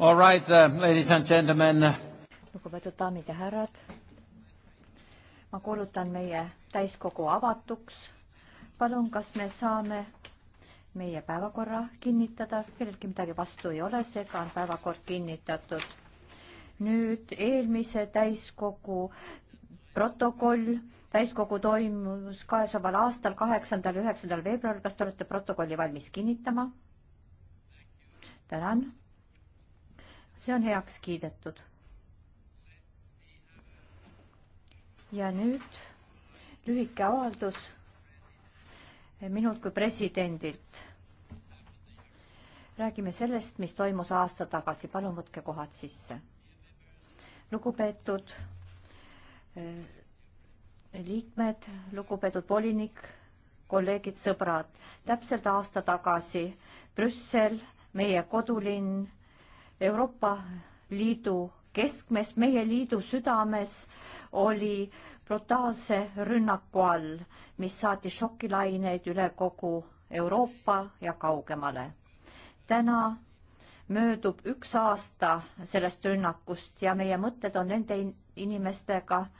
All right, uh, ladies and gentlemen. Uh, lugupeetud daamid ja härrad, ma kuulutan meie täiskogu avatuks. palun, kas me saame meie päevakorra kinnitada, kellelgi midagi vastu ei ole, seega on päevakord kinnitatud. nüüd eelmise täiskogu protokoll, täiskogu toimus käesoleval aastal, kaheksandal, üheksandal veebruaril, kas te olete protokolli valmis kinnitama? tänan see on heaks kiidetud. ja nüüd lühike avaldus minult kui presidendilt. räägime sellest, mis toimus aasta tagasi, palun võtke kohad sisse. lugupeetud eh, liikmed, lugupeetud volinik, kolleegid, sõbrad, täpselt aasta tagasi Brüssel, meie kodulinn Euroopa Liidu keskmes, meie liidu südames oli brutaalse rünnaku all, mis saatis šokilaineid üle kogu Euroopa ja kaugemale. täna möödub üks aasta sellest rünnakust ja meie mõtted on nende inimestega äh,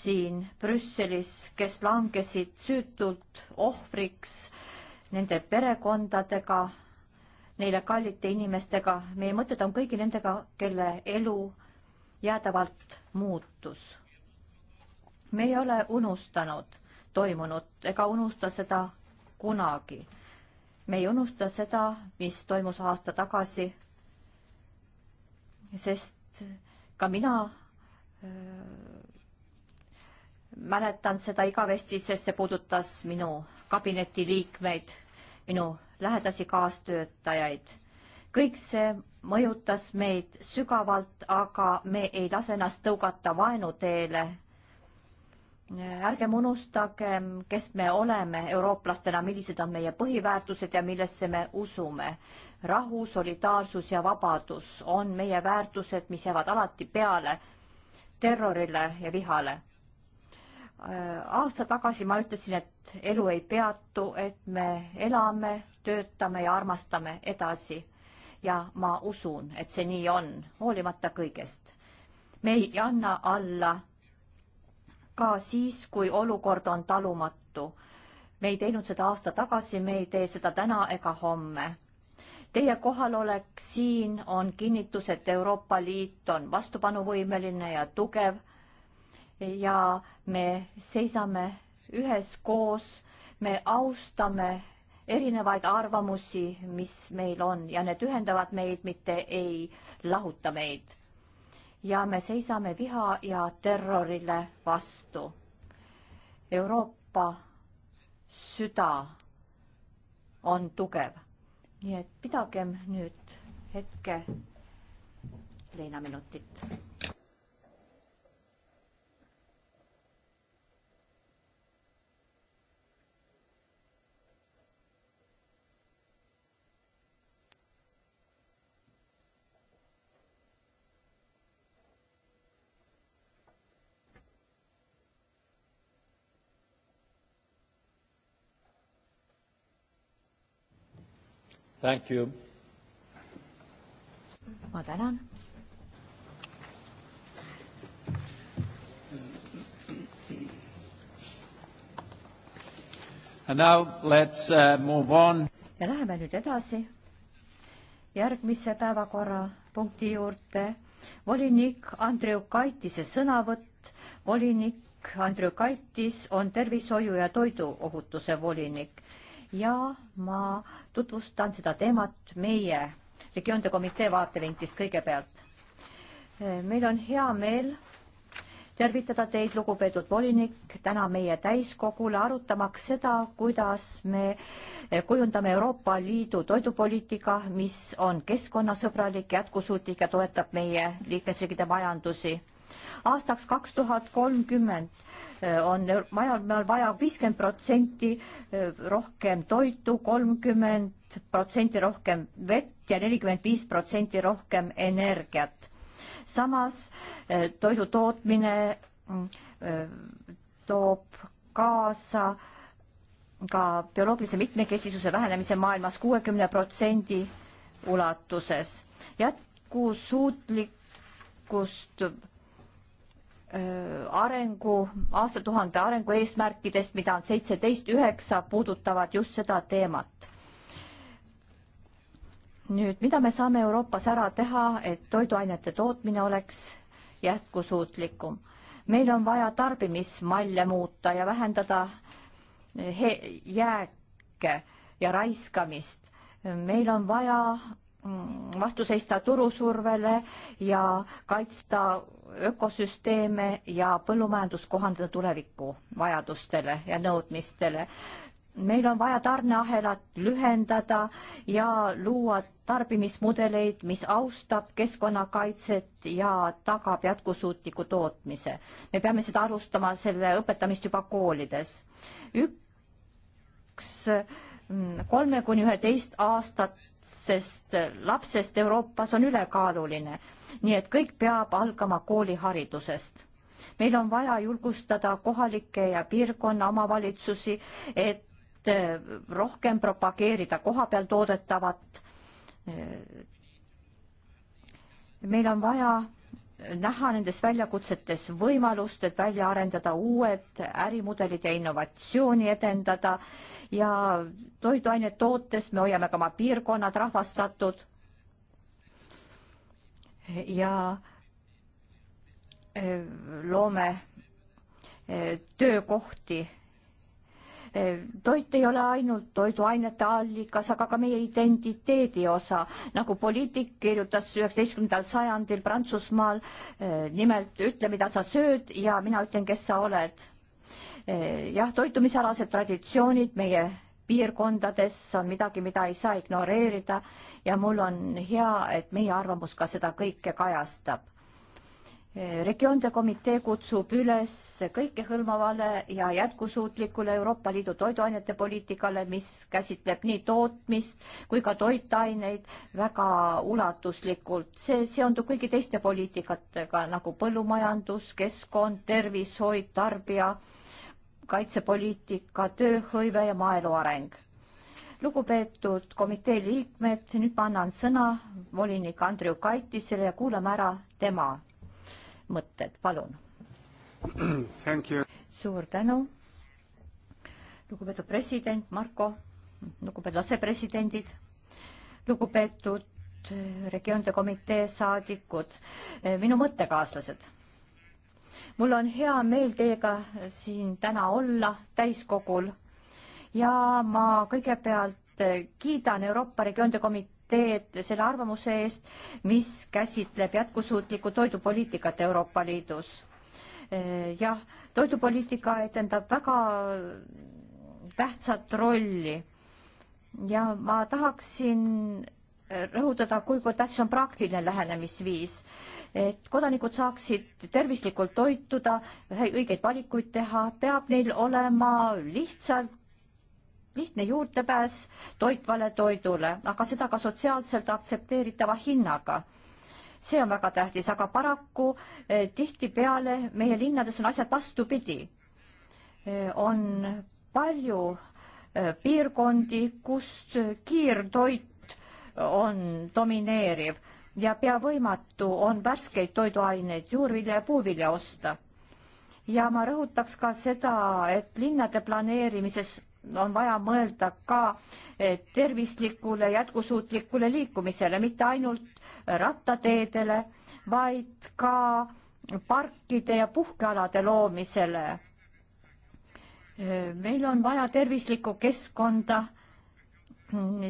siin Brüsselis, kes langesid süütult ohvriks, nende perekondadega neile kallite inimestega, meie mõtted on kõigi nendega, kelle elu jäädavalt muutus. me ei ole unustanud toimunut ega unusta seda kunagi. me ei unusta seda, mis toimus aasta tagasi, sest ka mina öö, äh, mäletan seda igavesti, sest see puudutas minu kabineti liikmeid minu lähedasi kaastöötajaid. kõik see mõjutas meid sügavalt, aga me ei lase ennast tõugata vaenuteele. ärgem unustagem, kes me oleme eurooplastena, millised on meie põhiväärtused ja millesse me usume. rahu, solidaarsus ja vabadus on meie väärtused, mis jäävad alati peale terrorile ja vihale Äh, aasta tagasi ma ütlesin, et elu ei peatu, et me elame, töötame ja armastame edasi. ja ma usun, et see nii on, hoolimata kõigest. me ei anna alla ka siis, kui olukord on talumatu. me ei teinud seda aasta tagasi, me ei tee seda täna ega homme. Teie kohalolek siin on kinnitus, et Euroopa Liit on vastupanuvõimeline ja tugev ja me seisame üheskoos, me austame erinevaid arvamusi, mis meil on ja need ühendavad meid, mitte ei lahuta meid. ja me seisame viha ja terrorile vastu. Euroopa süda on tugev. nii et pidagem nüüd hetke leinaminutit. Thank you. ma tänan. And now let's uh, move on. ja läheme nüüd edasi järgmise päevakorrapunkti juurde. volinik Andreu Kaitise sõnavõtt. volinik Andreu Kaitis on tervishoiu ja toiduohutuse volinik ja ma tutvustan seda teemat meie regioonide komitee vaatevinklist kõigepealt. meil on hea meel tervitada teid, lugupeetud volinik, täna meie täiskogule arutamaks seda, kuidas me kujundame Euroopa Liidu toidupoliitika, mis on keskkonnasõbralik, jätkusuutlik ja toetab meie liikmesriikide majandusi. aastaks kaks tuhat kolmkümmend Äh, on majal vaja viiskümmend protsenti äh, rohkem toitu, kolmkümmend protsenti rohkem vett ja nelikümmend viis protsenti rohkem energiat. samas äh, toidu tootmine mm, toob kaasa ka bioloogilise mitmekesisuse vähenemise maailmas kuuekümne protsendi ulatuses. jätkusuutlikkust arengu, aastatuhande arengu eesmärkidest, mida on seitseteist, üheksa, puudutavad just seda teemat. nüüd, mida me saame Euroopas ära teha, et toiduainete tootmine oleks jätkusuutlikum? meil on vaja tarbimismalle muuta ja vähendada eh, jääke ja raiskamist. meil on vaja mm, vastu seista turusurvele ja kaitsta ökosüsteeme ja põllumajandus kohandada tuleviku vajadustele ja nõudmistele. meil on vaja tarneahelat lühendada ja luua tarbimismudeleid, mis austab keskkonnakaitset ja tagab jätkusuutliku tootmise. me peame seda alustama, selle õpetamist juba koolides. üks kolme kuni üheteist aastat lastest, lapsest Euroopas on ülekaaluline. nii et kõik peab algama kooliharidusest. meil on vaja julgustada kohalikke ja piirkonna omavalitsusi, et eh, rohkem propageerida kohapeal toodetavat. Eh, meil on vaja näha nendes väljakutsetes võimalust, et välja arendada uued ärimudelid ja innovatsiooni edendada ja toiduained tootes me hoiame ka oma piirkonnad rahvastatud. ja e, loome e, töökohti. E, toit ei ole ainult toiduainete allikas, aga ka meie identiteedi osa, nagu poliitik kirjutas üheksateistkümnendal sajandil Prantsusmaal. nimelt ütle, mida sa sööd ja mina ütlen, kes sa oled Eh, jah, toitumisalased traditsioonid meie piirkondades on midagi, mida ei saa ignoreerida ja mul on hea, et meie arvamus ka seda kõike kajastab. Eh, regioonide komitee kutsub üles kõikehõlmavale ja jätkusuutlikule Euroopa Liidu toiduainete poliitikale, mis käsitleb nii tootmist kui ka toitaineid väga ulatuslikult. see seondub kõigi teiste poliitikatega nagu põllumajandus, keskkond, tervishoid, tarbija kaitsepoliitika, tööhõive ja maaelu areng. lugupeetud komitee liikmed, nüüd ma annan sõna volinik Andrew Kaitisele ja kuulame ära tema mõtted, palun. suur tänu. lugupeetud president Marko, lugupeetud asepresidendid, lugupeetud regioonide komitee saadikud, minu mõttekaaslased mul on hea meel teiega siin täna olla täiskogul ja ma kõigepealt kiidan Euroopa Regioonide Komiteed selle arvamuse eest, mis käsitleb jätkusuutlikku toidupoliitikat Euroopa Liidus. jah, toidupoliitika etendab väga tähtsat rolli ja ma tahaksin rõhutada, kuivõrd tähtis on praktiline lähenemisviis et kodanikud saaksid tervislikult toituda, õigeid valikuid teha, peab neil olema lihtsalt lihtne juurdepääs toitvale toidule, aga seda ka sotsiaalselt aktsepteeritava hinnaga. see on väga tähtis, aga paraku eh, tihtipeale meie linnades on asjad vastupidi eh,. on palju eh, piirkondi, kus kiirtoit on domineeriv ja pea võimatu on värskeid toiduaineid, juurvilja ja puuvilja osta. ja ma rõhutaks ka seda, et linnade planeerimises on vaja mõelda ka tervislikule jätkusuutlikule liikumisele, mitte ainult rattateedele, vaid ka parkide ja puhkealade loomisele. meil on vaja tervislikku keskkonda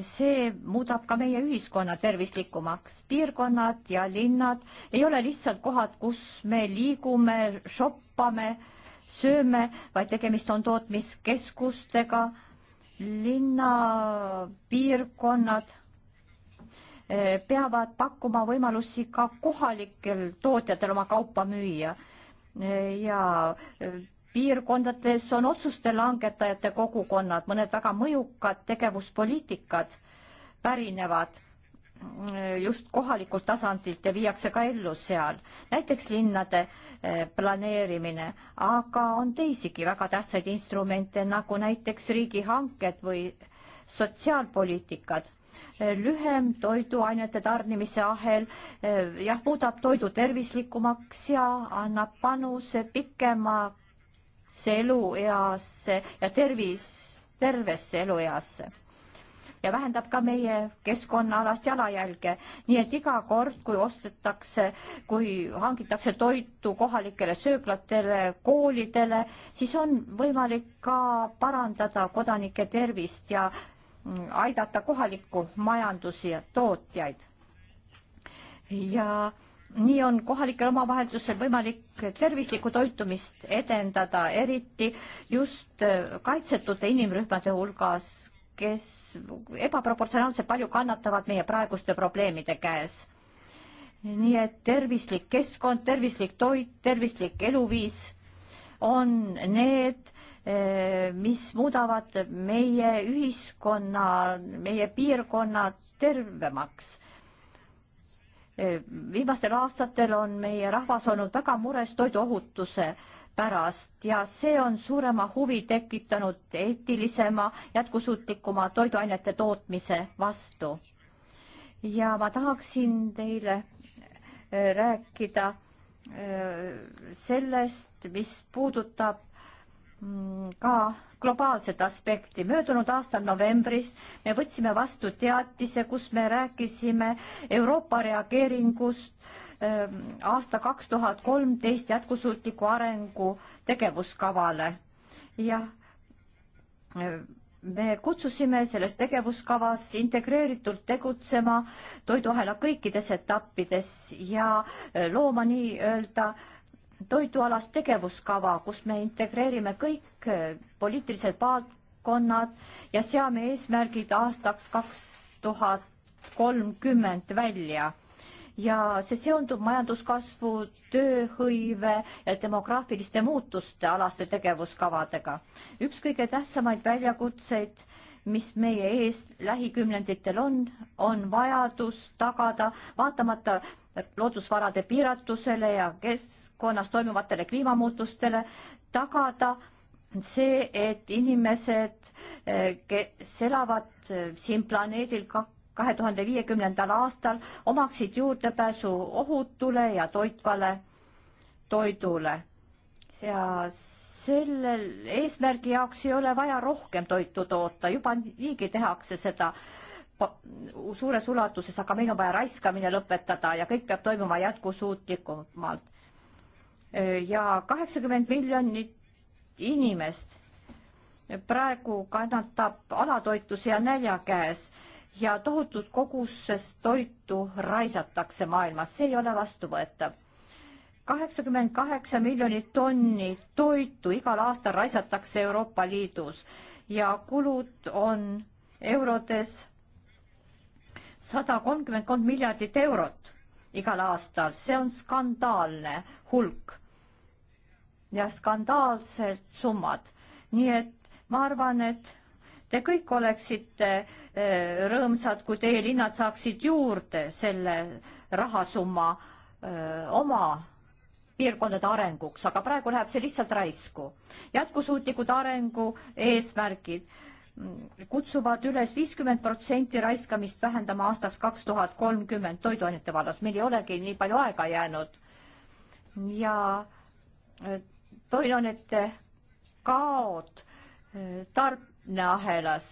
see muudab ka meie ühiskonna tervislikumaks. piirkonnad ja linnad ei ole lihtsalt kohad, kus me liigume, shoppame, sööme, vaid tegemist on tootmiskeskustega. linnapiirkonnad eh, peavad pakkuma võimalusi ka kohalikel tootjatel oma kaupa müüa eh, ja eh, piirkondades on otsuste langetajate kogukonnad, mõned väga mõjukad tegevuspoliitikad pärinevad mm, just kohalikult tasandilt ja viiakse ka ellu seal, näiteks linnade eh, planeerimine, aga on teisigi väga tähtsaid instrumente, nagu näiteks riigihanked või sotsiaalpoliitikad. Eh, lühem toiduainete tarnimise ahel eh, jah, muudab toidu tervislikumaks ja annab panuse pikema aktiivsesse elueasse ja tervis, tervesse elueasse ja vähendab ka meie keskkonnaalast jalajälge. nii et iga kord, kui ostetakse, kui hangitakse toitu kohalikele sööklatele, koolidele, siis on võimalik ka parandada kodanike tervist ja mm, aidata kohalikku majandusi ja tootjaid. ja nii on kohalikel omavahetusel võimalik tervislikku toitumist edendada, eriti just äh, kaitsetute inimrühmade hulgas, kes ebaproportsionaalselt palju kannatavad meie praeguste probleemide käes. nii et tervislik keskkond, tervislik toit, tervislik eluviis on need, äh, mis muudavad meie ühiskonna, meie piirkonna tervemaks viimastel aastatel on meie rahvas olnud väga mures toiduohutuse pärast ja see on suurema huvi tekitanud eetilisema, jätkusuutlikuma toiduainete tootmise vastu. ja ma tahaksin teile äh, rääkida äh, sellest, mis puudutab Mm, ka globaalset aspekti. möödunud aastal novembris me võtsime vastu teatise, kus me rääkisime Euroopa reageeringust ähm, aasta kaks tuhat kolmteist jätkusuutliku arengu tegevuskavale. jah, äh, me kutsusime selles tegevuskavas integreeritult tegutsema toiduahela kõikides etappides ja äh, looma nii-öelda äh, toidualast tegevuskava, kus me integreerime kõik eh, poliitilised valdkonnad ja seame eesmärgid aastaks kaks tuhat kolmkümmend välja. ja see seondub majanduskasvu, tööhõive ja demograafiliste muutuste alaste tegevuskavadega. üks kõige tähtsamaid väljakutseid mis meie ees lähikümnenditel on, on vajadus tagada vaatamata loodusvarade piiratusele ja keskkonnas toimuvatele kliimamuutustele, tagada see, et inimesed, eh, kes elavad eh, siin planeedil kahe tuhande viiekümnendal aastal, omaksid juurdepääsu ohutule ja toitvale toidule. ja sellel eesmärgi jaoks ei ole vaja rohkem toitu toota, juba niigi tehakse seda suures ulatuses, aga meil on vaja raiskamine lõpetada ja kõik peab toimuma jätkusuutlikumalt. ja kaheksakümmend miljonit inimest praegu kannatab alatoitluse ja nälja käes ja tohutud koguses toitu raisatakse maailmas, see ei ole vastuvõetav. kaheksakümmend kaheksa miljonit tonni toitu igal aastal raisatakse Euroopa Liidus ja kulud on eurodes sada kolmkümmend kolm miljardit eurot igal aastal, see on skandaalne hulk ja skandaalsed summad. nii et ma arvan, et te kõik oleksite eh, rõõmsad, kui teie linnad saaksid juurde selle rahasumma öö, eh, oma piirkondade arenguks, aga praegu läheb see lihtsalt raisku. jätkusuutlikud arengu eesmärgid kutsuvad üles viiskümmend protsenti raiskamist vähendama aastaks kaks tuhat kolmkümmend toiduainete vallas. meil ei olegi nii palju aega jäänud. ja äh, toiduainete kaod äh, tarneahelas.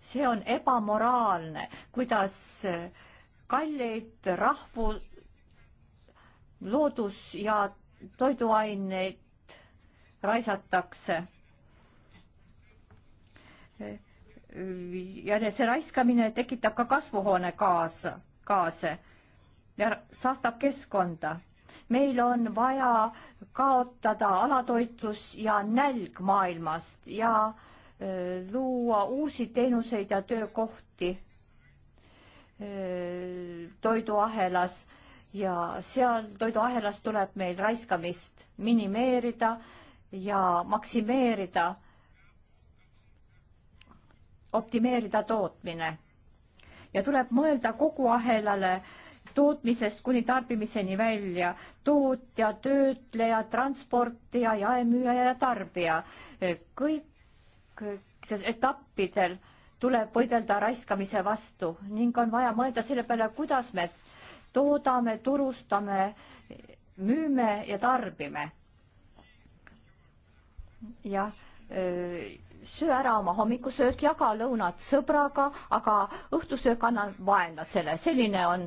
see on ebamoraalne, kuidas äh, kalleid rahvu, loodus ja toiduaineid raisatakse ja see raiskamine tekitab ka kasvuhoonegaase, gaase ja saastab keskkonda. meil on vaja kaotada alatoitlus ja nälg maailmast ja öö, e, luua uusi teenuseid ja töökohti e, toiduahelas ja seal toiduahelas tuleb meil raiskamist minimeerida ja maksimeerida optimeerida tootmine ja tuleb mõelda kogu ahelale tootmisest kuni tarbimiseni välja, tootja, töötleja, transportija, jaemüüja ja tarbija. kõik etappidel tuleb võidelda raiskamise vastu ning on vaja mõelda selle peale, kuidas me toodame, turustame, müüme ja tarbime. jah söö ära oma hommikusöök, jaga lõunat sõbraga, aga õhtusöök anna vaenlasele, selline on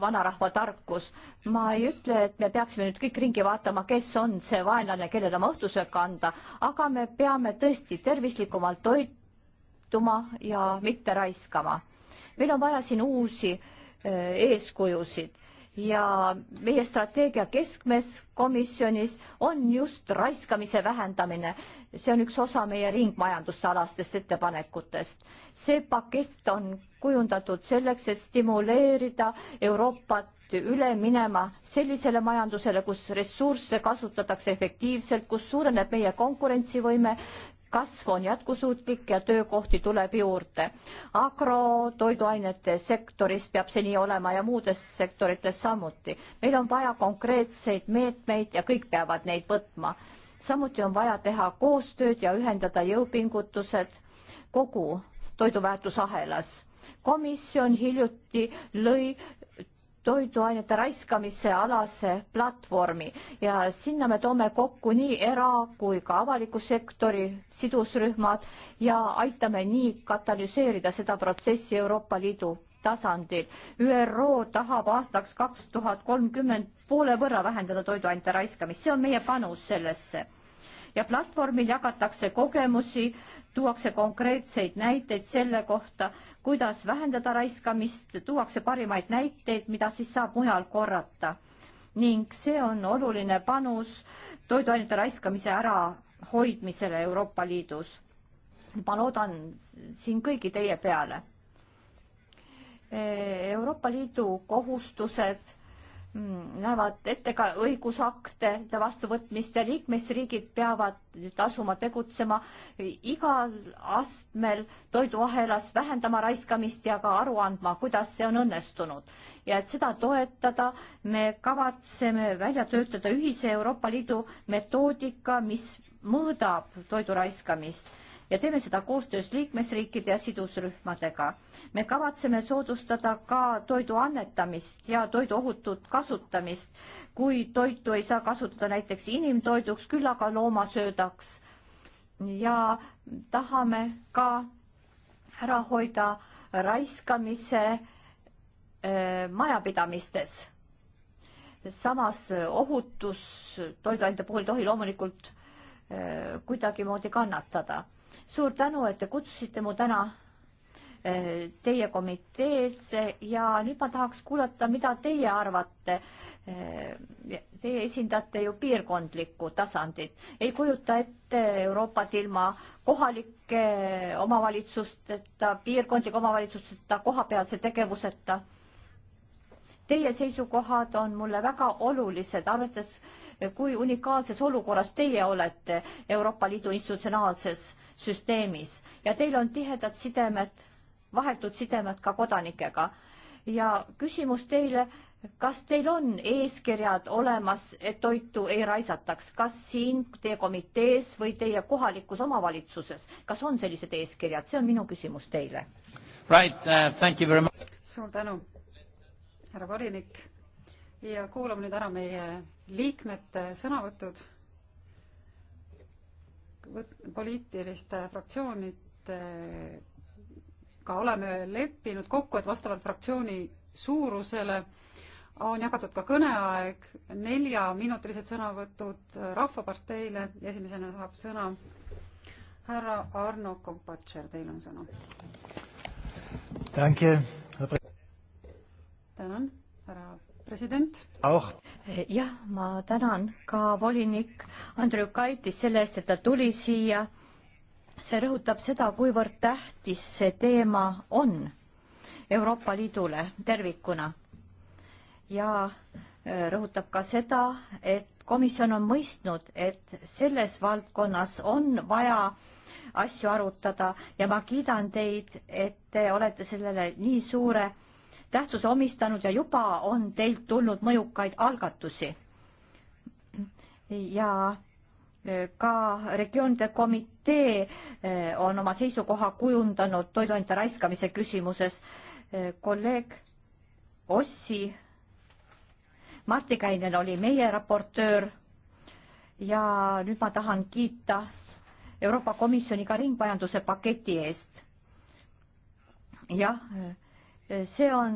vanarahva tarkus. ma ei ütle, et me peaksime nüüd kõik ringi vaatama, kes on see vaenlane, kellele oma õhtusööka anda, aga me peame tõesti tervislikumalt toituma ja mitte raiskama. meil on vaja siin uusi öö, äh, eeskujusid ja meie strateegia keskmes komisjonis on just raiskamise vähendamine. see on üks osa meie ringmajandusalastest ettepanekutest. see pakett on kujundatud selleks, et stimuleerida Euroopat üle minema sellisele majandusele, kus ressursse kasutatakse efektiivselt, kus suureneb meie konkurentsivõime, kasv on jätkusuutlik ja töökohti tuleb juurde. agro, toiduainete sektoris peab see nii olema ja muudes sektorites samuti. meil on vaja konkreetseid meetmeid ja kõik peavad neid võtma. samuti on vaja teha koostööd ja ühendada jõupingutused kogu toiduväärtusahelas. komisjon hiljuti lõi toiduainete raiskamise alase platvormi ja sinna me toome kokku nii era- kui ka avaliku sektori sidusrühmad ja aitame nii katalüseerida seda protsessi Euroopa Liidu tasandil. ÜRO tahab aastaks kaks tuhat kolmkümmend poole võrra vähendada toiduainete raiskamist, see on meie panus sellesse ja platvormil jagatakse kogemusi, tuuakse konkreetseid näiteid selle kohta, kuidas vähendada raiskamist, tuuakse parimaid näiteid, mida siis saab mujal korrata. ning see on oluline panus toiduainete raiskamise ärahoidmisele Euroopa Liidus. ma loodan siin kõigi teie peale. Euroopa Liidu kohustused Mm, näevad ette ka õigusakte vastuvõtmist ja liikmesriigid peavad nüüd asuma tegutsema igal astmel toiduahelas, vähendama raiskamist ja ka aru andma, kuidas see on õnnestunud. ja et seda toetada, me kavatseme välja töötada ühise Euroopa Liidu metoodika, mis mõõdab toidu raiskamist ja teeme seda koostöös liikmesriikide ja sidusrühmadega. me kavatseme soodustada ka toidu annetamist ja toidu ohutut kasutamist, kui toitu ei saa kasutada näiteks inimtoiduks, küll aga loomasöödaks. ja tahame ka ära hoida raiskamise öö, äh, majapidamistes samas ohutus toiduainete puhul ei tohi loomulikult äh, kuidagimoodi kannatada suur tänu, et te kutsusite mu täna eh, teie komiteesse ja nüüd ma tahaks kuulata, mida teie arvate. Eh, teie esindate ju piirkondlikku tasandit, ei kujuta ette Euroopat ilma kohalike omavalitsusteta, piirkondlike omavalitsusteta, kohapealse tegevuseta. Teie seisukohad on mulle väga olulised, arvestades kui unikaalses olukorras teie olete Euroopa Liidu institutsionaalses süsteemis ja teil on tihedad sidemed, vahetud sidemed ka kodanikega. ja küsimus teile, kas teil on eeskirjad olemas, et toitu ei raisataks, kas siin teie komitees või teie kohalikus omavalitsuses, kas on sellised eeskirjad, see on minu küsimus teile. Right uh,, thank you very much. suur tänu, härra volinik ja kuulame nüüd ära meie liikmete sõnavõtud poliitiliste fraktsioonidega oleme leppinud kokku, et vastavalt fraktsiooni suurusele on jagatud ka kõneaeg, neljaminutilised sõnavõtud Rahvaparteile, esimesena saab sõna härra Arno Kompatšer, teil on sõna. tänan, härra president oh.. jah, ma tänan ka volinik Andrei Kaitis selle eest, et ta tuli siia. see rõhutab seda, kuivõrd tähtis see teema on Euroopa Liidule tervikuna. ja äh, rõhutab ka seda, et komisjon on mõistnud, et selles valdkonnas on vaja asju arutada ja ma kiidan teid, et te olete sellele nii suure tähtsuse omistanud ja juba on teilt tulnud mõjukaid algatusi. ja e, ka regioonide komitee e, on oma seisukoha kujundanud toiduainete raiskamise küsimuses. E, kolleeg Ossi Marti Käinen oli meie raportöör ja nüüd ma tahan kiita Euroopa Komisjoni ka ringmajanduse paketi eest. jah see on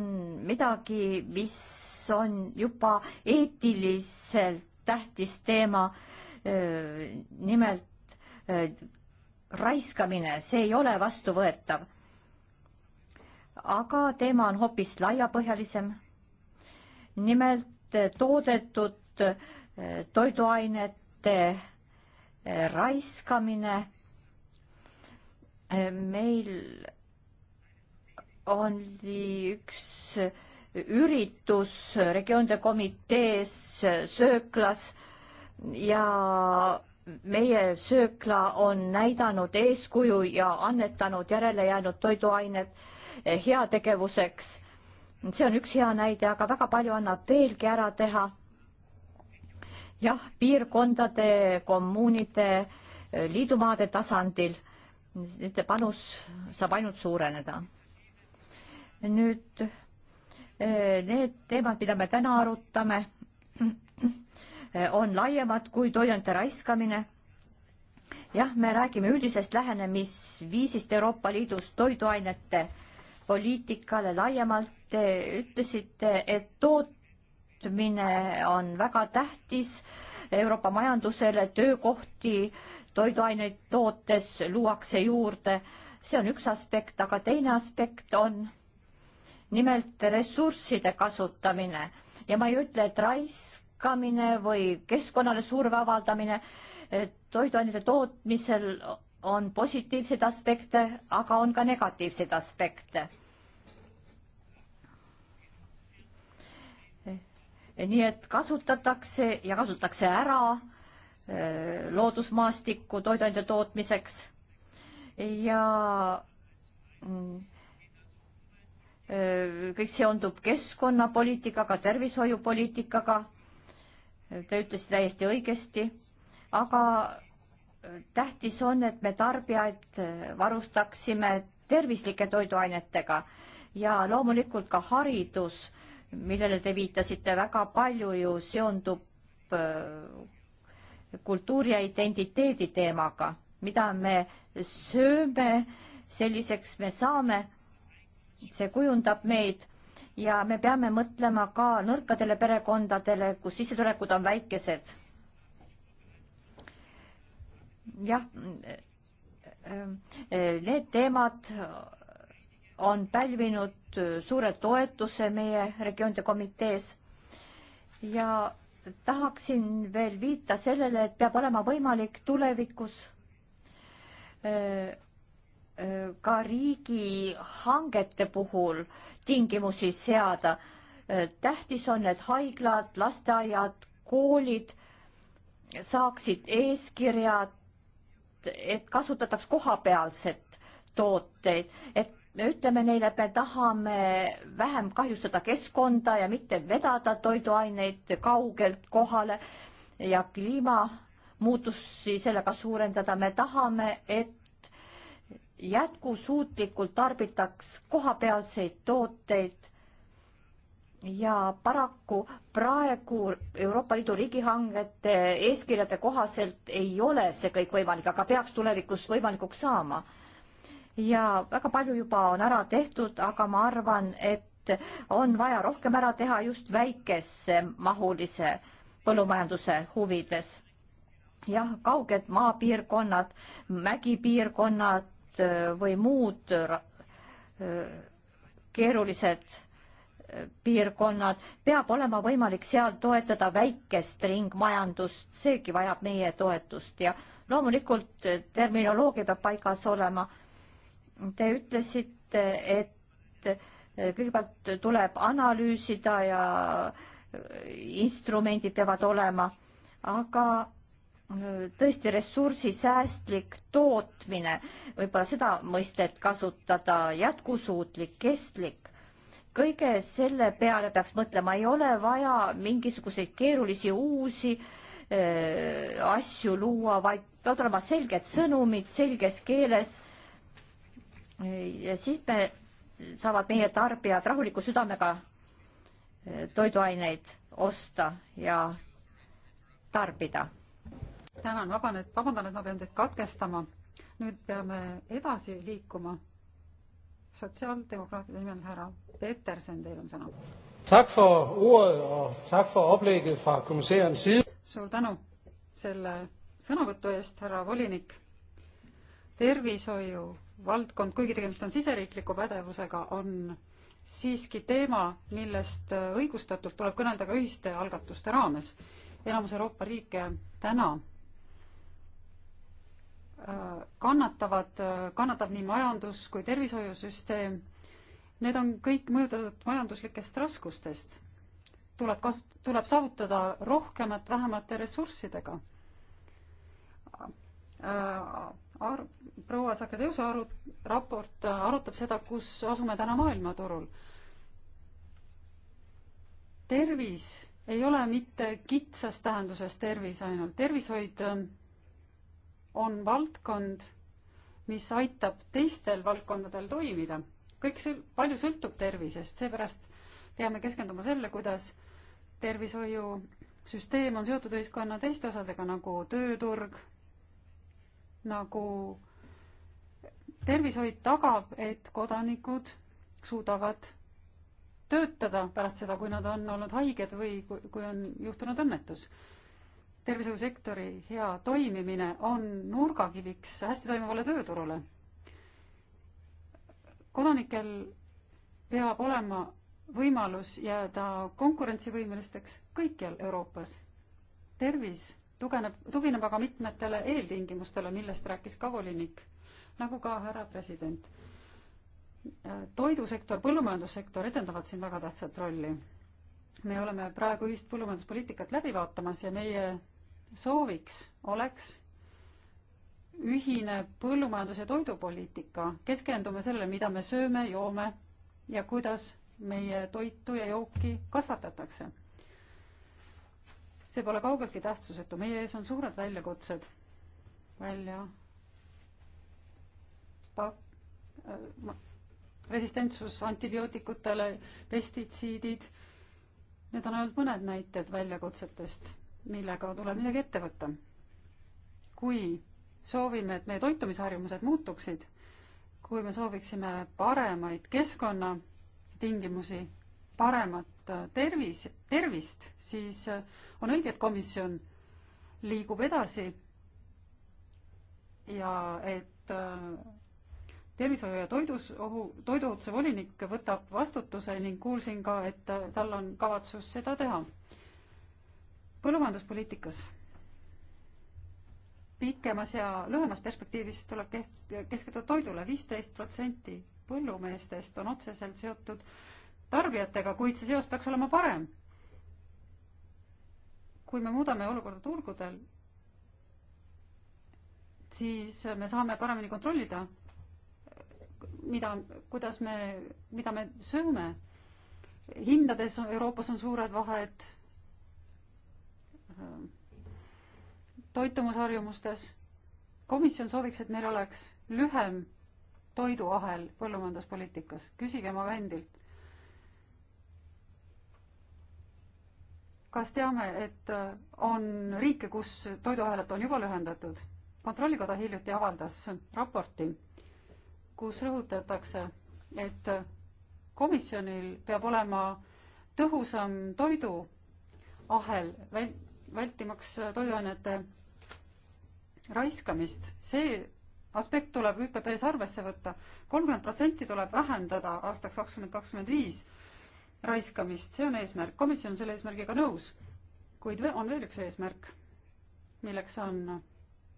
midagi, mis on juba eetiliselt tähtis teema. nimelt raiskamine, see ei ole vastuvõetav. aga teema on hoopis laiapõhjalisem. nimelt toodetud toiduainete raiskamine. meil oli üks üritus regioonide komitees sööklas ja meie söökla on näidanud eeskuju ja annetanud järelejäänud toiduained heategevuseks. see on üks hea näide, aga väga palju annab veelgi ära teha. jah, piirkondade, kommuunide, liidumaade tasandil nende panus saab ainult suureneda nüüd eh, need teemad, mida me täna arutame, on laiemad kui toiduainete raiskamine. jah, me räägime üldisest lähenemisviisist Euroopa Liidus toiduainete poliitikale laiemalt. Te ütlesite, et tootmine on väga tähtis Euroopa majandusele, töökohti toiduaineid tootes luuakse juurde. see on üks aspekt, aga teine aspekt on nimelt ressursside kasutamine ja ma ei ütle, et raiskamine või keskkonnale surve avaldamine toiduainete tootmisel on positiivseid aspekte, aga on ka negatiivseid aspekte. nii et kasutatakse ja kasutatakse ära eh, loodusmaastikku toiduainete tootmiseks ja mm, kõik seondub keskkonnapoliitikaga, tervishoiupoliitikaga. Te ütlesite täiesti õigesti, aga tähtis on, et me tarbijaid varustaksime tervislike toiduainetega ja loomulikult ka haridus, millele te viitasite, väga palju ju seondub äh, kultuuri ja identiteedi teemaga, mida me sööme, selliseks me saame see kujundab meid ja me peame mõtlema ka nõrkadele perekondadele, kus sissetulekud on väikesed. jah, need teemad on pälvinud suure toetuse meie regioonide komitees ja tahaksin veel viita sellele, et peab olema võimalik tulevikus ka riigihangete puhul tingimusi seada. tähtis on, et haiglad, lasteaiad, koolid saaksid eeskirjad, et kasutataks kohapealset tooteid, et me ütleme neile, et me tahame vähem kahjustada keskkonda ja mitte vedada toiduaineid kaugelt kohale ja kliimamuutusi sellega suurendada. me tahame, et jätkusuutlikult tarbitaks kohapealseid tooteid ja paraku praegu Euroopa Liidu riigihangete eeskirjade kohaselt ei ole see kõik võimalik, aga peaks tulevikus võimalikuks saama. ja väga palju juba on ära tehtud, aga ma arvan, et on vaja rohkem ära teha just väikesemahulise põllumajanduse huvides. jah, kauged maapiirkonnad, mägipiirkonnad, Äh, või muud äh, keerulised äh, piirkonnad, peab olema võimalik seal toetada väikest ringmajandust, seegi vajab meie toetust ja loomulikult terminoloogia peab paigas olema. Te ütlesite, et kõigepealt tuleb analüüsida ja instrumendid peavad olema, aga tõesti ressursisäästlik tootmine, võib-olla seda mõistet kasutada, jätkusuutlik, kestlik, kõige selle peale peaks mõtlema, ei ole vaja mingisuguseid keerulisi uusi öö, äh, asju luua, vaid peavad olema selged sõnumid selges keeles. ja siis me, saavad meie tarbijad rahuliku südamega äh, toiduaineid osta ja tarbida tänan, vabandan, vabandan, et ma pean teid katkestama. nüüd peame edasi liikuma. sotsiaaldemokraatide nimel härra Peterson, teil on sõna. suur tänu selle sõnavõtu eest, härra volinik. tervishoiu valdkond, kuigi tegemist on siseriikliku pädevusega, on siiski teema, millest õigustatult tuleb kõnelda ka ühiste algatuste raames. enamus Euroopa riike täna kannatavad, kannatab nii majandus kui tervishoiusüsteem. Need on kõik mõjutatud majanduslikest raskustest. tuleb kas-, tuleb saavutada rohkemat vähemate ressurssidega. Äh, ar-, proua Sakradeusa aru-, raport arutab seda, kus asume täna maailmaturul. tervis ei ole mitte kitsas tähenduses tervis ainult, tervishoid on valdkond, mis aitab teistel valdkondadel toimida. kõik sõl-, palju sõltub tervisest, seepärast peame keskenduma selle, kuidas tervishoiusüsteem on seotud ühiskonna teiste osadega, nagu tööturg, nagu tervishoid tagab, et kodanikud suudavad töötada pärast seda, kui nad on olnud haiged või kui, kui on juhtunud õnnetus tervishoiusektori hea toimimine on nurgakiviks hästi toimivale tööturule. kodanikel peab olema võimalus jääda konkurentsivõimelisteks kõikjal Euroopas. tervis tugeneb, tugineb aga mitmetele eeltingimustele, millest rääkis ka volinik, nagu ka härra president. toidusektor, põllumajandussektor edendavad siin väga tähtsat rolli. me oleme praegu ühist põllumajanduspoliitikat läbi vaatamas ja meie sooviks oleks ühine põllumajandus- ja toidupoliitika, keskendume sellele, mida me sööme, joome ja kuidas meie toitu ja jooki kasvatatakse. see pole kaugeltki tähtsusetu, meie ees on suured väljakutsed välja pak-, äh, resistentsus antibiootikutele, pestitsiidid, need on ainult mõned näited väljakutsetest millega tuleb midagi ette võtta. kui soovime, et meie toitumisharjumused muutuksid, kui me sooviksime paremaid keskkonnatingimusi, paremat äh, tervis, tervist, siis äh, on õige, et komisjon liigub edasi ja et äh, tervishoiu ja toidusohu, toiduohutuse volinik võtab vastutuse ning kuulsin ka, et tal on kavatsus seda teha põllumajanduspoliitikas pikemas ja lühemas perspektiivis tuleb keht-, keskenduda toidule, viisteist protsenti põllumeestest on otseselt seotud tarbijatega, kuid see seos peaks olema parem. kui me muudame olukorda turgudel, siis me saame paremini kontrollida, mida, kuidas me, mida me sööme. hindades Euroopas on suured vahed Ähm, toitumusharjumustes. komisjon sooviks, et meil oleks lühem toiduahel põllumajanduspoliitikas. küsige oma vendilt. kas teame, et äh, on riike, kus toiduahelat on juba lühendatud? kontrollikoda hiljuti avaldas raporti, kus rõhutatakse, et komisjonil peab olema tõhusam toiduahel väl-, vältimaks toiduainete raiskamist, see aspekt tuleb ÜPP-s arvesse võtta. kolmkümmend protsenti tuleb vähendada aastaks kakskümmend kakskümmend viis raiskamist, see on eesmärk, komisjon on selle eesmärgiga nõus. kuid on veel üks eesmärk, milleks on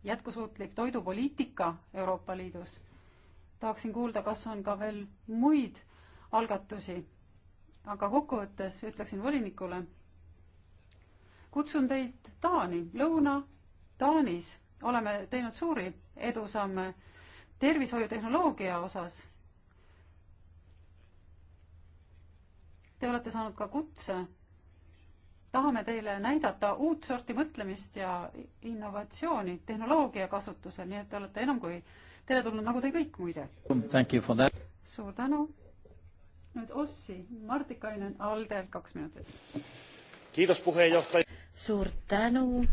jätkusuutlik toidupoliitika Euroopa Liidus. tahaksin kuulda, kas on ka veel muid algatusi, aga kokkuvõttes ütleksin volinikule kutsun teid Taani, Lõuna-Taanis oleme teinud suuri edusamme tervishoiutehnoloogia osas. Te olete saanud ka kutse. tahame teile näidata uut sorti mõtlemist ja innovatsiooni tehnoloogia kasutusel, nii et te olete enam kui teretulnud, nagu te kõik muide. suur tänu. nüüd Ossi, Martikainen, Aldel kaks minutit. kiitos, puhejuhataja suur tänu,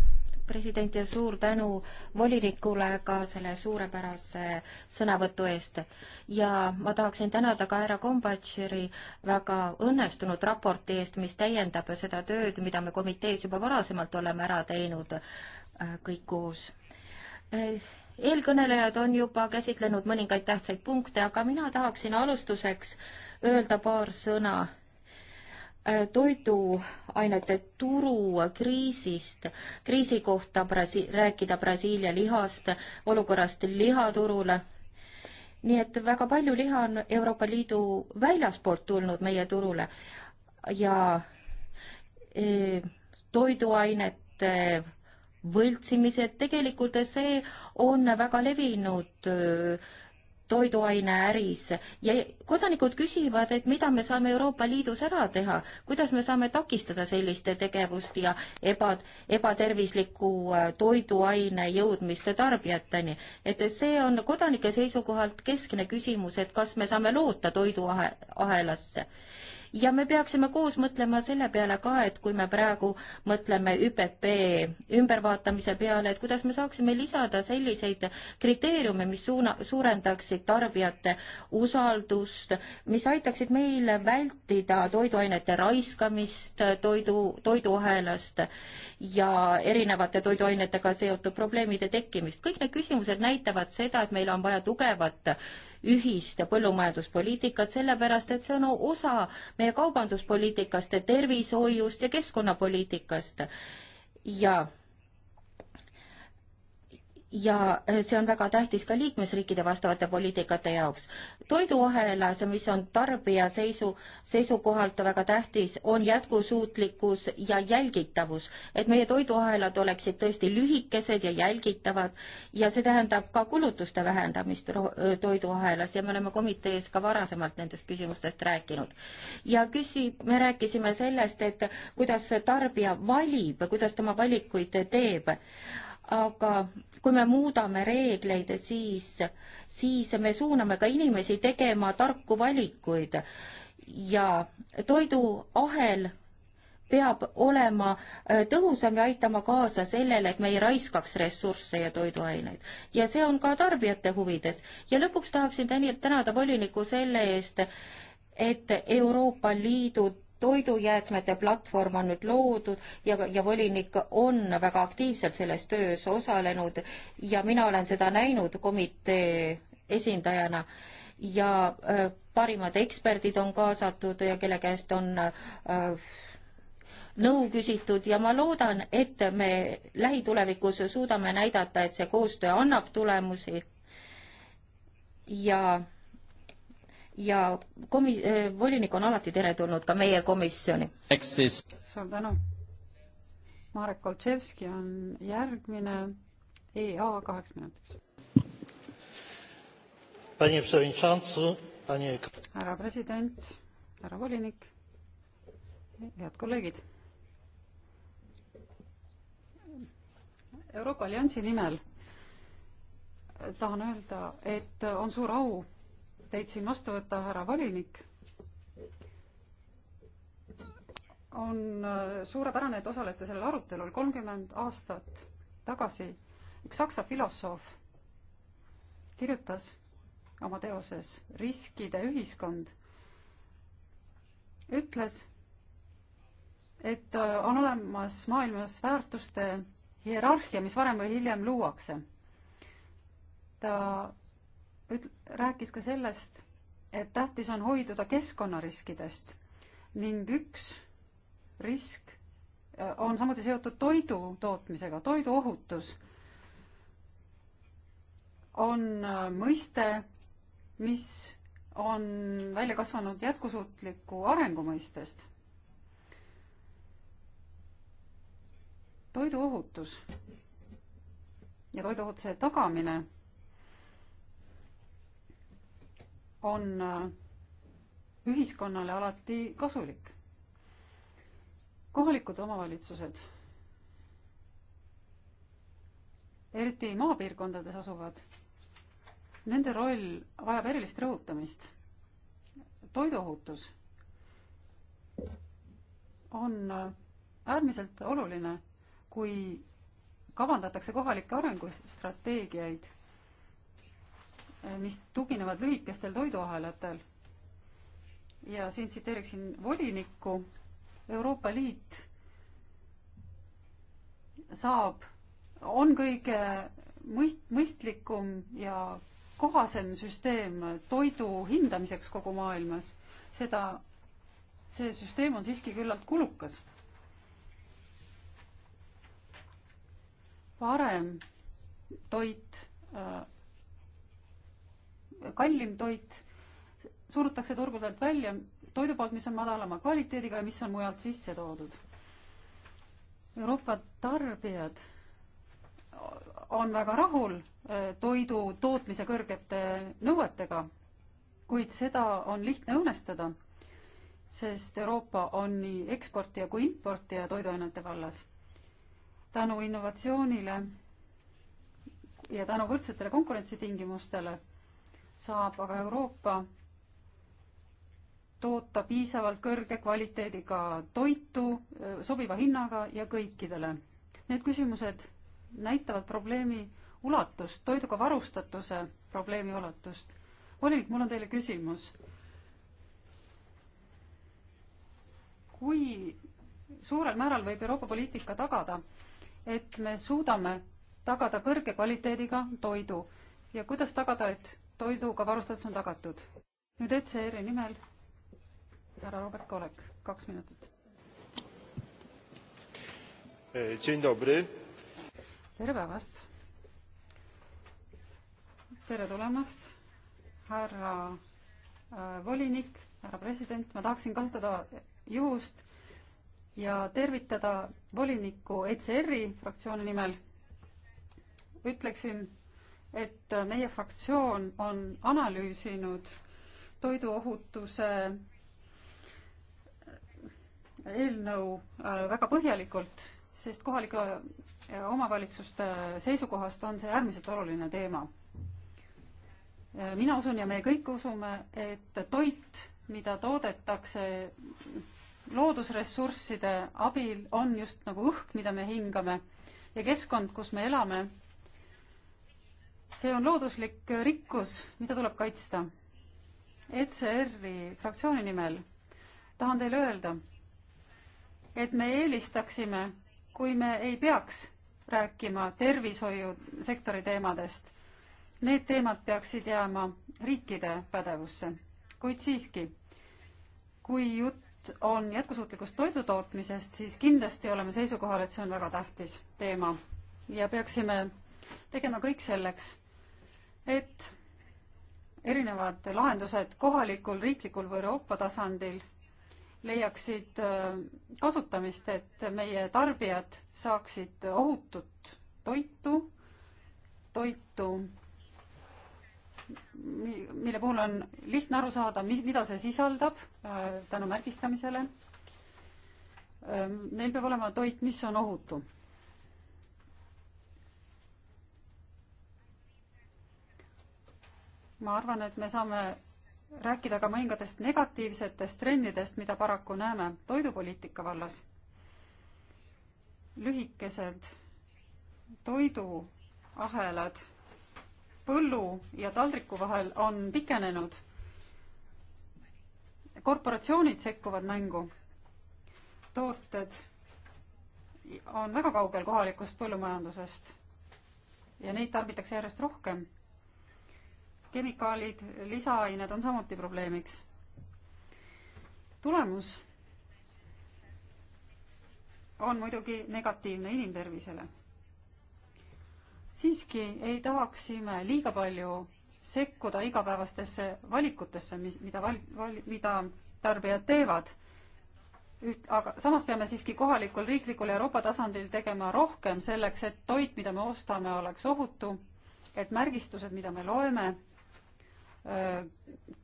president, ja suur tänu volinikule ka selle suurepärase sõnavõtu eest. ja ma tahaksin tänada ka härra Kombatšeri väga õnnestunud raporti eest, mis täiendab seda tööd, mida me komitees juba varasemalt oleme ära teinud äh, kõik koos äh, eelkõnelejad on juba käsitlenud mõningaid tähtsaid punkte, aga mina tahaksin alustuseks öelda paar sõna Äh, toiduainete turu kriisist, kriisi kohta Brasi-, rääkida Brasiilia lihast, olukorrast lihaturul. nii et väga palju liha on Euroopa Liidu väljaspoolt tulnud meie turule ja e, toiduainete võltsimised, tegelikult see on väga levinud e, toiduaineäris ja kodanikud küsivad, et mida me saame Euroopa Liidus ära teha, kuidas me saame takistada selliste tegevust ja eba, ebatervislikku äh, toiduaine jõudmist tarbijateni. et see on kodanike seisukohalt keskne küsimus, et kas me saame loota toiduahelasse ja me peaksime koos mõtlema selle peale ka, et kui me praegu mõtleme ÜPP ümbervaatamise peale, et kuidas me saaksime lisada selliseid kriteeriume, mis suuna, suurendaksid tarbijate usaldust, mis aitaksid meil vältida toiduainete raiskamist toidu, toiduahelast ja erinevate toiduainetega seotud probleemide tekkimist. kõik need küsimused näitavad seda, et meil on vaja tugevat ühist põllumajanduspoliitikat, sellepärast et see on osa meie kaubanduspoliitikast, tervishoiust ja keskkonnapoliitikast. ja ja äh, see on väga tähtis ka liikmesriikide vastavate poliitikate jaoks. toiduahelas, mis on tarbija seisu, seisukohalt väga tähtis, on jätkusuutlikkus ja jälgitavus. et meie toiduahelad oleksid tõesti lühikesed ja jälgitavad ja see tähendab ka kulutuste vähendamist toiduahelas ja me oleme komitees ka varasemalt nendest küsimustest rääkinud. ja küsi-, me rääkisime sellest, et kuidas tarbija valib, kuidas tema valikuid teeb aga kui me muudame reegleid, siis, siis me suuname ka inimesi tegema tarku valikuid ja toiduahel peab olema äh, tõhusam ja aitama kaasa sellele, et me ei raiskaks ressursse ja toiduaineid. ja see on ka tarbijate huvides. ja lõpuks tahaksin tänada volinikku selle eest, et Euroopa Liidu toidujäätmete platvorm on nüüd loodud ja, ja volinik on väga aktiivselt selles töös osalenud ja mina olen seda näinud komitee esindajana ja äh, parimad eksperdid on kaasatud ja kelle käest on äh, nõu küsitud ja ma loodan, et me lähitulevikus suudame näidata, et see koostöö annab tulemusi ja ja komi-, äh, volinik on alati teretulnud ka meie komisjoni. suur tänu. Marek Koltševski on järgmine EA kaheks minutiks. härra president, härra volinik, head kolleegid. Euroopa Alliansi nimel tahan öelda, et on suur au teid siin vastu võtta, härra volinik. on äh, suurepärane, et osalete sellel arutelul. kolmkümmend aastat tagasi üks saksa filosoof kirjutas oma teoses Riskide ühiskond, ütles, et äh, on olemas maailmas väärtuste hierarhia, mis varem või hiljem luuakse. ta üt-, rääkis ka sellest, et tähtis on hoiduda keskkonnariskidest ning üks risk äh, on samuti seotud toidu tootmisega, toiduohutus on äh, mõiste, mis on välja kasvanud jätkusuutliku arengu mõistest. toiduohutus ja toiduohutuse tagamine on äh, ühiskonnale alati kasulik. kohalikud omavalitsused, eriti maapiirkondades asuvad, nende roll vajab erilist rõhutamist. toiduohutus on äh, äärmiselt oluline, kui kavandatakse kohalikke arengustrateegiaid Äh, mis tuginevad lühikestel toiduahelatel. ja siin tsiteeriksin volinikku, Euroopa Liit saab, on kõige mõist-, mõistlikum ja kohasem süsteem toidu hindamiseks kogu maailmas, seda, see süsteem on siiski küllalt kulukas. varem toit äh, kallim toit surutakse turgudelt välja toidu poolt, mis on madalama kvaliteediga ja mis on mujalt sisse toodud. Euroopa tarbijad on väga rahul eh, toidu tootmise kõrgete nõuetega, kuid seda on lihtne õõnestada, sest Euroopa on nii eksportija kui importija toiduainete vallas. tänu innovatsioonile ja tänu võrdsetele konkurentsitingimustele saab aga Euroopa toota piisavalt kõrge kvaliteediga toitu, sobiva hinnaga ja kõikidele. Need küsimused näitavad probleemi ulatust, toiduga varustatuse probleemi ulatust. volinik, mul on teile küsimus. kui suurel määral võib Euroopa poliitika tagada, et me suudame tagada kõrge kvaliteediga toidu ja kuidas tagada, et toiduga varustatus on tagatud. nüüd ECR-i nimel härra Robert Kolek, kaks minutit. Eh, tere päevast! tere tulemast, härra äh, volinik, härra president, ma tahaksin kasutada juhust ja tervitada volinikku ECR-i fraktsiooni nimel. ütleksin et meie fraktsioon on analüüsinud toiduohutuse eelnõu äh, väga põhjalikult, sest kohalike äh, omavalitsuste seisukohast on see äärmiselt oluline teema. Äh, mina usun ja me kõik usume, et toit, mida toodetakse loodusressursside abil, on just nagu õhk, mida me hingame ja keskkond, kus me elame see on looduslik rikkus, mida tuleb kaitsta. ECR-i fraktsiooni nimel tahan teile öelda, et me eelistaksime, kui me ei peaks rääkima tervishoiusektori teemadest. Need teemad peaksid jääma riikide pädevusse, kuid siiski, kui jutt on jätkusuutlikust toidutootmisest, siis kindlasti oleme seisukohal, et see on väga tähtis teema ja peaksime tegema kõik selleks et erinevad lahendused kohalikul, riiklikul või Euroopa tasandil leiaksid äh, kasutamist, et meie tarbijad saaksid ohutut toitu, toitu, mille puhul on lihtne aru saada, mis, mida see sisaldab äh, tänu märgistamisele. Ähm, neil peab olema toit, mis on ohutu ma arvan, et me saame rääkida ka mõningatest negatiivsetest trendidest, mida paraku näeme toidupoliitika vallas. lühikesed toiduahelad põllu ja taldriku vahel on pikenenud. korporatsioonid sekkuvad mängu. tooted on väga kaugel kohalikust põllumajandusest ja neid tarbitakse järjest rohkem kemikaalid, lisaained on samuti probleemiks. tulemus on muidugi negatiivne inimtervisele. siiski ei tahaksime liiga palju sekkuda igapäevastesse valikutesse, mis, mida val-, val-, mida tarbijad teevad. üht, aga samas peame siiski kohalikul, riiklikul ja Euroopa tasandil tegema rohkem selleks, et toit, mida me ostame, oleks ohutu, et märgistused, mida me loeme, Äh,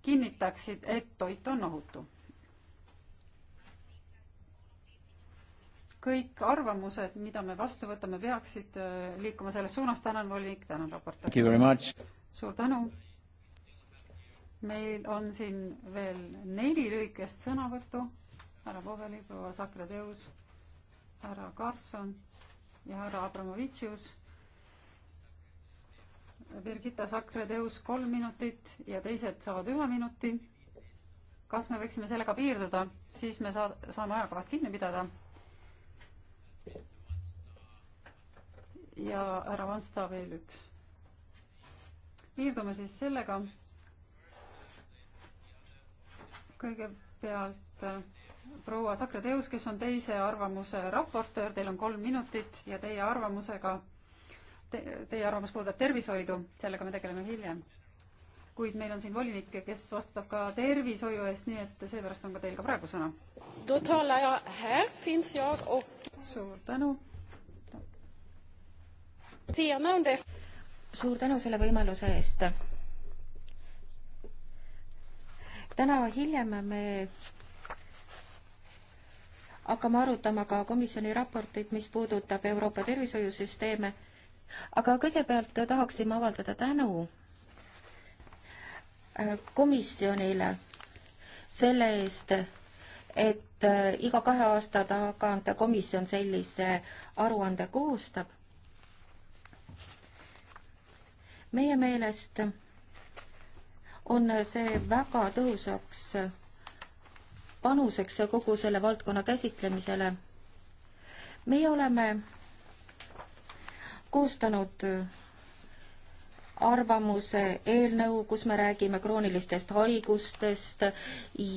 kinnitaksid, et toit on ohutu. kõik arvamused, mida me vastu võtame, peaksid äh, liikuma selles suunas. tänan, volinik, tänan, raportöör. suur tänu. meil on siin veel neli lühikest sõnavõttu. härra Poveli, proua Sakra Teus, härra Karlsson ja härra Abramovitšius Birgitta Sakre-Teus kolm minutit ja teised saavad ühe minuti. kas me võiksime sellega piirduda, siis me saa-, saame ajakavast kinni pidada. ja härra Vansta veel üks. piirdume siis sellega. kõigepealt äh, proua Sakre-Teus, kes on teise arvamuse raportöör, teil on kolm minutit ja teie arvamusega te, teie arvamus puudutab tervishoidu, sellega me tegeleme hiljem. kuid meil on siin volinik, kes vastutab ka tervishoiu eest, nii et seepärast on ka teil ka praegu sõna. suur tänu. suur tänu selle võimaluse eest. täna hiljem me hakkame arutama ka komisjoni raportit, mis puudutab Euroopa tervishoiusüsteeme aga kõigepealt tahaksime avaldada tänu äh, komisjonile selle eest, et äh, iga kahe aasta tagant komisjon sellise aruande koostab. meie meelest on see väga tõhusaks panuseks kogu selle valdkonna käsitlemisele. meie oleme koostanud arvamuse eelnõu, kus me räägime kroonilistest haigustest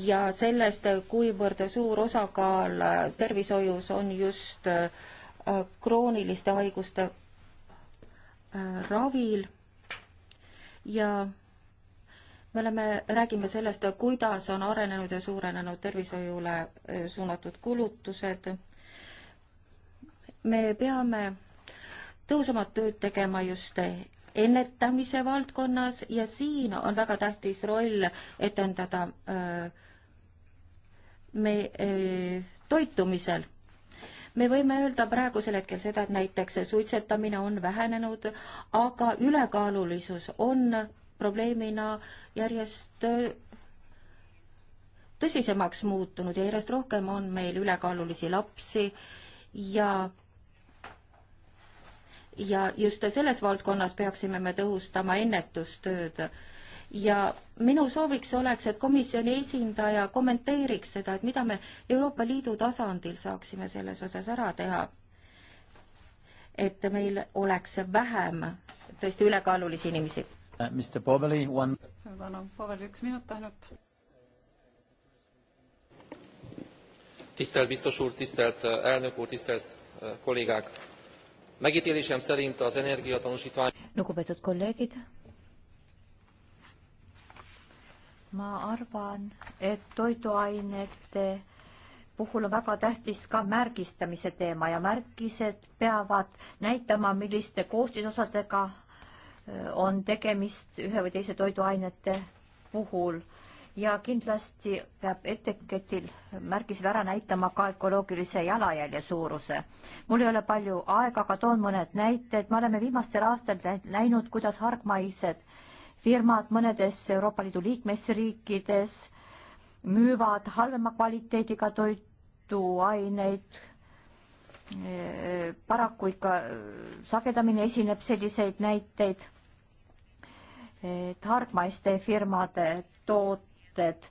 ja sellest, kuivõrd suur osakaal tervishoius on just äh, krooniliste haiguste äh, ravil ja me oleme, räägime sellest, kuidas on arenenud ja suurenenud tervishoiule äh, suunatud kulutused. me peame tõhusamat tööd tegema just ennetamise valdkonnas ja siin on väga tähtis roll etendada me toitumisel. me võime öelda praegusel hetkel seda, et näiteks suitsetamine on vähenenud, aga ülekaalulisus on probleemina järjest tõsisemaks muutunud ja järjest rohkem on meil ülekaalulisi lapsi ja ja just selles valdkonnas peaksime me tõhustama ennetustööd. ja minu sooviks oleks, et komisjoni esindaja kommenteeriks seda, et mida me Euroopa Liidu tasandil saaksime selles osas ära teha. et meil oleks vähem tõesti ülekaalulisi inimesi. Uh, Mr Poveli, one. suur tänu, Poveli, üks minut ainult. tisztelt biztos úr, tisztelt uh, elnök úr, tisztelt uh, kollégák! Megítélésem szerint az energiatanúsítvány... Lugupeetud kolleegid, ma arvan, et toiduainete puhul on väga tähtis ka märgistamise teema ja märgised peavad näitama, milliste koostisosadega äh, on tegemist ühe või teise toiduainete puhul ja kindlasti peab etiketil märgisel ära näitama ka ökoloogilise jalajälje suuruse. mul ei ole palju aega, aga toon mõned näited. me oleme viimastel aastatel näinud, kuidas hargmaised firmad mõnedes Euroopa Liidu liikmesriikides müüvad halvema kvaliteediga toiduaineid. paraku ikka sagedamini esineb selliseid näiteid, et hargmaiste firmade toot tooted,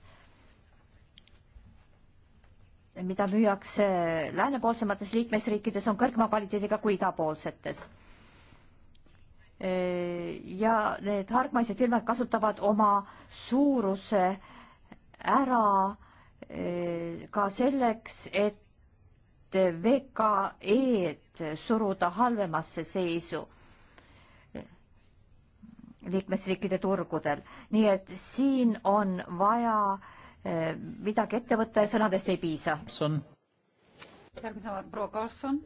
mida müüakse läänepoolsemates liikmesriikides, on kõrgema kvaliteediga kui idapoolsetes. ja need hargmaised firmad kasutavad oma suuruse ära eh, ka selleks, et VKE-d suruda halvemasse seisu liikmesriikide turgudel. nii et siin on vaja eh, midagi ette võtta ja sõnadest ei piisa. järgmisena proua Karlsson.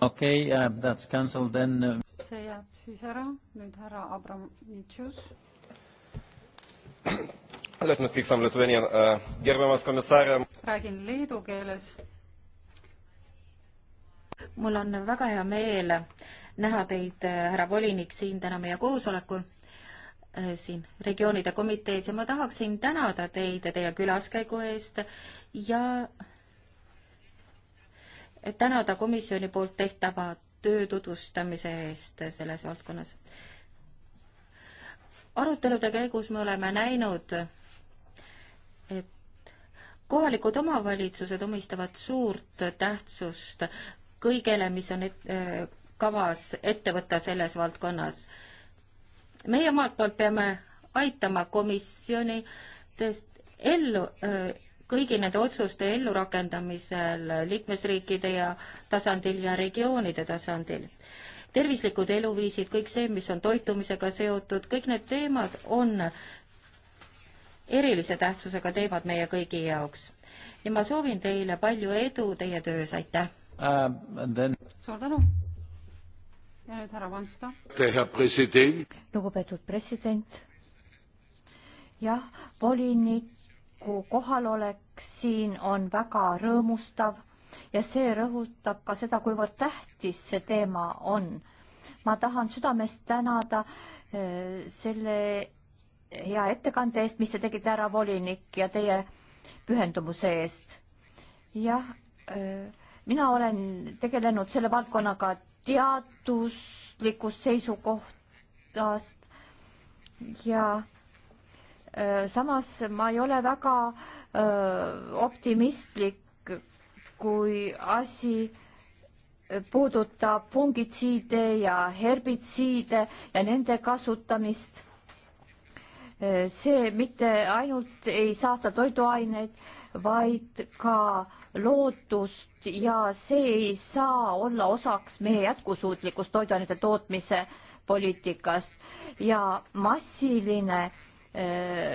okei okay, uh,, eh, that's cancelled then. Eh. see jääb siis ära, nüüd härra Abramitšus. räägin leedu keeles. mul on väga hea meel näha teid, äh, härra volinik, siin täna meie koosolekul, äh, siin regioonide komitees ja ma tahaksin tänada teid ja teie külaskäigu eest ja tänada komisjoni poolt tehtava töö tutvustamise eest selles valdkonnas. arutelude käigus me oleme näinud, et kohalikud omavalitsused omistavad suurt tähtsust kõigele, mis on et, äh, kavas ette võtta selles valdkonnas? meie omalt poolt peame aitama komisjoni ellu, äh, kõigi nende otsuste ellurakendamisel liikmesriikide ja tasandil ja regioonide tasandil. tervislikud eluviisid, kõik see, mis on toitumisega seotud, kõik need teemad on erilise tähtsusega teemad meie kõigi jaoks. ja ma soovin teile palju edu teie töös, aitäh uh,! Then... suur tänu! ja nüüd härra Vansta. lugupeetud president. jah, voliniku kohalolek siin on väga rõõmustav ja see rõhutab ka seda, kuivõrd tähtis see teema on. ma tahan südamest tänada eh, selle hea ettekande eest, mis te tegite, härra volinik, ja teie pühendumuse eest. jah, eh, mina olen tegelenud selle valdkonnaga teaduslikust seisukohtast ja samas ma ei ole väga optimistlik, kui asi puudutab fungitsiide ja herbitsiide ja nende kasutamist. see mitte ainult ei saasta toiduaineid, vaid ka lootust ja see ei saa olla osaks meie jätkusuutlikust toiduainete tootmise poliitikast ja massiline äh,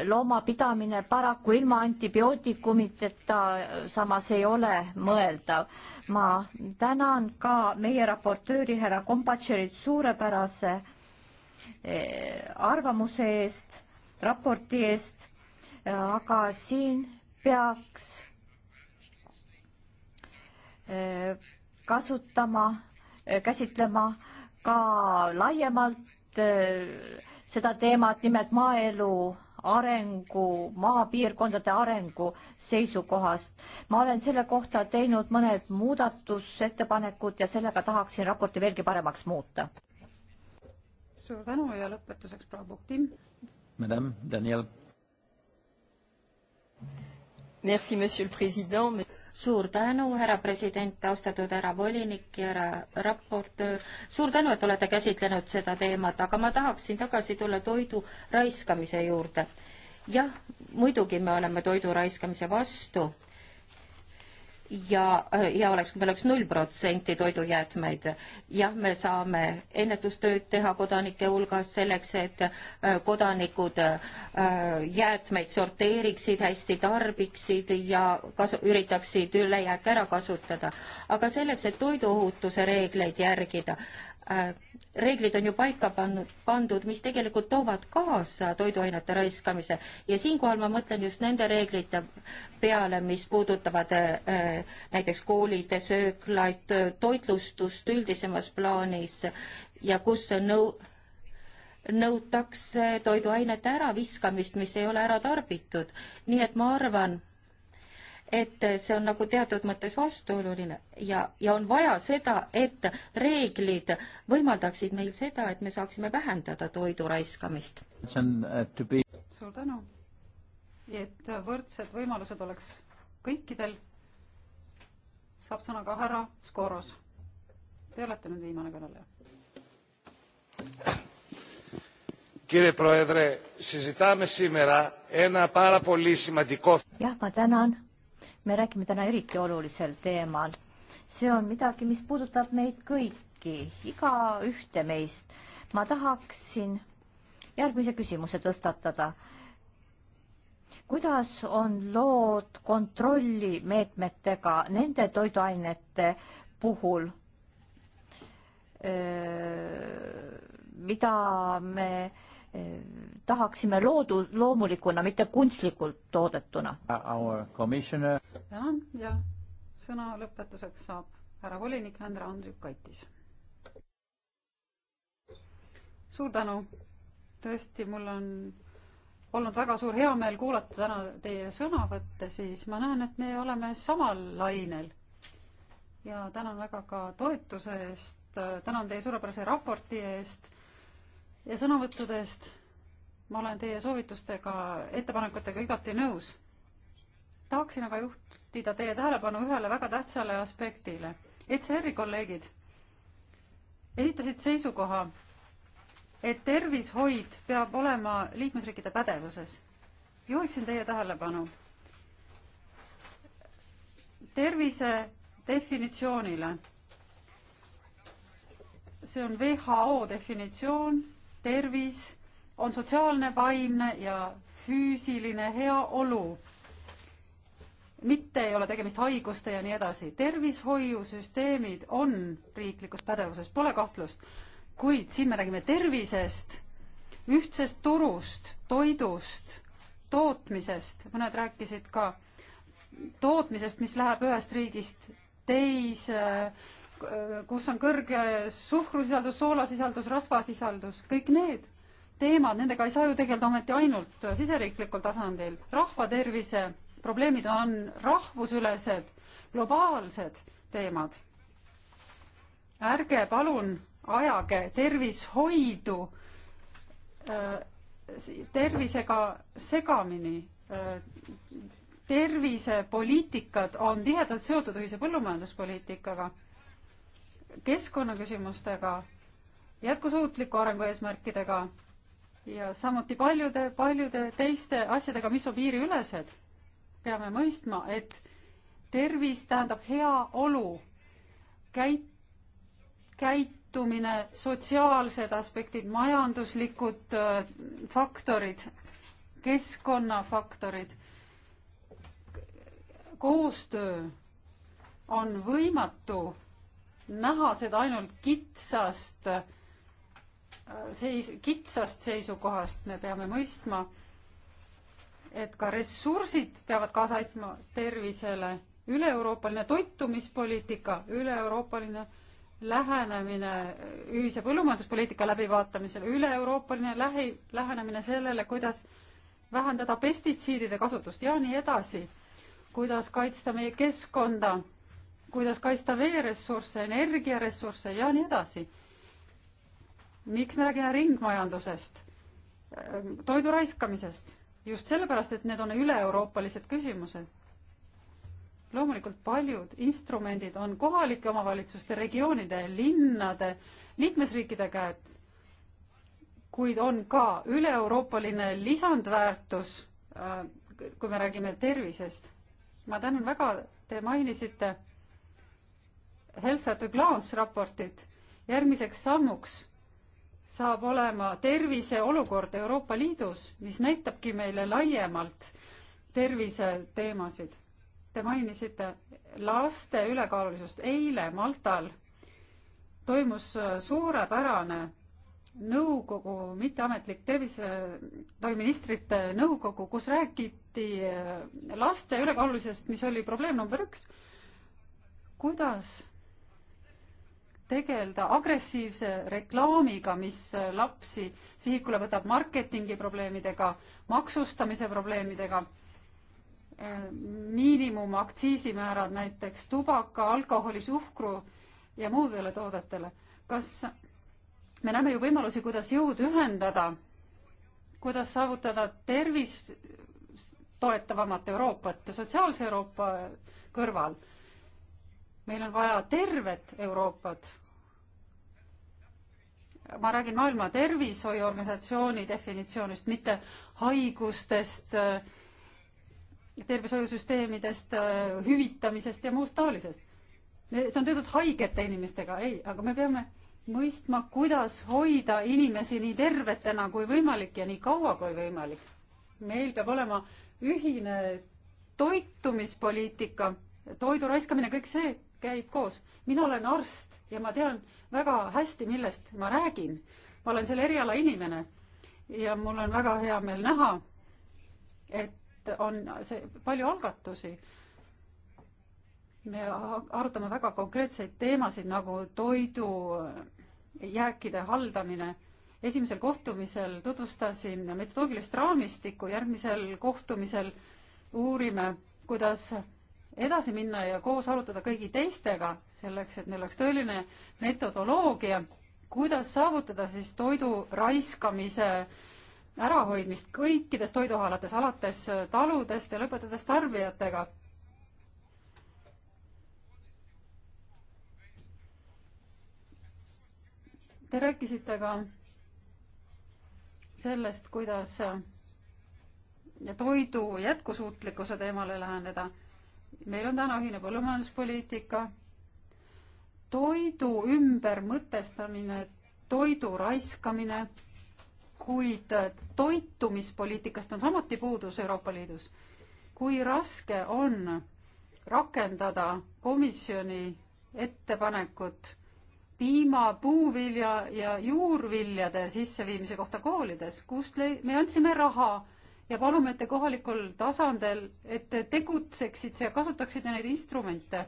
loomapidamine paraku ilma antibiootikumideta samas ei ole mõeldav. ma tänan ka meie raportööri härra Kompatšerit suurepärase äh, arvamuse eest, raporti eest, äh, aga siin peaks äh, kasutama, äh, käsitlema ka laiemalt äh, seda teemat, nimelt maaelu arengu, maapiirkondade arengu seisukohast. ma olen selle kohta teinud mõned muudatusettepanekud ja sellega tahaksin raporti veelgi paremaks muuta. suur tänu ja lõpetuseks proua Puhtin. Madame Daniel. Merci, monsieur le president. suur tänu, härra president, austatud härra volinik ja härra raportöör. suur tänu, et olete käsitlenud seda teemat, aga ma tahaksin tagasi tulla toidu raiskamise juurde. jah, muidugi me oleme toidu raiskamise vastu ja hea oleks, kui meil oleks null protsenti toidujäätmeid. jah, me saame ennetustööd teha kodanike hulgas selleks, et äh, kodanikud äh, jäätmeid sorteeriksid, hästi tarbiksid ja kasu-, üritaksid ülejääke ära kasutada. aga selleks, et toiduohutuse reegleid järgida, Äh, reeglid on ju paika pannud, pandud, mis tegelikult toovad kaasa toiduainete raiskamise ja siinkohal ma mõtlen just nende reeglite peale, mis puudutavad äh, näiteks koolide sööklaid, toitlustust üldisemas plaanis ja kus nõu-, nõutakse toiduainete äraviskamist, mis ei ole ära tarbitud. nii et ma arvan, et see on nagu teatud mõttes vastuoluline ja, ja on vaja seda, et reeglid võimaldaksid meil seda, et me saaksime vähendada toidu raiskamist. Äh, be... suur tänu. et võrdsed võimalused oleks kõikidel. saab sõna ka härra Skoros. Te olete nüüd viimane kõneleja. Κύριε Πρόεδρε, συζητάμε σήμερα ένα πάρα πολύ σημαντικό... Jah, ma tänan me räägime täna eriti olulisel teemal. see on midagi, mis puudutab meid kõiki, igaühte meist. ma tahaksin järgmise küsimuse tõstatada. kuidas on lood kontrollimeetmetega nende toiduainete puhul, mida me öö, tahaksime loodu, loomulikuna, mitte kunstlikult toodetuna. tänan ja sõna lõpetuseks saab härra volinik Andra Andrikaitis. suur tänu, tõesti, mul on olnud väga suur heameel kuulata täna teie sõnavõtte, siis ma näen, et me oleme samal lainel. ja tänan väga ka toetuse eest, tänan teie suurepärase raporti eest ja sõnavõttudest. ma olen teie soovitustega, ettepanekutega igati nõus. tahaksin aga juhtida teie tähelepanu ühele väga tähtsale aspektile. ECR-i kolleegid esitasid seisukoha, et tervishoid peab olema liikmesriikide pädevuses. juhiksin teie tähelepanu tervise definitsioonile. see on WHO definitsioon tervis on sotsiaalne, vaimne ja füüsiline heaolu. mitte ei ole tegemist haiguste ja nii edasi. tervishoiusüsteemid on riiklikus pädevuses, pole kahtlust. kuid siin me räägime tervisest, ühtsest turust, toidust, tootmisest, mõned rääkisid ka tootmisest, mis läheb ühest riigist teise äh, kus on kõrge suhkrusisaldus, soolasisaldus, rasvasisaldus, kõik need teemad, nendega ei saa ju tegeleda ometi ainult siseriiklikul tasandil. rahvatervise probleemid on rahvusülesed, globaalsed teemad. ärge palun ajage tervishoidu äh, tervisega segamini äh, tervisepoliitikad on tihedalt seotud ühise põllumajanduspoliitikaga keskkonnaküsimustega, jätkusuutliku arengu eesmärkidega ja samuti paljude, paljude teiste asjadega, mis on piiriülesed, peame mõistma, et tervis tähendab heaolu, käit-, käitumine, sotsiaalsed aspektid, majanduslikud äh, faktorid, keskkonnafaktorid, koostöö on võimatu näha seda ainult kitsast äh, seis, kitsast seisukohast, me peame mõistma, et ka ressursid peavad kaasa aitama tervisele, üle-euroopaline toitumispoliitika, üle-euroopaline lähenemine ühise põllumajanduspoliitika läbivaatamisele, üle-euroopaline lähi, lähenemine sellele, kuidas vähendada pestitsiidide kasutust ja nii edasi, kuidas kaitsta meie keskkonda kuidas kaitsta veeressursse, energiaressursse ja nii edasi. miks me räägime ringmajandusest, toidu raiskamisest? just sellepärast, et need on üle-euroopalised küsimused. loomulikult paljud instrumendid on kohalike omavalitsuste, regioonide, linnade, liikmesriikide käed, kuid on ka üle-euroopaline lisandväärtus, äh, kui me räägime tervisest. ma tänan väga, te mainisite Health at a Glance raportit. järgmiseks sammuks saab olema tervise olukord Euroopa Liidus, mis näitabki meile laiemalt terviseteemasid. Te mainisite laste ülekaalulisust. eile Maltal toimus äh, suurepärane nõukogu, mitteametlik tervise, või äh, ministrite nõukogu, kus räägiti äh, laste ülekaalulisest, mis oli probleem number üks. kuidas tegeleda agressiivse reklaamiga, mis lapsi sihikule võtab marketingi probleemidega, maksustamise probleemidega, miinimumaktsiisimäärad näiteks tubaka, alkoholi, suhkru ja muudele toodetele. kas me näeme ju võimalusi, kuidas jõud ühendada, kuidas saavutada tervis toetavamat Euroopat sotsiaalse Euroopa kõrval meil on vaja tervet Euroopat. ma räägin Maailma Tervishoiuorganisatsiooni definitsioonist, mitte haigustest, tervishoiusüsteemidest, hüvitamisest ja muust taolisest. see on tehtud haigete inimestega, ei, aga me peame mõistma, kuidas hoida inimesi nii tervetena kui võimalik ja nii kaua kui võimalik. meil peab olema ühine toitumispoliitika, toidu raiskamine, kõik see käib koos. mina olen arst ja ma tean väga hästi, millest ma räägin. ma olen selle eriala inimene ja mul on väga hea meel näha, et on see palju algatusi. me arutame väga konkreetseid teemasid nagu toidujääkide haldamine. esimesel kohtumisel tutvustasin metodoloogilist raamistikku, järgmisel kohtumisel uurime, kuidas edasi minna ja koos arutada kõigi teistega, selleks et meil oleks tõeline metodoloogia, kuidas saavutada siis toidu raiskamise ärahoidmist kõikides toidualates, alates taludest ja lõpetades tarbijatega. Te rääkisite ka sellest, kuidas toidu jätkusuutlikkuse teemale läheneda meil on täna ühine põllumajanduspoliitika, toidu ümbermõtestamine, toidu raiskamine, kuid toitumispoliitikast on samuti puudus Euroopa Liidus. kui raske on rakendada komisjoni ettepanekut piima, puuvilja ja juurviljade sisseviimise kohta koolides, kust me andsime raha ja palume, et te kohalikul tasandil, et te tegutseksite ja kasutaksite neid instrumente.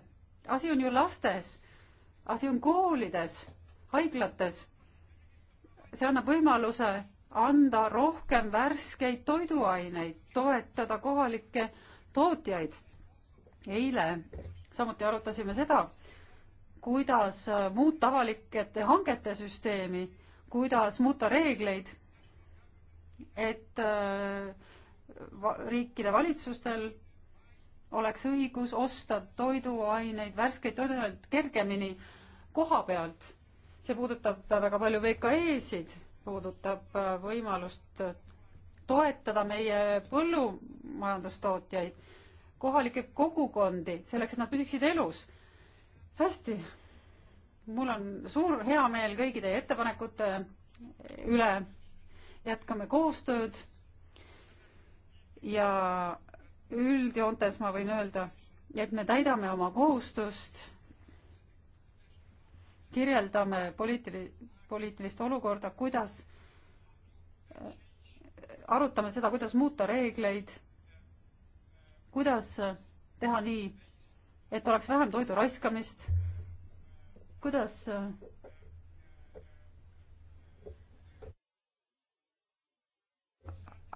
asi on ju lastes, asi on koolides, haiglates. see annab võimaluse anda rohkem värskeid toiduaineid, toetada kohalikke tootjaid. eile samuti arutasime seda, kuidas muuta avalike hangete süsteemi, kuidas muuta reegleid et äh, riikide valitsustel oleks õigus osta toiduaineid, värskeid toiduaineid kergemini koha pealt. see puudutab väga palju VKE-sid, puudutab äh, võimalust äh, toetada meie põllumajandustootjaid, kohalikke kogukondi, selleks et nad püsiksid elus. hästi, mul on suur heameel kõigi teie ettepanekute üle jätkame koostööd ja üldjoontes ma võin öelda, et me täidame oma kohustust, kirjeldame poliitili-, poliitilist olukorda, kuidas, äh, arutame seda, kuidas muuta reegleid, kuidas äh, teha nii, et oleks vähem toidu raiskamist, kuidas äh,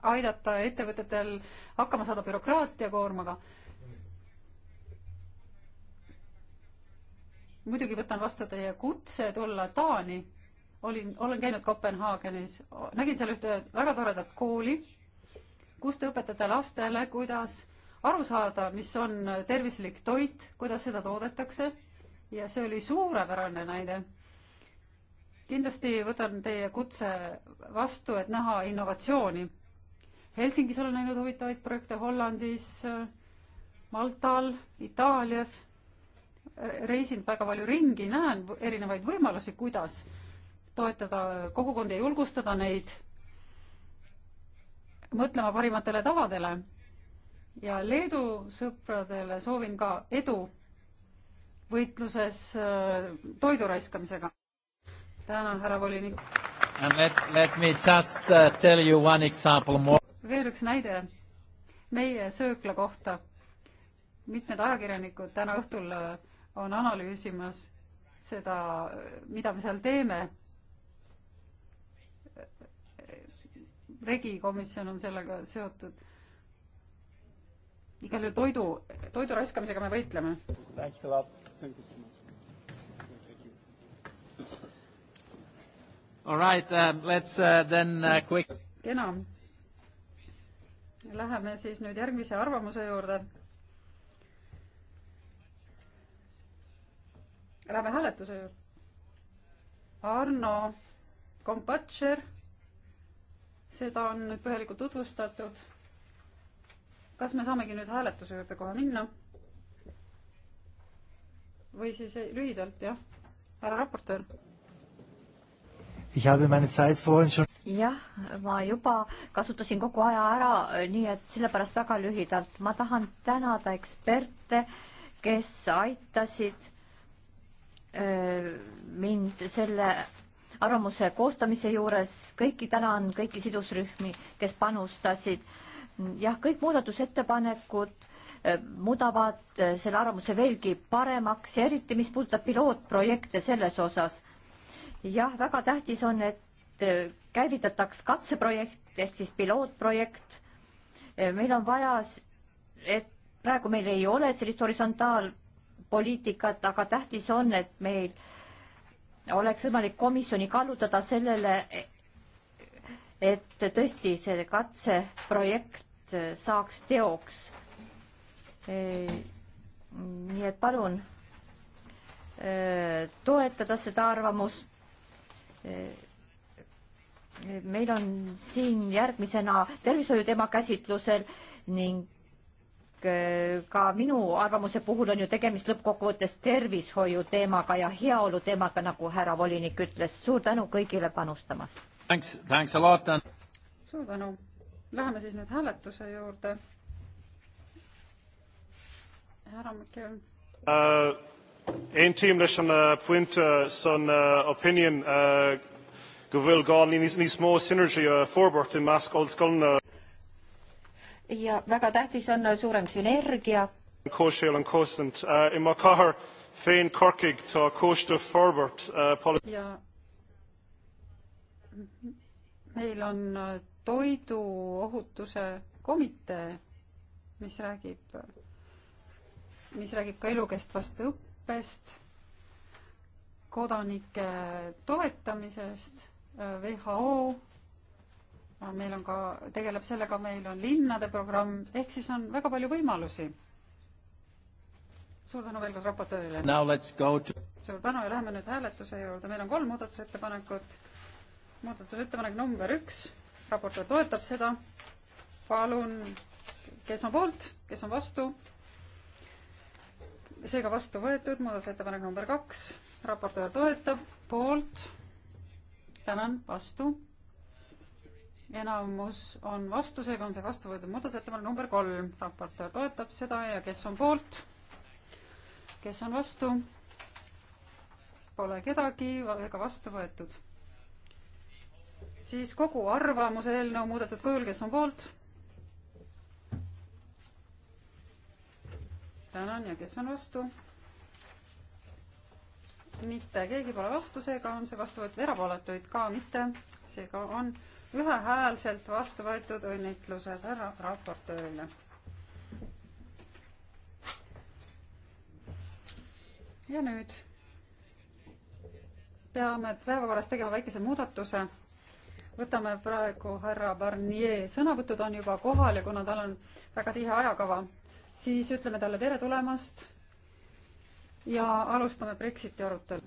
aidata ettevõtetel hakkama saada bürokraatia koormaga. muidugi võtan vastu teie kutse tulla Taani. olin, olen käinud Kopenhaagenis, nägin seal ühte väga toredat kooli, kus te õpetate lastele, kuidas aru saada, mis on tervislik toit, kuidas seda toodetakse ja see oli suurepärane näide kindlasti võtan teie kutse vastu, et näha innovatsiooni Helsingis olen näinud huvitavaid projekte Hollandis, Maltal, Itaalias, reisinud väga palju ringi, näen erinevaid võimalusi, kuidas toetada kogukondi ja julgustada neid mõtlema parimatele tavadele. ja Leedu sõpradele soovin ka edu võitluses äh, toidu raiskamisega. tänan, härra volinik. And let, let me just uh, tell you one example more veel üks näide meie söökla kohta. mitmed ajakirjanikud täna õhtul äh, on analüüsimas seda, mida me seal teeme. regikomisjon on sellega seotud. igal juhul toidu, toidu raiskamisega me võitleme. All right um, uh,, let's uh, then uh, quick. kena Läheme siis nüüd järgmise arvamuse juurde. Läheme hääletuse juurde. Arno Kompatšer, seda on nüüd põhjalikult tutvustatud. kas me saamegi nüüd hääletuse juurde kohe minna? või siis lühidalt, jah? härra raportöör jah, ma juba kasutasin kogu aja ära, nii et sellepärast väga lühidalt. ma tahan tänada eksperte, kes aitasid öö, mind selle arvamuse koostamise juures. kõiki tänan, kõiki sidusrühmi, kes panustasid. jah, kõik muudatusettepanekud muudavad selle arvamuse veelgi paremaks ja eriti, mis puudutab pilootprojekte selles osas. jah, väga tähtis on, et Äh, käivitataks katseprojekt ehk siis pilootprojekt. Äh, meil on vaja, et praegu meil ei ole sellist horisontaalpoliitikat, aga tähtis on, et meil oleks võimalik komisjoni kallutada sellele, et tõesti see katseprojekt äh, saaks teoks. nii et palun toetada seda arvamust meil on siin järgmisena tervishoiuteema käsitlusel ning äh, ka minu arvamuse puhul on ju tegemist lõppkokkuvõttes tervishoiu teemaga ja heaolu teemaga, nagu härra volinik ütles. suur tänu kõigile panustamast. suur tänu. Läheme siis nüüd hääletuse juurde. härra Mäkke uh,. Eén team, dus een uh, punt, uh, zo'n uh, opinion uh, go bhfuil gáil níos mó synergy uh, forward in meascáil scolna. Uh, ja väga tähtis on uh, suurem sünergia. Cóisiil an cosint uh, i má cahar féin corcaig tá cóiste forbert uh,. ja meil on toiduohutuse komitee, mis räägib, mis räägib ka elukestvast õppest, kodanike toetamisest WHO, meil on ka, tegeleb sellega, meil on linnade programm, ehk siis on väga palju võimalusi. suur tänu veel kord raportöörile. To... suur tänu ja läheme nüüd hääletuse juurde, meil on kolm muudatusettepanekut. muudatusettepanek number üks, raportöör toetab seda. palun, kes on poolt, kes on vastu? seega vastu võetud muudatusettepanek number kaks, raportöör toetab, poolt tänan, vastu. enamus on vastu, seega on see vastu võetud muudatusettepanek number kolm, raportöör toetab seda ja kes on poolt? kes on vastu? Pole kedagi ega vastu võetud. siis kogu arvamuse eelnõu muudetud kujul, kes on poolt? tänan ja kes on vastu? mitte keegi pole vastu, seega on see vastu võetud, erapooletuid ka mitte, seega on ühehäälselt vastu võetud õnnitlused härra raportöörile. ja nüüd peame päevakorras tegema väikese muudatuse. võtame praegu härra Barnier, sõnavõtud on juba kohal ja kuna tal on väga tihe ajakava, siis ütleme talle tere tulemast ja alustame Brexiti arutelu.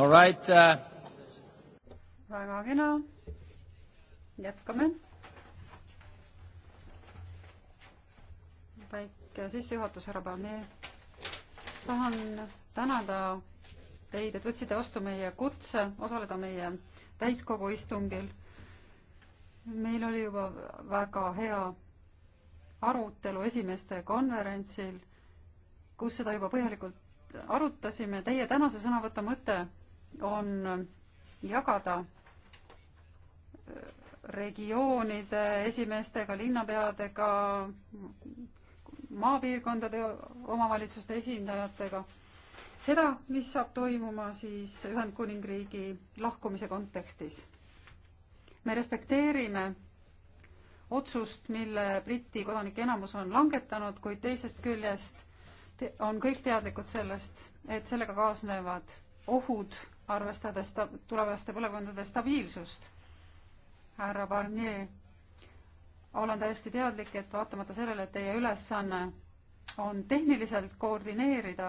All right uh.... väga kena. jätkame. väike sissejuhatus, härra Palmee. tahan tänada teid, et võtsite vastu meie kutse osaleda meie täiskogu istungil. meil oli juba väga hea arutelu esimeeste konverentsil, kus seda juba põhjalikult arutasime. Teie tänase sõnavõtu mõte on jagada regioonide esimeestega, linnapeadega, maapiirkondade omavalitsuste esindajatega. seda, mis saab toimuma siis Ühendkuningriigi lahkumise kontekstis. me respekteerime otsust, mille Briti kodanike enamus on langetanud, kuid teisest küljest on kõik teadlikud sellest, et sellega kaasnevad ohud arvestades tulevaste põlvkondade stabiilsust. härra Barnier, olen täiesti teadlik, et vaatamata sellele, et teie ülesanne on tehniliselt koordineerida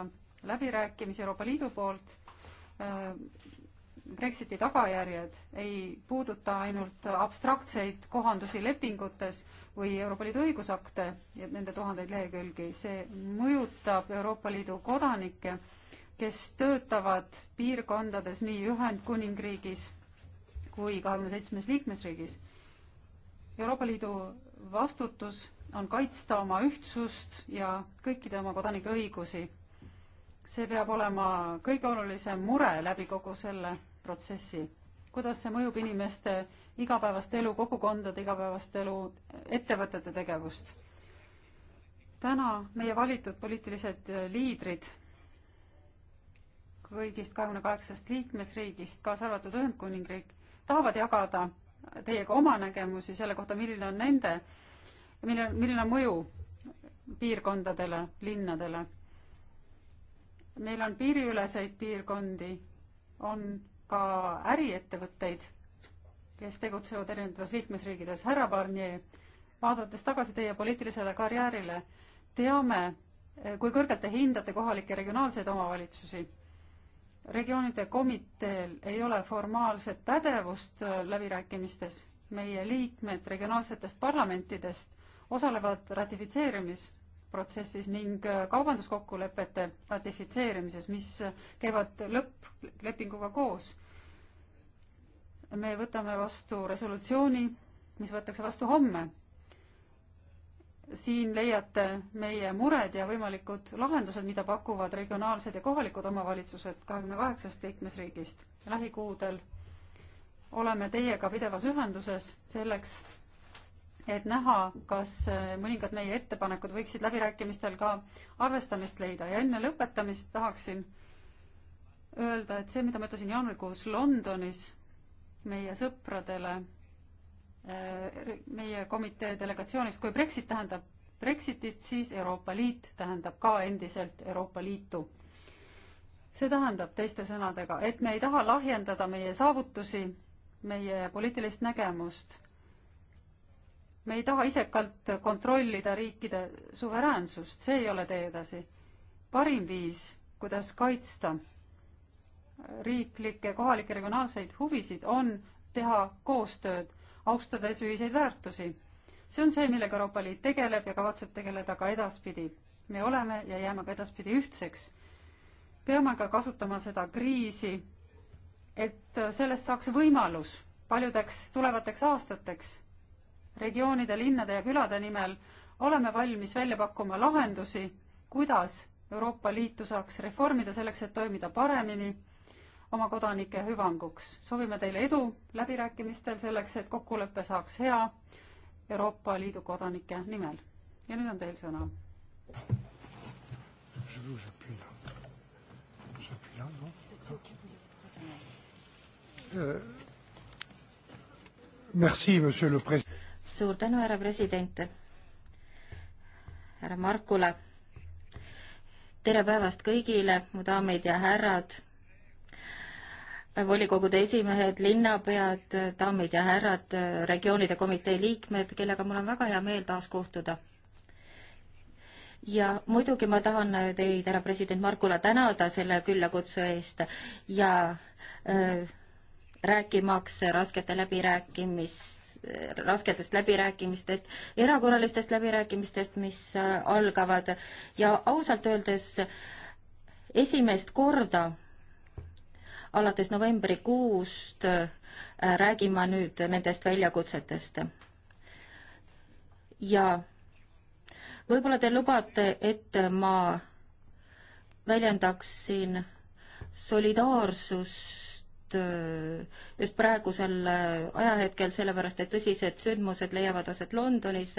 läbirääkimisi Euroopa Liidu poolt, äh, Brexiti tagajärjed ei puuduta ainult abstraktseid kohandusi lepingutes või Euroopa Liidu õigusakte ja nende tuhandeid lehekülgi, see mõjutab Euroopa Liidu kodanikke kes töötavad piirkondades nii Ühendkuningriigis kui kahekümne seitsmes liikmesriigis. Euroopa Liidu vastutus on kaitsta oma ühtsust ja kõikide oma kodanike õigusi. see peab olema kõige olulisem mure läbi kogu selle protsessi. kuidas see mõjub inimeste igapäevast elu, kogukondade igapäevast elu, ettevõtete tegevust? täna meie valitud poliitilised liidrid kõigist kahekümne kaheksast liikmesriigist, kaasa arvatud Ühendkuningriik, tahavad jagada teiega oma nägemusi selle kohta, milline on nende, milline, milline on mõju piirkondadele, linnadele. meil on piiriüleseid piirkondi, on ka äriettevõtteid, kes tegutsevad erinevates liikmesriikides. härra Barnier, vaadates tagasi teie poliitilisele karjäärile, teame, kui kõrgelt te hindate kohalikke regionaalseid omavalitsusi regioonide komiteel ei ole formaalset pädevust äh, läbirääkimistes, meie liikmed regionaalsetest parlamentidest osalevad ratifitseerimisprotsessis ning äh, kaubanduskokkulepete ratifitseerimises, mis äh, käivad lõpplepinguga koos. me võtame vastu resolutsiooni, mis võetakse vastu homme siin leiate meie mured ja võimalikud lahendused, mida pakuvad regionaalsed ja kohalikud omavalitsused kahekümne kaheksast liikmesriigist. lähikuudel oleme teiega pidevas ühenduses selleks, et näha, kas mõningad meie ettepanekud võiksid läbirääkimistel ka arvestamist leida ja enne lõpetamist tahaksin öelda, et see, mida ma ütlesin jaanuarikuus Londonis meie sõpradele Äh, meie komitee delegatsioonist, kui Brexit tähendab Brexitist, siis Euroopa Liit tähendab ka endiselt Euroopa Liitu. see tähendab teiste sõnadega, et me ei taha lahjendada meie saavutusi, meie poliitilist nägemust. me ei taha isekalt kontrollida riikide suveräänsust, see ei ole tee edasi. parim viis, kuidas kaitsta riiklikke, kohalikke, regionaalseid huvisid, on teha koostööd austades ühiseid väärtusi. see on see, millega Euroopa Liit tegeleb ja kavatseb tegeleda ka edaspidi. me oleme ja jääme ka edaspidi ühtseks. peame ka kasutama seda kriisi, et sellest saaks võimalus paljudeks tulevateks aastateks. regioonide, linnade ja külade nimel oleme valmis välja pakkuma lahendusi, kuidas Euroopa Liitu saaks reformida selleks, et toimida paremini oma kodanike hüvanguks. soovime teile edu läbirääkimistel selleks, et kokkulepe saaks hea Euroopa Liidu kodanike nimel. ja nüüd on teil sõna. Euh, suur tänu, härra president, härra Markule. tere päevast kõigile, mu daamid ja härrad volikogude esimehed, linnapead, daamid ja härrad, regioonide komitee liikmed, kellega mul on väga hea meel taas kohtuda. ja muidugi ma tahan teid, härra president Markula, tänada selle küllakutse eest ja äh, rääkimaks raskete läbirääkimist rasketest läbirääkimistest, erakorralistest läbirääkimistest, mis äh, algavad ja ausalt öeldes esimest korda alates novembrikuust äh, räägin ma nüüd nendest väljakutsetest. ja võib-olla te lubate, et ma väljendaksin solidaarsust äh, just praegusel äh, ajahetkel, sellepärast et tõsised sündmused leiavad aset Londonis,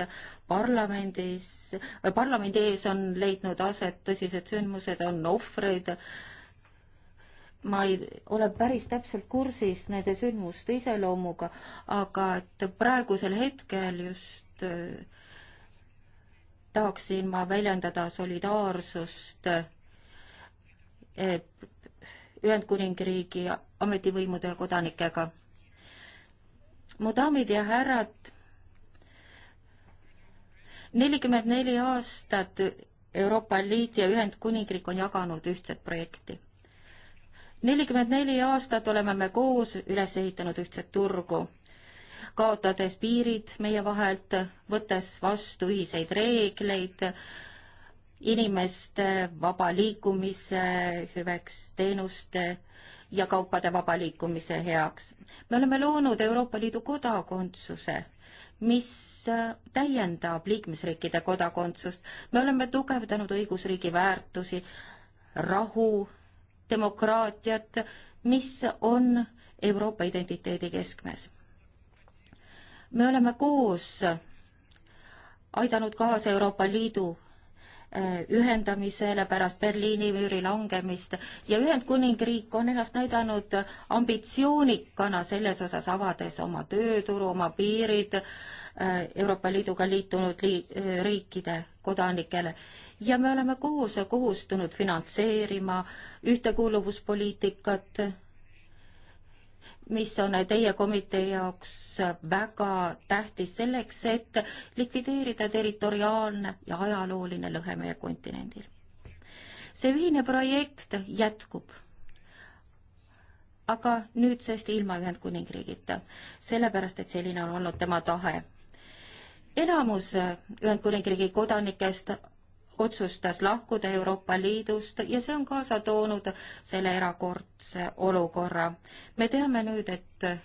parlamendis, parlamendi ees on leidnud aset tõsised sündmused, on ohvreid äh, ma ei ole päris täpselt kursis nende sündmuste iseloomuga, aga et praegusel hetkel just äh, tahaksin ma väljendada solidaarsust äh, Ühendkuningriigi ametivõimude ja kodanikega. mu daamid ja härrad, nelikümmend neli aastat Euroopa Liit ja Ühendkuningriik on jaganud ühtset projekti nelikümmend neli aastat oleme me koos üles ehitanud ühtset turgu, kaotades piirid meie vahelt, võttes vastu ühiseid reegleid, inimeste vaba liikumise hüveks, teenuste ja kaupade vaba liikumise heaks. me oleme loonud Euroopa Liidu kodakondsuse, mis täiendab liikmesriikide kodakondsust. me oleme tugevdanud õigusriigi väärtusi, rahu, demokraatiat, mis on Euroopa identiteedi keskmes. me oleme koos aidanud kaasa Euroopa Liidu eh, ühendamisele pärast Berliini müüri langemist ja Ühendkuningriik on ennast näidanud ambitsioonikana selles osas, avades oma tööturu, oma piirid eh, Euroopa Liiduga liitunud liik, riikide kodanikele ja me oleme koos kohustunud finantseerima ühtekuuluvuspoliitikat, mis on teie komitee jaoks väga tähtis selleks, et likvideerida territoriaalne ja ajalooline lõhe meie kontinendil. see ühine projekt jätkub aga nüüdsest ilma Ühendkuningriigita, sellepärast et selline on olnud tema tahe. enamus Ühendkuningriigi kodanikest otsustas lahkuda Euroopa Liidust ja see on kaasa toonud selle erakordse olukorra. me teame nüüd, et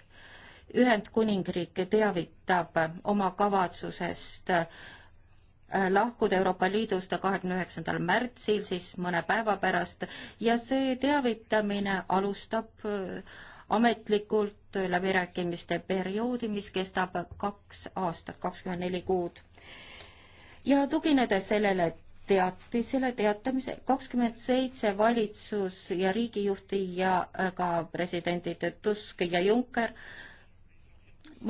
Ühendkuningriik teavitab oma kavatsusest äh, lahkuda Euroopa Liidust kahekümne üheksandal märtsil, siis mõne päeva pärast, ja see teavitamine alustab äh, ametlikult läbirääkimiste perioodi, mis kestab kaks aastat, kakskümmend neli kuud. ja tuginedes sellele teatisele teatamise kakskümmend seitse valitsus ja riigijuhti ja äh, ka presidendid Tusk ja Juncker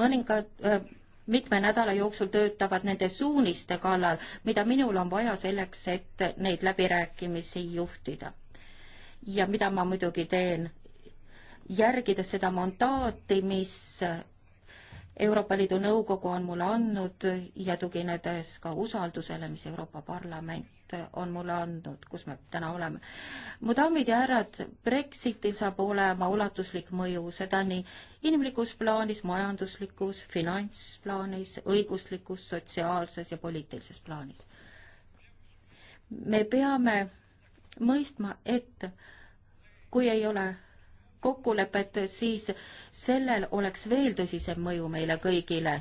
mõningad äh, mitme nädala jooksul töötavad nende suuniste kallal, mida minul on vaja selleks, et neid läbirääkimisi juhtida. ja mida ma muidugi teen, järgides seda mandaati, mis Euroopa Liidu Nõukogu on mulle andnud ja tuginedes ka usaldusele, mis Euroopa Parlament on mulle andnud, kus me täna oleme. mu daamid ja härrad, Brexitil saab olema ulatuslik mõju, seda nii inimlikus plaanis, majanduslikus, finantsplaanis, õiguslikus, sotsiaalses ja poliitilises plaanis. me peame mõistma, et kui ei ole kokkulepet, siis sellel oleks veel tõsisem mõju meile kõigile.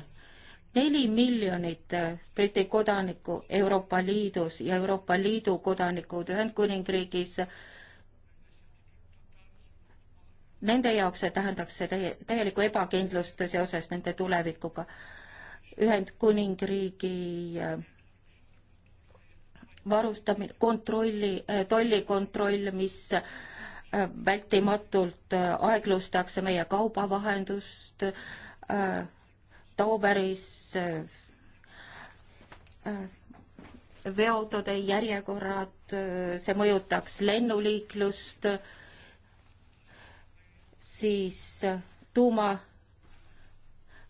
neli miljonit äh, Briti kodanikku Euroopa Liidus ja Euroopa Liidu kodanikud Ühendkuningriigis, nende jaoks see tähendaks see täielikku ebakindlust seoses nende tulevikuga. Ühendkuningriigi äh, varustamine, kontrolli, äh, tollikontroll, mis vältimatult äh, aeglustakse meie kaubavahendust äh, Tauberis äh, veoautode järjekorrad, see mõjutaks lennuliiklust, siis tuuma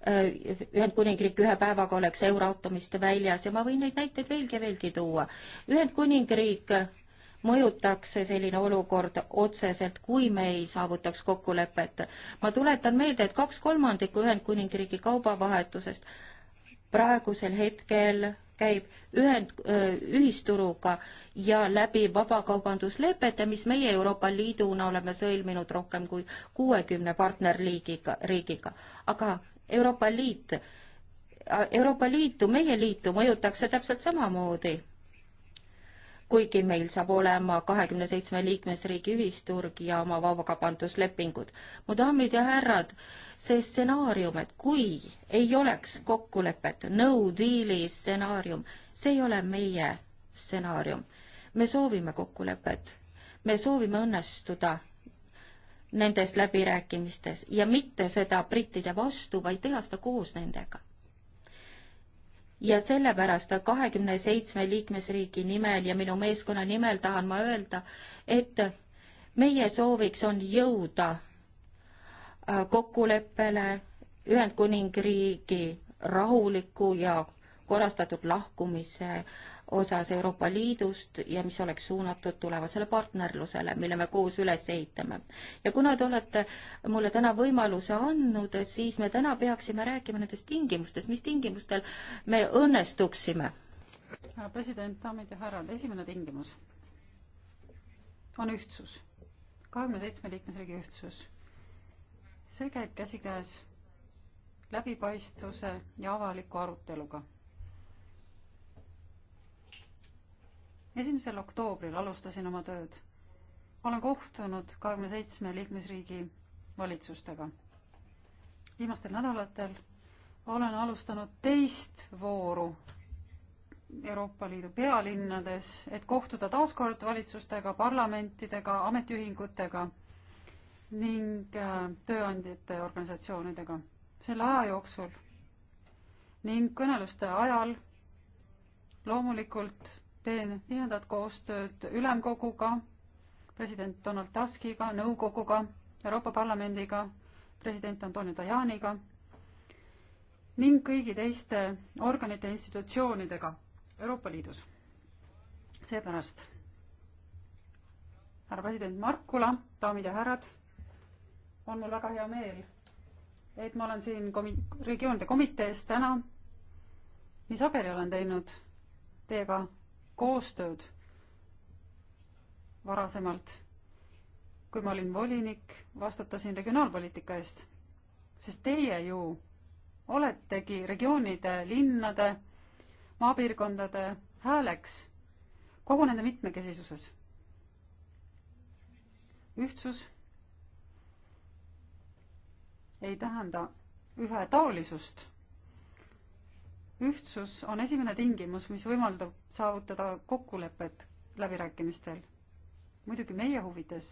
Ühendkuningriik ühe päevaga oleks euroautomist väljas ja ma võin neid näiteid veelgi, veelgi tuua. Ühendkuningriik mõjutaks selline olukord otseselt, kui me ei saavutaks kokkulepet. ma tuletan meelde, et kaks kolmandikku Ühendkuningriigi kaubavahetusest praegusel hetkel käib ühend, ühisturuga ja läbi vabakaubanduslepete, mis meie Euroopa Liiduna oleme sõlminud rohkem kui kuuekümne partnerliigiga, riigiga. aga Euroopa Liit Euroopa Liitu, meie liitu mõjutakse täpselt samamoodi kuigi meil saab olema kahekümne seitsme liikmesriigi ühisturg ja oma vabakaubanduslepingud. mu daamid ja härrad, see stsenaarium, et kui ei oleks kokkulepet, no deal'i stsenaarium, see ei ole meie stsenaarium. me soovime kokkulepet, me soovime õnnestuda nendes läbirääkimistes ja mitte seda brittide vastu, vaid teha seda koos nendega ja sellepärast kahekümne seitsme liikmesriigi nimel ja minu meeskonna nimel tahan ma öelda, et meie sooviks on jõuda äh, kokkuleppele Ühendkuningriigi rahuliku ja korrastatud lahkumise osas Euroopa Liidust ja mis oleks suunatud tulevasele partnerlusele, mille me koos üles ehitame. ja kuna te olete mulle täna võimaluse andnud, siis me täna peaksime rääkima nendest tingimustest, mis tingimustel me õnnestuksime. härra president, daamid ja härrad, esimene tingimus on ühtsus, kahekümne seitsme liikmesriigi ühtsus. see käib käsikäes läbipaistvuse ja avaliku aruteluga esimesel oktoobril alustasin oma tööd. olen kohtunud kahekümne seitsme liikmesriigi valitsustega. viimastel nädalatel olen alustanud teist vooru Euroopa Liidu pealinnades, et kohtuda taas kord valitsustega, parlamentidega, ametiühingutega ning äh, tööandjate organisatsioonidega. selle aja jooksul ning kõneluste ajal loomulikult teen tihedat koostööd ülemkoguga, president Donald Tuskiga, nõukoguga, Euroopa Parlamendiga, president Antonio Tajaniga ning kõigi teiste organite ja institutsioonidega Euroopa Liidus. seepärast härra president Markula, daamid ja härrad, on mul väga hea meel, et ma olen siin komi-, regioonide komitees täna, nii sageli olen teinud teiega koostööd varasemalt. kui ma olin volinik, vastutasin regionaalpoliitika eest, sest teie ju oletegi regioonide, linnade, maapiirkondade hääleks kogu nende mitmekesisuses. ühtsus ei tähenda ühetaolisust ühtsus on esimene tingimus, mis võimaldab saavutada kokkulepet läbirääkimistel. muidugi meie huvides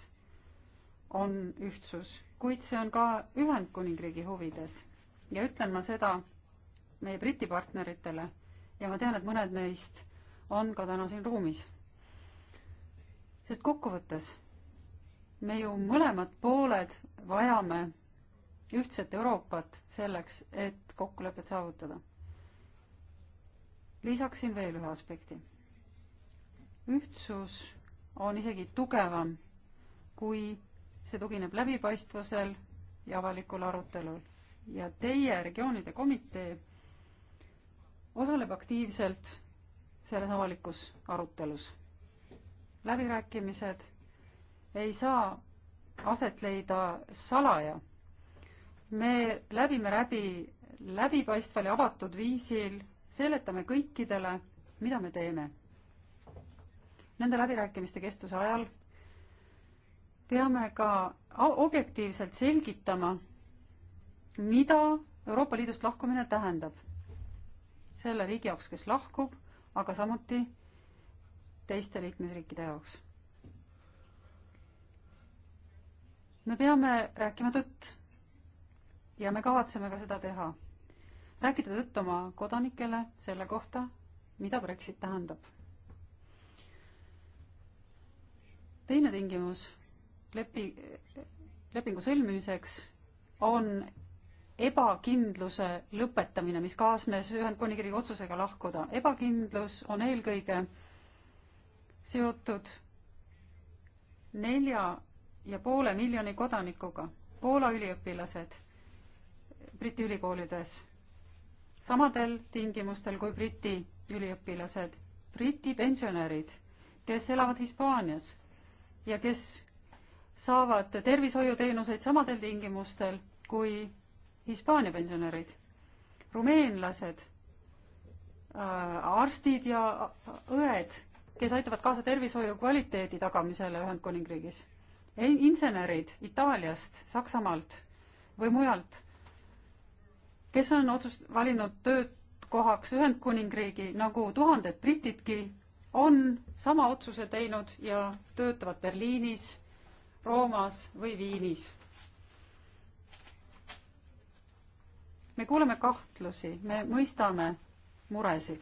on ühtsus, kuid see on ka Ühendkuningriigi huvides ja ütlen ma seda meie Briti partneritele ja ma tean, et mõned neist on ka täna siin ruumis. sest kokkuvõttes me ju mõlemad pooled vajame ühtset Euroopat selleks, et kokkulepet saavutada lisaksin veel ühe aspekti. ühtsus on isegi tugevam, kui see tugineb läbipaistvusel ja avalikul arutelul. ja teie regioonide komitee osaleb aktiivselt selles avalikus arutelus. läbirääkimised ei saa aset leida salaja. me läbime läbi läbipaistval ja avatud viisil seletame kõikidele, mida me teeme. Nende läbirääkimiste kestuse ajal peame ka objektiivselt selgitama, mida Euroopa Liidust lahkumine tähendab selle riigi jaoks, kes lahkub, aga samuti teiste liikmesriikide jaoks. me peame rääkima tõtt ja me kavatseme ka seda teha rääkida tõtt oma kodanikele selle kohta, mida Brexit tähendab. teine tingimus lepi, lepingu sõlmimiseks on ebakindluse lõpetamine, mis kaasnes Ühendkuningriigi otsusega lahkuda. ebakindlus on eelkõige seotud nelja ja poole miljoni kodanikuga, Poola üliõpilased Briti ülikoolides samadel tingimustel kui Briti üliõpilased, Briti pensionärid, kes elavad Hispaanias ja kes saavad tervishoiuteenuseid samadel tingimustel kui Hispaania pensionärid, rumeenlased, äh, arstid ja äh, õed, kes aitavad kaasa tervishoiu kvaliteedi tagamisele Ühendkuningriigis, insenerid Itaaliast, Saksamaalt või mujalt kes on otsust-, valinud töökohaks Ühendkuningriigi, nagu tuhanded britidki, on sama otsuse teinud ja töötavad Berliinis, Roomas või Viinis. me kuuleme kahtlusi, me mõistame muresid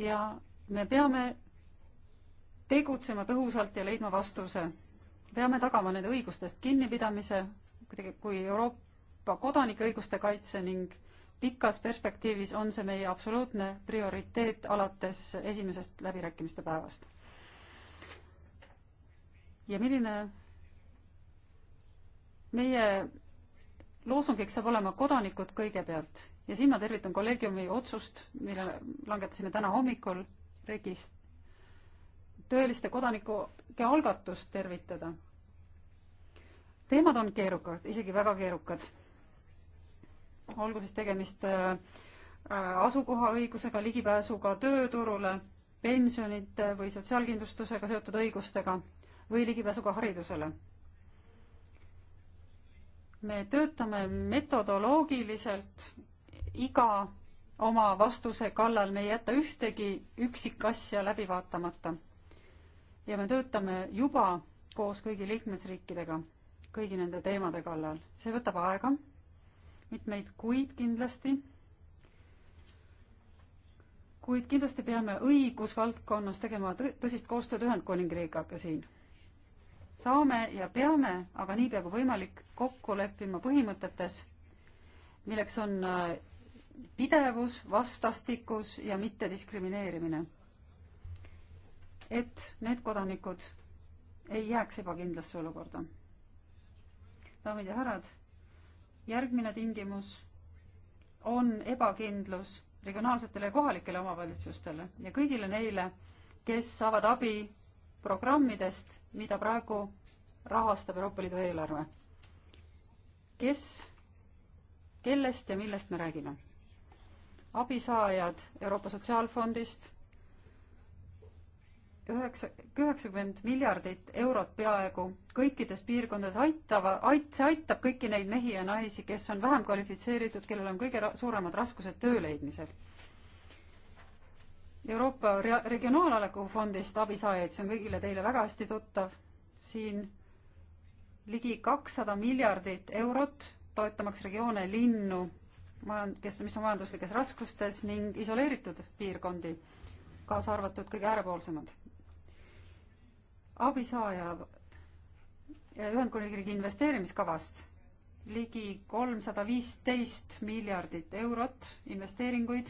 ja me peame tegutsema tõhusalt ja leidma vastuse. peame tagama nende õigustest kinnipidamise, kui Euroopa Euroopa kodanike õiguste kaitse ning pikas perspektiivis on see meie absoluutne prioriteet alates esimesest läbirääkimiste päevast. ja milline meie loosungiks saab olema kodanikud kõigepealt ja siin ma tervitan kolleegiumi otsust, mille langetasime täna hommikul regist-, tõeliste kodanike algatust tervitada. teemad on keerukad, isegi väga keerukad olgu siis tegemist äh, asukohaõigusega, ligipääsuga tööturule, pensionite või sotsiaalkindlustusega seotud õigustega või ligipääsuga haridusele. me töötame metodoloogiliselt iga oma vastuse kallal, me ei jäta ühtegi üksikasja läbi vaatamata. ja me töötame juba koos kõigi liikmesriikidega kõigi nende teemade kallal, see võtab aega mitmeid kuid kindlasti. kuid kindlasti peame õigusvaldkonnas tegema tõsist koostööd Ühendkuningriigiga ka siin. saame ja peame aga niipea kui võimalik kokku leppima põhimõtetes, milleks on äh, pidevus, vastastikus ja mittediskrimineerimine. et need kodanikud ei jääks ebakindlasse olukorda. daamid ja härrad järgmine tingimus on ebakindlus regionaalsetele ja kohalikele omavalitsustele ja kõigile neile, kes saavad abi programmidest, mida praegu rahastab Euroopa Liidu eelarve. kes, kellest ja millest me räägime? abisaajad Euroopa Sotsiaalfondist üheksa, üheksakümmend miljardit eurot peaaegu kõikides piirkondades aitava, ait-, see aitab kõiki neid mehi ja naisi, kes on vähem kvalifitseeritud, kellel on kõige ra suuremad raskused töö leidmisel. Euroopa rea-, Regionaalarengu Fondist abisaajaid, see on kõigile teile väga hästi tuttav, siin ligi kakssada miljardit eurot toetamaks regioone, linnu, majand-, kes, mis on majanduslikes raskustes ning isoleeritud piirkondi, kaasa arvatud kõige äärepoolsemad abisaaja Ühendkuningriigi investeerimiskavast ligi kolmsada viisteist miljardit eurot investeeringuid,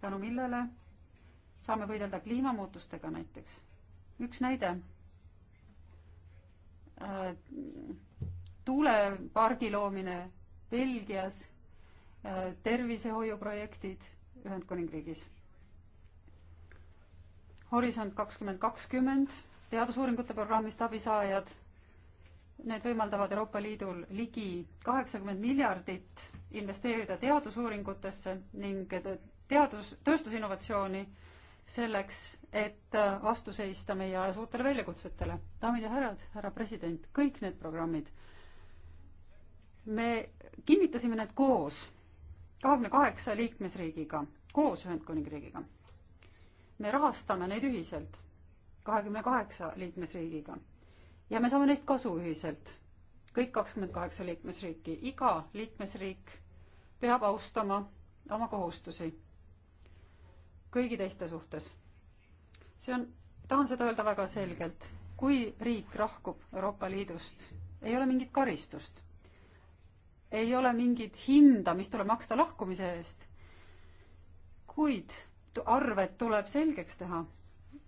tänu millele saame võidelda kliimamuutustega näiteks. üks näide. Äh, tuulepargi loomine Belgias, äh, tervishoiuprojektid Ühendkuningriigis. Horisont kakskümmend kakskümmend teadusuuringute programmist abisaajad. Need võimaldavad Euroopa Liidul ligi kaheksakümmend miljardit investeerida teadusuuringutesse ning teadus, tööstusinnovatsiooni selleks, et äh, vastu seista meie aja suurtele väljakutsetele. daamid ja härrad, härra president, kõik need programmid, me kinnitasime need koos kahekümne kaheksa liikmesriigiga, koos Ühendkuningriigiga. me rahastame neid ühiselt kahekümne kaheksa liikmesriigiga. ja me saame neist kasu ühiselt, kõik kakskümmend kaheksa liikmesriiki, iga liikmesriik peab austama oma kohustusi kõigi teiste suhtes. see on, tahan seda öelda väga selgelt, kui riik lahkub Euroopa Liidust, ei ole mingit karistust. ei ole mingit hinda, mis tuleb maksta lahkumise eest. kuid arved tuleb selgeks teha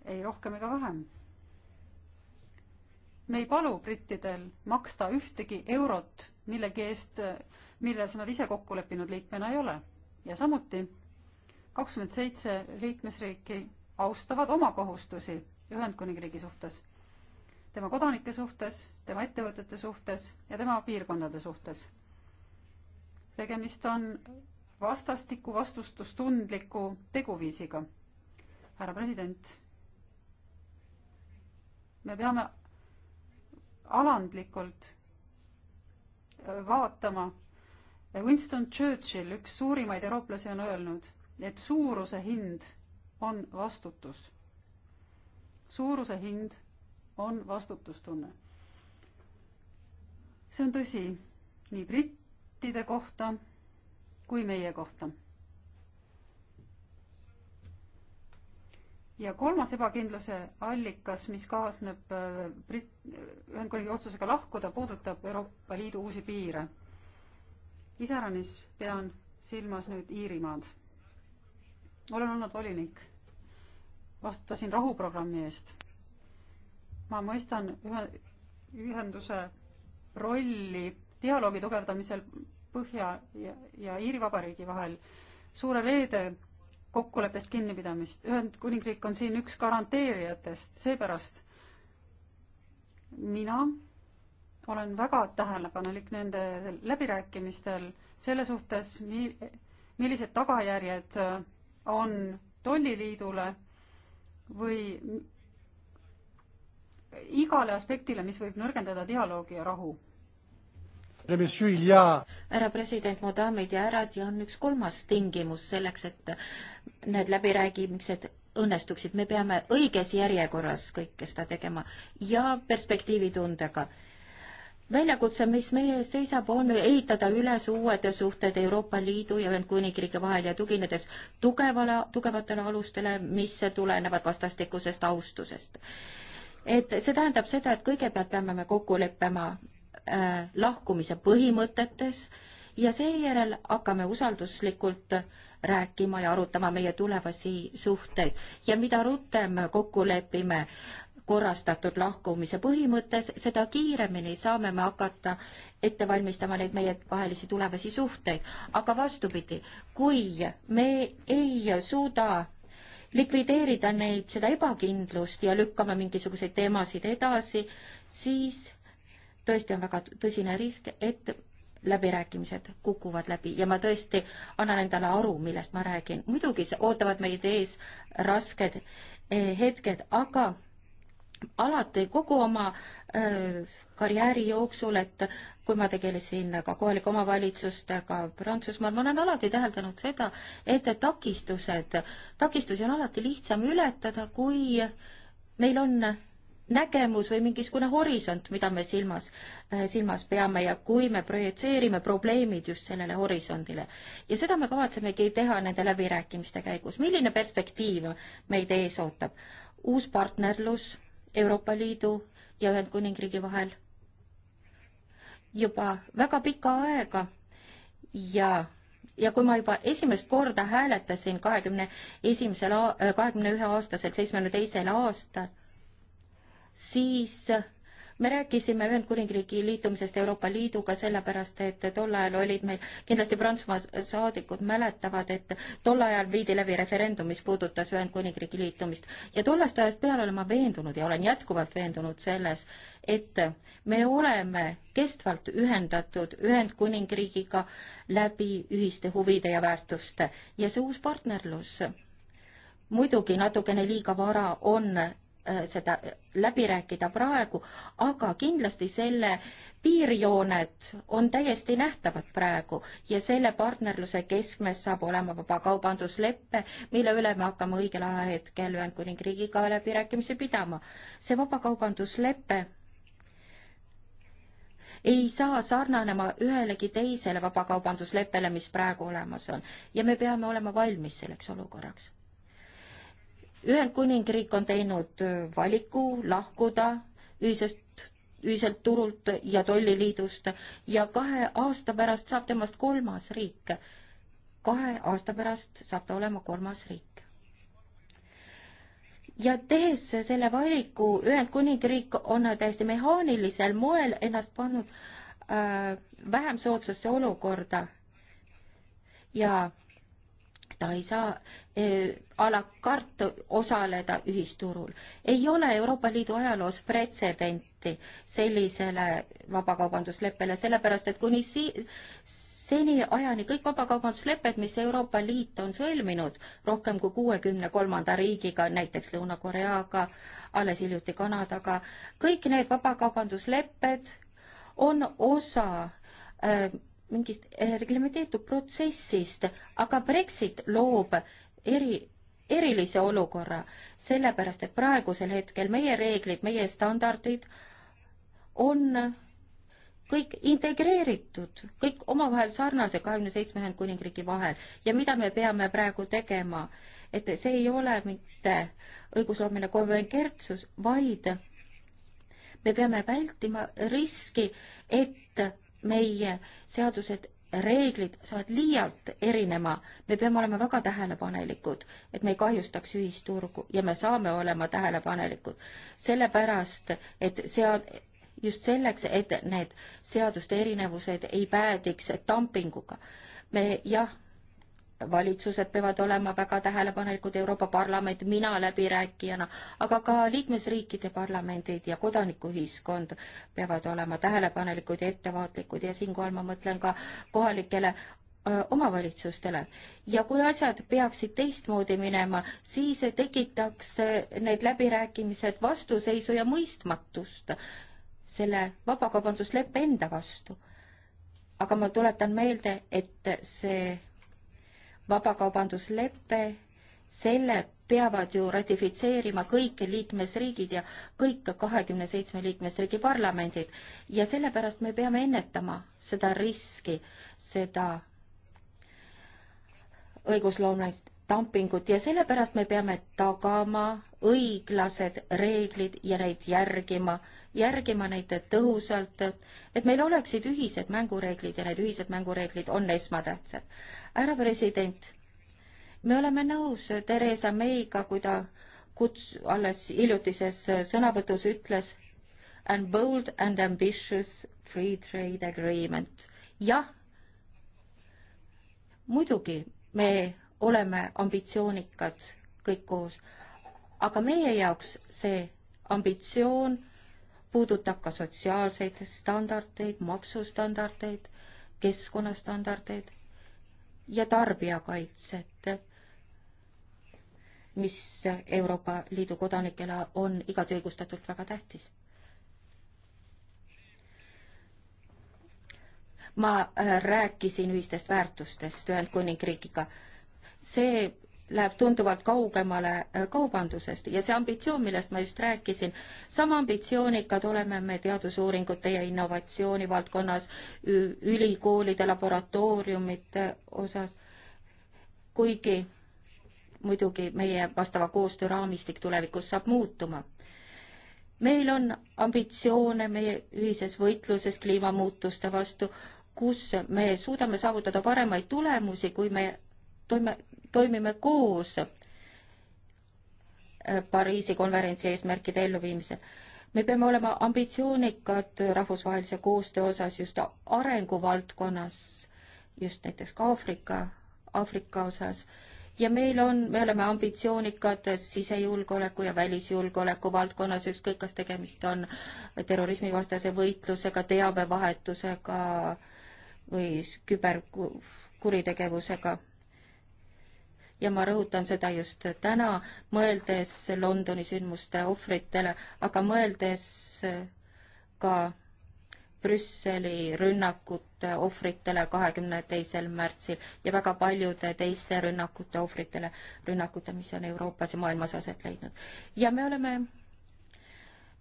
ei rohkem ega vähem. me ei palu brittidel maksta ühtegi eurot millegi eest, milles nad ise kokku leppinud liikmena ei ole. ja samuti kakskümmend seitse liikmesriiki austavad oma kohustusi Ühendkuningriigi suhtes, tema kodanike suhtes, tema ettevõtete suhtes ja tema piirkondade suhtes. tegemist on vastastikku vastutustundliku teguviisiga. härra president me peame alandlikult äh, vaatama. Winston Churchill, üks suurimaid eurooplasi, on öelnud, et suuruse hind on vastutus. suuruse hind on vastutustunne. see on tõsi nii brittide kohta kui meie kohta ja kolmas ebakindluse allikas, mis kaasneb äh, Brit-, äh, Ühendkuningriigi otsusega lahkuda, puudutab Euroopa Liidu uusi piire. iseäranis pean silmas nüüd Iirimaad. olen olnud volinik, vastutasin rahuprogrammi eest. ma mõistan ühe, ühenduse rolli dialoogi tugevdamisel Põhja ja, ja Iiri Vabariigi vahel. suure reede kokkuleppest kinnipidamist. Ühendkuningriik on siin üks garanteerijatest, seepärast mina olen väga tähelepanelik nende läbirääkimistel selle suhtes, mi-, millised tagajärjed on tolliliidule või igale aspektile, mis võib nõrgendada dialoogi ja rahu härra president, mu daamid ja härrad, ja on üks kolmas tingimus selleks, et need läbirääkimised õnnestuksid, me peame õiges järjekorras kõike seda tegema ja perspektiivitundega. väljakutse, mis meie ees seisab, on ehitada üles uued suhted Euroopa Liidu ja Ühendkuningriigi vahel ja tuginedes tugevale, tugevatele alustele, mis tulenevad vastastikusest austusest. et see tähendab seda, et kõigepealt peame me kokku leppima Äh, lahkumise põhimõtetes ja seejärel hakkame usalduslikult rääkima ja arutama meie tulevasi suhteid ja mida rutem kokku lepime korrastatud lahkumise põhimõttes, seda kiiremini saame me hakata ette valmistama neid meievahelisi tulevasi suhteid. aga vastupidi, kui me ei suuda likvideerida neid, seda ebakindlust ja lükkame mingisuguseid teemasid edasi, siis tõesti on väga tõsine risk, et läbirääkimised kukuvad läbi ja ma tõesti annan endale aru, millest ma räägin. muidugi ootavad meid ees rasked eh, hetked, aga alati kogu oma öö, eh, karjääri jooksul, et kui ma tegelesin ka kohalike omavalitsustega Prantsusmaal, ma olen alati täheldanud seda, et takistused, takistusi on alati lihtsam ületada, kui meil on nägemus või mingisugune horisont, mida me silmas, äh, silmas peame ja kui me projitseerime probleemid just sellele horisondile. ja seda me kavatsemegi teha nende läbirääkimiste käigus. milline perspektiiv meid ees ootab? uus partnerlus Euroopa Liidu ja Ühendkuningriigi vahel juba väga pika aega ja ja kui ma juba esimest korda hääletasin kahekümne esimesel, kahekümne ühe aastaselt, seitsmekümne teisel aastal, siis me rääkisime Ühendkuningriigi liitumisest Euroopa Liiduga sellepärast, et tol ajal olid meil, kindlasti Prantsusmaa saadikud mäletavad, et tol ajal viidi läbi referendum, mis puudutas Ühendkuningriigi liitumist. ja tollest ajast peale olen ma veendunud ja olen jätkuvalt veendunud selles, et me oleme kestvalt ühendatud Ühendkuningriigiga läbi ühiste huvide ja väärtuste ja see uus partnerlus muidugi natukene liiga vara on Äh, seda läbi rääkida praegu, aga kindlasti selle piirjooned on täiesti nähtavad praegu ja selle partnerluse keskmes saab olema vabakaubanduslepe, mille üle me hakkame õigel ajahetkel Ühendkuningriigiga läbirääkimisi pidama. see vabakaubanduslepe ei saa sarnanema ühelegi teisele vabakaubandusleppele, mis praegu olemas on ja me peame olema valmis selleks olukorraks Ühendkuningriik on teinud äh, valiku lahkuda ühisest ühiselt turult ja tolliliidust ja kahe aasta pärast saab temast kolmas riik. kahe aasta pärast saab ta olema kolmas riik. ja tehes selle valiku, Ühendkuningriik on täiesti mehaanilisel moel ennast pannud äh, vähem soodsasse olukorda ja ta ei saa e, a la carte osaleda ühisturul. ei ole Euroopa Liidu ajaloos pretsedenti sellisele vabakaubandusleppele, sellepärast et kuni si-, seniajani kõik vabakaubanduslepped, mis Euroopa Liit on sõlminud rohkem kui kuuekümne kolmanda riigiga, näiteks Lõuna-Koreaga, alles hiljuti Kanadaga, kõik need vabakaubanduslepped on osa äh, mingist reglementeeritud protsessist, aga Brexit loob eri, erilise olukorra, sellepärast et praegusel hetkel meie reeglid, meie standardid on kõik integreeritud, kõik omavahel sarnased kahekümne seitsme Ühendkuningriigi vahel ja mida me peame praegu tegema, et see ei ole mitte õigusloomine konvergentsus, vaid me peame vältima riski, et meie seadused reeglid saavad liialt erinema, me peame olema väga tähelepanelikud, et me ei kahjustaks ühisturgu ja me saame olema tähelepanelikud, sellepärast et sead-, just selleks, et need seaduste erinevused ei päädiks dumpinguga. me jah valitsused peavad olema väga tähelepanelikud, Euroopa Parlament, mina läbirääkijana, aga ka liikmesriikide parlamendid ja kodanikuühiskond peavad olema tähelepanelikud ja ettevaatlikud ja siinkohal ma mõtlen ka kohalikele omavalitsustele ja kui asjad peaksid teistmoodi minema, siis tekitaks need läbirääkimised vastuseisu ja mõistmatust selle vabakaubandusleppe enda vastu. aga ma tuletan meelde, et see vabakaubanduslepe, selle peavad ju ratifitseerima kõik liikmesriigid ja kõik kahekümne seitsme liikmesriigi parlamendid. ja sellepärast me peame ennetama seda riski, seda õigusloomist dumpingut ja sellepärast me peame tagama õiglased reeglid ja neid järgima, järgima neid tõhusalt, et meil oleksid ühised mängureeglid ja need ühised mängureeglid on esmatähtsad. härra president, me oleme nõus Theresa Mayga, kui ta kuts-, alles hiljutises sõnavõtus ütles and bold and ambitious free trade agreement. jah, muidugi me oleme ambitsioonikad kõik koos, aga meie jaoks see ambitsioon puudutab ka sotsiaalseid standardeid, maksustandardeid, keskkonnastandardeid ja tarbijakaitset, mis Euroopa Liidu kodanikele on igati õigustatult väga tähtis. ma äh, rääkisin ühistest väärtustest Ühendkuningriigiga. see läheb tunduvalt kaugemale äh, kaubandusest ja see ambitsioon, millest ma just rääkisin, sama ambitsioonikad oleme me teadusuuringute ja innovatsiooni valdkonnas, ülikoolide, laboratooriumite osas, kuigi muidugi meie vastava koostöö raamistik tulevikus saab muutuma. meil on ambitsioone meie ühises võitluses kliimamuutuste vastu, kus me suudame saavutada paremaid tulemusi, kui me toime, toimime koos äh, Pariisi konverentsi eesmärkide elluviimisel. me peame olema ambitsioonikad rahvusvahelise koostöö osas just arenguvaldkonnas, just näiteks ka Aafrika, Aafrika osas, ja meil on, me oleme ambitsioonikad sisejulgeoleku ja välisjulgeoleku valdkonnas, ükskõik kas tegemist on terrorismivastase võitlusega, teabevahetusega või küberkuritegevusega ja ma rõhutan seda just täna, mõeldes Londoni sündmuste ohvritele, aga mõeldes ka Brüsseli rünnakute ohvritele kahekümne teisel märtsil ja väga paljude teiste rünnakute ohvritele, rünnakute, mis on Euroopas ja maailmas aset leidnud. ja me oleme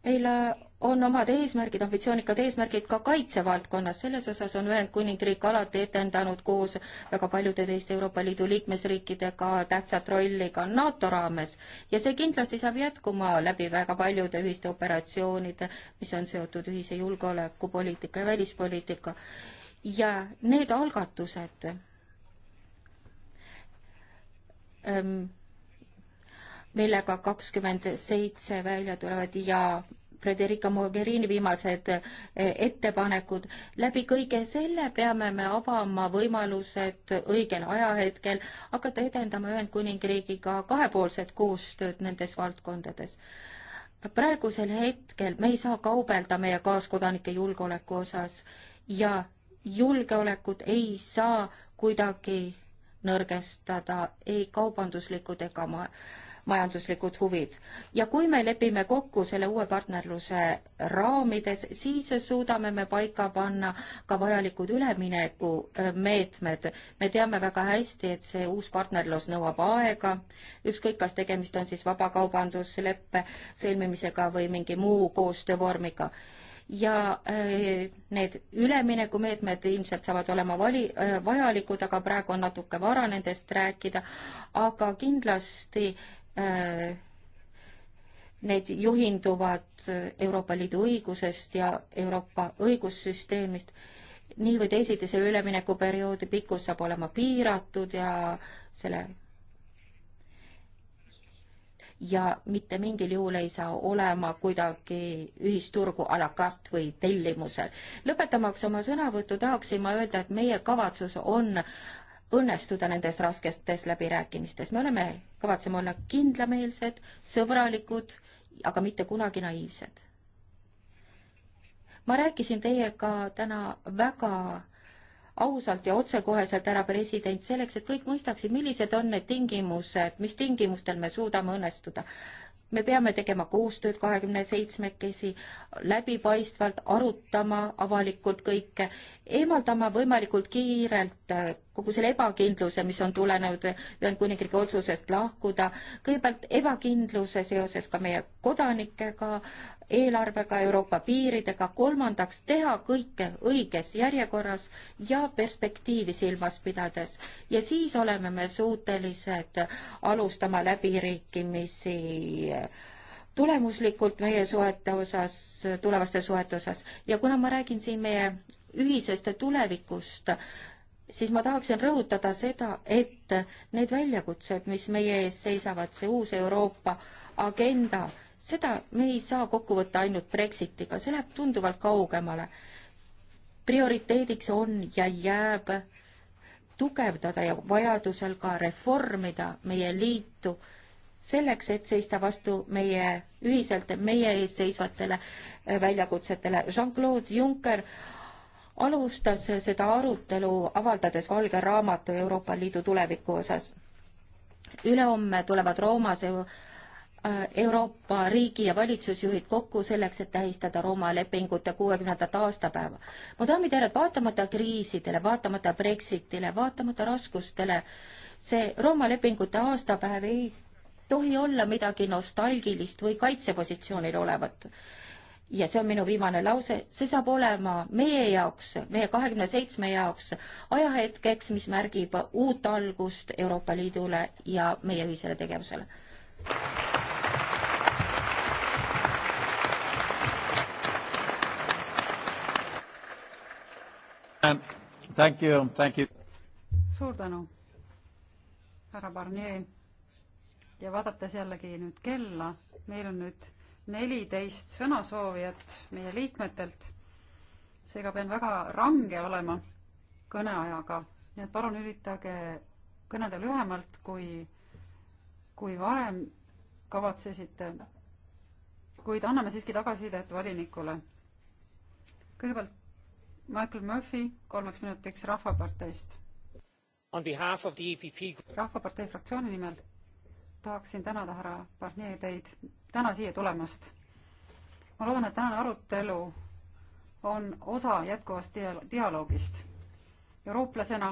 meil äh, on omad eesmärgid, ambitsioonikad eesmärgid ka kaitsevaldkonnas, selles osas on Ühendkuningriik alati etendanud koos väga paljude teiste Euroopa Liidu liikmesriikidega tähtsat rolli ka NATO raames ja see kindlasti saab jätkuma läbi väga paljude ühiste operatsioonide, mis on seotud ühise julgeolekupoliitika ja välispoliitika. ja need algatused ähm, millega kakskümmend seitse välja tulevad ja Frederica Mogherini viimased eh, ettepanekud. läbi kõige selle peame me avama võimalused õigel ajahetkel hakata edendama Ühendkuningriigiga kahepoolset koostööd nendes valdkondades. praegusel hetkel me ei saa kaubelda meie kaaskodanike julgeoleku osas ja julgeolekut ei saa kuidagi nõrgestada ei kaubanduslikud ega ma-, majanduslikud huvid. ja kui me lepime kokku selle uue partnerluse raamides, siis suudame me paika panna ka vajalikud üleminekumeetmed. Äh, me teame väga hästi, et see uus partnerlus nõuab aega, ükskõik, kas tegemist on siis vabakaubandusleppe sõlmimisega või mingi muu koostöövormiga ja äh, need üleminekumeetmed ilmselt saavad olema vali-, äh, vajalikud, aga praegu on natuke vara nendest rääkida, aga kindlasti Äh, need juhinduvad Euroopa Liidu õigusest ja Euroopa õigussüsteemist. nii või teisiti selle üleminekuperioodi pikkus saab olema piiratud ja selle ja mitte mingil juhul ei saa olema kuidagi ühisturgu a la carte või tellimusel. lõpetamaks oma sõnavõttu tahaksin ma öelda, et meie kavatsus on äh, õnnestuda nendes rasketes läbirääkimistes. me oleme, kavatseme olla kindlameelsed, sõbralikud, aga mitte kunagi naiivsed. ma rääkisin teiega täna väga ausalt ja otsekoheselt, härra president, selleks, et kõik mõistaksid, millised on need tingimused, mis tingimustel me suudame õnnestuda. me peame tegema koostööd kahekümne seitsmekesi, läbipaistvalt arutama avalikult kõike, eemaldama võimalikult kiirelt kogu selle ebakindluse, mis on tulenenud Ühendkuningriigi otsusest lahkuda, kõigepealt ebakindluse seoses ka meie kodanikega, eelarvega, Euroopa piiridega, kolmandaks teha kõike õiges järjekorras ja perspektiivi silmas pidades. ja siis oleme me suutelised alustama läbirääkimisi tulemuslikult meie suhete osas, tulevaste suhete osas ja kuna ma räägin siin meie ühisest tulevikust, siis ma tahaksin rõhutada seda, et need väljakutsed, mis meie ees seisavad, see uus Euroopa agenda, seda me ei saa kokku võtta ainult Brexitiga, see läheb tunduvalt kaugemale. prioriteediks on ja jääb tugevdada ja vajadusel ka reformida meie liitu selleks, et seista vastu meie, ühiselt meie ees seisvatele väljakutsetele. Jean-Claude Juncker alustas seda arutelu avaldades valge raamatu Euroopa Liidu tuleviku osas. ülehomme tulevad Roomas äh, Euroopa riigi ja valitsusjuhid kokku selleks, et tähistada Rooma lepingute kuuekümnendat aastapäeva. mu daamid ja härrad, vaatamata kriisidele, vaatamata Brexitile, vaatamata raskustele, see Rooma lepingute aastapäev ei tohi olla midagi nostalgilist või kaitsepositsioonil olevat ja see on minu viimane lause, see saab olema meie jaoks, meie kahekümne seitsme jaoks ajahetkeks, mis märgib uut algust Euroopa Liidule ja meie ühisele tegevusele. Thank you, thank you. suur tänu, härra Barnier. ja vaadates jällegi nüüd kella, meil on nüüd neliteist sõnasoovijat meie liikmetelt. seega pean väga range olema kõneajaga, nii et palun üritage kõnelda lühemalt, kui, kui varem kavatsesite. kuid anname siiski tagasisidet volinikule. kõigepealt Michael Murphy kolmeks minutiks Rahvaparteist. E rahvapartei fraktsiooni nimel tahaksin tänada härra Barnier teid täna siia tulemast. ma loodan, et tänane arutelu on osa jätkuvast dialoogist. eurooplasena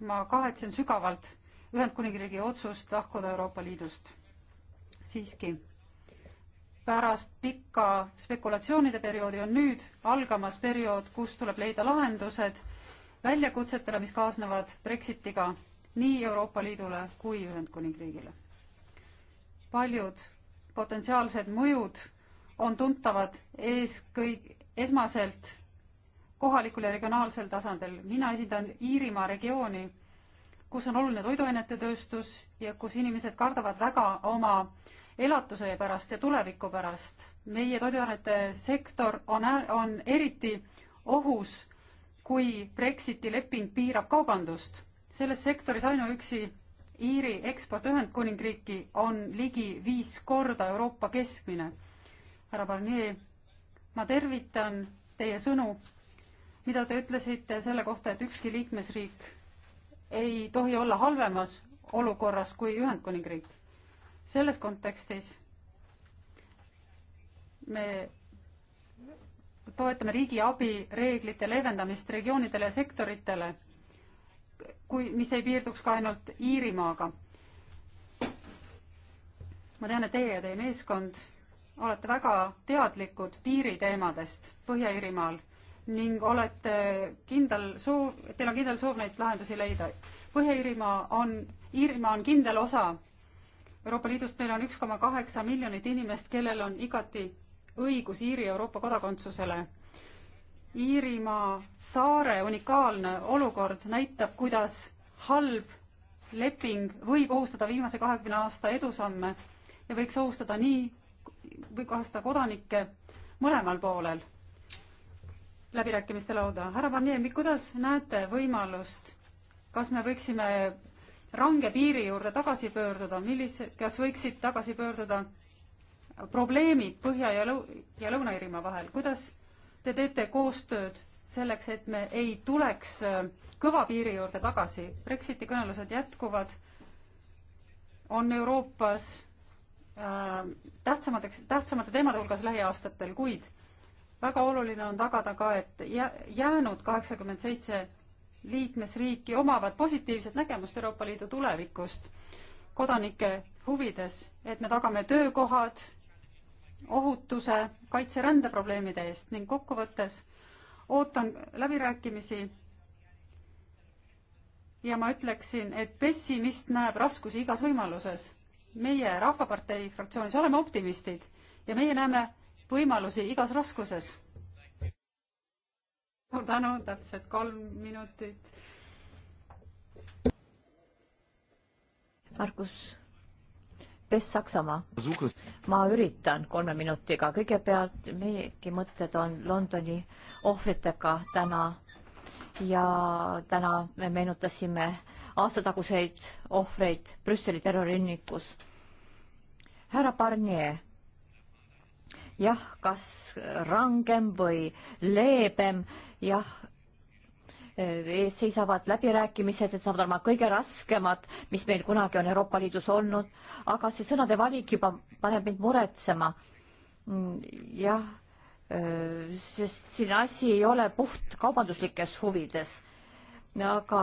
ma kahetsen sügavalt Ühendkuningriigi otsust lahkuda Euroopa Liidust. siiski, pärast pikka spekulatsioonide perioodi on nüüd algamas periood, kus tuleb leida lahendused väljakutsetele, mis kaasnevad Brexitiga nii Euroopa Liidule kui Ühendkuningriigile. paljud potentsiaalsed mõjud on tuntavad eeskõik, esmaselt kohalikul ja regionaalsel tasandil. mina esindan Iirimaa regiooni, kus on oluline toiduainetetööstus ja kus inimesed kardavad väga oma elatuse pärast ja tuleviku pärast. meie toiduainete sektor on, on eriti ohus, kui Brexiti leping piirab kaubandust. selles sektoris ainuüksi Iiri eksport Ühendkuningriiki on ligi viis korda Euroopa keskmine. härra Barnier, ma tervitan teie sõnu, mida te ütlesite selle kohta, et ükski liikmesriik ei tohi olla halvemas olukorras kui Ühendkuningriik. selles kontekstis me toetame riigiabi reeglite leevendamist regioonidele ja sektoritele kui, mis ei piirduks ka ainult Iirimaaga. ma tean, et teie ja teie meeskond olete väga teadlikud piiriteemadest Põhja-Iirimaal ning olete kindel soov, teil on kindel soov neid lahendusi leida. Põhja-Iirimaa on, Iirimaa on kindel osa Euroopa Liidust, meil on üks koma kaheksa miljonit inimest, kellel on igati õigus Iiri Euroopa kodakondsusele Iirimaa saare unikaalne olukord näitab, kuidas halb leping võib ohustada viimase kahekümne aasta edusamme ja võiks ohustada nii, või kahestada kodanikke mõlemal poolel läbirääkimiste lauda. härra Barnier, kuidas näete võimalust, kas me võiksime range piiri juurde tagasi pöörduda, millise, kas võiksid tagasi pöörduda probleemid Põhja ja Lõu- ja Lõuna-Iirimaa vahel, kuidas te teete koostööd selleks, et me ei tuleks äh, kõva piiri juurde tagasi. Brexiti kõnelused jätkuvad, on Euroopas äh, tähtsamateks, tähtsamate teemade hulgas lähiaastatel, kuid väga oluline on tagada ka, et jäänud kaheksakümmend seitse liikmesriiki omavad positiivset nägemust Euroopa Liidu tulevikust kodanike huvides, et me tagame töökohad, ohutuse, kaitserände probleemide eest ning kokkuvõttes ootan läbirääkimisi ja ma ütleksin, et pessimist näeb raskusi igas võimaluses. meie Rahvapartei fraktsioonis oleme optimistid ja meie näeme võimalusi igas raskuses. suur tänu, täpselt kolm minutit. Markus Pes Saksamaa. ma üritan kolme minutiga, kõigepealt meiegi mõtted on Londoni ohvritega täna ja täna me meenutasime aastataguseid ohvreid Brüsseli terrorirünnikus. härra Barnier, jah, kas rangem või leebem, jah, ees seisavad läbirääkimised, et saavad olema kõige raskemad, mis meil kunagi on Euroopa Liidus olnud, aga see sõnade valik juba paneb mind muretsema. Mm, jah, sest siin asi ei ole puht kaubanduslikes huvides, aga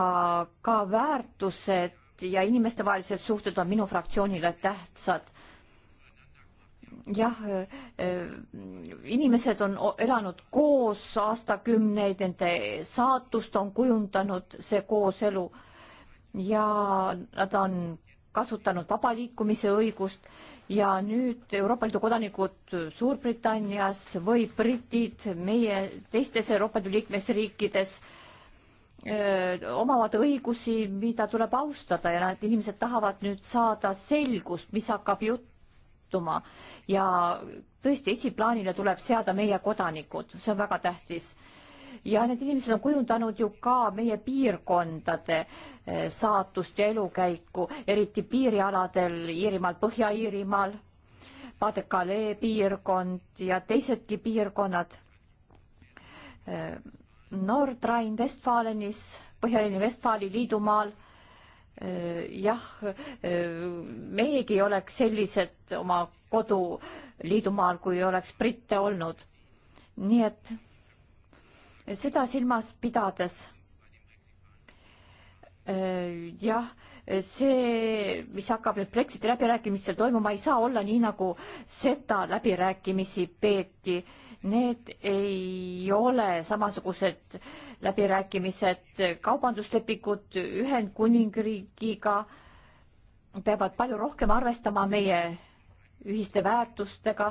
ka väärtused ja inimestevahelised suhted on minu fraktsioonile tähtsad jah, eh, eh, inimesed on elanud koos aastakümneid, nende saatust on kujundanud see kooselu ja nad on kasutanud vaba liikumise õigust ja nüüd Euroopa Liidu kodanikud Suurbritannias või britid meie teistes Euroopa Liidu liikmesriikides eh, omavad õigusi, mida tuleb austada ja need inimesed tahavad nüüd saada selgust, mis hakkab jutt muutuma ja tõesti esiplaanile tuleb seada meie kodanikud, see on väga tähtis. ja need inimesed on kujundanud ju ka meie piirkondade eh, saatust ja elukäiku, eriti piirialadel Iirimaal, Põhja-Iirimaal, Padekalee piirkond ja teisedki piirkonnad. Eh, Nordrhein-Westfalenis, Põhja-Rheini-Vestfaali liidumaal Äh, jah, äh, meiegi oleks sellised oma koduliidumaal, kui oleks britte olnud. nii et seda silmas pidades äh, jah, see, mis hakkab nüüd Brexiti läbirääkimistel toimuma, ei saa olla nii, nagu seda läbirääkimisi peeti äh, need ei ole samasugused läbirääkimised, kaubanduslepingud Ühendkuningriigiga peavad palju rohkem arvestama meie ühiste väärtustega,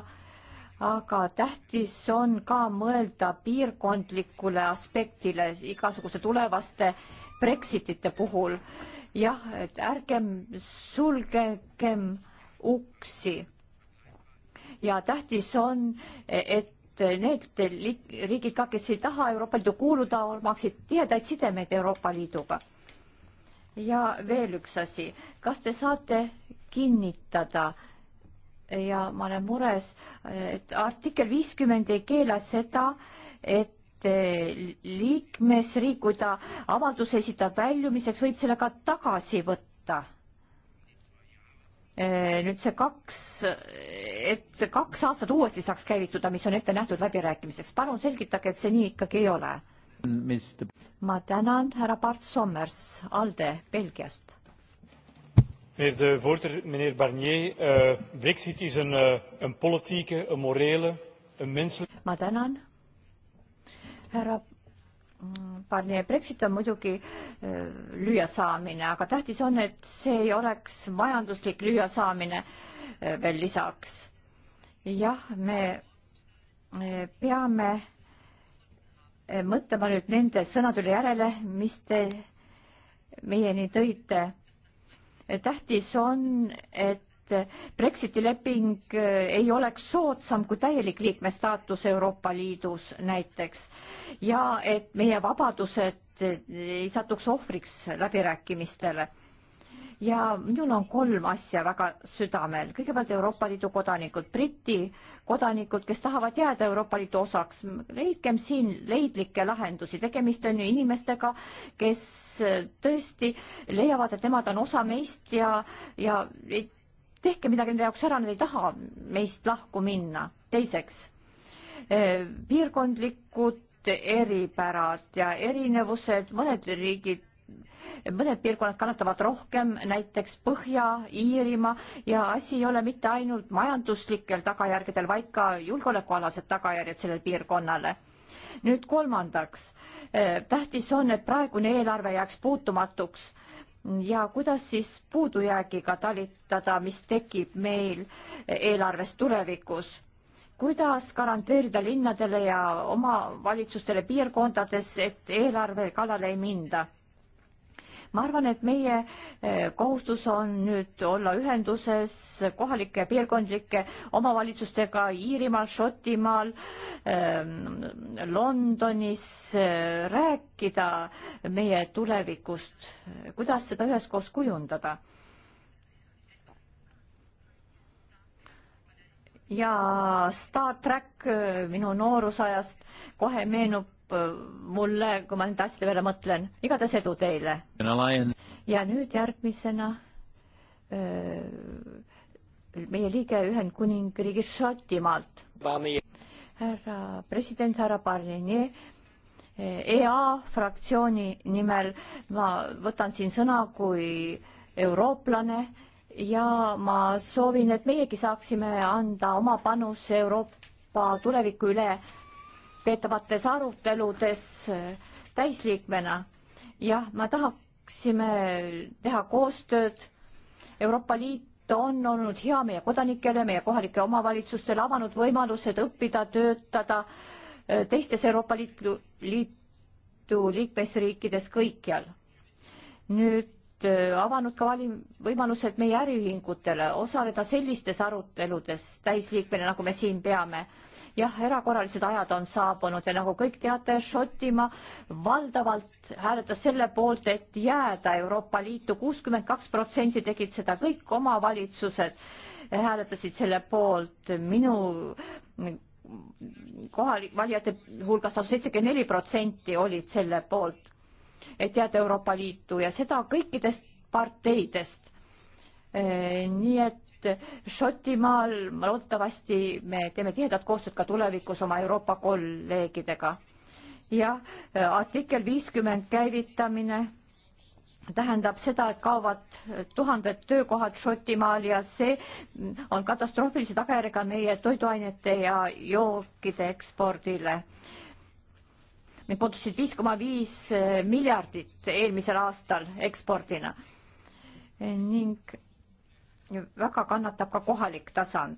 aga tähtis on ka mõelda piirkondlikule aspektile igasuguste tulevaste Brexitite puhul. jah, et ärgem sulgegem uksi ja tähtis on, et et need riigid ka, kes ei taha Euroopa Liidu kuuluda, maksid tihedaid sidemeid Euroopa Liiduga. ja veel üks asi, kas te saate kinnitada ja ma olen mures, et artikkel viiskümmend ei keela seda, et liikmesriik, kui ta avalduse esitab väljumiseks, võib selle ka tagasi võtta Eh, nüüd see kaks, et kaks aastat uuesti saaks käivituda, mis on ette nähtud läbirääkimiseks, palun selgitage, et see nii ikkagi ei ole. ma tänan, härra Bart Sommers, ALDE Belgiast. Meneer de voorzitter, meneer Barnier uh,, Brexit is een uh,, een politieke, een morele, een menselijke. ma tänan, härra Barnier Brexit on muidugi äh, lüüasaamine, aga tähtis on, et see ei oleks majanduslik lüüasaamine äh, veel lisaks. jah, me peame äh, mõtlema nüüd nende sõnadele järele, mis te meieni tõite. tähtis on, et Brexiti leping äh, ei oleks soodsam kui täielik liikme staatus Euroopa Liidus näiteks ja et meie vabadused äh, ei satuks ohvriks läbirääkimistele. ja minul on kolm asja väga südamel. kõigepealt Euroopa Liidu kodanikud, Briti kodanikud, kes tahavad jääda Euroopa Liidu osaks, leidkem siin leidlikke lahendusi, tegemist on ju inimestega, kes äh, tõesti leiavad, et nemad on osa meist ja, ja ei tehke midagi nende jaoks ära, nad ei taha meist lahku minna. teiseks, eh, piirkondlikud eripärad ja erinevused, mõned riigid mõned piirkonnad kannatavad rohkem, näiteks Põhja-Iirimaa ja asi ei ole mitte ainult majanduslikel tagajärgedel, vaid ka julgeolekualased tagajärjed sellele piirkonnale. nüüd kolmandaks, eh, tähtis on, et praegune eelarve jääks puutumatuks ja kuidas siis puudujäägiga talitada, mis tekib meil eelarves tulevikus? kuidas garanteerida linnadele ja omavalitsustele piirkondades, et eelarve kallale ei minda? ma arvan, et meie eh, kohustus on nüüd olla ühenduses kohalike piirkondlike omavalitsustega Iirimaal, Šotimaal, ehm, Londonis, eh, rääkida meie tulevikust, kuidas seda üheskoos kujundada ja Star track eh, minu noorusajast kohe meenub Äh, mulle, kui ma nende asjade peale mõtlen. igatahes edu teile. ja nüüd järgmisena äh, meie liige Ühendkuningriigist Šotimaalt. härra president, härra Barnier, äh, EA fraktsiooni nimel ma võtan siin sõna kui eurooplane ja ma soovin, et meiegi saaksime anda oma panuse Euroopa tuleviku üle peetavates aruteludes äh, täisliikmena. jah, me tahaksime teha koostööd. Euroopa Liit on olnud hea meie kodanikele, meie kohalikele omavalitsustele, avanud võimalused õppida, töötada äh, teistes Euroopa Liidu, Liidu liikmesriikides kõikjal. nüüd äh, avanud ka valim-, võimalused meie äriühingutele osaleda sellistes aruteludes täisliikmena, nagu me siin peame jah, erakorralised ajad on saabunud ja nagu kõik teate, Šotimaa valdavalt hääletas selle poolt, et jääda Euroopa Liitu, kuuskümmend kaks protsenti tegid seda kõik omavalitsused hääletasid selle poolt, minu kohalik valijate hulgas lausa seitsekümmend neli protsenti olid selle poolt, et jääda Euroopa Liitu ja seda kõikidest parteidest. nii et Šotimaal, loodetavasti me teeme tihedat koostööd ka tulevikus oma Euroopa kolleegidega. jah, äh, artikkel viiskümmend käivitamine tähendab seda, et kaovad tuhanded töökohad Šotimaal ja see on katastroofilise tagajärjega meie toiduainete ja jookide ekspordile need moodustasid viis koma viis äh, miljardit eelmisel aastal ekspordina. ning väga kannatab ka kohalik tasand.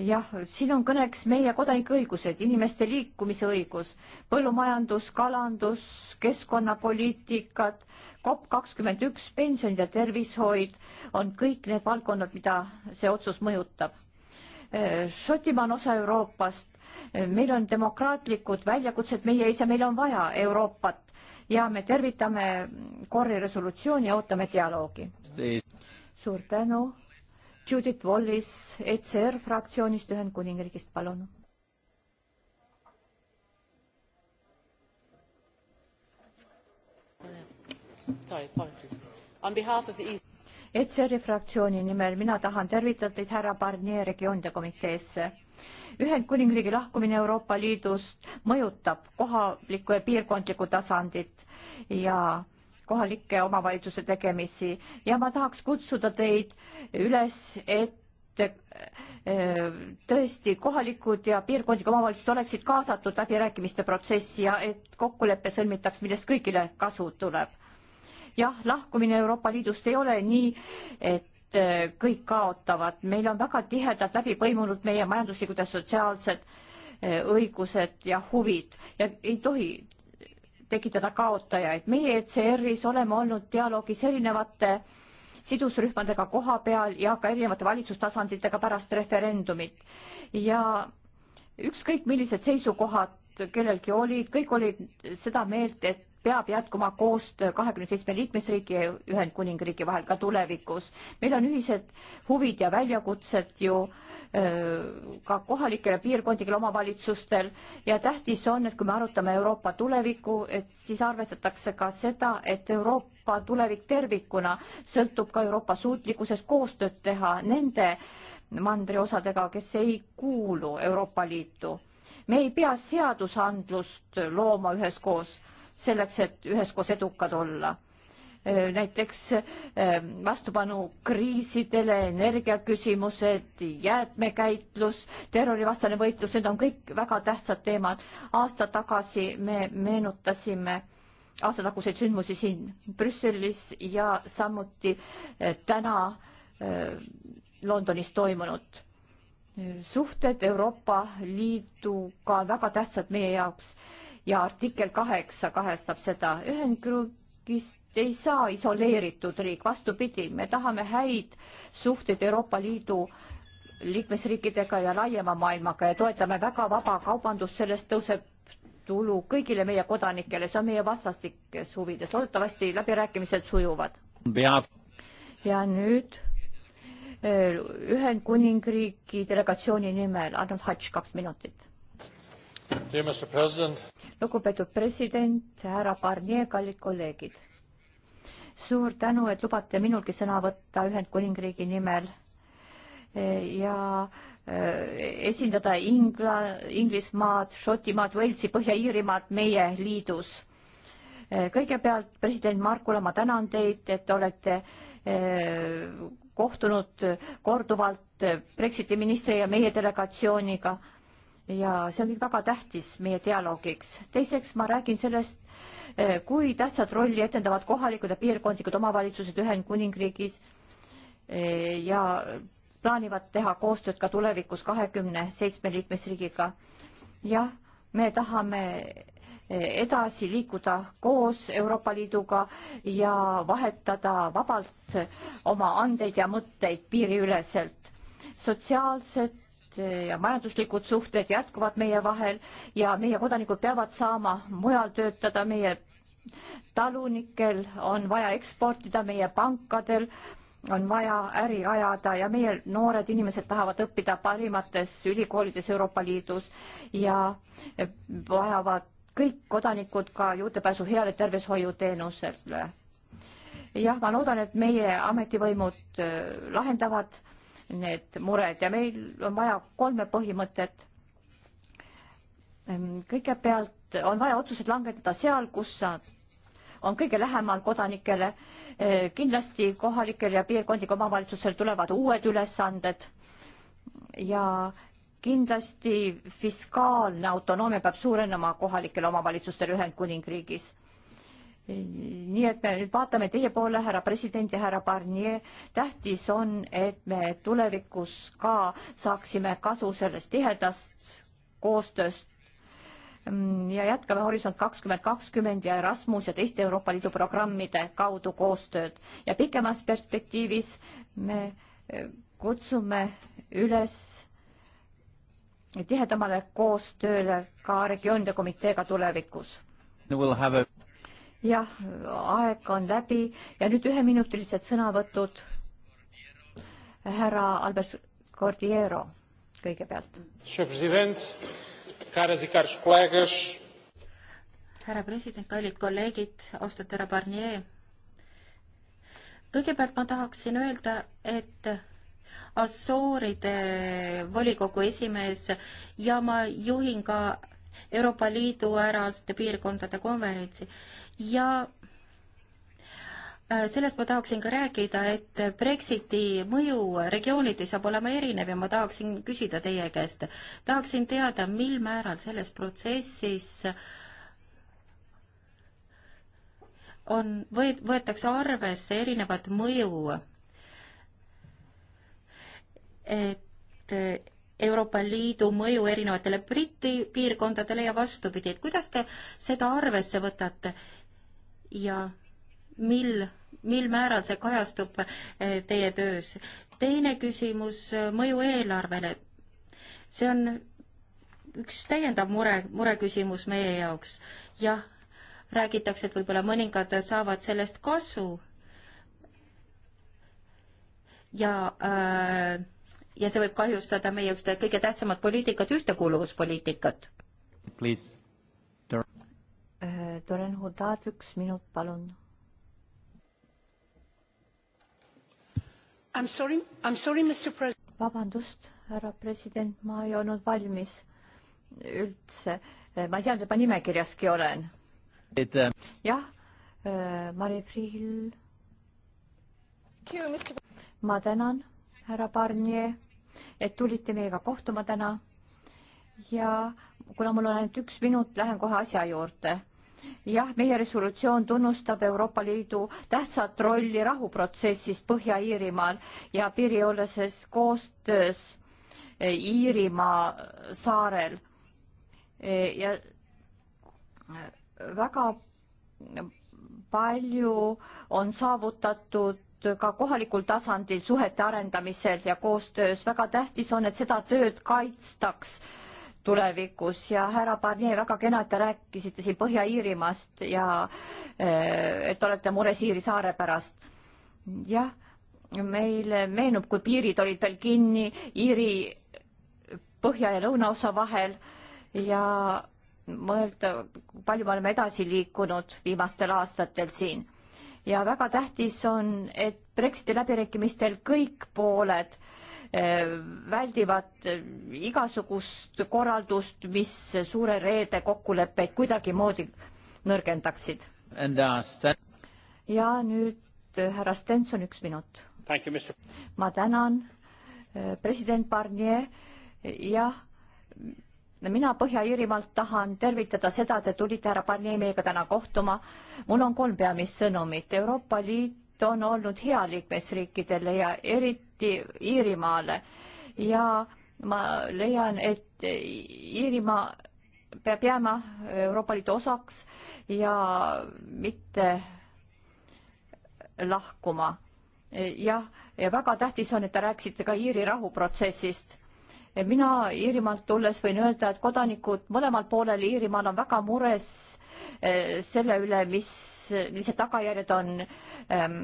jah, siin on kõneks meie kodanikuõigused, inimeste liikumise õigus, põllumajandus, kalandus, keskkonnapoliitikad, COP kakskümmend üks, pensionid ja tervishoid on kõik need valdkonnad, mida see otsus mõjutab. Šotimaa on osa Euroopast, meil on demokraatlikud väljakutsed meie ees ja meil on vaja Euroopat ja me tervitame Corri resolutsiooni ja ootame dialoogi. suur tänu. Judith Wallis ECR fraktsioonist Ühendkuningriigist, palun. ECR-i e e fraktsiooni nimel mina tahan tervitada teid härra Barnier regioonide komiteesse Ühendkuningriigi lahkumine Euroopa Liidust mõjutab kohalikku ja piirkondlikku tasandit ja kohalike omavalitsuse tegemisi ja ma tahaks kutsuda teid üles, et äh, tõesti kohalikud ja piirkondlikud omavalitsused oleksid kaasatud läbirääkimiste protsessi ja et kokkulepe sõlmitaks, millest kõigile kasu tuleb. jah, lahkumine Euroopa Liidust ei ole nii, et Äh, kõik kaotavad. meil on väga tihedalt läbi põimunud meie majanduslikud ja sotsiaalsed äh, õigused ja huvid ja ei tohi tekitada kaotajaid. meie ECR-is oleme olnud dialoogis erinevate sidusrühmadega koha peal ja ka erinevate valitsustasanditega pärast referendumit ja ükskõik millised seisukohad kellelgi olid, kõik olid seda meelt, et peab jätkuma koostöö kahekümne seitsme liikmesriigi ja Ühendkuningriigi vahel ka tulevikus. meil on ühised huvid ja väljakutsed ju ka kohalikel ja piirkondlikel omavalitsustel ja tähtis on, et kui me arutame Euroopa tulevikku, et siis arvestatakse ka seda, et Euroopa tulevik tervikuna sõltub ka Euroopa suutlikkusest koostööd teha nende mandriosadega, kes ei kuulu Euroopa Liitu. me ei pea seadusandlust looma üheskoos selleks, et üheskoos edukad olla. Äh, näiteks äh, vastupanu kriisidele, energiaküsimused, jäätmekäitlus, terrorivastane võitlus, need on kõik väga tähtsad teemad. aasta tagasi me meenutasime aastataguseid sündmusi siin Brüsselis ja samuti äh, täna Londonis toimunut. suhted Euroopa Liiduga on väga tähtsad meie jaoks ja artikkel kaheksa kahestab seda. Ühendkrugist ei saa isoleeritud riik, vastupidi, me tahame häid suhteid Euroopa Liidu liikmesriikidega ja laiema maailmaga ja toetame väga vaba kaubandust, sellest tõuseb tulu kõigile meie kodanikele, see on meie vastastikes huvides, loodetavasti läbirääkimised sujuvad. ja nüüd eh, Ühendkuningriigi delegatsiooni nimel Arnold Hatš, kaks minutit lugupeetud president, härra Barnier, kallid kolleegid. suur tänu, et lubate minulgi sõna võtta Ühendkuningriigi nimel ja eh, esindada Ingla, Inglismaad, Šotimaad, Walesi, Põhja-Iirimaad meie liidus. Eh, kõigepealt president Markula, ma tänan teid, et olete eh, kohtunud korduvalt Brexiti ministri ja meie delegatsiooniga ja see on kõik väga tähtis meie dialoogiks. teiseks ma räägin sellest, eh, kui tähtsat rolli etendavad kohalikud ja piirkondlikud omavalitsused Ühendkuningriigis eh, ja plaanivad teha koostööd ka tulevikus kahekümne seitsme liikmesriigiga. jah, me tahame eh, edasi liikuda koos Euroopa Liiduga ja vahetada vabalt oma andeid ja mõtteid piiriüleselt. sotsiaalset ja majanduslikud suhted jätkuvad meie vahel ja meie kodanikud peavad saama mujal töötada, meie talunikel on vaja eksportida, meie pankadel on vaja äri ajada ja meie noored inimesed tahavad õppida parimates ülikoolides Euroopa Liidus ja vajavad kõik kodanikud ka juurdepääsu heale tervishoiuteenusele. jah, ma loodan, et meie ametivõimud äh, lahendavad need mured ja meil on vaja kolme põhimõtet. Ehm, kõigepealt on vaja otsused langetada seal, kus nad on kõige lähemal kodanikele. Ehm, kindlasti kohalikel ja piirkondlikel omavalitsustel tulevad uued ülesanded ja kindlasti fiskaalne autonoomia peab suurenema kohalikel omavalitsustel Ühendkuningriigis nii et me nüüd vaatame teie poole, härra president ja härra Barnier. tähtis on, et me tulevikus ka saaksime kasu sellest tihedast koostööst mm, ja jätkame Horisont kakskümmend kakskümmend ja Erasmus ja teiste Euroopa Liidu programmide kaudu koostööd ja pikemas perspektiivis me eh, kutsume üles tihedamale koostööle ka regioonide komiteega tulevikus. A jah, aeg on läbi ja nüüd üheminutilised sõnavõtud. härra Albert Cordiero kõigepealt. E härra president, kallid kolleegid, austatud härra Barnier. kõigepealt ma tahaksin öelda, et Assooride volikogu esimees ja ma juhin ka Euroopa Liidu äraste piirkondade konverentsi ja äh, sellest ma tahaksin ka rääkida, et Brexiti mõju regiooniti saab olema erinev ja ma tahaksin küsida teie käest, tahaksin teada, mil määral selles protsessis on, võet-, võetakse arvesse erinevat mõju, et äh, Euroopa Liidu mõju erinevatele Briti piirkondadele ja vastupidi, et kuidas te seda arvesse võtate ja mil, mil määral see kajastub eh, teie töös? teine küsimus, eh, mõju eelarvele. see on üks täiendav mure, mureküsimus meie jaoks. jah, räägitakse, et võib-olla mõningad saavad sellest kasu ja äh, ja see võib kahjustada meie kõige tähtsamat poliitikat, ühtekuuluvuspoliitikat. Please nüüd olen Hodad, üks minut, palun. I m sorry, I m sorry, Mr President. vabandust, härra president, ma ei olnud valmis üldse. ma ei teadnud, et ma nimekirjaski olen. et äh.... jah äh,, Mari Friil. ma tänan, härra Barnier, et tulite meiega kohtuma täna ja kuna mul on ainult üks minut, lähen kohe asja juurde jah, meie resolutsioon tunnustab Euroopa Liidu tähtsat rolli rahuprotsessis Põhja-Iirimaal ja piirijoolses koostöös eh, Iirimaa saarel. Eh, ja eh, väga palju on saavutatud ka kohalikul tasandil suhete arendamisel ja koostöös. väga tähtis on, et seda tööd kaitstaks äh, tulevikus ja härra Barnier, väga kena, et te rääkisite siin Põhja-Iirimaast ja eh, et olete mures Iiri saare pärast. jah, meile meenub, kui piirid olid veel kinni Iiri põhja ja lõunaosa vahel ja mõelda, palju me oleme edasi liikunud viimastel aastatel siin. ja väga tähtis on, et Brexiti läbirääkimistel kõik pooled äh, Äh, väldivad äh, igasugust korraldust, mis suure reede kokkuleppeid kuidagimoodi nõrgendaksid. Uh, ja nüüd äh, härra Stenson, üks minut. ma tänan, president Barnier, jah mina Põhja-Iirimaalt tahan tervitada seda, te tulite, härra Barnier, meiega täna kohtuma. mul on kolm peamist sõnumit. Euroopa Liit on olnud hea liikmesriikidele ja eriti eriti Iirimaale ja ma leian, et Iirimaa peab jääma Euroopa Liidu osaks ja mitte lahkuma. jah, ja väga tähtis on, et te rääkisite ka Iiri rahuprotsessist. mina Iirimaalt tulles võin öelda, et kodanikud mõlemal poolel Iirimaal on väga mures Äh, selle üle, mis, millised tagajärjed on ähm,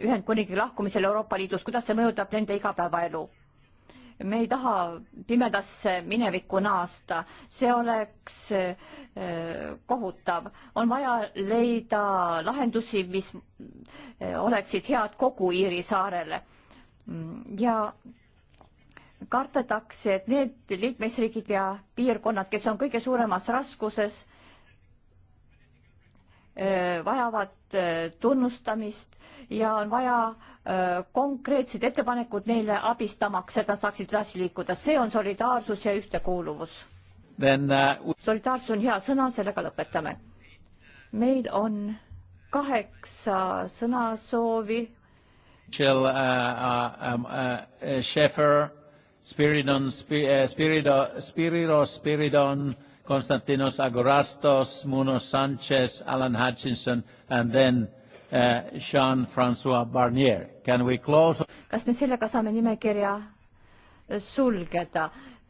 Ühendkuningriigi lahkumisel Euroopa Liidust, kuidas see mõjutab nende igapäevaelu. me ei taha pimedasse minevikku naasta, see oleks äh, kohutav. on vaja leida lahendusi, mis äh, oleksid head kogu Iiri saarele mm, ja kardetakse, et need liikmesriigid ja piirkonnad, kes on kõige suuremas raskuses, Äh, vajavad äh, tunnustamist ja on vaja äh, konkreetsed ettepanekud neile abistamaks, et nad saaksid edasi liikuda. see on solidaarsus ja ühtekuuluvus. Uh... solidaarsus on hea sõna, sellega lõpetame. meil on kaheksa sõnasoovi. Shall uh, uh, um, uh, Schäfer, Spiridon, uh, Spiridon, Spirido, Spiridon Konstantinos Agorastos, Muno Sanchez, Alan Hutchinson, and then uh, Jean-François Barnier. Can we close? Kas me sellega saame nimekirja sulgeda?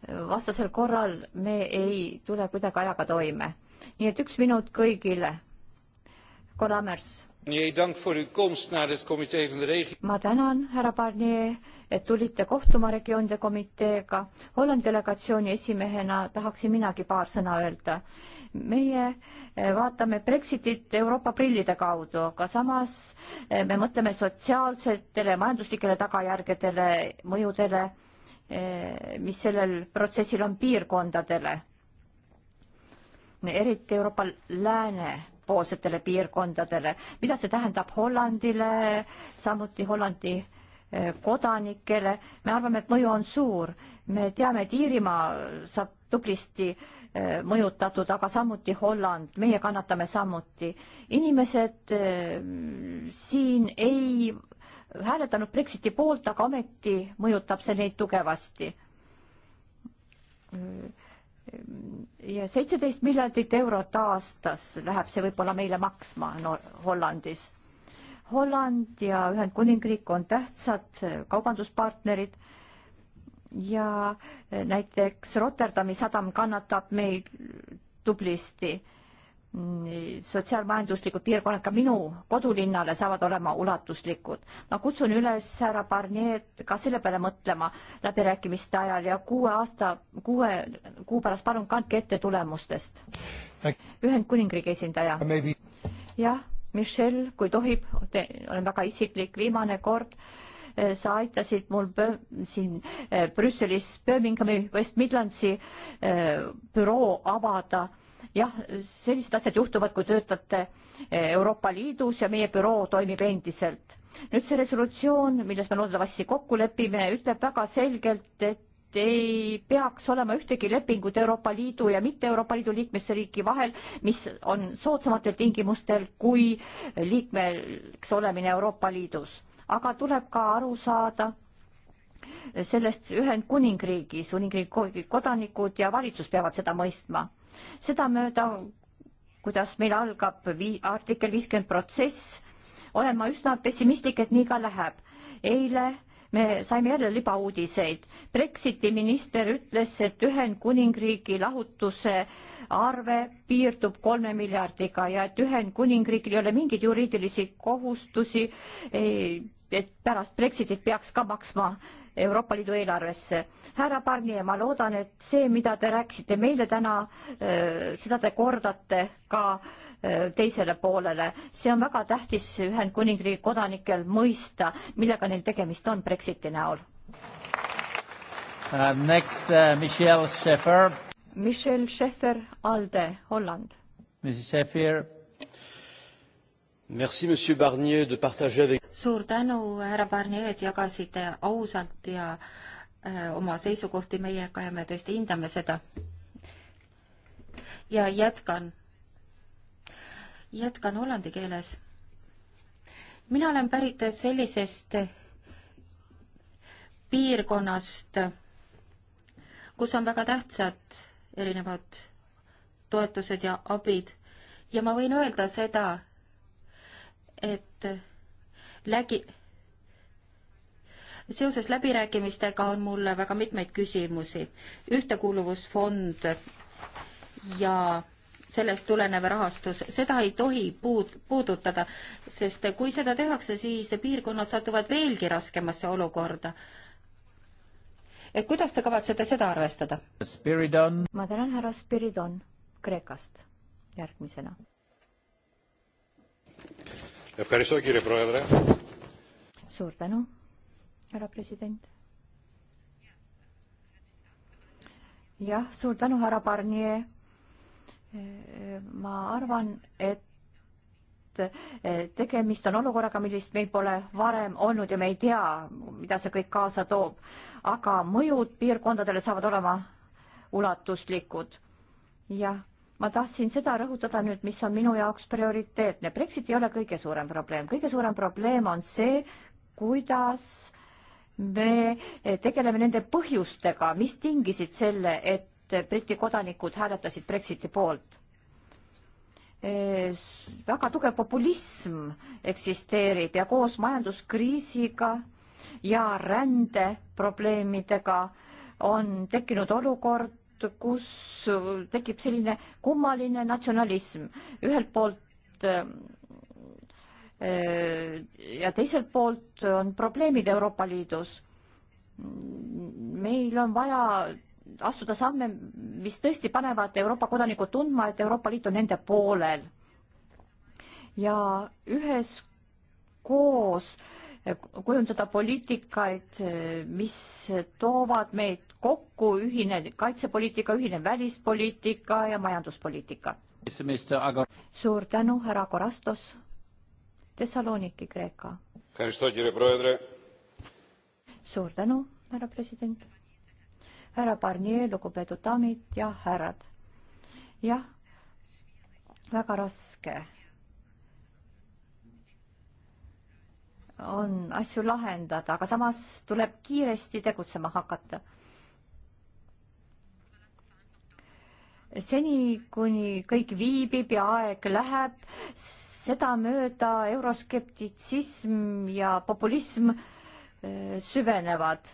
Vastasel korral me ei tule kuidagi ajaga toime. Nii et üks minut kõigile. Kolamers ma tänan, härra Barnier, et tulite kohtuma regioonide komiteega. Hollandi delegatsiooni esimehena tahaksin minagi paar sõna öelda. meie eh, vaatame Brexitit Euroopa prillide kaudu, aga samas eh, me mõtleme sotsiaalsetele, majanduslikele tagajärgedele, mõjudele, eh, mis sellel protsessil on piirkondadele, eriti Euroopa lääne lõunapoolsetele piirkondadele. mida see tähendab Hollandile, samuti Hollandi eh, kodanikele, me arvame, et mõju on suur. me teame, et Iirimaa saab tublisti eh, mõjutatud, aga samuti Holland, meie kannatame samuti. inimesed eh, siin ei hääletanud Brexiti poolt, aga ometi mõjutab see neid tugevasti ja seitseteist miljardit eurot aastas läheb see võib-olla meile maksma no, Hollandis. Holland ja Ühendkuningriik on tähtsad kaubanduspartnerid ja näiteks Rotterdami sadam kannatab meil tublisti sotsiaalmajanduslikud piirkonnad ka minu kodulinnale saavad olema ulatuslikud. ma kutsun üles härra Barniet ka selle peale mõtlema läbirääkimiste ajal ja kuue aasta, kuue kuu pärast palun kandke ette tulemustest. Ühendkuningriigi esindaja. jah, Michelle, kui tohib, olen väga isiklik, viimane kord eh, sa aitasid mul pöö, siin eh, Brüsselis Birminghami West Midlandsi eh, büroo avada jah, sellised asjad juhtuvad, kui töötate eh, Euroopa Liidus ja meie büroo toimib endiselt. nüüd see resolutsioon, milles me loodetavasti kokku lepime, ütleb väga selgelt, et ei peaks olema ühtegi lepingut Euroopa Liidu ja mitte Euroopa Liidu liikmesriigi vahel, mis on soodsamatel tingimustel kui liikmeks olemine Euroopa Liidus. aga tuleb ka aru saada, sellest Ühendkuningriigis, Kuningriigi kodanikud ja valitsus peavad seda mõistma. sedamööda, kuidas meil algab vii-, artikkel viiskümmend protsess, olen ma üsna pessimistlik, et nii ka läheb. eile me saime jälle libauudiseid. Brexiti minister ütles, et Ühendkuningriigi lahutuse arve piirdub kolme miljardiga ja et Ühendkuningriigil ei ole mingeid juriidilisi kohustusi, et pärast Brexitit peaks ka maksma Euroopa Liidu eelarvesse. härra Barnier, ma loodan, et see, mida te rääkisite meile täna, äh, seda te kordate ka äh, teisele poolele. see on väga tähtis Ühendkuningriigi kodanikel mõista, millega neil tegemist on Brexiti näol. Uh, next uh, Michelle Schäfer. Michelle Schäfer, ALDE, Holland. Mrs Schäfer Merci, monsieur Barnier, de partager avec suur tänu, härra Barnier, et jagasite ausalt ja öö, äh, oma seisukohti meiega ja me tõesti hindame seda. ja jätkan, jätkan hollandi keeles. mina olen pärit sellisest piirkonnast, kus on väga tähtsad erinevad toetused ja abid ja ma võin öelda seda, et lägi, seoses läbirääkimistega on mul väga mitmeid küsimusi. ühtekuuluvusfond ja sellest tulenev rahastus, seda ei tohi puud-, puudutada, sest kui seda tehakse, siis piirkonnad satuvad veelgi raskemasse olukorda. et kuidas te kavatsete seda arvestada? ma tänan, härra Spiridon Kreekast järgmisena suur tänu, härra president. jah, suur tänu, härra Barnier. ma arvan, et tegemist on olukorraga, millist meil pole varem olnud ja me ei tea, mida see kõik kaasa toob. aga mõjud piirkondadele saavad olema ulatuslikud. jah ma tahtsin seda rõhutada nüüd, mis on minu jaoks prioriteetne. Brexit ei ole kõige suurem probleem, kõige suurem probleem on see, kuidas me tegeleme nende põhjustega, mis tingisid selle, et Briti kodanikud hääletasid Brexiti poolt väga tugev populism eksisteerib ja koos majanduskriisiga ja rändeprobleemidega on tekkinud olukord, kus tekib selline kummaline natsionalism. ühelt poolt äh, ja teiselt poolt on probleemid Euroopa Liidus. meil on vaja astuda samme, mis tõesti panevad Euroopa kodanikud tundma, et Euroopa Liit on nende poolel. ja üheskoos kujundada poliitikaid, mis toovad meid kokku ühine kaitsepoliitika, ühine välispoliitika ja majanduspoliitika. suur tänu, härra Korastos, Thessaloniki, Kreeka. suur tänu, härra president, härra Barnier, lugupeetud daamid ja härrad. jah, väga raske on asju lahendada, aga samas tuleb kiiresti tegutsema hakata seni, kuni kõik viibib ja aeg läheb, sedamööda euroskeptitsism ja populism eh, süvenevad.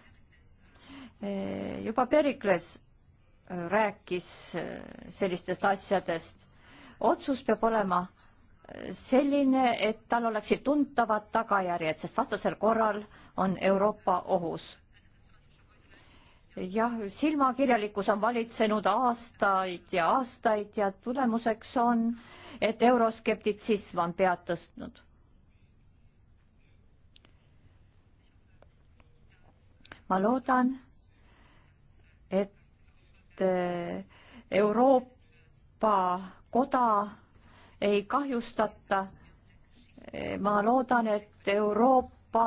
Eh, juba Perikles eh, rääkis sellistest asjadest. otsus peab olema selline, et tal oleksid tuntavad tagajärjed, sest vastasel korral on Euroopa ohus jah, silmakirjalikkus on valitsenud aastaid ja aastaid ja tulemuseks on, et euroskeptitsism on pead tõstnud. ma loodan, et eh, Euroopa koda ei kahjustata. Eh, ma loodan, et Euroopa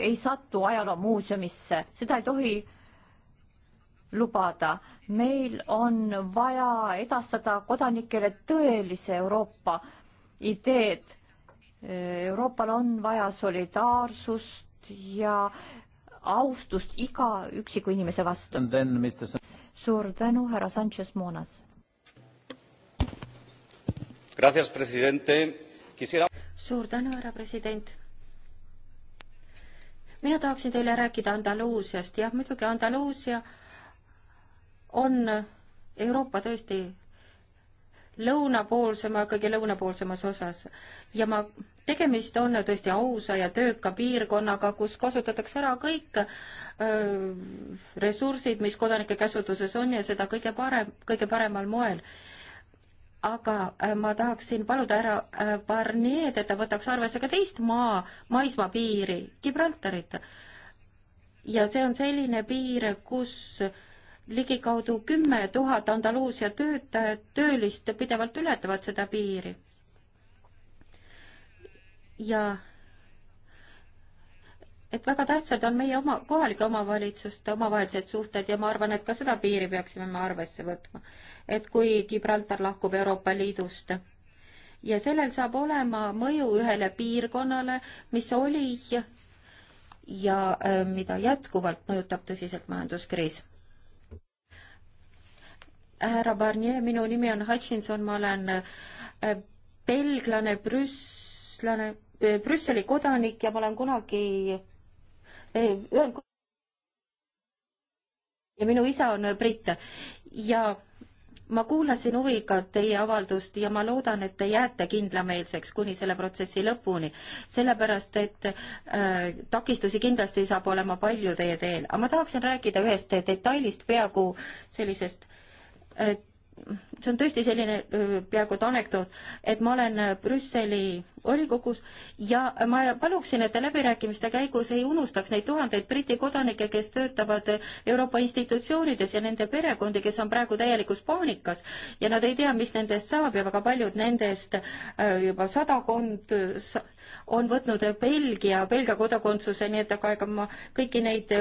ei satu ajaloomuuseumisse, seda ei tohi lubada. meil on vaja edastada kodanikele tõelise Euroopa ideed. Euroopal on vaja solidaarsust ja austust iga üksiku inimese vastu. suur tänu, härra Sanchez Monas. suur tänu, härra president mina tahaksin teile rääkida Andaluusiast, jah, muidugi Andaluusia on Euroopa tõesti lõunapoolsema, kõige lõunapoolsemas osas ja ma, tegemist on tõesti ausa ja tööka piirkonnaga, kus kasutatakse ära kõik öö, ressursid, mis kodanike käsutuses on ja seda kõige parem, kõige paremal moel aga äh, ma tahaksin paluda härra äh, Barnier, et ta võtaks arvesse ka teist maa, maismaapiiri, Gibraltarit. ja see on selline piir, kus ligikaudu kümme tuhat Andaluusia töötajat, töölist pidevalt ületavad seda piiri. ja et väga tähtsad on meie oma, kohalike omavalitsuste omavahelised suhted ja ma arvan, et ka seda piiri peaksime me arvesse võtma. et kui Gibraltar lahkub Euroopa Liidust ja sellel saab olema mõju ühele piirkonnale, mis oli ja, ja äh, mida jätkuvalt mõjutab tõsiselt majanduskriis härra Barnier, minu nimi on Hutchinson, ma olen äh, belglane, brüsslane, äh, Brüsseli kodanik ja ma olen kunagi äh, ja minu isa on britt ja ma kuulasin huviga teie avaldust ja ma loodan, et te jääte kindlameelseks kuni selle protsessi lõpuni, sellepärast et äh, takistusi kindlasti saab olema palju teie teel, aga ma tahaksin rääkida ühest detailist, peaaegu sellisest äh, Äh, see on tõesti selline äh, peaaegu et anekdoot, et ma olen äh, Brüsseli volikogus ja ma paluksin, et te läbirääkimiste käigus ei unustaks neid tuhandeid Briti kodanikke, kes töötavad Euroopa institutsioonides ja nende perekondi, kes on praegu täielikus paanikas ja nad ei tea, mis nendest saab ja väga paljud nendest juba sadakond on võtnud Belgia, Belgia kodakondsuse, nii et aga ega ma kõiki neid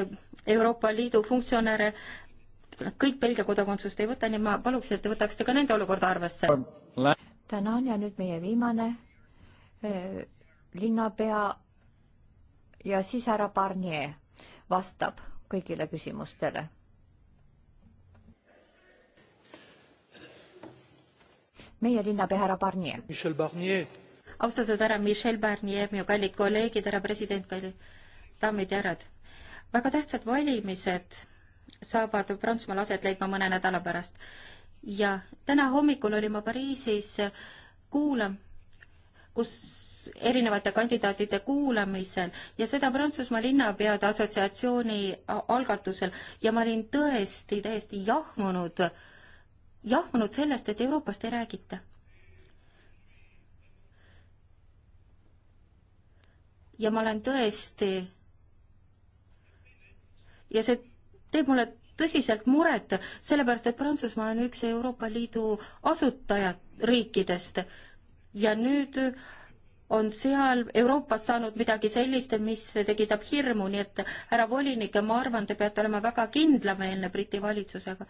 Euroopa Liidu funktsionäre kõik Belgia kodakondsust ei võta, nii et ma paluks, et te võtaksite ka nende olukorda arvesse. tänan ja nüüd meie viimane eh, linnapea ja siis härra Barnier vastab kõigile küsimustele. meie linnapea härra Barnier. Michel Barnier. austatud härra Michel Barnier, minu kallid kolleegid, härra president, kallid daamid ja härrad. väga tähtsad valimised saavad Prantsusmaal aset leidma mõne nädala pärast. ja täna hommikul olin ma Pariisis eh, kuula-, kus erinevate kandidaatide kuulamisel ja seda Prantsusmaa linnapeade assotsiatsiooni algatusel ja ma olin tõesti täiesti jahmunud, jahmunud sellest, et Euroopast ei räägita. ja ma olen tõesti ja see teeb mulle tõsiselt muret, sellepärast et Prantsusmaa on üks Euroopa Liidu asutajariikidest ja nüüd on seal Euroopas saanud midagi sellist, mis tekitab hirmu, nii et härra volinik, ma arvan, te peate olema väga kindlameelne Briti valitsusega.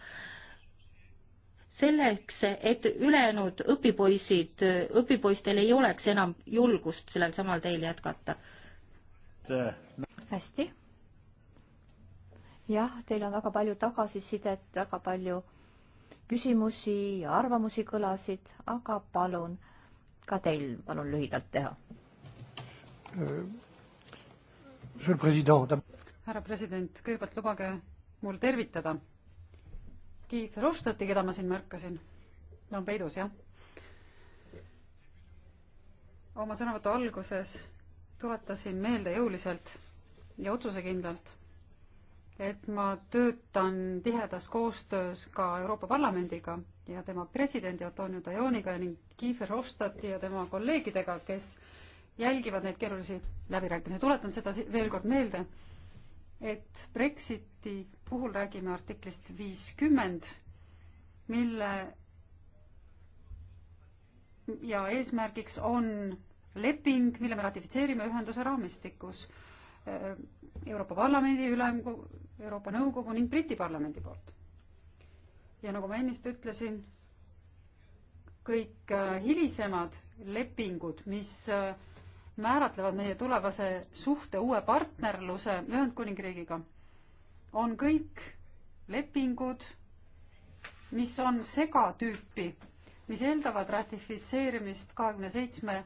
selleks, et ülejäänud õpipoisid, õpipoistel ei oleks enam julgust sellel samal teel jätkata. hästi jah, teil on väga palju tagasisidet, väga palju küsimusi ja arvamusi kõlasid, aga palun ka teil, palun lühidalt teha. härra president, kõigepealt lubage mul tervitada Guy Verhofstadti, keda ma siin märkasin. ta on peidus, jah? oma sõnavõtu alguses tuletasin meelde jõuliselt ja otsusekindlalt et ma töötan tihedas koostöös ka Euroopa Parlamendiga ja tema presidendi Antonio Tajoniga ning Kiefer Hofstadti ja tema kolleegidega, kes jälgivad neid keerulisi läbirääkimisi. tuletan seda veel kord meelde, et Brexiti puhul räägime artiklist viiskümmend, mille ja eesmärgiks on leping, mille me ratifitseerime ühenduse raamistikus Äh, Euroopa Parlamendi ülemkogu, Euroopa Nõukogu ning Briti parlamendi poolt. ja nagu ma ennist ütlesin, kõik äh, hilisemad lepingud, mis äh, määratlevad meie tulevase suhte uue partnerluse Ühendkuningriigiga, on kõik lepingud, mis on segatüüpi, mis eeldavad ratifitseerimist kahekümne seitsme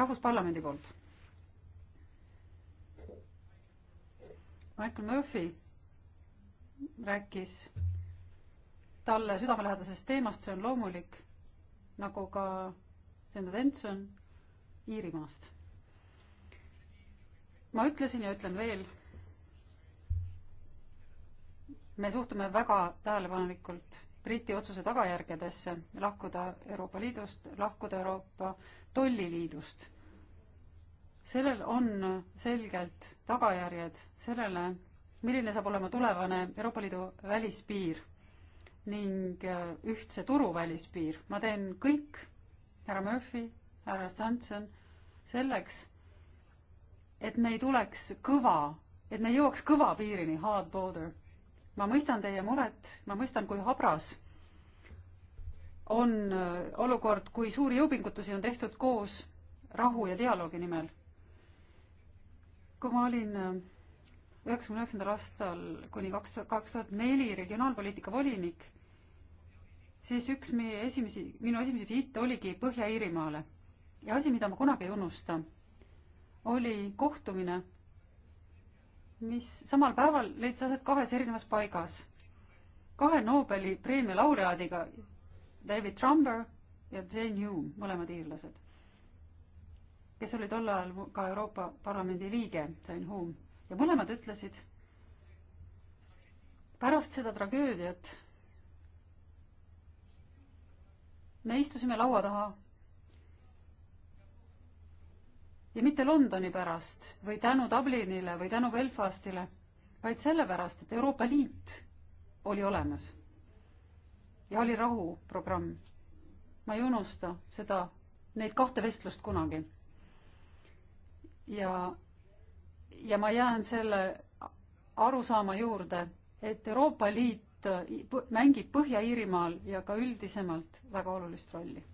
rahvusparlamendi poolt Michael Murphy rääkis talle südamelähedasest teemast, see on loomulik, nagu ka Senda Tenson Iirimaast. ma ütlesin ja ütlen veel, me suhtume väga tähelepanelikult Briti otsuse tagajärgedesse lahkuda Euroopa Liidust, lahkuda Euroopa Tolliliidust sellel on selgelt tagajärjed sellele, milline saab olema tulevane Euroopa Liidu välispiir ning äh, ühtse turu välispiir. ma teen kõik, härra Murphy, härra Stanson, selleks, et me ei tuleks kõva, et me ei jõuaks kõva piirini, hard border. ma mõistan teie muret, ma mõistan, kui habras on äh, olukord, kui suuri jõupingutusi on tehtud koos rahu ja dialoogi nimel kui ma olin äh, üheksakümne üheksandal aastal kuni kaks tuhat, kaks tuhat neli regionaalpoliitika volinik, siis üks meie esimesi, minu esimesi visiite oligi Põhja-Iirimaale. ja asi, mida ma kunagi ei unusta, oli kohtumine, mis samal päeval leidis aset kahes erinevas paigas. kahe Nobeli preemia laureaadiga, David Trumber ja Jane Hume, mõlemad iirlased kes oli tol ajal ka Euroopa Parlamendi liige, Sain Huum, ja mõlemad ütlesid, pärast seda tragöödiat me istusime laua taha ja mitte Londoni pärast või tänu Dublinile või tänu Belfastile, vaid sellepärast, et Euroopa Liit oli olemas ja oli rahuprogramm. ma ei unusta seda, neid kahte vestlust kunagi ja, ja ma jään selle arusaama juurde, et Euroopa Liit äh, mängib Põhja-Iirimaal ja ka üldisemalt väga olulist rolli.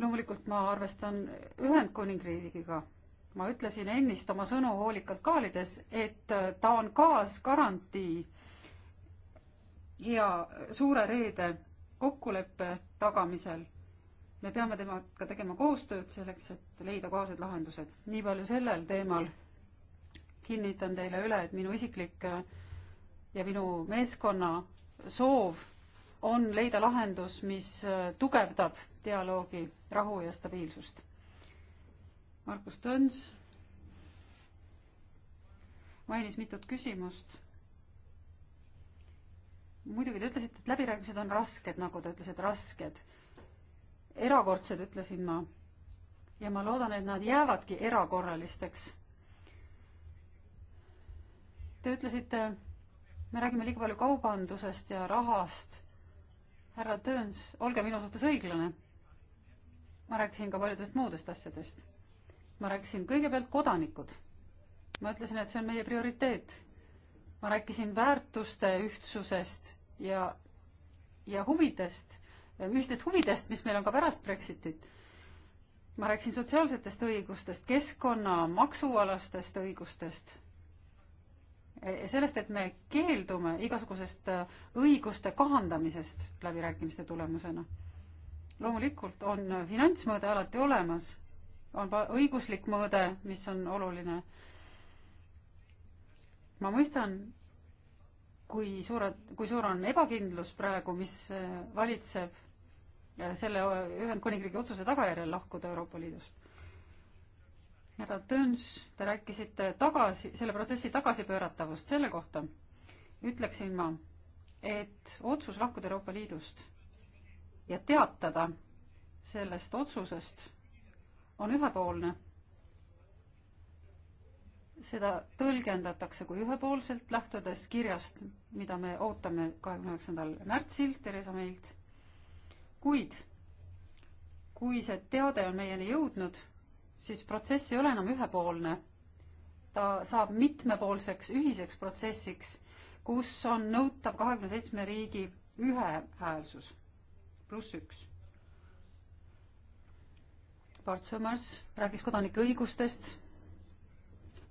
loomulikult ma arvestan Ühendkuningriigiga. ma ütlesin ennist oma sõnu hoolikalt kaalides, et äh, ta on kaasgarantii ja suure reede kokkuleppe tagamisel me peame temaga tegema koostööd selleks, et leida kohased lahendused. nii palju sellel teemal. kinnitan teile üle, et minu isiklik äh, ja minu meeskonna soov on leida lahendus, mis äh, tugevdab dialoogi, rahu ja stabiilsust. Markus Töns mainis mitut küsimust muidugi te ütlesite, et läbirääkimised on rasked, nagu te ütlesite, rasked erakordsed, ütlesin ma. ja ma loodan, et nad jäävadki erakorralisteks. Te ütlesite, me räägime liiga palju kaubandusest ja rahast. härra Töns, olge minu suhtes õiglane. ma rääkisin ka paljudest muudest asjadest. ma rääkisin kõigepealt kodanikud. ma ütlesin, et see on meie prioriteet. ma rääkisin väärtuste ühtsusest ja, ja huvidest ühistest huvidest, mis meil on ka pärast Brexitit. ma rääkisin sotsiaalsetest õigustest, keskkonna maksualastest õigustest, e-, e-, sellest, et me keeldume igasugusest äh, õiguste kahandamisest läbirääkimiste tulemusena. loomulikult on finantsmõõde alati olemas, on õiguslik mõõde, mis on oluline. ma mõistan, kui suured, kui suur on ebakindlus praegu, mis äh, valitseb selle Ühendkuningriigi otsuse tagajärjel lahkuda Euroopa Liidust. härra Töns, te rääkisite tagasi, selle protsessi tagasipööratavust, selle kohta ütleksin ma, et otsus lahkuda Euroopa Liidust ja teatada sellest otsusest on ühepoolne. seda tõlgendatakse kui ühepoolselt, lähtudes kirjast, mida me ootame kahekümne üheksandal märtsil Theresa Maylt kuid kui see teade on meieni jõudnud, siis protsess ei ole enam ühepoolne. ta saab mitmepoolseks ühiseks protsessiks, kus on nõutav kahekümne seitsme riigi ühehäälsus, pluss üks. Bart Summers rääkis kodanike õigustest.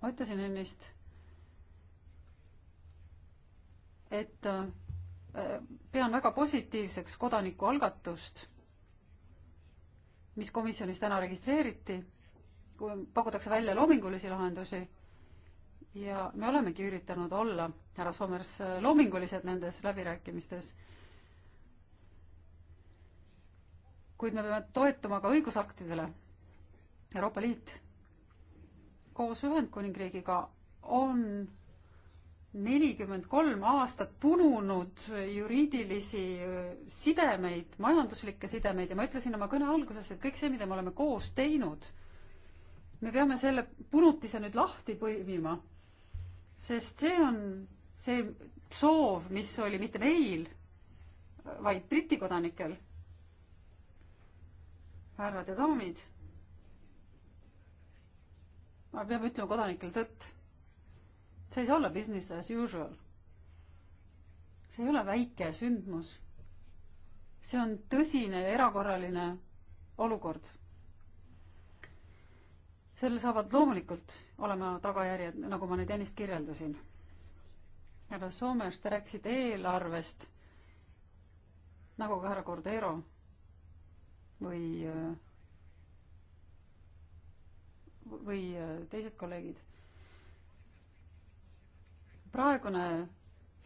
ma ütlesin ennist, et äh, pean väga positiivseks kodanikualgatust, mis komisjonis täna registreeriti, pakutakse välja loomingulisi lahendusi ja me olemegi üritanud olla, härra Soomers, loomingulised nendes läbirääkimistes. kuid me peame toetuma ka õigusaktidele. Euroopa Liit koos Ühendkuningriigiga on nelikümmend kolm aastat pununud juriidilisi äh, sidemeid, majanduslikke sidemeid ja ma ütlesin oma kõne alguses, et kõik see, mida me oleme koos teinud, me peame selle punutise nüüd lahti põimima. sest see on see soov, mis oli mitte meil, vaid Briti kodanikel. härrad ja daamid, ma pean ütlema kodanikele tõtt see ei saa olla business as usual. see ei ole väike sündmus. see on tõsine ja erakorraline olukord. sellel saavad loomulikult olema tagajärjed, nagu ma nüüd ennist kirjeldasin. härra Soomers, te rääkisite eelarvest nagu ka härra Cordero või, äh, või äh, teised kolleegid praegune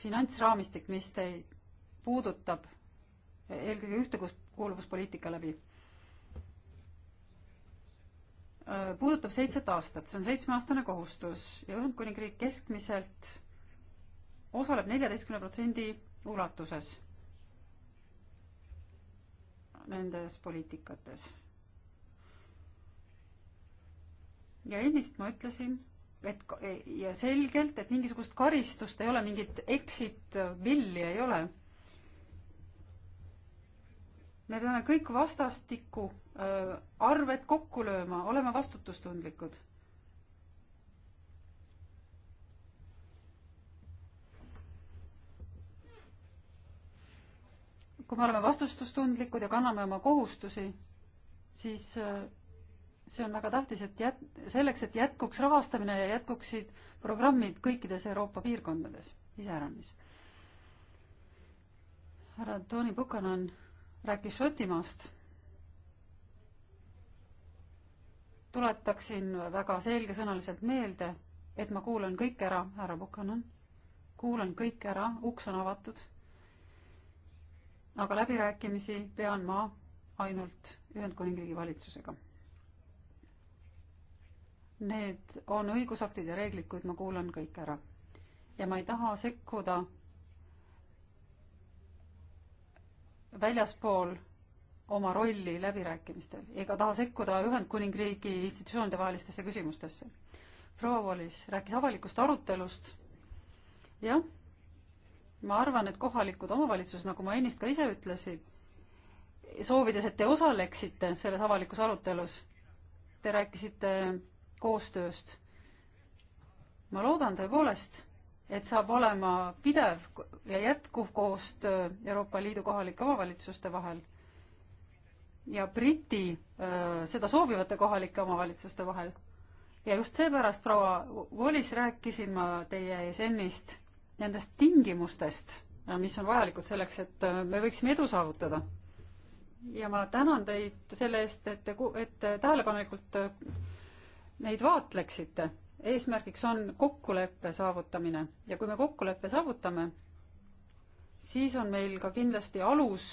finantsraamistik, mis teid puudutab eelkõige ühtekuuluvuspoliitika läbi, äh, puudutab seitset aastat, see on seitsmeaastane kohustus ja Ühendkuningriik keskmiselt osaleb neljateistkümne protsendi ulatuses nendes poliitikates. ja ennist ma ütlesin et ja selgelt, et mingisugust karistust ei ole, mingit exit villi ei ole. me peame kõik vastastikku äh, arved kokku lööma, olema vastutustundlikud. kui me oleme vastutustundlikud ja kanname oma kohustusi, siis äh, see on väga tähtis, et jät-, selleks, et jätkuks rahastamine ja jätkuksid programmid kõikides Euroopa piirkondades iseäranis. härra Tony Buchanan rääkis Šotimaast. tuletaksin väga selgesõnaliselt meelde, et ma kuulan kõik ära, härra Buchanan, kuulan kõik ära, uks on avatud. aga läbirääkimisi pean ma ainult Ühendkuningriigi valitsusega Need on õigusaktid ja reeglid, kuid ma kuulan kõik ära. ja ma ei taha sekkuda väljaspool oma rolli läbirääkimistel ega taha sekkuda Ühendkuningriigi institutsioonide vahelistesse küsimustesse. proua Wallis rääkis avalikust arutelust. jah, ma arvan, et kohalikud omavalitsused, nagu ma ennist ka ise ütlesin, soovides, et te osaleksite selles avalikus arutelus, te rääkisite koostööst. ma loodan tõepoolest, et saab olema pidev ja jätkuv koostöö Euroopa Liidu kohalike omavalitsuste vahel ja Briti seda soovivate kohalike omavalitsuste vahel. ja just seepärast, proua Wallis, rääkisin ma teie ees ennist nendest tingimustest, mis on vajalikud selleks, et me võiksime edu saavutada. ja ma tänan teid selle eest, et te, et te tähelepanelikult neid vaatleksite. eesmärgiks on kokkuleppe saavutamine ja kui me kokkuleppe saavutame, siis on meil ka kindlasti alus,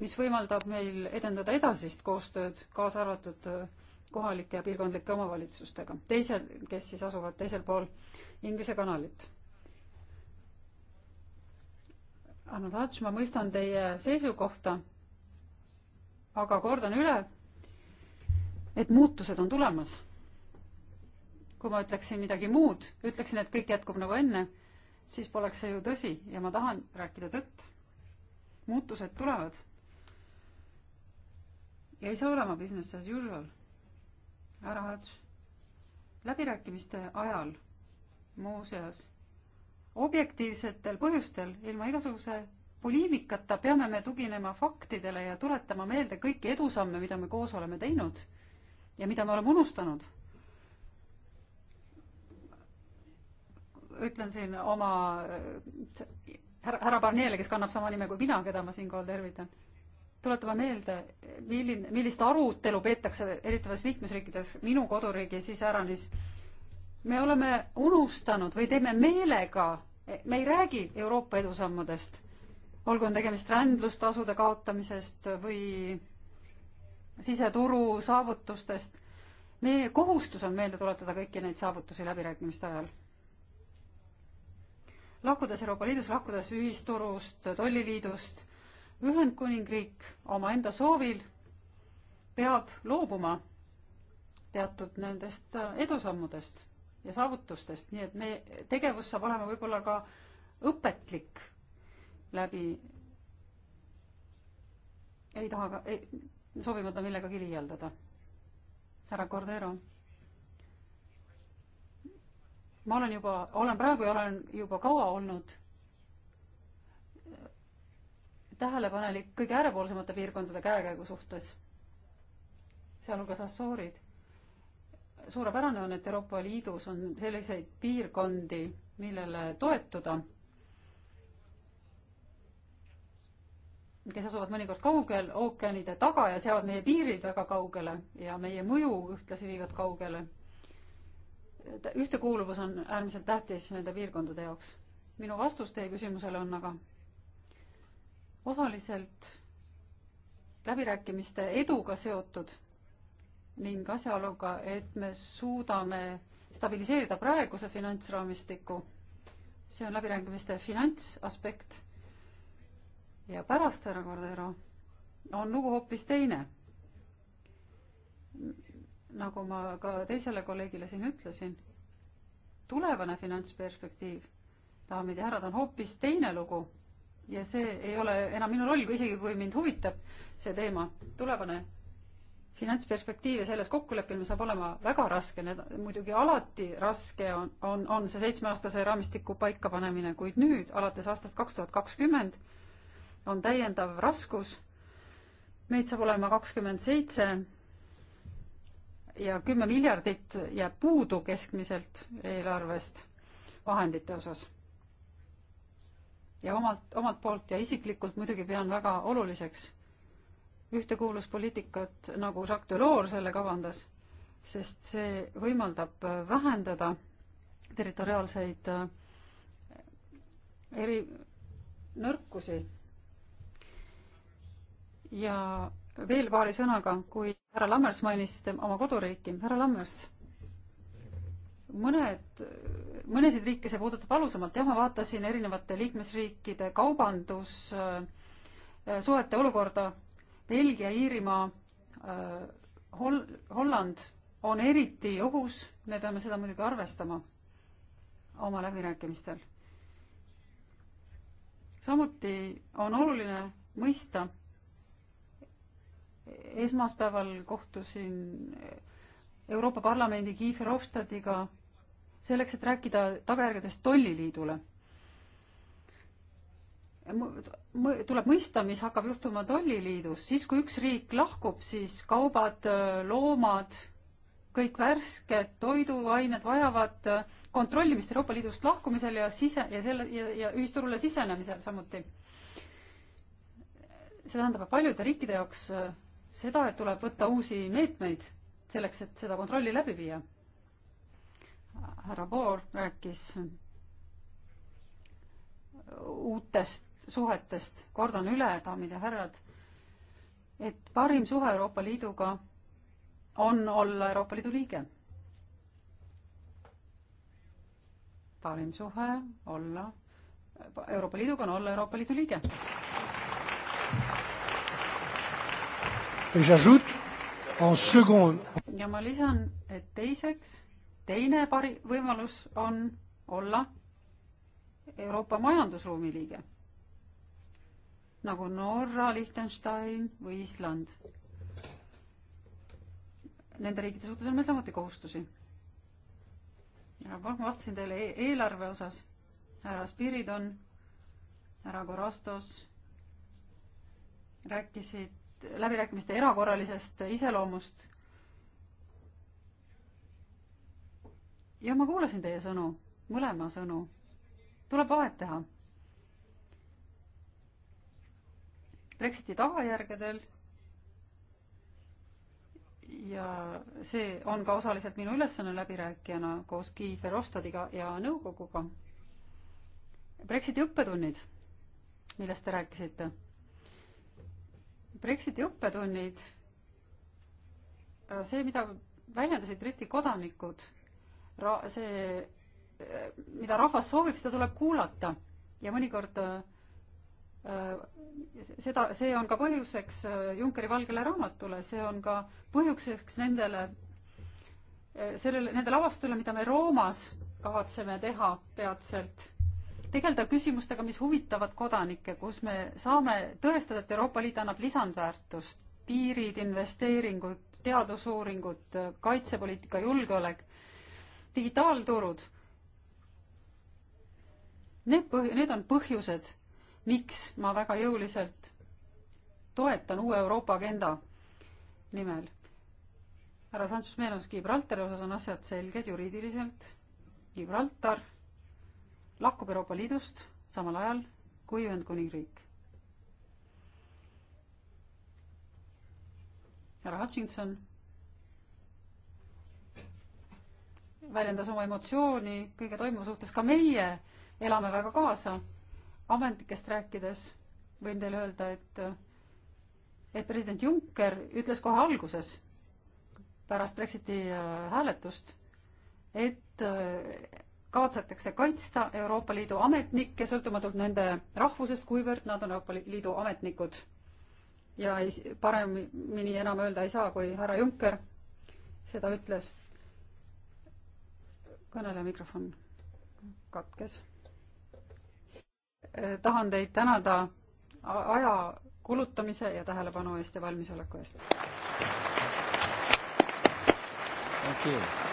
mis võimaldab meil edendada edasist koostööd, kaasa arvatud äh, kohalike ja piirkondlike omavalitsustega, teisel, kes siis asuvad teisel pool Inglise kanalit. Arno Tats, ma mõistan teie seisukohta, aga kordan üle, et muutused on tulemas kui ma ütleksin midagi muud, ütleksin, et kõik jätkub nagu enne, siis poleks see ju tõsi ja ma tahan rääkida tõtt. muutused tulevad. ja ei saa olema business as usual. ära Hadž. läbirääkimiste ajal muuseas objektiivsetel põhjustel ilma igasuguse poliimikata peame me tuginema faktidele ja tuletama meelde kõiki edusamme, mida me koos oleme teinud ja mida me oleme unustanud ütlen siin oma härra, härra Barniele, kes kannab sama nime kui mina, keda ma siinkohal tervitan, tuletame meelde, milline, millist arutelu peetakse erinevates liikmesriikides, minu koduriigis iseäranis. me oleme unustanud või teeme meelega, me ei räägi Euroopa edusammudest, olgu on tegemist rändlustasude kaotamisest või siseturu saavutustest meie kohustus on meelde tuletada kõiki neid saavutusi läbirääkimiste ajal lahkudes Euroopa Liidust, lahkudes ühisturust, tolliliidust, Ühendkuningriik omaenda soovil peab loobuma teatud nendest äh, edusammudest ja saavutustest, nii et meie tegevus saab olema võib-olla ka õpetlik läbi, ei taha ka, soovimata millegagi liialdada. härra Cordero ma olen juba, olen praegu ja olen juba kaua olnud äh, tähelepanelik kõige äärepoolsemate piirkondade käekäigu suhtes, sealhulgas Assoorid. suurepärane on, et Euroopa Liidus on selliseid piirkondi, millele toetuda, kes asuvad mõnikord kaugel ookeanide taga ja seavad meie piirid väga kaugele ja meie mõju ühtlasi viivad kaugele ühtekuuluvus on äärmiselt tähtis nende piirkondade jaoks. minu vastus teie küsimusele on aga osaliselt läbirääkimiste eduga seotud ning asjaoluga, et me suudame stabiliseerida praeguse finantsraamistiku. see on läbirääkimiste finantsaspekt. ja pärast härra Cordero on lugu hoopis teine nagu ma ka teisele kolleegile siin ütlesin, tulevane finantsperspektiiv, daamid ja härrad, on hoopis teine lugu ja see ei ole enam minu roll, kui isegi kui mind huvitab see teema, tulevane finantsperspektiiv ja selles kokkuleppimine saab olema väga raske, need muidugi alati raske on, on, on see seitsmeaastase raamistiku paikapanemine, kuid nüüd alates aastast kaks tuhat kakskümmend on täiendav raskus. meid saab olema kakskümmend seitse ja kümme miljardit jääb puudu keskmiselt eelarvest vahendite osas. ja omalt, omalt poolt ja isiklikult muidugi pean väga oluliseks ühtekuuluvuspoliitikat, nagu Jacques Delors selle kavandas, sest see võimaldab vähendada territoriaalseid äh, eri nõrkusi ja veel paari sõnaga, kui härra Lammers mainis oma koduriiki. härra Lammers, mõned, mõnesid riike see puudutab valusamalt. jah, ma vaatasin erinevate liikmesriikide kaubandussuhete äh, olukorda. Belgia, Iirimaa, äh, Hol-, Holland on eriti ohus, me peame seda muidugi arvestama oma läbirääkimistel. samuti on oluline mõista, esmaspäeval kohtusin Euroopa Parlamendi Guy Verhofstadtiga selleks, et rääkida tagajärgedest tolliliidule. tuleb mõista, mis hakkab juhtuma tolliliidus, siis kui üks riik lahkub, siis kaubad, loomad, kõik värsked toiduained vajavad kontrollimist Euroopa Liidust lahkumisel ja sise ja selle ja, ja ühisturule sisenemisel samuti. see tähendab, et paljude riikide jaoks seda, et tuleb võtta uusi meetmeid selleks, et seda kontrolli läbi viia. härra Boor rääkis uutest suhetest, kordan üle, daamid ja härrad, et parim suhe Euroopa Liiduga on olla Euroopa Liidu liige. parim suhe olla Euroopa Liiduga on olla Euroopa Liidu liige. ja ma lisan, et teiseks, teine pari-, võimalus on olla Euroopa Majandusruumi liige, nagu Norra, Liechtenstein või Island. Nende riikide suhtes on meil samuti kohustusi. ja ma vastasin teile e eelarve osas, härra Spiridon, härra Korastos rääkisid läbirääkimiste erakorralisest iseloomust. jah, ma kuulasin teie sõnu, mõlema sõnu. tuleb vahet teha. Brexiti tagajärgedel ja see on ka osaliselt minu ülesanne läbirääkijana koos Guy Verhofstadtiga ja nõukoguga. Brexiti õppetunnid, millest te rääkisite Brexiti õppetunnid, see, mida väljendasid Briti kodanikud, ra-, see, mida rahvas soovib, seda tuleb kuulata ja mõnikord äh, äh, seda, see on ka põhjuseks äh, Junckeri valgele raamatule, see on ka põhjuseks nendele, sellele, nende lavastusele, mida me Roomas kavatseme teha peatselt tegeleda küsimustega, mis huvitavad kodanikke, kus me saame tõestada, et Euroopa Liit annab lisandväärtust, piirid, investeeringud, teadusuuringud, kaitsepoliitika, julgeolek, digitaalturud. Need põh-, need on põhjused, miks ma väga jõuliselt toetan uue Euroopa agenda nimel. härra Sanchez-Menos Gibraltari osas on asjad selged juriidiliselt. Gibraltar lahkub Euroopa Liidust samal ajal kui Ühendkuningriik. härra Hutchinson väljendas oma emotsiooni kõige toimuva suhtes, ka meie elame väga kaasa. ametnikest rääkides võin teile öelda, et et president Juncker ütles kohe alguses, pärast Brexiti äh, hääletust, et kavatsetakse kaitsta Euroopa Liidu ametnikke sõltumatult nende rahvusest, kuivõrd nad on Euroopa Liidu ametnikud. ja ei, paremini enam öelda ei saa, kui härra Juncker seda ütles. kõneleja mikrofon katkes. Äh, tahan teid tänada aja kulutamise ja tähelepanu eest ja valmisoleku eest. Thank you.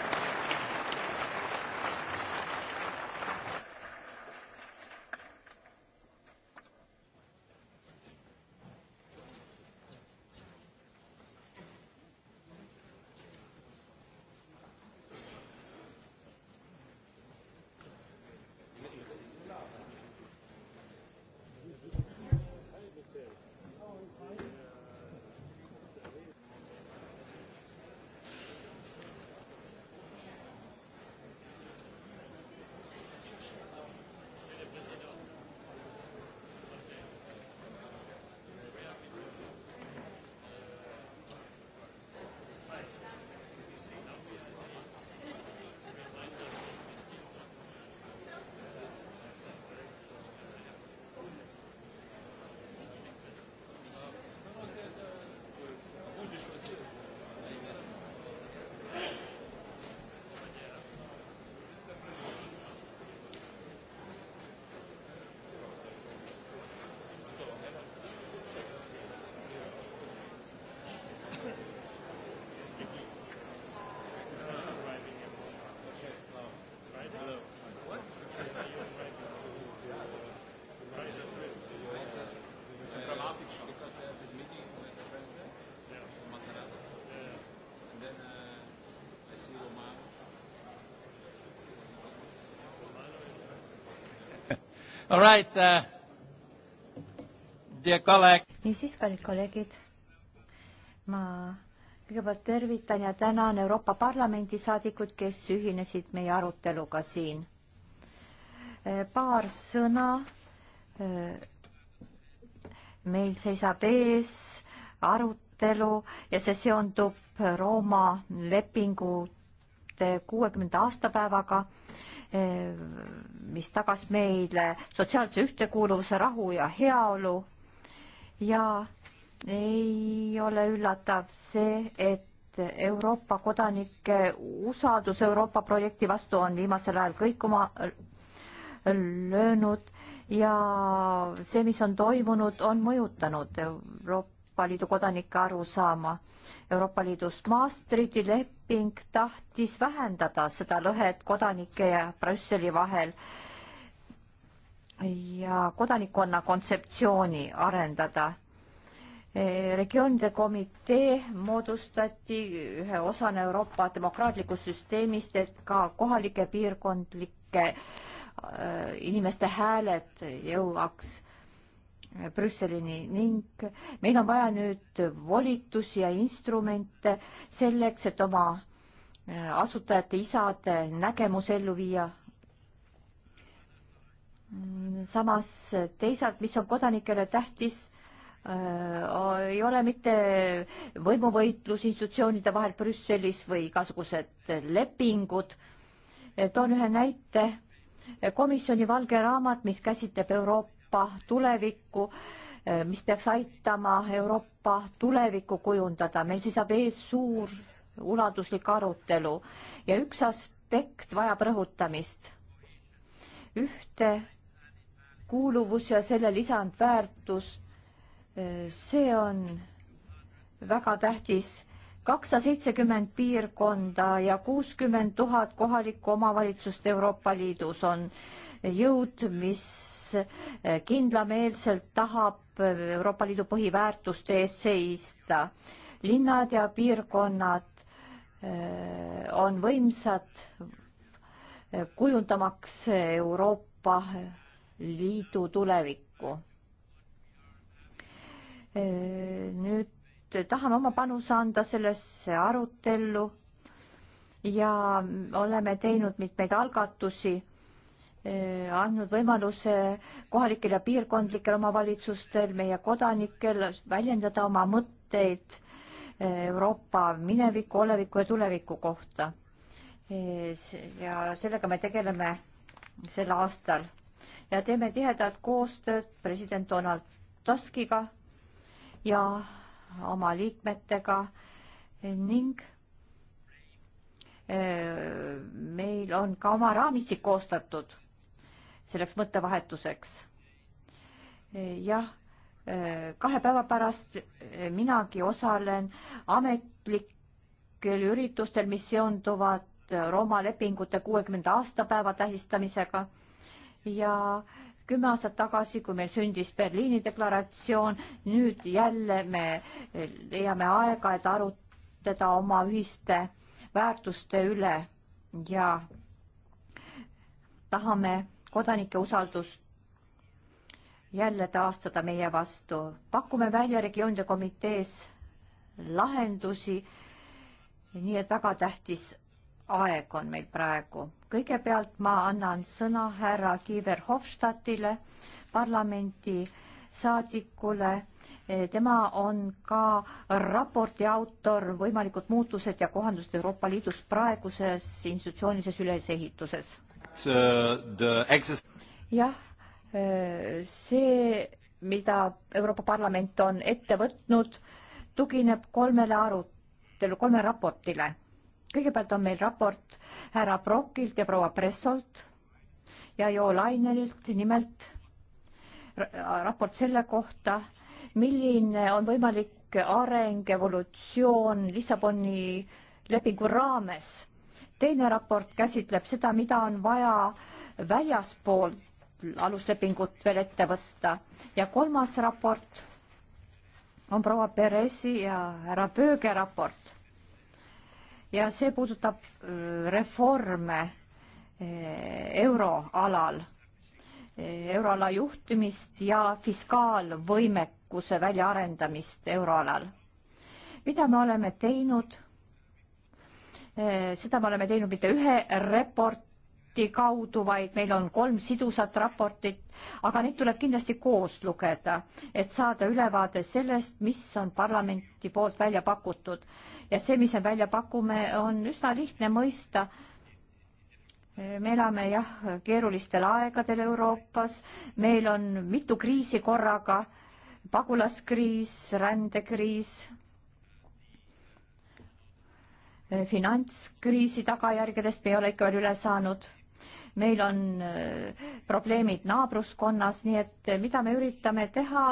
All right, uh, dear colleague. niisiis, kallid kolleegid, ma kõigepealt tervitan ja tänan Euroopa Parlamendi saadikud, kes ühinesid meie aruteluga siin. Eh, paar sõna. Eh, meil seisab ees arutelu ja see seondub Rooma lepingu kuuekümnenda aastapäevaga eh, mis tagas meile sotsiaalse ühtekuuluvuse, rahu ja heaolu. ja ei ole üllatav see, et Euroopa kodanike usaldus Euroopa projekti vastu on viimasel ajal kõikuma löönud ja see, mis on toimunud, on mõjutanud Euroopa Liidu kodanike arusaama Euroopa Liidust. Maastrichti leping tahtis vähendada seda lõhet kodanike ja Brüsseli vahel ja kodanikkonna kontseptsiooni arendada. E, regioonide komitee moodustati ühe osana Euroopa demokraatlikust süsteemist, et ka kohalike piirkondlike e, inimeste hääled jõuaks e, Brüsselini ning meil on vaja nüüd volitusi ja instrumente selleks, et oma asutajate isade nägemus ellu viia Mm, samas teisalt, mis on kodanikele tähtis äh, ei ole mitte võimuvõitlus institutsioonide vahel Brüsselis või igasugused lepingud. toon ühe näite. komisjoni valge raamat, mis käsitleb Euroopa tulevikku, äh, mis peaks aitama Euroopa tulevikku kujundada. meil seisab ees suur ulatuslik arutelu ja üks aspekt vajab rõhutamist. ühte kuuluvus ja selle lisandväärtus, see on väga tähtis. kakssada seitsekümmend piirkonda ja kuuskümmend tuhat kohalikku omavalitsust Euroopa Liidus on jõud, mis kindlameelselt tahab Euroopa Liidu põhiväärtuste eest seista. linnad ja piirkonnad eh, on võimsad kujundamaks Euroopa liidu tulevikku. nüüd tahame oma panuse anda sellesse arutellu ja oleme teinud mitmeid algatusi, andnud võimaluse kohalikel ja piirkondlikel omavalitsustel, meie kodanikel väljendada oma mõtteid Euroopa mineviku, oleviku ja tuleviku kohta. ja sellega me tegeleme sel aastal ja teeme tihedat koostööd president Donald Tuskiga ja oma liikmetega ning eh, meil on ka oma raamistik koostatud selleks mõttevahetuseks. jah, eh, kahe päeva pärast eh, minagi osalen ametlikel üritustel, mis seonduvad Rooma lepingute kuuekümnenda aastapäeva tähistamisega ja kümme aastat tagasi, kui meil sündis Berliini deklaratsioon, nüüd jälle me leiame aega, et arutleda oma ühiste väärtuste üle ja tahame kodanike usaldust jälle taastada meie vastu. pakume välja regioonide komitees lahendusi. nii et väga tähtis aeg on meil praegu. kõigepealt ma annan sõna härra Kiiver Hofstadtile, parlamendi saadikule. Eh, tema on ka raporti autor Võimalikud muutused ja kohandused Euroopa Liidus praeguses institutsioonilises ülesehituses. jah, eh, see, mida Euroopa Parlament on ette võtnud, tugineb kolmele arutelu, kolmele raportile kõigepealt on meil raport härra Brokilt ja proua Pressolt ja Jo Lainelilt, nimelt raport selle kohta, milline on võimalik areng, evolutsioon Lissaboni lepingu raames. teine raport käsitleb seda, mida on vaja väljaspool aluslepingut veel ette võtta ja kolmas raport on proua Peresi ja härra Pööge raport ja see puudutab äh, reforme äh, euroalal, äh, euroala juhtimist ja fiskaalvõimekuse väljaarendamist euroalal. mida me oleme teinud? seda me oleme teinud mitte ühe raporti kaudu, vaid meil on kolm sidusat raportit, aga neid tuleb kindlasti koos lugeda, et saada ülevaade sellest, mis on parlamenti poolt välja pakutud ja see, mis me välja pakume, on üsna lihtne mõista. me elame jah, keerulistel aegadel Euroopas, meil on mitu kriisi korraga, pagulaskriis, rändekriis, finantskriisi tagajärgedest me ei ole ikka veel üle saanud meil on äh, probleemid naabruskonnas, nii et äh, mida me üritame teha,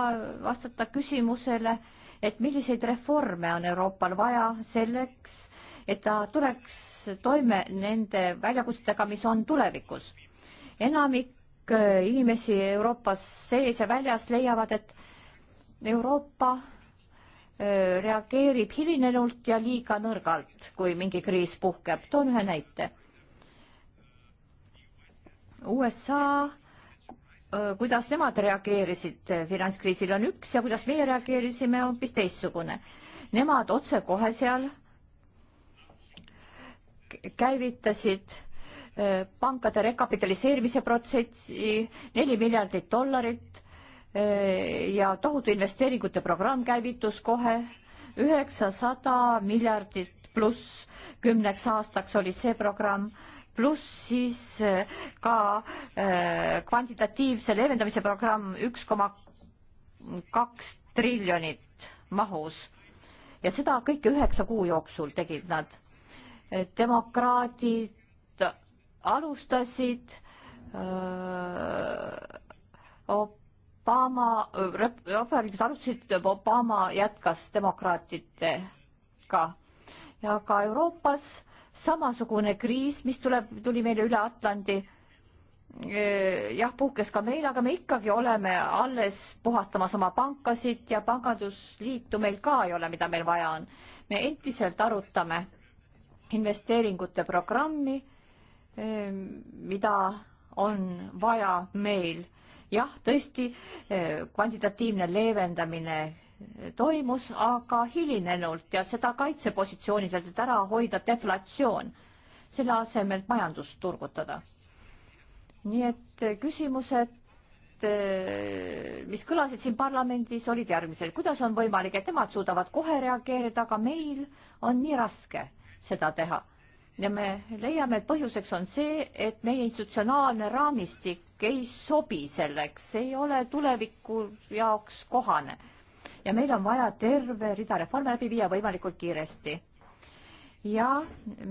vastata küsimusele, et milliseid reforme on Euroopal vaja selleks, et ta tuleks toime nende väljakutsetega, mis on tulevikus. enamik äh, inimesi Euroopas sees ja väljas leiavad, et Euroopa äh, reageerib hilinenult ja liiga nõrgalt, kui mingi kriis puhkeb. toon ühe näite USA Äh, kuidas nemad reageerisid äh, finantskriisile, on üks ja kuidas meie reageerisime, on hoopis teistsugune. Nemad otsekohe seal käivitasid äh, pankade rekapitaliseerimise protsessi, neli miljardit dollarit ja tohutu investeeringute programm käivitus kohe, üheksasada miljardit pluss kümneks aastaks oli see programm pluss siis eh, ka eh, kvantitatiivse leevendamise programm üks koma kaks triljonit mahus ja seda kõike üheksa kuu jooksul tegid nad. demokraadid alustasid öö, eh, Obama, vabariigis alustasid, Obama jätkas demokraatidega ja ka Euroopas samasugune kriis, mis tuleb, tuli meile üle Atlandi. Eh, jah, puhkes ka meil, aga me ikkagi oleme alles puhastamas oma pankasid ja pangandusliitu meil ka ei ole, mida meil vaja on. me endiselt arutame investeeringute programmi, eh, mida on vaja meil. jah, tõesti, eh, kvantitatiivne leevendamine toimus, aga hilinenult ja seda kaitsepositsioonidelt, et ära hoida deflatsioon, selle asemel, et majandust turgutada. nii et küsimused, eh, mis kõlasid siin parlamendis, olid järgmised. kuidas on võimalik, et nemad suudavad kohe reageerida, aga meil on nii raske seda teha? ja me leiame, et põhjuseks on see, et meie institutsionaalne raamistik ei sobi selleks, ei ole tuleviku jaoks kohane ja meil on vaja terve rida reforme läbi viia võimalikult kiiresti. ja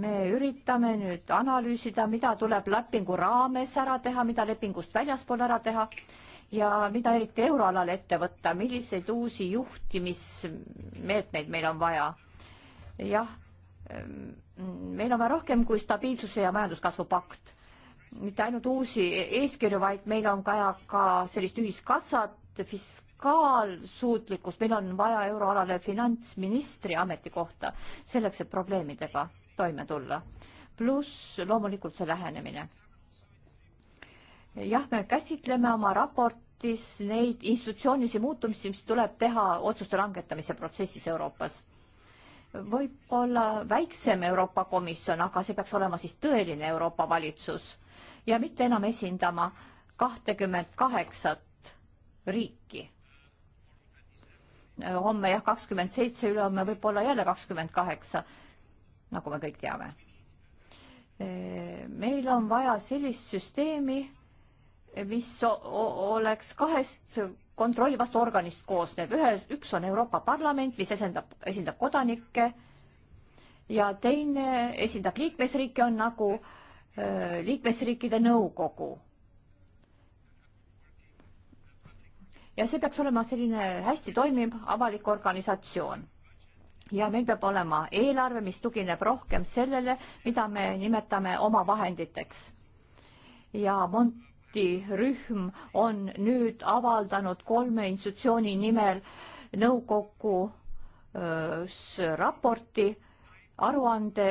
me üritame nüüd analüüsida, mida tuleb lepingu raames ära teha, mida lepingust väljaspool ära teha ja mida eriti euroalal ette võtta, milliseid uusi juhtimismeetmeid meil on vaja. jah, meil on vaja rohkem kui stabiilsuse ja majanduskasvu pakt. mitte ainult uusi eeskirju, vaid meil on vaja ka sellist ühiskassat, fisk-, fiskaalsuutlikkus, meil on vaja euroalale finantsministri ametikohta selleks, et probleemidega toime tulla. pluss loomulikult see lähenemine. jah, me käsitleme oma raportis neid institutsioonilisi muutumisi, mis tuleb teha otsuste langetamise protsessis Euroopas võib-olla väiksem Euroopa Komisjon, aga see peaks olema siis tõeline Euroopa valitsus ja mitte enam esindama kahtekümmet kaheksat riiki Äh, homme jah, kakskümmend seitse, ülehomme võib-olla jälle kakskümmend kaheksa, nagu me kõik teame. Äh, meil on vaja sellist süsteemi, mis oleks kahest kontrollivast organist koosnev, ühes, üks on Euroopa Parlament, mis esindab, esindab kodanikke ja teine esindab liikmesriike, on nagu öö, äh, liikmesriikide nõukogu ja see peaks olema selline hästi toimiv avalik organisatsioon. ja meil peab olema eelarve, mis tugineb rohkem sellele, mida me nimetame omavahenditeks. ja Monti rühm on nüüd avaldanud kolme institutsiooni nimel nõukogu raporti, aruande,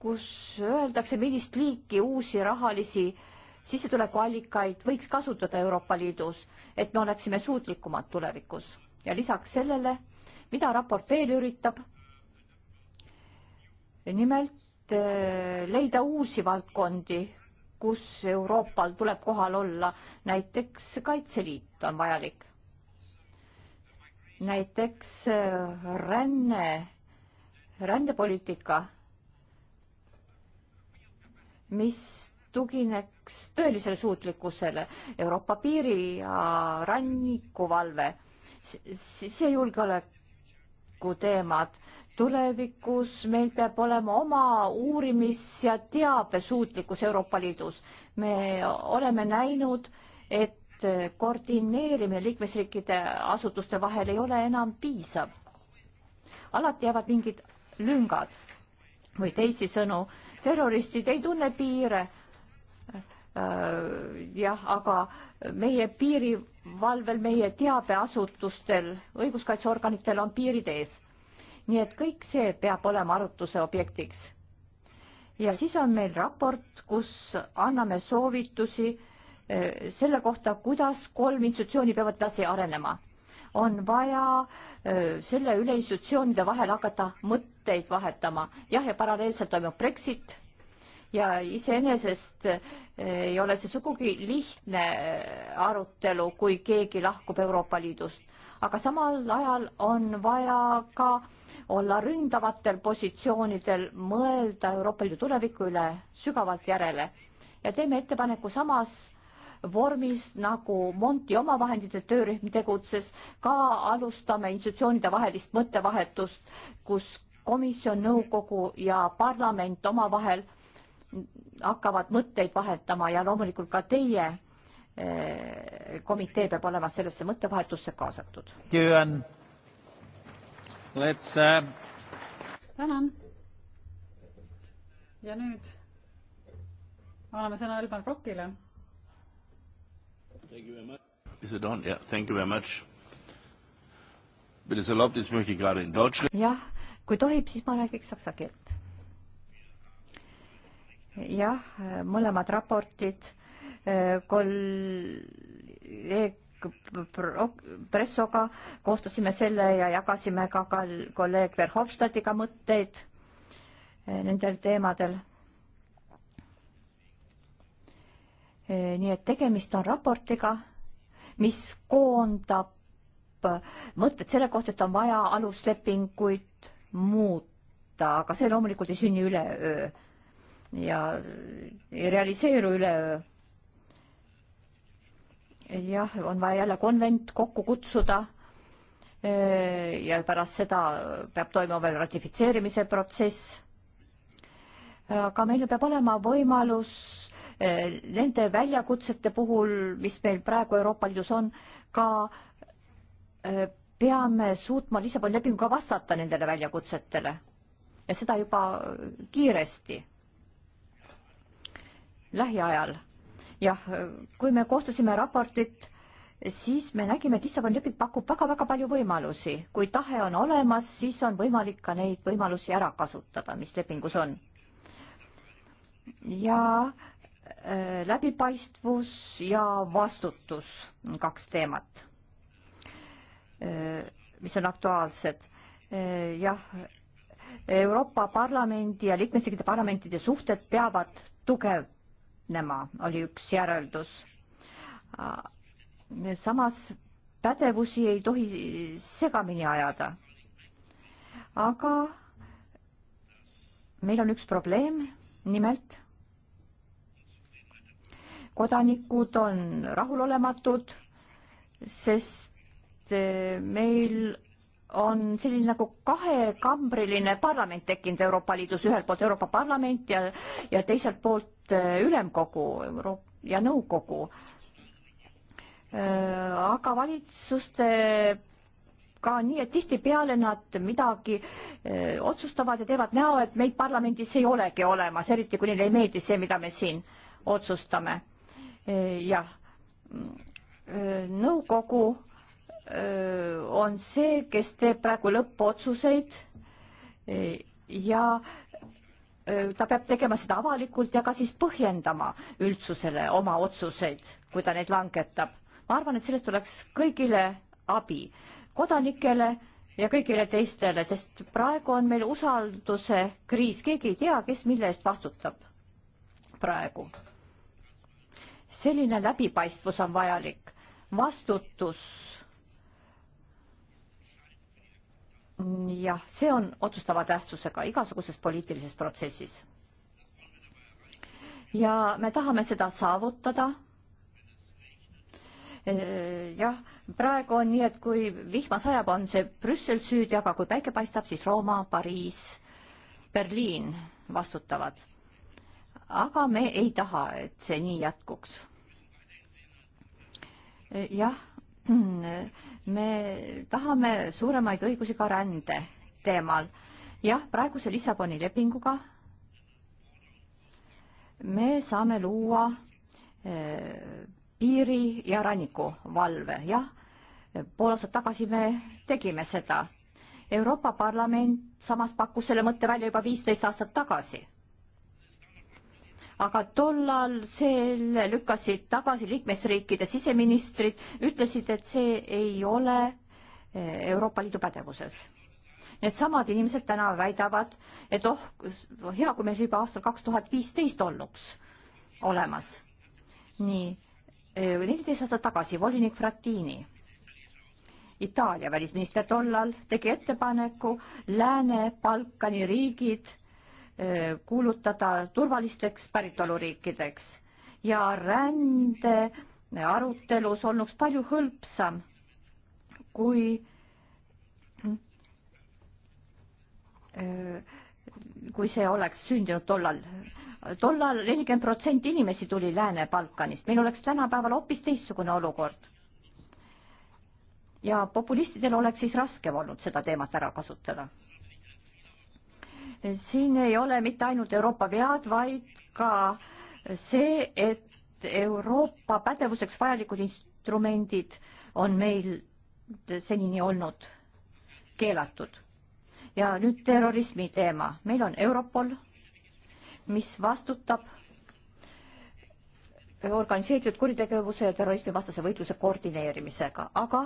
kus öeldakse, millist liiki uusi rahalisi sissetulekuallikaid võiks kasutada Euroopa Liidus et me oleksime suutlikumad tulevikus ja lisaks sellele, mida raport veel üritab, nimelt äh, leida uusi valdkondi, kus Euroopal tuleb kohal olla, näiteks Kaitseliit on vajalik. näiteks äh, ränne, rändepoliitika, mis tugineks tõelisele suutlikkusele Euroopa piiri ja rannikuvalve, sisejulgeoleku teemad. tulevikus meil peab olema oma uurimis- ja teabesuutlikkus Euroopa Liidus. me oleme näinud, et koordineerimine liikmesriikide asutuste vahel ei ole enam piisav. alati jäävad mingid lüngad või teisisõnu, terroristid ei tunne piire Äh, jah, aga meie piirivalvel, meie teabeasutustel, õiguskaitseorganitel on piirid ees. nii et kõik see peab olema arutluse objektiks. ja siis on meil raport, kus anname soovitusi äh, selle kohta, kuidas kolm institutsiooni peavad edasi arenema. on vaja äh, selle üle institutsioonide vahel hakata mõtteid vahetama. jah, ja paralleelselt toimub Brexit ja iseenesest eh, ei ole see sugugi lihtne eh, arutelu, kui keegi lahkub Euroopa Liidust. aga samal ajal on vaja ka olla ründavatel positsioonidel, mõelda Euroopa Liidu tuleviku üle sügavalt järele ja teeme ettepaneku samas vormis nagu Monti omavahendite töörühm tegutses, ka alustame institutsioonide vahelist mõttevahetust, kus komisjon, nõukogu ja parlament omavahel hakkavad mõtteid vahetama ja loomulikult ka teie eh, komitee peab olema sellesse mõttevahetusse kaasatud. Äh, tänan. ja nüüd anname sõna Elmar Brokile. Is it on? Yeah, thank you very much. Wenn es erlaubt ist, möchte ich gerade in Deutsch. jah, kui tohib, siis ma räägiks saksa keelt jah, mõlemad raportid eh, kolleeg Pressoga koostasime selle ja jagasime ka kolleeg Verhofstadtiga mõtteid eh, nendel teemadel. Eh, nii et tegemist on raportiga, mis koondab mõtted selle kohta, et on vaja aluslepinguid muuta, aga see loomulikult ei sünni üleöö ja ei realiseeru üleöö. jah, on vaja jälle konvent kokku kutsuda. Äh, ja pärast seda peab toimuma veel ratifitseerimise protsess. aga meil peab olema võimalus äh, nende väljakutsete puhul, mis meil praegu Euroopa Liidus on, ka äh, peame suutma Lissaboni lepinguga vastata nendele väljakutsetele ja seda juba kiiresti lähiajal. jah, kui me koostasime raportit, siis me nägime, et Lissaboni leping pakub väga-väga palju võimalusi. kui tahe on olemas, siis on võimalik ka neid võimalusi ära kasutada, mis lepingus on. ja äh, läbipaistvus ja vastutus on kaks teemat äh,, mis on aktuaalsed äh,. jah Euroopa Parlamendi ja liikmesriikide parlamentide suhted peavad tugev, vähenema, oli üks järeldus. samas pädevusi ei tohi segamini ajada. aga meil on üks probleem, nimelt kodanikud on rahulolematud, sest eh, meil on selline nagu kahekambriline parlament tekkinud Euroopa Liidus, ühelt poolt Euroopa Parlament ja, ja teiselt poolt äh, Ülemkogu ja Nõukogu. Äh, aga valitsuste ka nii, et tihtipeale nad midagi öö, äh, otsustavad ja teevad näo, et meid parlamendis ei olegi olemas, eriti kui neile ei meeldi see, mida me siin otsustame. jah, nõukogu on see, kes teeb praegu lõppotsuseid e, ja ta peab tegema seda avalikult ja ka siis põhjendama üldsusele oma otsuseid, kui ta neid langetab. ma arvan, et sellest oleks kõigile abi, kodanikele ja kõigile teistele, sest praegu on meil usalduse kriis, keegi ei tea, kes mille eest vastutab praegu. selline läbipaistvus on vajalik, vastutus jah, see on otsustava tähtsusega igasuguses poliitilises protsessis. ja me tahame seda saavutada. jah, praegu on nii, et kui vihma sajab, on see Brüssel süüdi, aga kui päike paistab, siis Rooma, Pariis, Berliin vastutavad. aga me ei taha, et see nii jätkuks. jah me tahame suuremaid õigusi ka rände teemal. jah, praeguse Lissaboni lepinguga me saame luua eh, piiri- ja rannikuvalve, jah. pool aastat tagasi me tegime seda. Euroopa Parlament samas pakkus selle mõtte välja juba viisteist aastat tagasi aga tollal selle lükkasid tagasi liikmesriikide siseministrid, ütlesid, et see ei ole eh, Euroopa Liidu pädevuses. Needsamad inimesed täna väidavad, et oh, hea, kui meil see juba aastal kaks tuhat viisteist olnuks olemas. nii, eh, neliteist aastat tagasi volinik Frattini, Itaalia välisminister tollal tegi ettepaneku Lääne-Balkani riigid kuulutada turvalisteks päritoluriikideks ja rände arutelus olnuks palju hõlpsam, kui kui see oleks sündinud tollal tollal. tollal nelikümmend protsenti inimesi tuli Lääne-Balkanist, meil oleks tänapäeval hoopis teistsugune olukord. ja populistidel oleks siis raskem olnud seda teemat ära kasutada siin ei ole mitte ainult Euroopa vead, vaid ka see, et Euroopa pädevuseks vajalikud instrumendid on meil senini olnud keelatud. ja nüüd terrorismi teema. meil on Europol, mis vastutab organiseeritud kuritegevuse ja terrorismivastase võitluse koordineerimisega, aga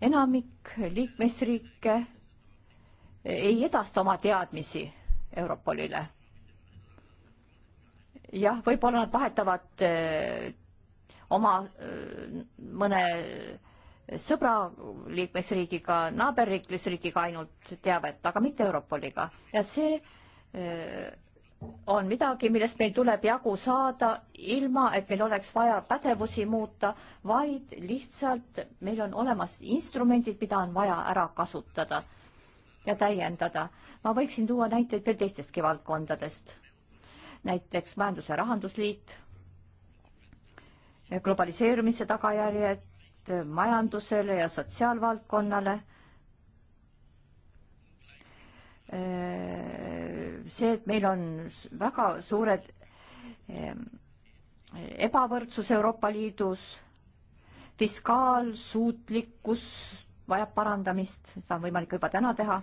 enamik liikmesriike ei edasta oma teadmisi Europolile. jah, võib-olla nad vahetavad öö, eh, oma öö, eh, mõne sõbra liikmesriigiga, naaberliikmesriigiga ainult teavet, aga mitte Europoliga ja see öö, eh, on midagi, millest meil tuleb jagu saada, ilma et meil oleks vaja pädevusi muuta, vaid lihtsalt meil on olemas instrumendid, mida on vaja ära kasutada ja täiendada. ma võiksin tuua näiteid veel teistestki valdkondadest. näiteks Majandus- ja Rahandusliit, globaliseerumise tagajärjed majandusele ja sotsiaalvaldkonnale. see, et meil on väga suured ehm, ebavõrdsus Euroopa Liidus, fiskaalsuutlikkus vajab parandamist, seda on võimalik juba täna teha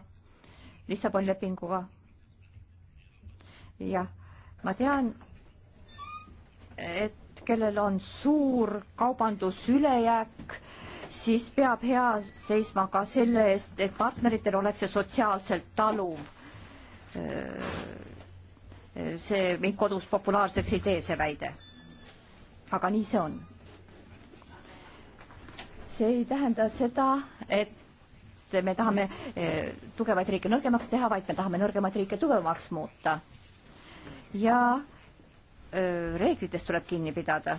Lissaboni lepinguga. jah, ma tean, et kellel on suur kaubandusülejääk, siis peab hea seisma ka selle eest, et partneritel oleks see sotsiaalselt taluv. see mind kodus populaarseks ei tee, see väide. aga nii see on. see ei tähenda seda, et me tahame eh, tugevaid riike nõrgemaks teha, vaid me tahame nõrgemaid riike tugevamaks muuta. ja eh, reeglitest tuleb kinni pidada.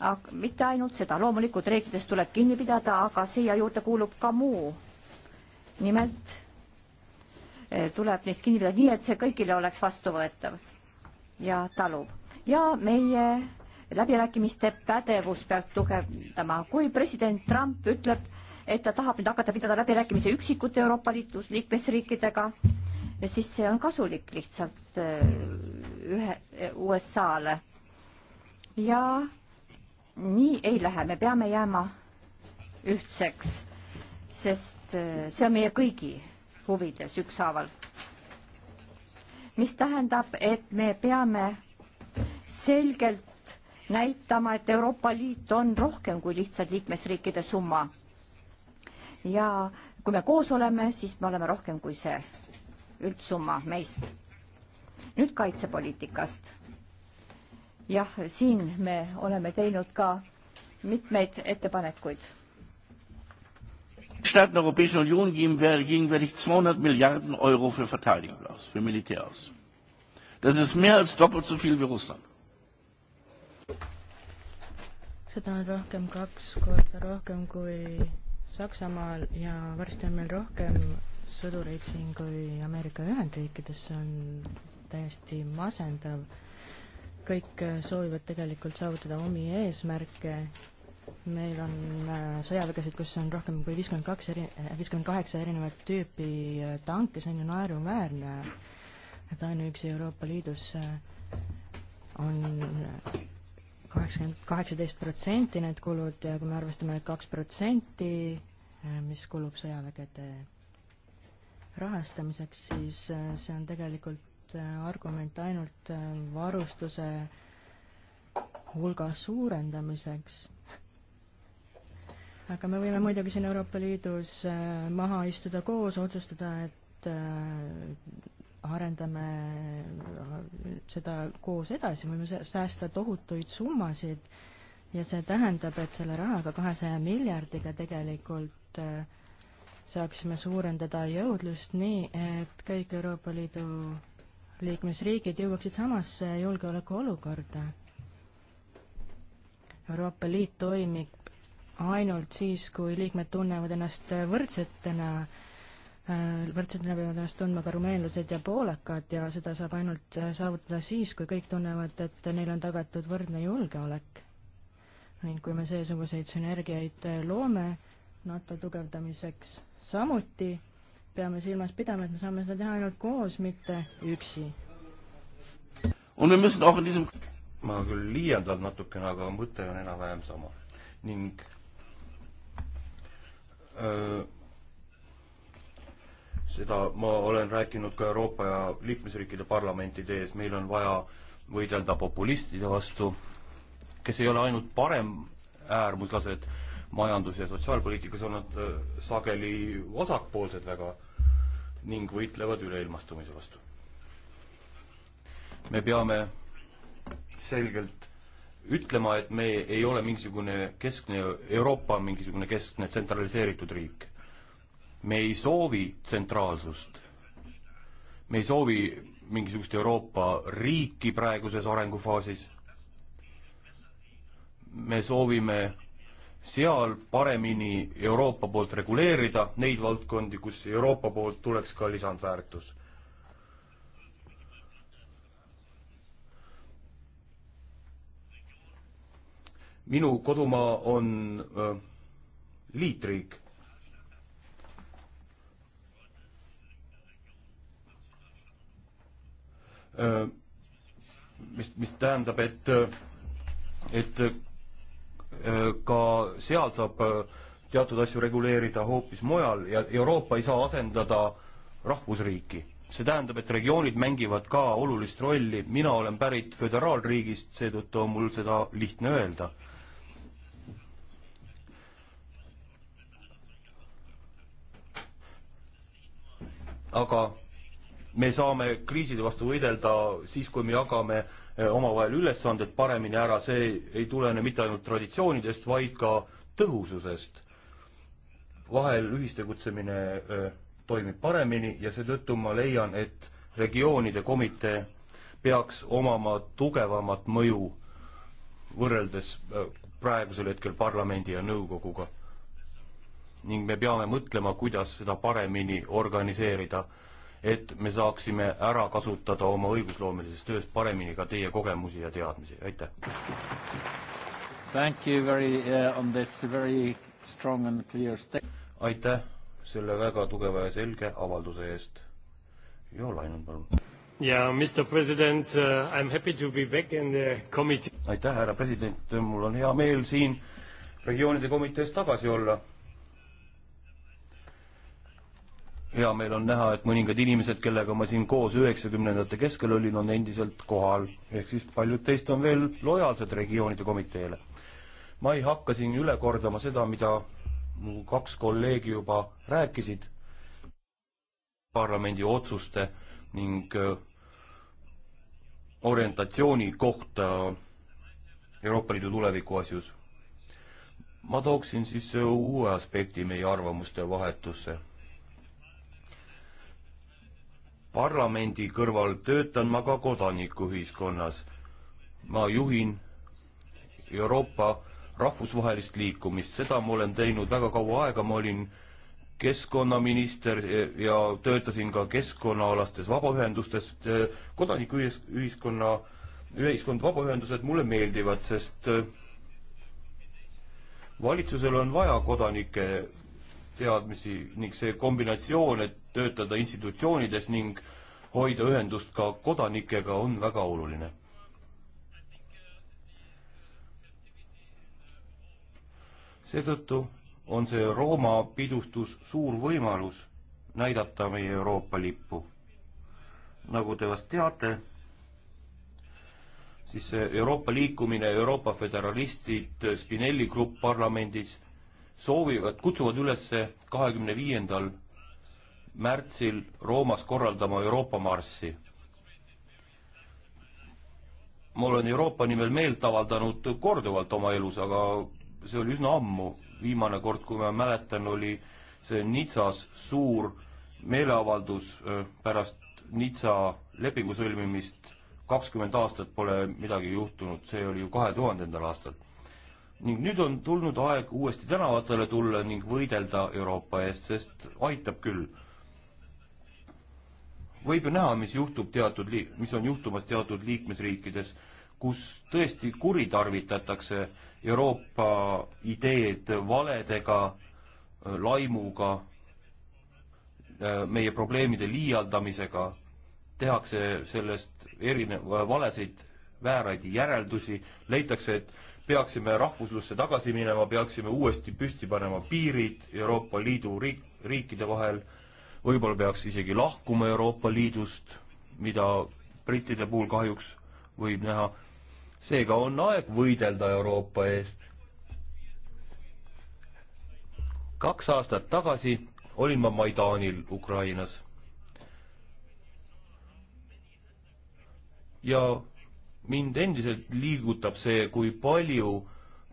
aga mitte ainult seda, loomulikult reeglitest tuleb kinni pidada, aga siia juurde kuulub ka muu. nimelt eh, tuleb neist kinni pidada nii, et see kõigile oleks vastuvõetav ja talub ja meie läbirääkimiste pädevust peab tugevdama. kui president Trump ütleb, et ta tahab nüüd hakata pidada läbirääkimisi üksikute Euroopa Liidu liikmesriikidega, siis see on kasulik lihtsalt äh, ühe USA-le. ja nii ei lähe, me peame jääma ühtseks, sest äh, see on meie kõigi huvides ükshaaval. mis tähendab, et me peame selgelt näitama, et Euroopa Liit on rohkem kui lihtsalt liikmesriikide summa. ja kui me koos oleme, siis me oleme rohkem kui see üldsumma meist. nüüd kaitsepoliitikast. jah, siin me oleme teinud ka mitmeid ettepanekuid. Staaten der Europäischen Union geben wir gegenwärtig 200 Milliarden Euro für Verteidigung aus, für Militär aus. Das ist mehr als doppelt so viel wie Russland seda on rohkem kaks korda rohkem kui Saksamaal ja varsti on meil rohkem sõdureid siin kui Ameerika Ühendriikides, see on täiesti masendav. kõik soovivad tegelikult saavutada omi eesmärke. meil on äh, sõjavägesid, kus on rohkem kui viiskümmend kaks eri, äh, viiskümmend kaheksa erinevat tüüpi äh, tanke, see on ju naeruväärne, et ainuüksi Euroopa Liidus on kaheksakümmend, kaheksateist protsenti need kulud ja kui me arvestame need kaks protsenti, äh, mis kulub sõjavägede rahastamiseks, siis äh, see on tegelikult äh, argument ainult varustuse hulga suurendamiseks. aga me võime muidugi siin Euroopa Liidus maha istuda koos, otsustada, et arendame äh, seda koos edasi, võime säästa tohutuid summasid ja see tähendab, et selle rahaga, kahesaja miljardiga tegelikult äh, saaksime suurendada jõudlust nii, et kõik Euroopa Liidu liikmesriigid jõuaksid samasse julgeolekuolukorda. Euroopa Liit toimib ainult siis, kui liikmed tunnevad ennast võrdsetena võrdselt läbi ennast tundma ka rumeenlased ja poolakad ja seda saab ainult äh, saavutada siis, kui kõik tunnevad, et neil on tagatud võrdne julgeolek. ning kui me seesuguseid sünergiaid äh, loome NATO tugevdamiseks samuti, peame silmas pidama, et me saame seda teha ainult koos, mitte üksi. ma küll liialdan natukene, aga mõte on enam-vähem sama ning öö, äh, seda ma olen rääkinud ka Euroopa ja liikmesriikide parlamentide ees, meil on vaja võidelda populistide vastu, kes ei ole ainult paremäärmuslased majandus- ja sotsiaalpoliitikas, on nad äh, sageli vasakpoolsed väga ning võitlevad üleilmastumise vastu. me peame selgelt ütlema, et me ei ole mingisugune keskne Euroopa, mingisugune keskne tsentraliseeritud riik me ei soovi tsentraalsust. me ei soovi mingisugust Euroopa riiki praeguses arengufaasis. me soovime seal paremini Euroopa poolt reguleerida neid valdkondi, kus Euroopa poolt tuleks ka lisandväärtus. minu kodumaa on äh, liitriik mis, mis tähendab, et, et ka seal saab teatud asju reguleerida hoopis mujal ja Euroopa ei saa asendada rahvusriiki. see tähendab, et regioonid mängivad ka olulist rolli, mina olen pärit föderaalriigist, seetõttu on mul seda lihtne öelda aga me saame kriiside vastu võidelda siis, kui me jagame eh, omavahel ülesanded paremini ära, see ei tulene mitte ainult traditsioonidest, vaid ka tõhususest. vahel ühistegutsemine eh, toimib paremini ja seetõttu ma leian, et regioonide komitee peaks omama tugevamat mõju võrreldes eh, praegusel hetkel parlamendi ja nõukoguga. ning me peame mõtlema, kuidas seda paremini organiseerida et me saaksime ära kasutada oma õigusloomelises töös paremini ka teie kogemusi ja teadmisi, aitäh! Thank you very uh, on this very strong and clear statement. aitäh selle väga tugeva ja selge avalduse eest. Jo Lainen, palun. Yeah, Mr President uh,, I am happy to be back in the committee. aitäh, härra president, mul on hea meel siin regioonide komitees tagasi olla hea meel on näha, et mõningad inimesed, kellega ma siin koos üheksakümnendate keskel olin, on endiselt kohal, ehk siis paljud teist on veel lojaalsed regioonide komiteele. ma ei hakka siin üle kordama seda, mida mu kaks kolleegi juba rääkisid parlamendi otsuste ning äh, orientatsiooni kohta Euroopa Liidu tuleviku asjus. ma tooksin siis äh, uue aspekti meie arvamuste vahetusse parlamendi kõrval töötan ma ka kodanikuühiskonnas. ma juhin Euroopa rahvusvahelist liikumist, seda ma olen teinud väga kaua aega, ma olin keskkonnaminister ja töötasin ka keskkonnaalastes vabaühendustes, kodanikuühiskonna, ühiskond, vabaühendused mulle meeldivad, sest valitsusel on vaja kodanike teadmisi ning see kombinatsioon, et töötada institutsioonides ning hoida ühendust ka kodanikega on väga oluline. seetõttu on see Rooma pidustus suur võimalus näidata meie Euroopa lippu. nagu te vast teate, siis see Euroopa liikumine, Euroopa föderalistid, Spinelli grupp parlamendis soovivad, kutsuvad üles kahekümne viiendal märtsil Roomas korraldama Euroopa marssi. ma olen Euroopa nimel meelt avaldanud korduvalt oma elus, aga see oli üsna ammu. viimane kord, kui ma mäletan, oli see Nitsas suur meeleavaldus äh, pärast Nitsa lepingu sõlmimist kakskümmend aastat pole midagi juhtunud, see oli ju kahe tuhandendal aastal. ning nüüd on tulnud aeg uuesti tänavatele tulla ning võidelda Euroopa eest, sest aitab küll võib ju näha, mis juhtub teatud, mis on juhtumas teatud liikmesriikides, kus tõesti kuritarvitatakse Euroopa ideed valedega, laimuga, meie probleemide liialdamisega, tehakse sellest erinev, valesid, vääraid järeldusi, leitakse, et peaksime rahvuslusse tagasi minema, peaksime uuesti püsti panema piirid Euroopa Liidu riik, riikide vahel võib-olla peaks isegi lahkuma Euroopa Liidust, mida brittide puhul kahjuks võib näha. seega on aeg võidelda Euroopa eest. kaks aastat tagasi olin ma Maidanil Ukrainas. ja mind endiselt liigutab see, kui palju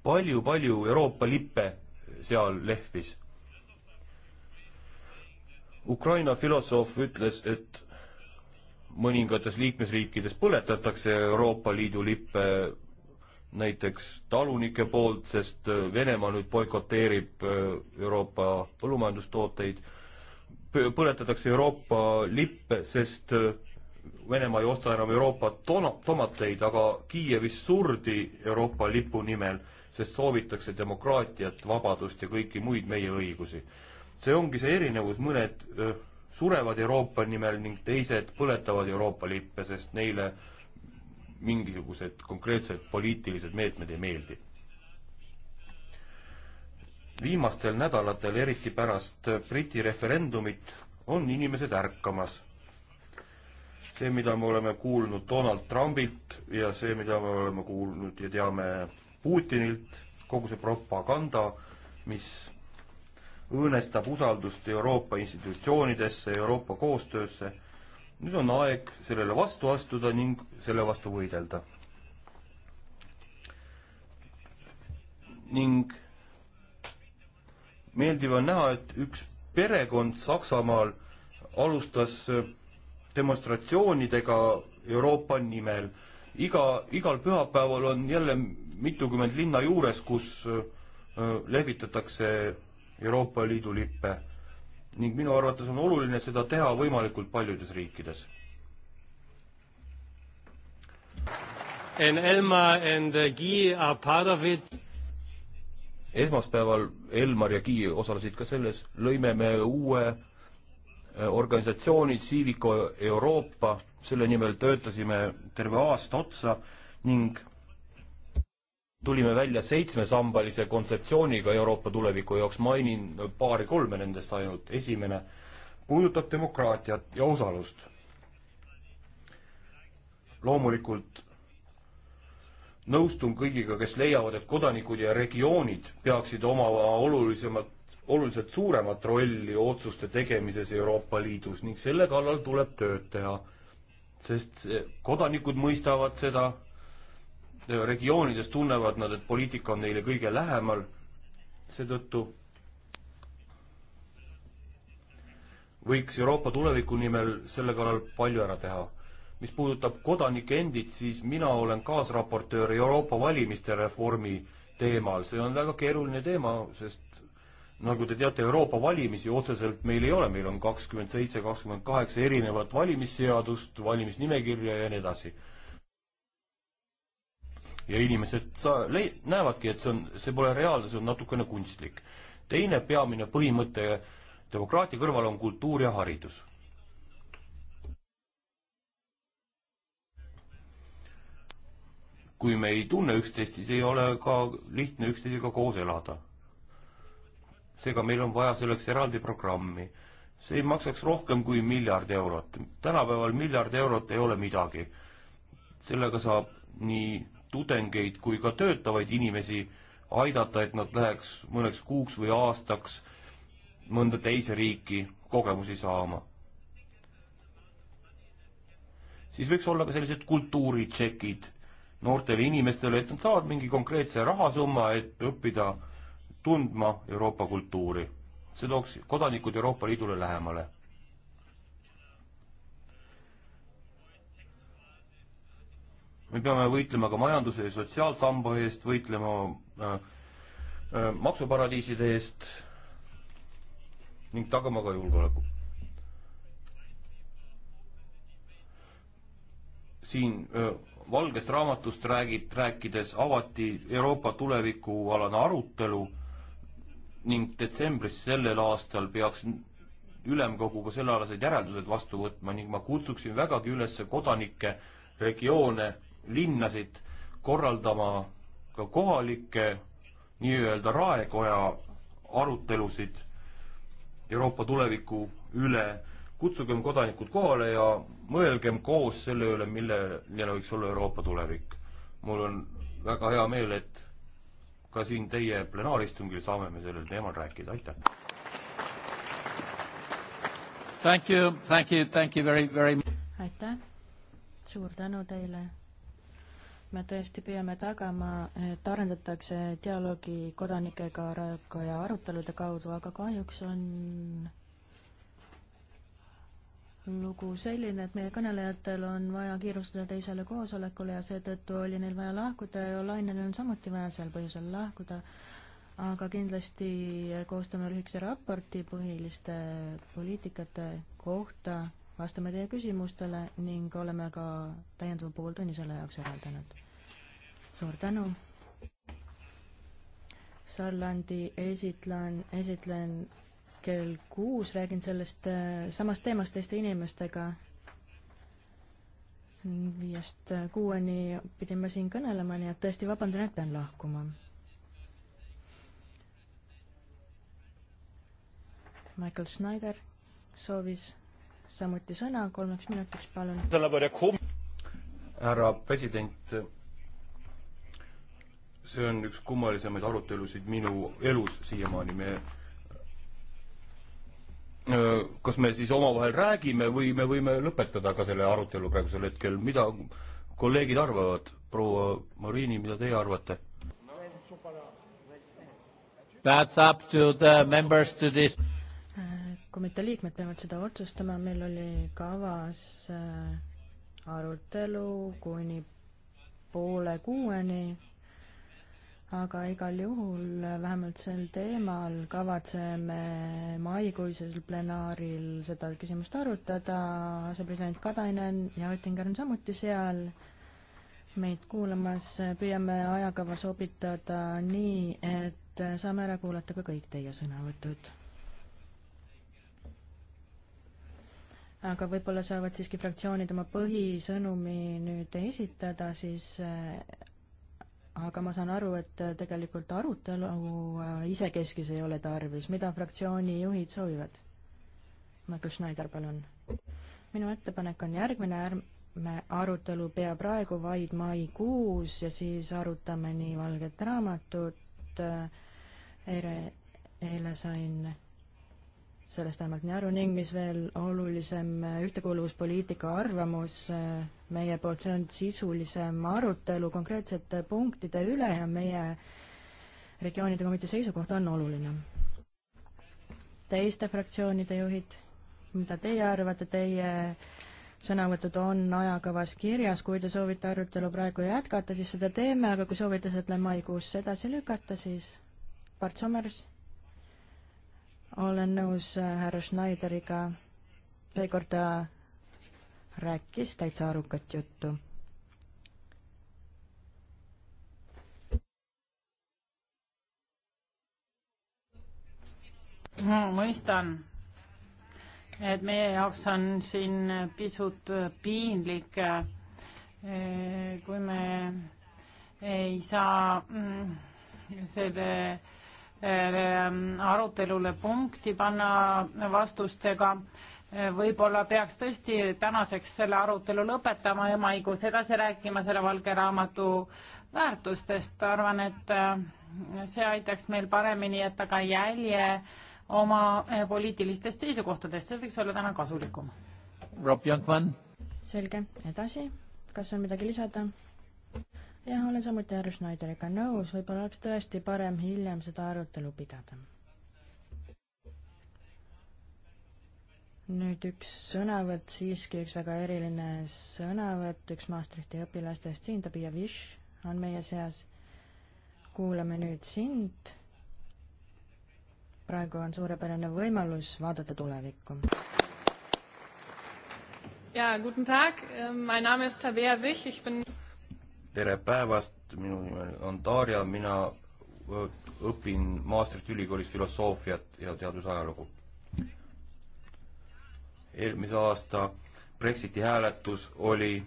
palju, palju Euroopa lippe seal lehvis. Ukraina filosoof ütles, et mõningates liikmesriikides põletatakse Euroopa Liidu lippe näiteks talunike poolt, sest äh, Venemaa nüüd boikoteerib äh, Euroopa põllumajandustooteid, põletatakse Euroopa lippe, sest äh, Venemaa ei osta enam Euroopa tona-, tomateid, aga Kiievis surdi Euroopa lipu nimel, sest soovitakse demokraatiat, vabadust ja kõiki muid meie õigusi see ongi see erinevus, mõned öö, surevad Euroopa nimel ning teised põletavad Euroopa lippe, sest neile mingisugused konkreetsed poliitilised meetmed ei meeldi. viimastel nädalatel, eriti pärast Briti referendumit, on inimesed ärkamas. see, mida me oleme kuulnud Donald Trumpilt ja see, mida me oleme kuulnud ja teame Putinilt, kogu see propaganda, mis õõnestab usaldust Euroopa institutsioonidesse, Euroopa koostöösse. nüüd on aeg sellele vastu astuda ning selle vastu võidelda. ning meeldiv on näha, et üks perekond Saksamaal alustas demonstratsioonidega Euroopa nimel. iga, igal pühapäeval on jälle mitukümmend linna juures, kus äh, lehvitatakse Euroopa Liidu lippe ning minu arvates on oluline seda teha võimalikult paljudes riikides. And Elmar and Guy are part of it. esmaspäeval Elmar ja Guy osalesid ka selles, lõime me uue äh, organisatsiooni Civico Euroopa, selle nimel töötasime terve aasta otsa ning tulime välja seitsmesambalise kontseptsiooniga Euroopa tuleviku jaoks, mainin paari-kolme nendest ainult. esimene puudutab demokraatiat ja osalust. loomulikult nõustun kõigiga, kes leiavad, et kodanikud ja regioonid peaksid omama olulisemat, oluliselt suuremat rolli otsuste tegemises Euroopa Liidus ning selle kallal tuleb tööd teha. sest kodanikud mõistavad seda regioonides tunnevad nad, et poliitika on neile kõige lähemal, seetõttu võiks Euroopa tuleviku nimel selle kallal palju ära teha. mis puudutab kodanike endid, siis mina olen kaasraportöör Euroopa valimiste reformi teemal, see on väga keeruline teema, sest nagu te teate, Euroopa valimisi otseselt meil ei ole, meil on kakskümmend seitse, kakskümmend kaheksa erinevat valimisseadust, valimisnimekirja ja nii edasi ja inimesed sa-, le-, näevadki, et see on, see pole reaalne, see on natukene kunstlik. teine peamine põhimõte demokraatia kõrval on kultuur ja haridus. kui me ei tunne üksteist, siis ei ole ka lihtne üksteisega koos elada. seega meil on vaja selleks eraldi programmi. see ei maksaks rohkem kui miljard eurot. tänapäeval miljard eurot ei ole midagi. sellega saab nii tudengeid kui ka töötavaid inimesi aidata, et nad läheks mõneks kuuks või aastaks mõnda teise riiki kogemusi saama. siis võiks olla ka sellised kultuuritšekid noortele inimestele, et nad saavad mingi konkreetse rahasumma, et õppida tundma Euroopa kultuuri. see tooks kodanikud Euroopa Liidule lähemale me peame võitlema ka majanduse ja sotsiaalsamba eest, võitlema äh, äh, maksuparadiiside eest ning tagama ka julgeoleku. siin äh, valgest raamatust räägid, rääkides avati Euroopa tulevikualane arutelu ning detsembris sellel aastal peaks ülemkoguga sellealased järeldused vastu võtma ning ma kutsuksin vägagi üles kodanikke, regioone linnasid korraldama ka kohalikke nii-öelda raekoja arutelusid Euroopa tuleviku üle, kutsugem kodanikud kohale ja mõelgem koos selle üle, milline võiks olla Euroopa tulevik. mul on väga hea meel, et ka siin teie plenaaristungil saame me sellel teemal rääkida, aitäh! Thank you, thank you, thank you very, very aitäh, suur tänu teile! me tõesti püüame tagama, et arendatakse dialoogi kodanikega ka ja arutelude kaudu, aga kahjuks on lugu selline, et meie kõnelejatel on vaja kiirustada teisele koosolekule ja seetõttu oli neil vaja lahkuda ja Lainel on samuti vaja sel põhjusel lahkuda. aga kindlasti koostame lühikese raporti põhiliste poliitikate kohta vastame teie küsimustele ning oleme ka täiendava pooltunni selle jaoks eraldanud. suur tänu! Sarlandi esitlen, esitlen kell kuus, räägin sellest äh, samast teemast teiste inimestega. viiest kuueni pidin ma siin kõnelema, nii et tõesti vabandan, et pean lahkuma. Michael Schneider soovis samuti sõna kolmeks minutiks, palun. härra president, see on üks kummalisemaid arutelusid minu elus siiamaani, me äh, kas me siis omavahel räägime või me võime lõpetada ka selle arutelu praegusel hetkel, mida kolleegid arvavad, proua Marini, mida teie arvate? That's up to the members to this komitee liikmed peavad seda otsustama, meil oli kavas äh, arutelu kuni poole kuueni, aga igal juhul äh, vähemalt sel teemal kavatseme maikuisel plenaaril seda küsimust arutada, asepresident Katainen ja Oettinger on samuti seal meid kuulamas, püüame ajakava sobitada nii, et saame ära kuulata ka kõik teie sõnavõtud aga võib-olla saavad siiski fraktsioonid oma põhisõnumi nüüd esitada, siis äh, aga ma saan aru, et äh, tegelikult arutelu äh, isekeskis ei ole tarvis, mida fraktsiooni juhid soovivad? Michael Schneider, palun. minu ettepanek on järgmine, ärme arutelu pea praegu, vaid maikuus ja siis arutame nii Valget Raamatut, eile, eile sain sellest vähemalt nii aru ning mis veel olulisem, ühtekuuluvuspoliitika arvamus äh, meie poolt, see on sisulisem arutelu konkreetsete punktide üle ja meie regioonide komitee seisukoht on oluline. teiste fraktsioonide juhid, mida teie arvate, teie sõnavõtud on ajakavas kirjas, kui te soovite arutelu praegu jätkata, siis seda teeme, aga kui soovite selle maikuusse edasi lükata, siis Part Sommers olen nõus äh, härra Schneideriga, seekord ta rääkis täitsa arukat juttu ma mõistan, et meie jaoks on siin pisut piinlik, äh, kui me ei saa mm, selle Äh, arutelule punkti panna vastustega. Äh, võib-olla peaks tõesti tänaseks selle arutelu lõpetama ja maikuus edasi rääkima selle valge raamatu väärtustest. arvan, et äh, see aitaks meil paremini jätta ka jälje oma poliitilistest seisukohtadest, see võiks olla täna kasulikum. Rob Youngman. selge, edasi, kas on midagi lisada? jah, olen samuti härra Schneideriga nõus, võib-olla oleks tõesti parem hiljem seda arutelu pidada. nüüd üks sõnavõtt, siiski üks väga eriline sõnavõtt, üks Maastrichti õpilastest, Siim Tabijaviš on meie seas. kuulame nüüd sind. praegu on suurepärane võimalus vaadata tulevikku. Ja, guten Tag. Äh, mein Name ist Tabea Wich. Ich bin tere päevast, minu nimi on Darja, mina õpin Maastrichti ülikoolis filosoofiat ja teadusajalugu. eelmise aasta Brexiti hääletus oli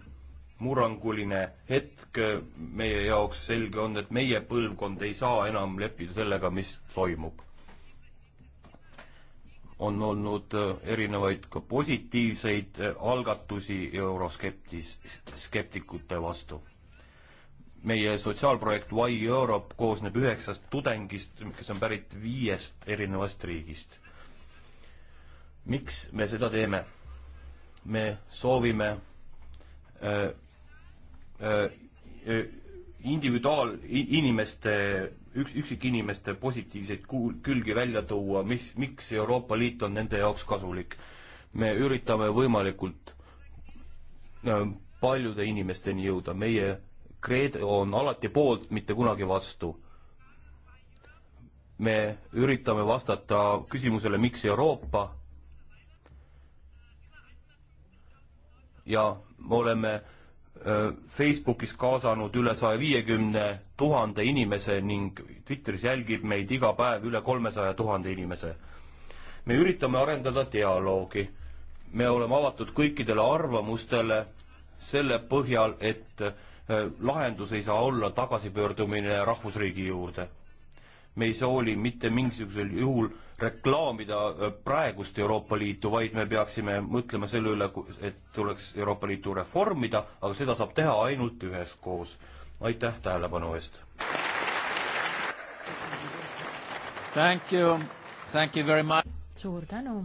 murranguline hetk meie jaoks, selge on, et meie põlvkond ei saa enam leppida sellega, mis toimub. on olnud erinevaid ka positiivseid algatusi euroskeptis, skeptikute vastu meie sotsiaalprojekt Why Europe koosneb üheksast tudengist, kes on pärit viiest erinevast riigist. miks me seda teeme? me soovime äh, äh, äh individuaal, inimeste, üks, üksikinimeste positiivseid kuul-, külgi välja tuua, mis, miks Euroopa Liit on nende jaoks kasulik. me üritame võimalikult äh, paljude inimesteni jõuda, meie Kreedo on alati poolt, mitte kunagi vastu. me üritame vastata küsimusele, miks Euroopa ja me oleme äh, Facebookis kaasanud üle saja viiekümne tuhande inimese ning Twitteris jälgib meid iga päev üle kolmesaja tuhande inimese. me üritame arendada dialoogi, me oleme avatud kõikidele arvamustele selle põhjal, et Äh, lahendus ei saa olla tagasipöördumine rahvusriigi juurde. me ei sooli mitte mingisugusel juhul reklaamida äh, praegust Euroopa Liitu, vaid me peaksime mõtlema selle üle, et tuleks Euroopa Liitu reformida, aga seda saab teha ainult üheskoos. aitäh tähelepanu eest! Thank you, thank you very much! suur tänu!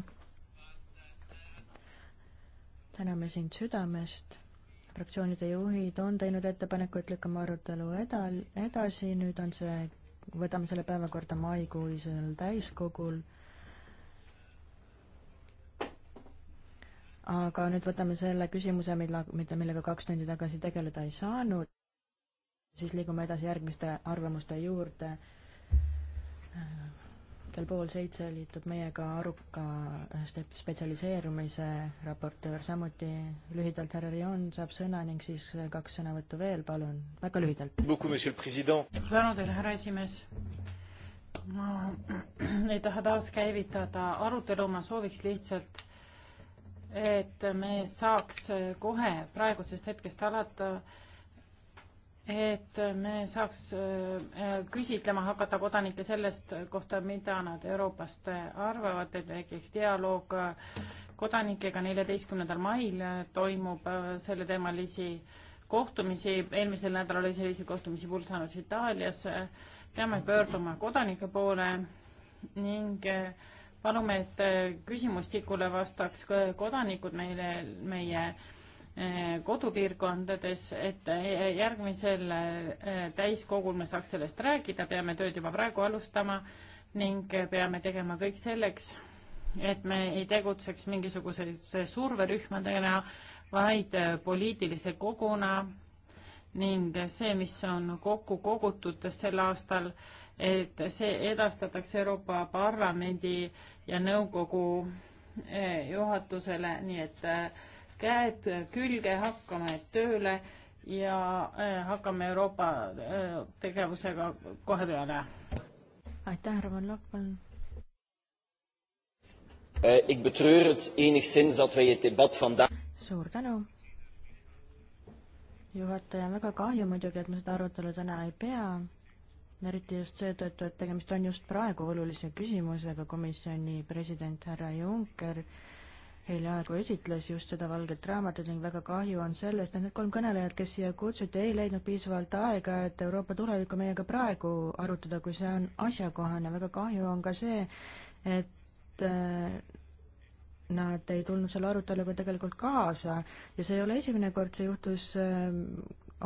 täname sind südamest fraktsioonide juhid on teinud ettepaneku, et lükkame arutelu edal, edasi, nüüd on see, võtame selle päevakorda maikuisel täiskogul aga nüüd võtame selle küsimuse, mille, mitte millega kaks tundi tagasi tegeleda ei saanud, siis liigume edasi järgmiste arvamuste juurde kell pool seitse liitub meiega aruka spetsialiseerumise raportöör, samuti lühidalt härra Rion saab sõna ning siis kaks sõnavõttu veel, palun, väga lühidalt. tänu teile, härra esimees. ma ei taha taaskäivitada arutelu, ma sooviks lihtsalt, et me saaks kohe praegusest hetkest alata äh, et me saaks äh, küsitlema hakata kodanikke sellest kohta, mida nad Euroopast arvavad, et tekiks dialoog äh, kodanikega neljateistkümnendal mail äh, toimub selleteemalisi kohtumisi, eelmisel nädalal oli sellisi kohtumisi Pulsanos Itaalias, peame pöörduma kodanike poole ning palume, et küsimustikule vastaks kodanikud meile, meie, meie Eh, kodupiirkondades, et eh, järgmisel eh, täiskogul me saaks sellest rääkida, peame tööd juba praegu alustama ning peame tegema kõik selleks, et me ei tegutseks mingisuguse surverühmadena, vaid poliitilise koguna ning see, mis on kokku kogutud sel aastal, et see edastatakse Euroopa Parlamendi ja nõukogu juhatusele, nii et äh, käed külge, hakkame tööle ja äh, hakkame Euroopa äh, tegevusega kohe peale. aitäh, härra Van Lappan. Eh, ik betreur het enigszins dat wij het debat vandaag. suur tänu. juhataja, väga kahju muidugi, et me seda arutelu täna ei pea eriti just seetõttu, et tegemist on just praegu olulise küsimusega, komisjoni president härra Juncker hiljaaegu esitles just seda valget raamatut ning väga kahju on sellest, et need kolm kõnelejat, kes siia kutsuti, ei leidnud piisavalt aega, et Euroopa tulevikku meiega praegu arutada, kui see on asjakohane. väga kahju on ka see, et äh, nad ei tulnud selle aruteluga tegelikult kaasa ja see ei ole esimene kord, see juhtus, äh,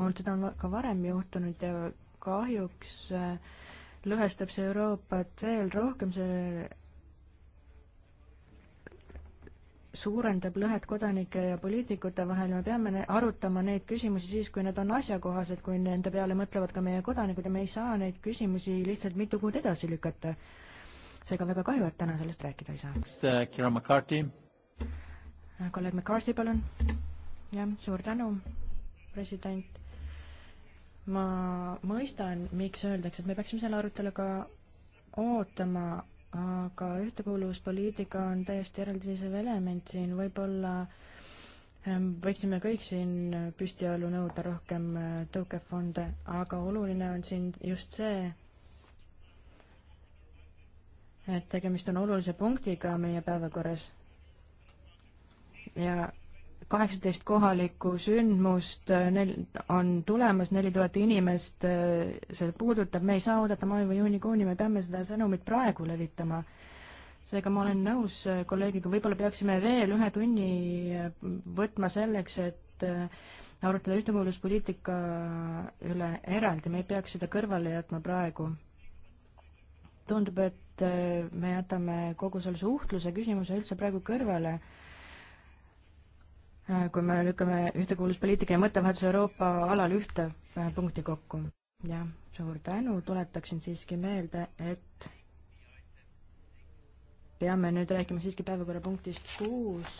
on, seda on ka varem juhtunud ja kahjuks äh, lõhestab see Euroopat veel rohkem, see suurendab lõhet kodanike ja poliitikute vahel ja me peame ne arutama neid küsimusi siis, kui need on asjakohased, kui nende peale mõtlevad ka meie kodanikud ja me ei saa neid küsimusi lihtsalt mitu kuud edasi lükata. seega väga kahju, et täna sellest rääkida ei saa. Uh, Kira McCarthy. Äh, kolleeg McCarthy, palun. jah, suur tänu, president. ma mõistan, miks öeldakse, et me peaksime selle aruteluga ootama aga ühtekuuluvuspoliitika on täiesti eraldiseisev element siin, võib-olla ähm, võiksime kõik siin püstijalu nõuda rohkem äh, tõukefonde, aga oluline on siin just see, et tegemist on olulise punktiga meie päevakorras ja kaheksateist kohalikku sündmust, äh, neil on tulemas neli tuhat inimest, äh, see puudutab, me ei saa oodata mai või juunikuuni, me peame seda sõnumit praegu levitama. seega ma olen nõus äh, kolleegiga, võib-olla peaksime veel ühe tunni võtma selleks, et arutleda ühtekuuluvuspoliitika üle eraldi, me ei peaks seda kõrvale jätma praegu. tundub, et me jätame kogu selle suhtluse küsimuse üldse praegu kõrvale Äh, kui me lükkame ühtekuuluvuspoliitika ja mõttevahetuse Euroopa alal ühte äh, punkti kokku. jah, suur tänu, tuletaksin siiski meelde, et peame nüüd rääkima siiski päevakorrapunktist kuus,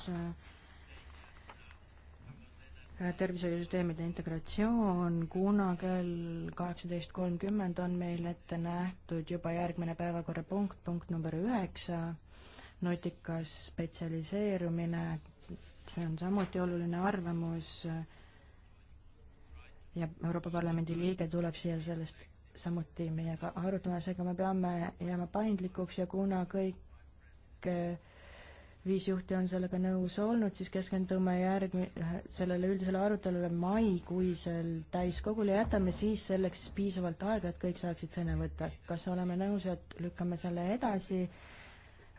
äh, tervishoiusüsteemide integratsioon, kuna kell kaheksateist kolmkümmend on meil ette nähtud juba järgmine päevakorrapunkt, punkt number üheksa, nutikas spetsialiseerumine see on samuti oluline arvamus ja Euroopa Parlamendi liige tuleb siia sellest samuti meiega arutama, seega me peame jääma paindlikuks ja kuna kõik eh, viis juhti on sellega nõus olnud, siis keskendume järgmi-, sellele üldisele arutelule maikuisel täiskogul ja jätame siis selleks piisavalt aega, et kõik saaksid sõna võtta. kas oleme nõus, et lükkame selle edasi äh,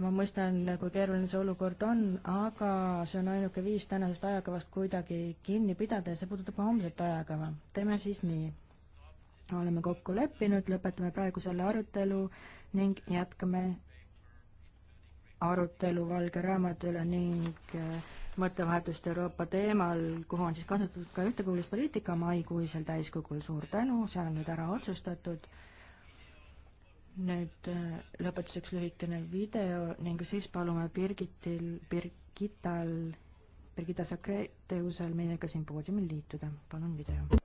ma mõistan, kui keeruline see olukord on, aga see on ainuke viis tänasest ajakavast kuidagi kinni pidada ja see puudutab ka homset ajakava. teeme siis nii. oleme kokku leppinud, lõpetame praegu selle arutelu ning jätkame arutelu Valge Raamatu üle ning äh, mõttevahetust Euroopa teemal, kuhu on siis kasutatud ka ühtekuuluvuspoliitika maikuisel täiskogul. suur tänu, see on nüüd ära otsustatud nüüd äh, lõpetuseks lühikene video ning siis palume Birgitil, Birgital, Birgitta Sakreteusel meiega siin poodiumil liituda. palun video.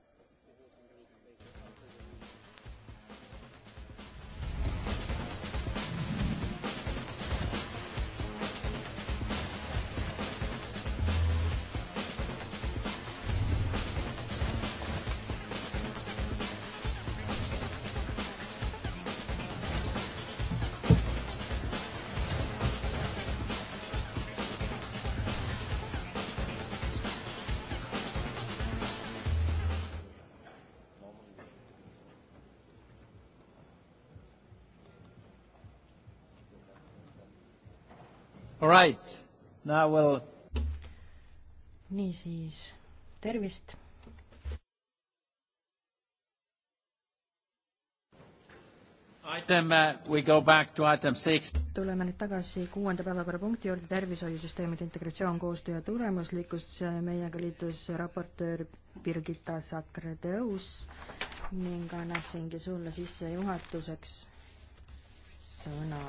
right, now we'll. niisiis, tervist. Item, uh, we go back to item six. tuleme nüüd tagasi kuuenda päevakorrapunkti juurde, tervishoiusüsteemide integratsioon, koostöö ja tulemuslikkus. meiega liitus raportöör Birgitta Sakre-Teus ning annaksingi sulle sissejuhatuseks sõna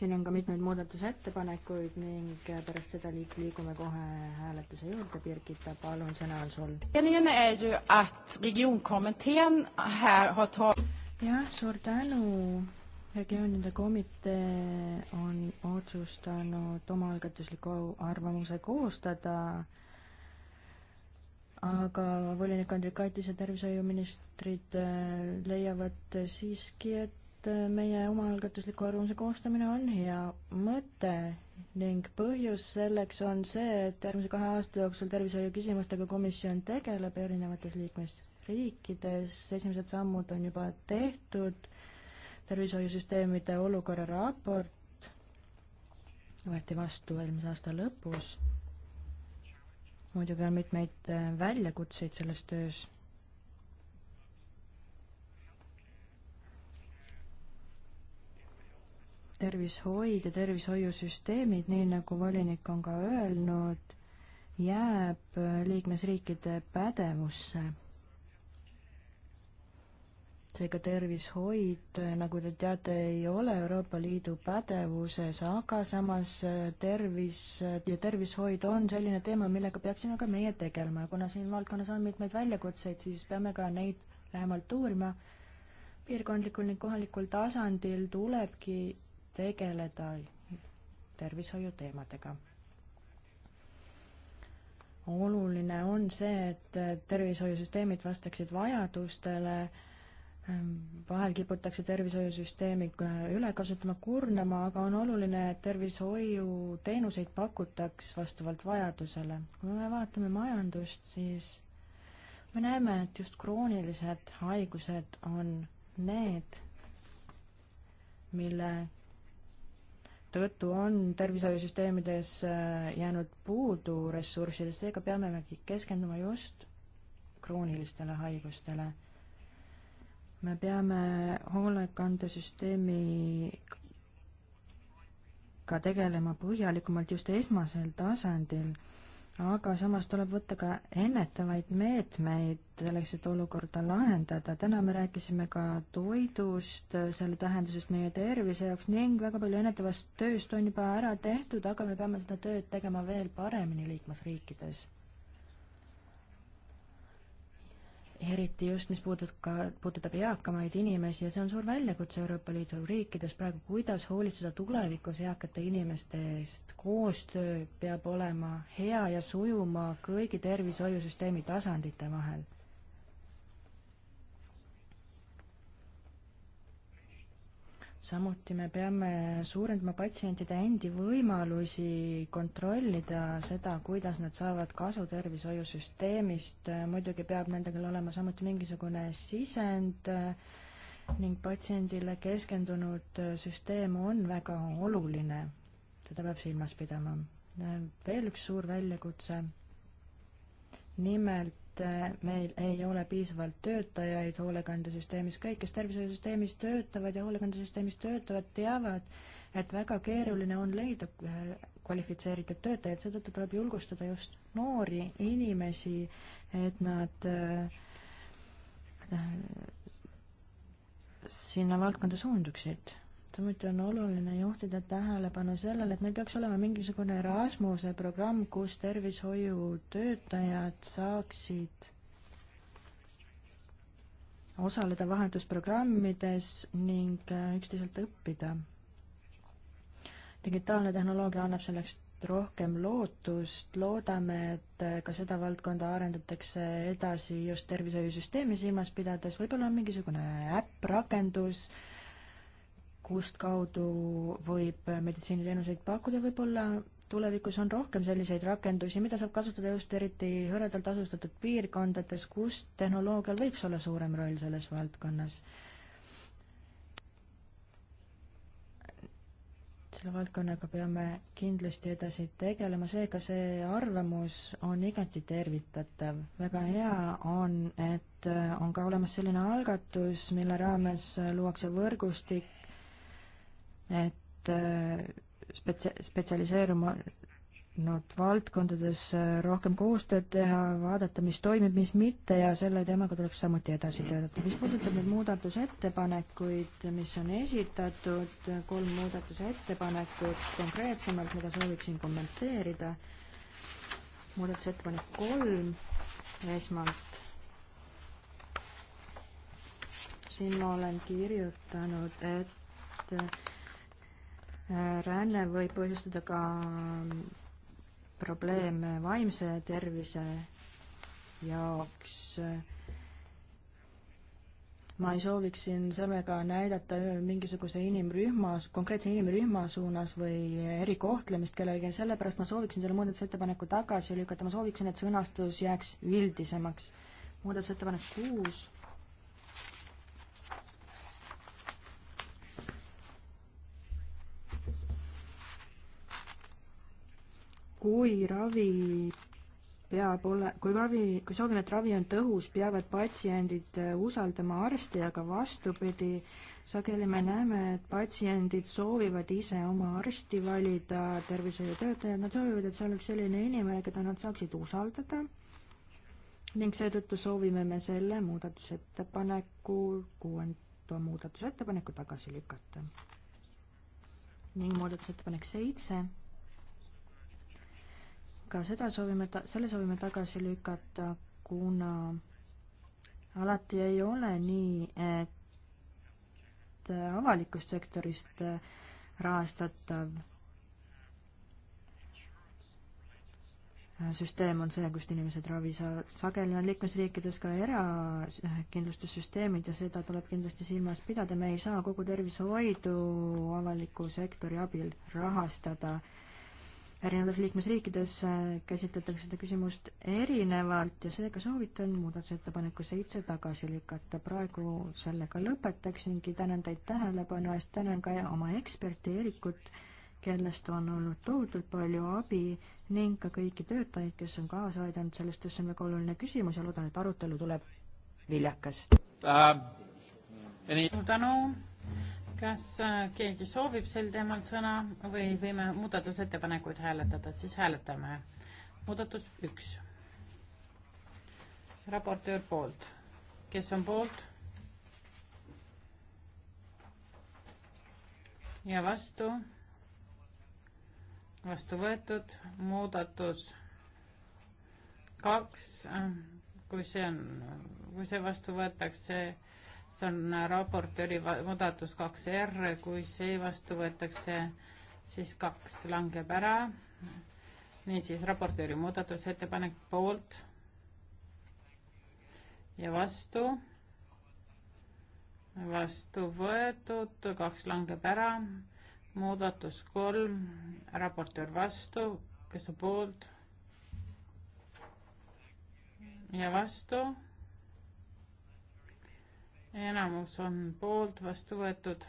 siin on ka mitmeid muudatusettepanekuid ning pärast seda liik-, liigume kohe hääletuse juurde, Birgitta, palun, sõna on sul. jah, suur tänu, regioonide komitee on otsustanud omaalgatusliku arvamuse koostada aga volinik Andrikaitis ja tervishoiuministrid eh, leiavad siiski, et et äh, meie omaalgatusliku arvamuse koostamine on hea mõte ning põhjus selleks on see, et järgmise kahe aasta jooksul tervishoiuküsimustega komisjon tegeleb erinevates liikmesriikides, esimesed sammud on juba tehtud, tervishoiusüsteemide olukorra raport võeti vastu eelmise aasta lõpus. muidugi on mitmeid äh, väljakutseid selles töös tervishoid ja tervishoiusüsteemid, nii nagu volinik on ka öelnud, jääb liikmesriikide pädevusse. seega tervishoid, nagu te teate, ei ole Euroopa Liidu pädevuses, aga samas tervis ja tervishoid on selline teema, millega peaksime ka meie tegelema ja kuna siin valdkonnas on mitmeid väljakutseid, siis peame ka neid lähemalt uurima. piirkondlikul ning kohalikul tasandil tulebki tegeleda tervishoiuteemadega. oluline on see, et tervishoiusüsteemid vastaksid vajadustele, vahel kiputakse tervishoiusüsteemi üle kasutama, kurnama, aga on oluline, et tervishoiuteenuseid pakutaks vastavalt vajadusele. kui me vaatame majandust, siis me näeme, et just kroonilised haigused on need, mille tõttu on tervishoiusüsteemides äh, jäänud puudu ressurssidest, seega peamegi keskenduma just kroonilistele haigustele. me peame hoolekandesüsteemiga tegelema põhjalikumalt just esmasel tasandil aga samas tuleb võtta ka ennetavaid meetmeid selleks, et olukorda lahendada. täna me rääkisime ka toidust, selle tähendusest meie tervise jaoks ning väga palju ennetavast tööst on juba ära tehtud, aga me peame seda tööd tegema veel paremini liikmesriikides eriti just, mis puudutab ka, puudutab eakamaid inimesi ja see on suur väljakutse Euroopa Liidu riikides praegu, kuidas hoolitseda tulevikus eakate inimeste eest. koostöö peab olema hea ja sujuma kõigi tervishoiusüsteemi tasandite vahel samuti me peame suurendama patsientide endi võimalusi kontrollida seda, kuidas nad saavad kasu tervishoiusüsteemist, muidugi peab nendega olema samuti mingisugune sisend ning patsiendile keskendunud süsteem on väga oluline, seda peab silmas pidama. veel üks suur väljakutse, nimelt et eh, meil ei ole piisavalt töötajaid hoolekandesüsteemis, kõik, kes tervishoiusüsteemis töötavad ja hoolekandesüsteemis töötavad, teavad, et väga keeruline on leida eh, kvalifitseeritud töötajaid, seetõttu tuleb julgustada just noori inimesi, et nad eh, sinna valdkonda suunduksid samuti on oluline juhtida tähelepanu sellele, et meil peaks olema mingisugune Erasmuse programm, kus tervishoiutöötajad saaksid osaleda vahetusprogrammides ning äh, üksteiselt õppida. digitaalne tehnoloogia annab selleks rohkem lootust, loodame, et äh, ka seda valdkonda arendatakse edasi just tervishoiusüsteemi silmas pidades, võib-olla on mingisugune äpp, rakendus, kustkaudu võib meditsiiniteenuseid pakkuda, võib-olla tulevikus on rohkem selliseid rakendusi, mida saab kasutada just eriti hõredalt asustatud piirkondades, kus tehnoloogial võiks olla suurem roll selles valdkonnas. selle valdkonnaga peame kindlasti edasi tegelema, seega see arvamus on igati tervitatav. väga hea on, et on ka olemas selline algatus, mille raames luuakse võrgustik et äh, spetsia-, spetsialiseerunud valdkondades äh, rohkem koostööd teha, vaadata, mis toimib, mis mitte ja selle teemaga tuleks samuti edasi töötada. mis puudutab nüüd muudatusettepanekuid, mis on esitatud, kolm muudatusettepanekut konkreetsemalt, mida sooviksin kommenteerida, muudatusettepanek kolm esmalt siin ma olen kirjutanud, et ränne võib põhjustada ka probleeme vaimse tervise jaoks. ma ei sooviks siin sellega näidata mingisuguse inimrühma, konkreetse inimrühma suunas või erikohtlemist kellelegi, sellepärast ma sooviksin selle muudatusettepaneku tagasi lükata, ma sooviksin, et sõnastus jääks üldisemaks. muudatusettepanek kuus kui ravi peab ole-, kui ravi, kui soovime, et ravi on tõhus, peavad patsiendid äh, usaldama arsti, aga vastupidi, sageli me näeme, et patsiendid soovivad ise oma arsti valida, tervishoiutöötajad, nad soovivad, et see oleks selline inimene, keda nad saaksid usaldada ning seetõttu soovime me selle muudatusettepaneku, kuuenda muudatusettepaneku tagasi lükata. ning muudatusettepanek seitse ka seda soovime, selle soovime tagasi lükata, kuna alati ei ole nii, et avalikust sektorist rahastatav süsteem on see, kust inimesed ravi saa-, sageli on liikmesriikides ka erakindlustussüsteemid ja seda tuleb kindlasti silmas pidada, me ei saa kogu tervishoidu avaliku sektori abil rahastada äh, erinevates liikmesriikides äh, käsitletakse seda küsimust erinevalt ja seega soovitan muudatusettepaneku seitse tagasi lükata. praegu sellega lõpetaksingi, tänan teid tähelepanu eest, tänan ka oma eksperti Eerikut, kellest on olnud tohutult palju abi ning ka kõiki töötajaid, kes on kaasa aidanud, sellest just see on väga oluline küsimus ja loodan, et arutelu tuleb viljakas uh,. suur tänu kas äh, keegi soovib sel teemal sõna või võime muudatusettepanekuid hääletada, siis hääletame. muudatus üks. raportöör poolt, kes on poolt? ja vastu, vastu võetud, muudatus kaks, äh, kui see on, kui see vastu võetakse see on raportööri muudatus kaks R, kui see vastu võetakse, siis kaks langeb ära. niisiis raportööri muudatusettepanek poolt ja vastu, vastu võetud, kaks langeb ära, muudatus kolm, raportöör vastu, kes on poolt ja vastu enamus on poolt vastu võetud.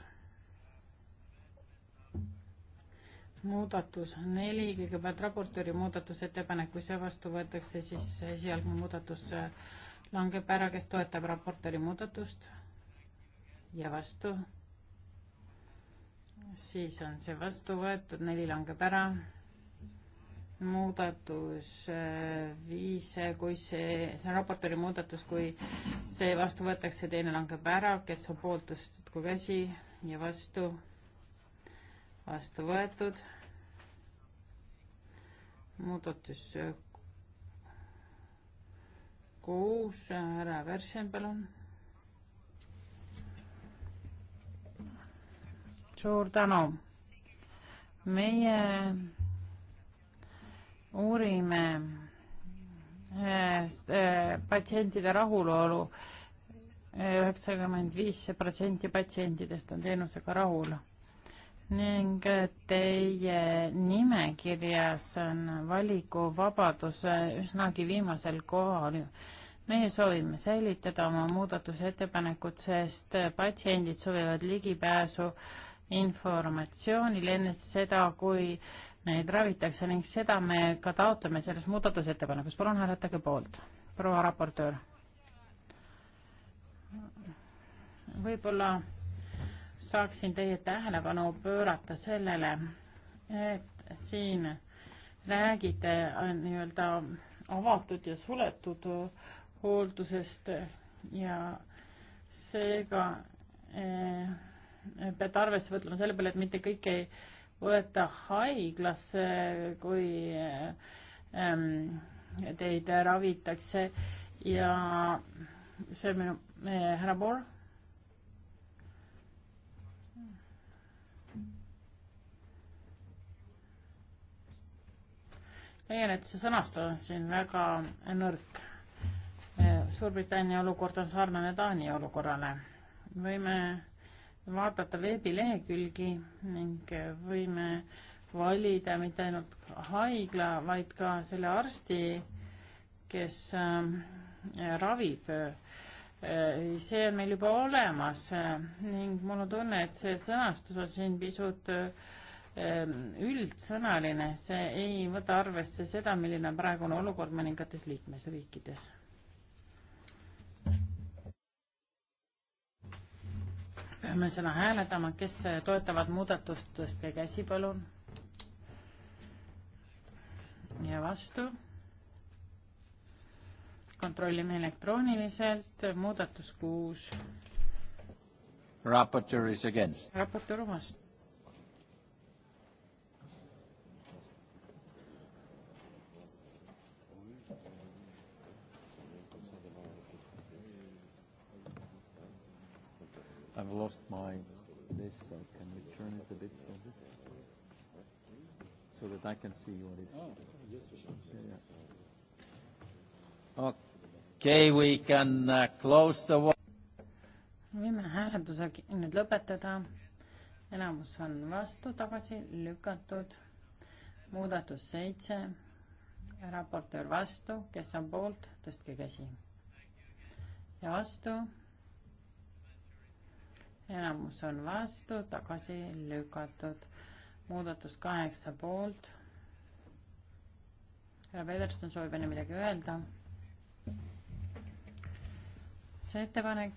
muudatus neli, kõigepealt raportööri muudatusettepanek, kui see vastu võetakse, siis esialgne muudatus langeb ära, kes toetab raportööri muudatust ja vastu, siis on see vastu võetud, neli langeb ära muudatus äh, viis, kui see, see on raportööri muudatus, kui see vastu võetakse, teine langeb ära, kes on poolt, tõstku käsi ja vastu, vastu võetud. muudatus äh, kuus, härra Värsen, palun. suur tänu. meie uurime äh, äh, patsientide rahulolu. Äh, üheksakümmend viis protsenti patsientidest on teenusega rahul ning teie nimekirjas on valikuvabadus üsnagi viimasel kohal. meie soovime säilitada oma muudatusettepanekut, sest patsiendid soovivad ligipääsu informatsioonile enne seda, kui äh, neid ravitakse ning seda me ka taotleme selles muudatusettepanekus. palun hääletage poolt, proua raportöör. võib-olla saaksin teie tähelepanu pöörata sellele, et siin räägite äh, nii-öelda avatud ja suletud hooldusest ja seega eh, peate arvesse võtma selle peale, et mitte kõik ei võeta haiglasse, kui ähm, teid ravitakse ja see minu, härra Bohr. leian, et see sõnastus on siin väga nõrk. Äh, Suurbritannia olukord on sarnane Taani olukorrale. võime vaadata veebilehekülgi ning võime valida mitte ainult haigla, vaid ka selle arsti, kes äh, ravib. Äh, see on meil juba olemas äh, ning mul on tunne, et see sõnastus on siin pisut üldsõnaline, see ei võta arvesse seda, milline on praegune olukord mõningates liikmesriikides peame seda hääletama, kes toetavad muudatust, tõstke käsi, palun. ja vastu. kontrollime elektrooniliselt, muudatus kuus. raportöör is against. raportöör on vastu. I've lost my this, so can you turn it a bit so this? So that I can see what is. Oh, yes, for sure. Yeah. Okay, we can uh, close the võime hääletuse nüüd lõpetada. enamus on vastu, tagasi lükatud. muudatus seitse, raportöör vastu, kes on poolt, tõstke käsi. ja vastu enamus on vastu, tagasi lükatud. muudatus kaheksa poolt. härra Pederson soovib enne midagi öelda. see ettepanek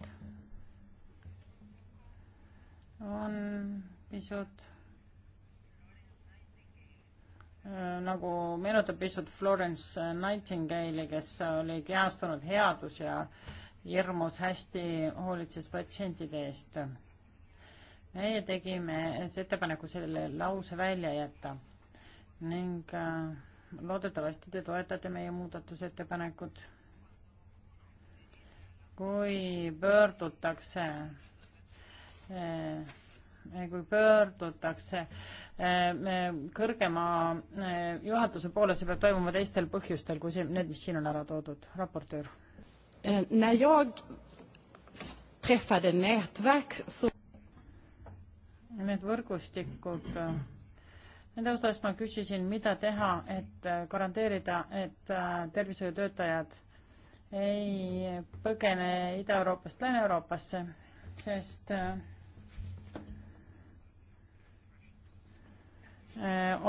on pisut äh, nagu meenutab pisut Florence Nightingale'i, kes oli kehastunud headus ja äh, hirmus hästi hoolitses patsientide eest. meie tegime ettepaneku selle lause välja jätta ning äh, loodetavasti te toetate meie muudatusettepanekut. kui pöördutakse, äh, kui pöördutakse äh, kõrgema juhatuse poole, see peab toimuma teistel põhjustel kui see, need, mis siin on ära toodud, raportöör Eh, när jag träffade nätverk så... Need võrgustikud, eh, nende osas ma küsisin, mida teha, et eh, garanteerida, et eh, tervishoiutöötajad ei põgene Ida-Euroopast Lääne-Euroopasse, sest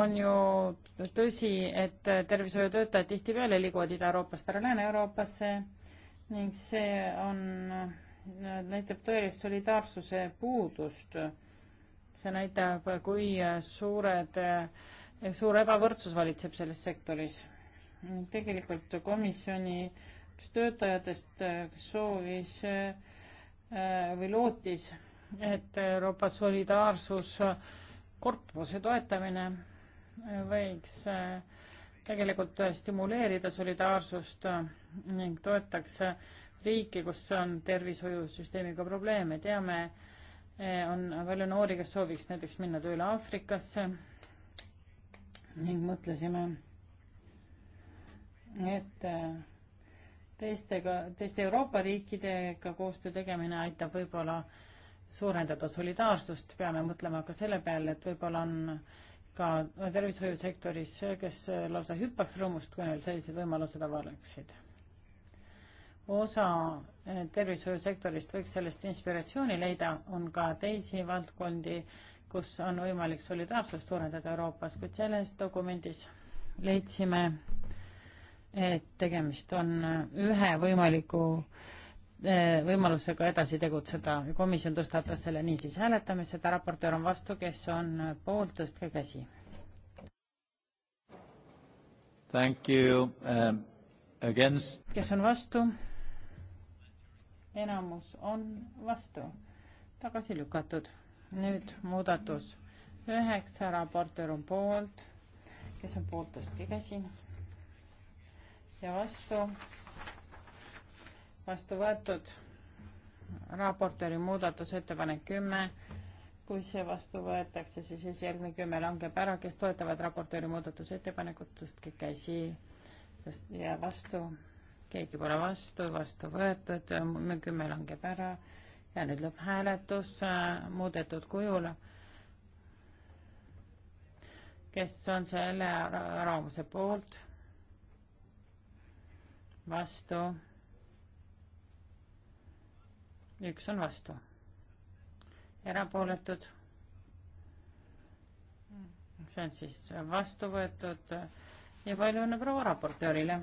on ju tõsi, et tervishoiutöötajad tihtipeale liiguvad Ida-Euroopast ära Lääne-Euroopasse ning see on, näitab tõelist solidaarsuse puudust. see näitab, kui suured, suur ebavõrdsus valitseb selles sektoris. tegelikult komisjoni üks töötajatest soovis või lootis, et Euroopa solidaarsuskorpuse toetamine võiks tegelikult stimuleerida solidaarsust ning toetaks riike, kus on tervishoiusüsteemiga probleeme. teame, eh, on palju noori, kes sooviks näiteks minna tööle Aafrikasse ning mõtlesime, et eh, teistega, teiste Euroopa riikidega koostöö tegemine aitab võib-olla suurendada solidaarsust, peame mõtlema ka selle peale, et võib-olla on ka tervishoiusektoris, kes lausa hüppaks rõõmust, kui neil sellised võimalused avaneksid osa eh, tervishoiusektorist võiks sellest inspiratsiooni leida, on ka teisi valdkondi, kus on võimalik solidaarsust suurendada Euroopas, kuid selles dokumendis leidsime, et tegemist on eh, ühe võimaliku eh, võimalusega edasi tegutseda. komisjon tõstatas selle niisiis hääletame, seda raportöör on vastu, kes on poolt, tõstke käsi. Thank you um, against. kes on vastu? enamus on vastu, tagasi lükatud. nüüd muudatus üheksa, raportöör on poolt, kes on poolt, tõstke käsi. ja vastu, vastu võetud. raportööri muudatusettepanek kümme, kui see vastu võetakse, siis esialgne kümme langeb ära, kes toetavad raportööri muudatusettepanekut, tõstke käsi ja vastu keegi pole vastu, vastu võetud, kümme langeb ära ja nüüd lõpphääletus äh, muudetud kujul. kes on selle arvamuse poolt? vastu? üks on vastu. erapooletud? see on siis vastu võetud ja palju õnne proua raportöörile!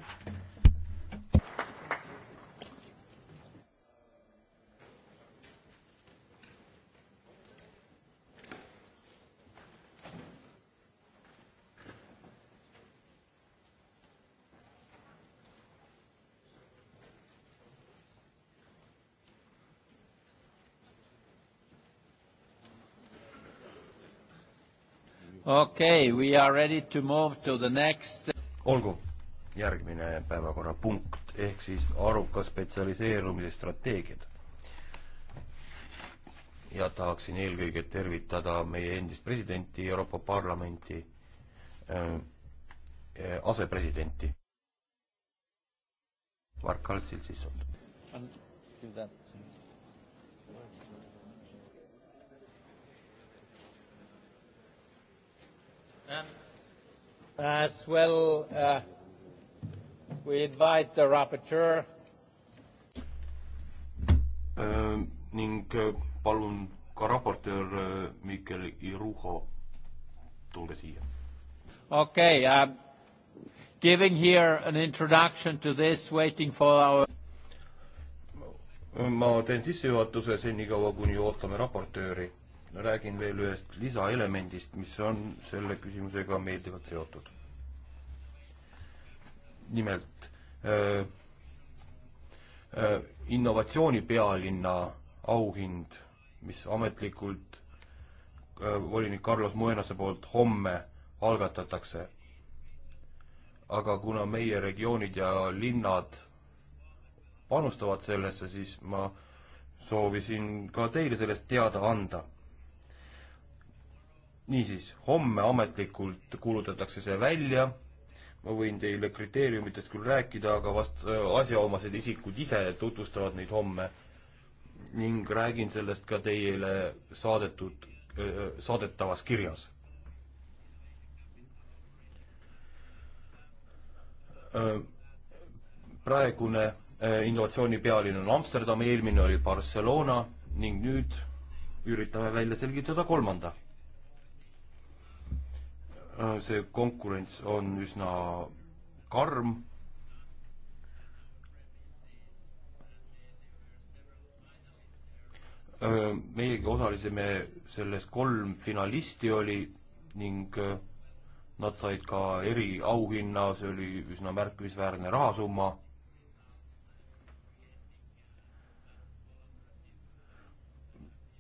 okei okay,, we are ready to move to the next. olgu, järgmine päevakorrapunkt ehk siis aruka spetsialiseerumise strateegiad. ja tahaksin eelkõige tervitada meie endist presidenti, Euroopa Parlamenti äh, äh asepresidenti. Mark Kaltsil siis on. And as well, uh, we invite the rapporteur. Uh, ning uh, palun ka raportöör uh, Mikel Iruho, tulge siia. Okay, um, giving here an introduction to this, waiting for our- Ma teen sissejuhatuse senikaua, kuni ootame raportööri räägin veel ühest lisaelemendist, mis on selle küsimusega meeldivalt seotud. nimelt äh, äh, innovatsioonipealinna auhind, mis ametlikult äh, volinik Carlos Muenase poolt homme algatatakse. aga kuna meie regioonid ja linnad panustavad sellesse, siis ma soovisin ka teile sellest teada anda niisiis, homme ametlikult kuulutatakse see välja, ma võin teile kriteeriumitest küll rääkida, aga vast äh, asjaomased isikud ise tutvustavad neid homme ning räägin sellest ka teile saadetud, äh, saadetavas kirjas. Äh, praegune innovatsiooni pealinn on Amsterdam, eelmine oli Barcelona ning nüüd üritame välja selgitada kolmanda Äh, see konkurents on üsna karm. Äh, meiegi osalesime selles, kolm finalisti oli ning äh, nad said ka eriauhinna, see oli üsna märkimisväärne rahasumma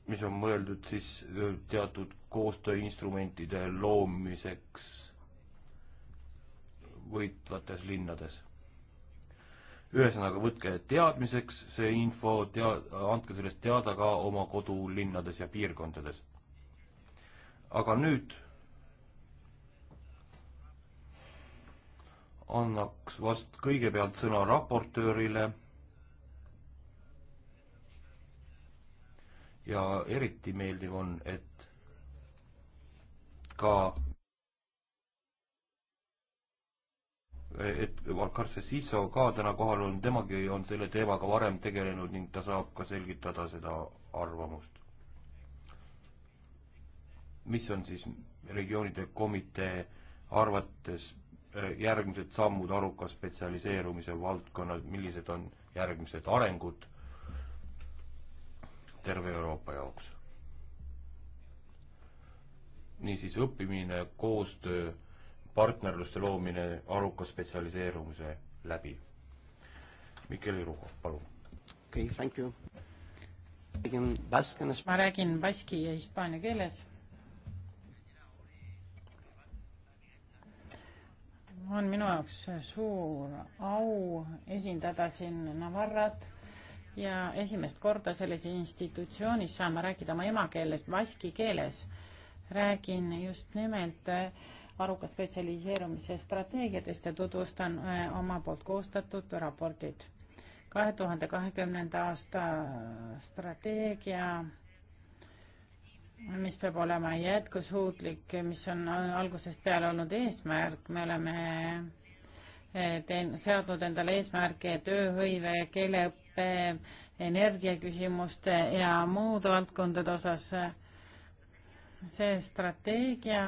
mis on mõeldud siis teatud koostööinstrumentide loomiseks võitvates linnades. ühesõnaga, võtke teadmiseks see info, tea-, andke sellest teada ka oma kodulinnades ja piirkondades. aga nüüd annaks vast kõigepealt sõna raportöörile ja eriti meeldiv on, et ka et Valkarse Siso ka täna kohal on, temagi on selle teemaga varem tegelenud ning ta saab ka selgitada seda arvamust. mis on siis regioonide komitee arvates eh, järgmised sammud aruka spetsialiseerumise valdkonnas, millised on järgmised arengud terve Euroopa jaoks? niisiis õppimine, koostöö, partnerluste loomine aruka spetsialiseerumise läbi. Mikkel Iruho, palun. okei okay,, thank you. räägin baskinas. ma räägin baski ja hispaania keeles. on minu jaoks suur au esindada siin Navarrat ja esimest korda selles institutsioonis saan ma rääkida oma emakeeles, baski keeles räägin just nimelt äh, aruka spetsialiseerumise strateegiatest ja tutvustan äh, oma poolt koostatud raportit. kahe tuhande kahekümnenda aasta strateegia mis peab olema jätkusuutlik, mis on algusest peale olnud eesmärk, me oleme äh, teen-, seadnud endale eesmärke tööhõive, keeleõppe, energiaküsimuste ja muude valdkondade osas see strateegia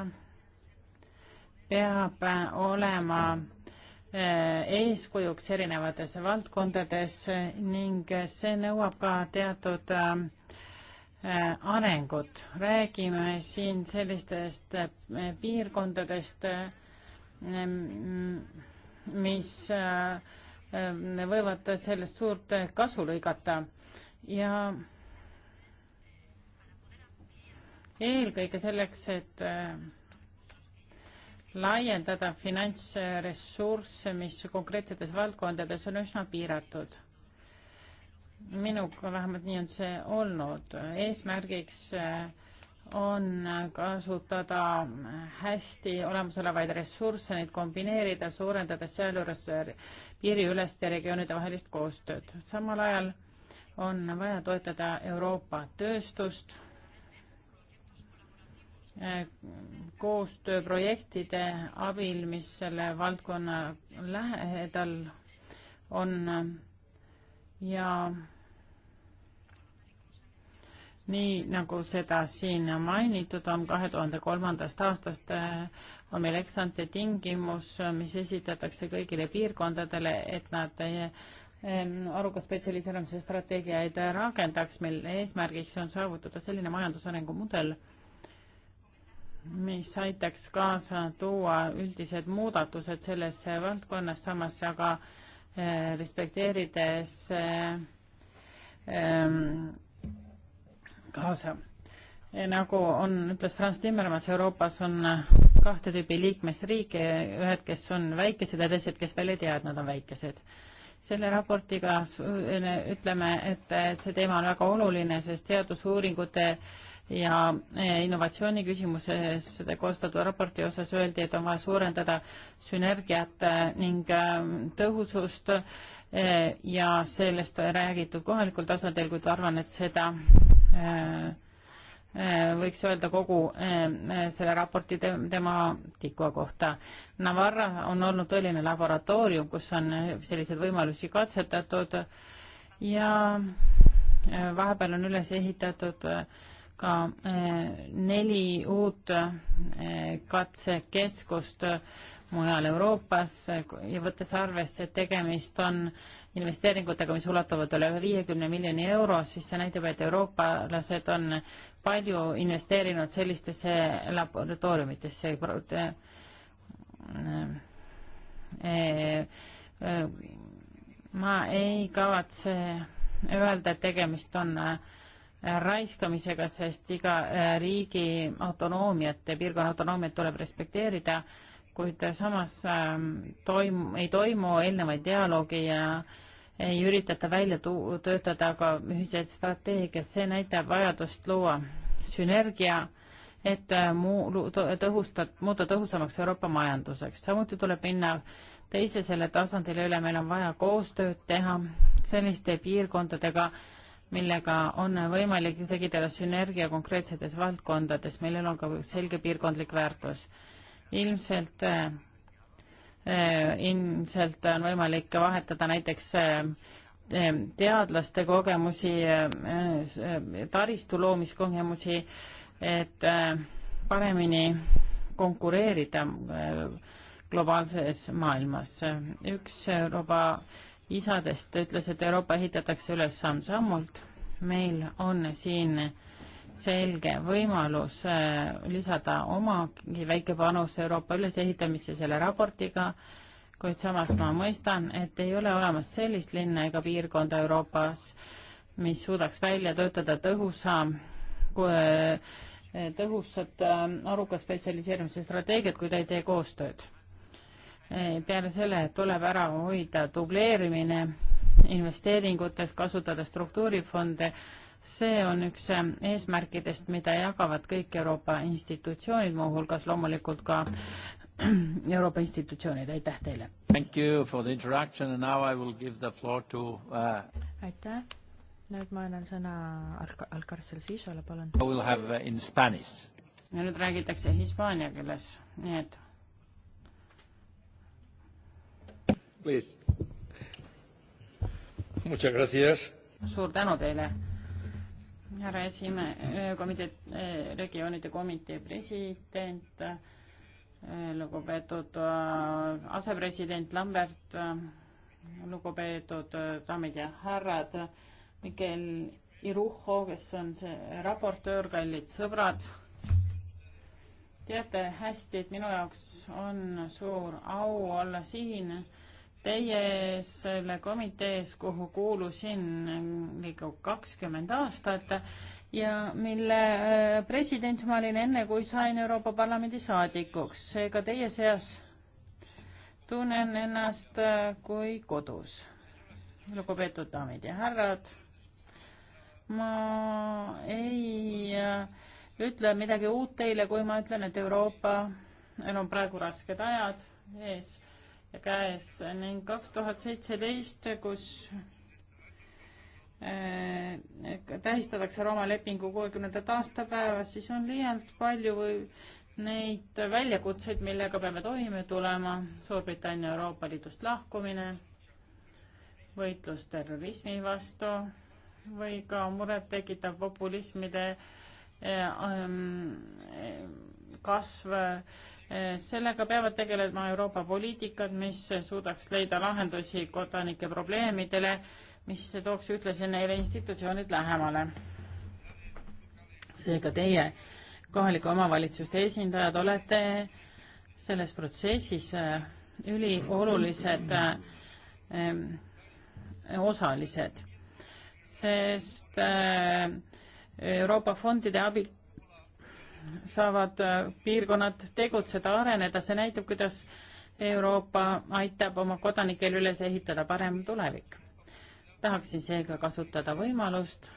peab olema eh, eeskujuks erinevates valdkondades ning see nõuab ka teatud eh, arengut. räägime siin sellistest eh, piirkondadest, mis võivad sellest suurt kasu lõigata ja eelkõige selleks, et äh, laiendada finantsressursse, mis konkreetsetes valdkondades on üsna piiratud. minuga vähemalt nii on see olnud. eesmärgiks äh, on kasutada äh, hästi olemasolevaid ressursse, neid kombineerida, suurendades sealjuures piiriülest ja regioonide vahelist koostööd. samal ajal on vaja toetada Euroopa tööstust koostööprojektide abil, mis selle valdkonna lähedal on ja nii nagu seda siin mainitud on, kahe tuhande kolmandast aastast äh, on meil eksante tingimus, mis esitatakse kõigile piirkondadele, et nad äh, ähm, aruka spetsialiseerumise strateegiaid rakendaks. meil eesmärgiks on saavutada selline majandusarengu mudel, mis aitaks kaasa tuua üldised muudatused selles valdkonnas, samas aga äh, respekteerides äh, kaasa. Eh, nagu on, ütles Franz Timmermann, Euroopas on kahte tüüpi liikmesriike, ühed, kes on väikesed ja teised, kes veel ei tea, et nad on väikesed selle raportiga ütleme, et, et see teema on väga oluline, sest teadusuuringute ja e, innovatsiooni küsimuses koostatud raporti osas öeldi, et on vaja suurendada sünergiat e, ning e, tõhusust ja sellest räägitud kohalikul tasandil, kuid arvan, et seda äh, Äh, võiks öelda kogu äh, selle raporti tema tikua kohta. Navarra on olnud tõeline laboratoorium, kus on äh, selliseid võimalusi katsetatud ja vahepeal on üles ehitatud ka neli uut katsekeskust mujal Euroopas ja võttes arvesse, et tegemist on investeeringutega, mis ulatuvad üle viiekümne miljoni euro, siis see näitab, et eurooplased on palju investeerinud sellistesse laboratooriumitesse e, e, e, ma ei kavatse öelda, et tegemist on äh, raiskamisega, sest iga äh, riigi autonoomiat ja piirkonna autonoomiat tuleb respekteerida kuid samas ähm, toim-, ei toimu eelnevaid dialoogi ja ei üritata välja tu-, töötada ka ühiseid strateegiaid, see näitab vajadust luua sünergia, et äh, muu-, tõhustat-, muuta tõhusamaks Euroopa majanduseks. samuti tuleb minna teisesele tasandile üle, meil on vaja koostööd teha selliste piirkondadega, millega on võimalik tekitada sünergia konkreetsetes valdkondades, millel on ka selge piirkondlik väärtus ilmselt eh, ilmselt on võimalik vahetada näiteks eh, teadlaste kogemusi, eh, taristu loomiskogemusi, et paremini konkureerida globaalses maailmas. üks Euroopa isadest ütles, et Euroopa ehitatakse üles samm-sammult. meil on siin selge võimalus äh, lisada omagi väike panus Euroopa ülesehitamisse selle raportiga, kuid samas ma mõistan, et ei ole olemas sellist linna ega piirkonda Euroopas, mis suudaks välja töötada tõhusa, äh, tõhusat äh, aruka spetsialiseerimise strateegiat, kui ta ei tee koostööd. peale selle tuleb ära hoida dubleerimine investeeringutes, kasutada struktuurifonde see on üks äh, eesmärkidest, mida jagavad kõik Euroopa institutsioonid, muuhulgas loomulikult ka Euroopa institutsioonid, aitäh teile! To... Uh, aitäh, nüüd ma annan sõna Alk-, Alcarcel Sisole, palun. Uh, ja nüüd räägitakse hispaania keeles, nii et. suur tänu teile! härra esimehe, komitee, regioonide komitee president, lugupeetud äh, asepresident Lambert, lugupeetud äh, daamid ja härrad, Mikel Iruho, kes on see raportöör, kallid sõbrad. teate hästi, et minu jaoks on suur au olla siin teie selle komitees, kuhu kuulusin ligikaudu kakskümmend aastat ja mille äh, president ma olin enne, kui sain Euroopa Parlamendi saadikuks, seega teie seas tunnen ennast äh, kui kodus. lugupeetud daamid ja härrad, ma ei äh, ütle midagi uut teile, kui ma ütlen, et Euroopa, meil on praegu rasked ajad ees käes ning kaks tuhat seitseteist, kus eh, tähistatakse Rooma lepingu kuuekümnendat aastapäeva, siis on liialt palju neid väljakutseid, millega peame toime tulema, Suurbritannia Euroopa Liidust lahkumine, võitlus terrorismi vastu või ka murettekitav populismide eh, eh, kasv sellega peavad tegelema Euroopa poliitikad, mis suudaks leida lahendusi kodanike probleemidele, mis tooks ühtlasi neile institutsioonid lähemale. seega teie, kohalike omavalitsuste esindajad, olete selles protsessis äh, üliolulised äh, osalised, sest äh, Euroopa fondide abil saavad äh, piirkonnad tegutseda, areneda, see näitab, kuidas Euroopa aitab oma kodanikel üles ehitada parem tulevik. tahaksin seega kasutada võimalust,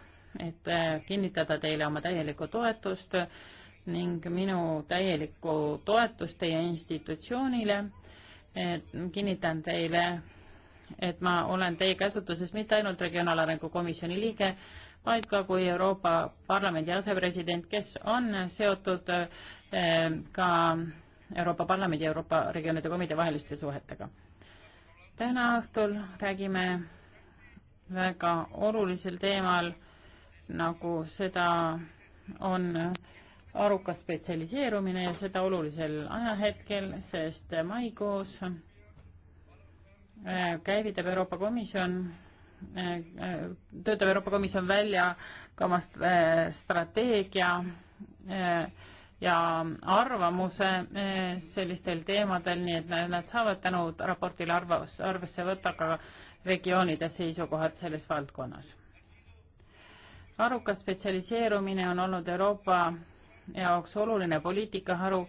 et äh, kinnitada teile oma täielikku toetust ning minu täielikku toetust teie institutsioonile. kinnitan teile, et ma olen teie käsutuses mitte ainult Regionaalarengu Komisjoni liige, vaid ka kui Euroopa Parlamendi asepresident, kes on seotud eh, ka Euroopa Parlamendi ja Euroopa Regioonide Komitee vaheliste suhetega. täna õhtul räägime väga olulisel teemal, nagu seda on arukas spetsialiseerumine ja seda olulisel ajahetkel, sest maikuus eh, käivitab Euroopa Komisjon töötab Euroopa Komisjon välja ka oma eh, strateegia eh, ja arvamuse eh, sellistel teemadel, nii et nad saavad tänu raportile arvas, arvesse võtta ka regioonide seisukohad selles valdkonnas. arukas spetsialiseerumine on olnud Euroopa jaoks oluline poliitikaharu,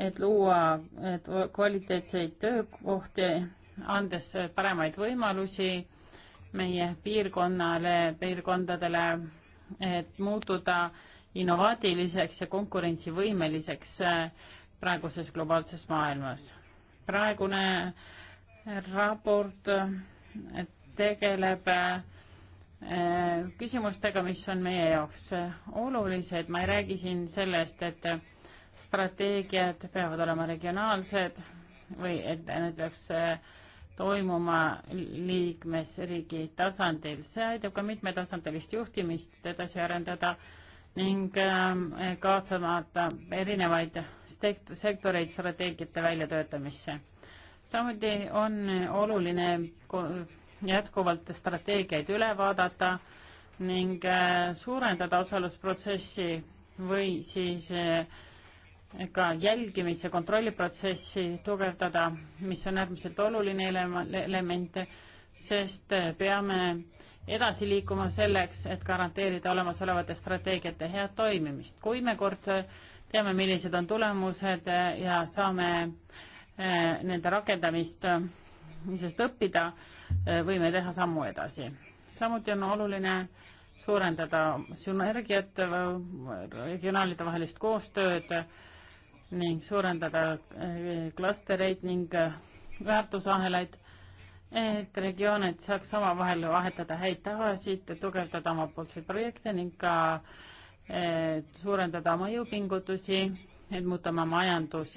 et luua et kvaliteetseid töökohti, andes paremaid võimalusi meie piirkonnale, piirkondadele, et muutuda innovaatiliseks ja konkurentsivõimeliseks äh, praeguses globaalses maailmas. praegune raport äh, tegeleb äh, küsimustega, mis on meie jaoks olulised, ma ei räägi siin sellest, et strateegiad peavad olema regionaalsed või et need peaks äh, toimuma liikmesriigi tasandil. see aitab ka mitmetasandilist juhtimist edasi arendada ning ähm, kaasamata erinevaid sektoreid strateegiate väljatöötamisse. samuti on oluline jätkuvalt strateegiaid üle vaadata ning äh, suurendada osalusprotsessi või siis äh, ka jälgimis- ja kontrolliprotsessi tugevdada, mis on äärmiselt oluline element, sest peame edasi liikuma selleks, et garanteerida olemasolevate strateegiate head toimimist. kui me kord teame, millised on tulemused ja saame eh, nende rakendamist, sest õppida, eh, võime teha sammu edasi. samuti on oluline suurendada sünergiat, eh, regionaalide vahelist koostööd ning suurendada eh, klastereid ning eh, väärtusahelaid, et regioonid saaks omavahel vahetada häid tavasid, tugevdada omapoolseid projekte ning ka eh, suurendada oma jõupingutusi, et muuta oma majandus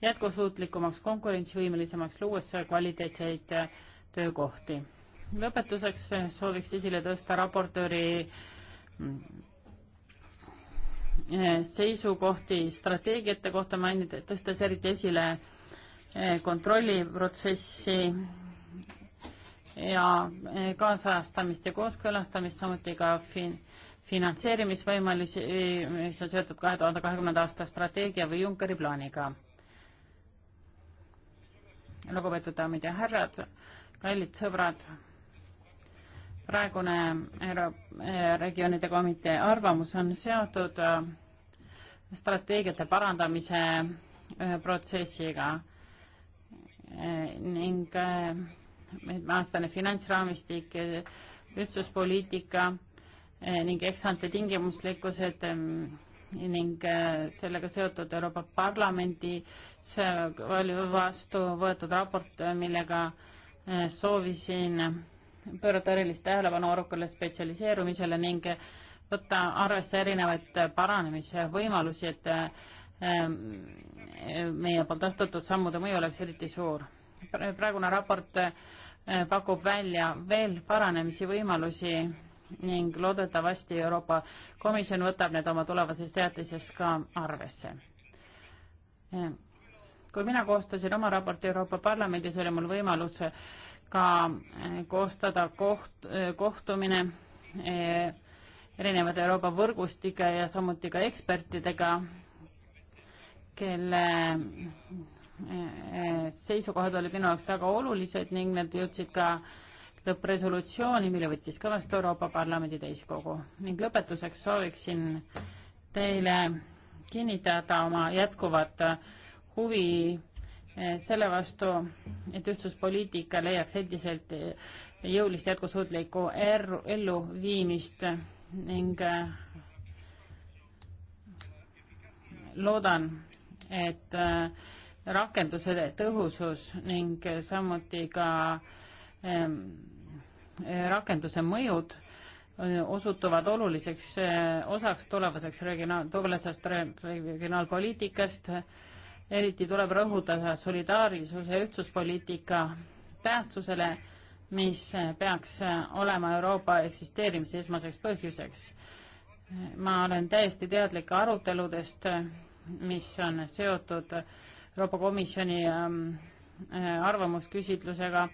jätkusuutlikumaks, konkurentsivõimelisemaks, luues kvaliteetseid töökohti. lõpetuseks sooviks esile tõsta raportööri mm, Eh, seisukohti strateegiate kohta mainida, tõstes eriti esile eh, kontrolliprotsessi ja eh, kaasajastamist ja kooskõlastamist, samuti ka fin-, finantseerimisvõimalusi, mis on seotud kahe tuhande kahekümnenda aasta strateegia või Junckeri plaaniga. lugupeetud daamid ja härrad, kallid sõbrad praegune eh, regioonide komitee arvamus on seotud äh, strateegiate parandamise äh, protsessiga äh, ning aastane finantsraamistik, ühtsuspoliitika ning eksante tingimuslikkused ähm, ning sellega seotud Euroopa Parlamendis vastu võetud raport, millega soovisin pöörata erilist tähelepanu arukale spetsialiseerumisele ning võtta arvesse erinevaid paranemise võimalusi, et ähm, meie poolt astutud sammude mõju oleks eriti suur. praegune raport äh, pakub välja veel paranemisi võimalusi ning loodetavasti Euroopa Komisjon võtab need oma tulevases teatises ka arvesse. Äh, kui mina koostasin oma raporti Euroopa Parlamendis, oli mul võimalus äh, ka eh, koostada koht, eh, kohtumine eh, erinevate Euroopa võrgustike ja samuti ka ekspertidega, kelle seisukohad olid minu jaoks väga olulised ning need jõudsid ka lõppresolutsiooni, mille võttis ka vastu Euroopa Parlamendi täiskogu. ning lõpetuseks sooviksin teile kinnitada oma jätkuvat huvi Eh, selle vastu, et ühtsuspoliitika leiaks endiselt eh, jõulist jätkusuutlikku elluviimist ning eh, loodan, et rakenduse tõhusus ning samuti ka rakenduse mõjud osutuvad oluliseks osaks tulevaseks regionaal, tulevasest regionaalpoliitikast, eriti tuleb rõhutada solidaarsus- ja ühtsuspoliitika tähtsusele, mis peaks olema Euroopa eksisteerimise esmaseks põhjuseks. ma olen täiesti teadlik aruteludest, mis on seotud Euroopa Komisjoni ähm, äh, arvamusküsitlusega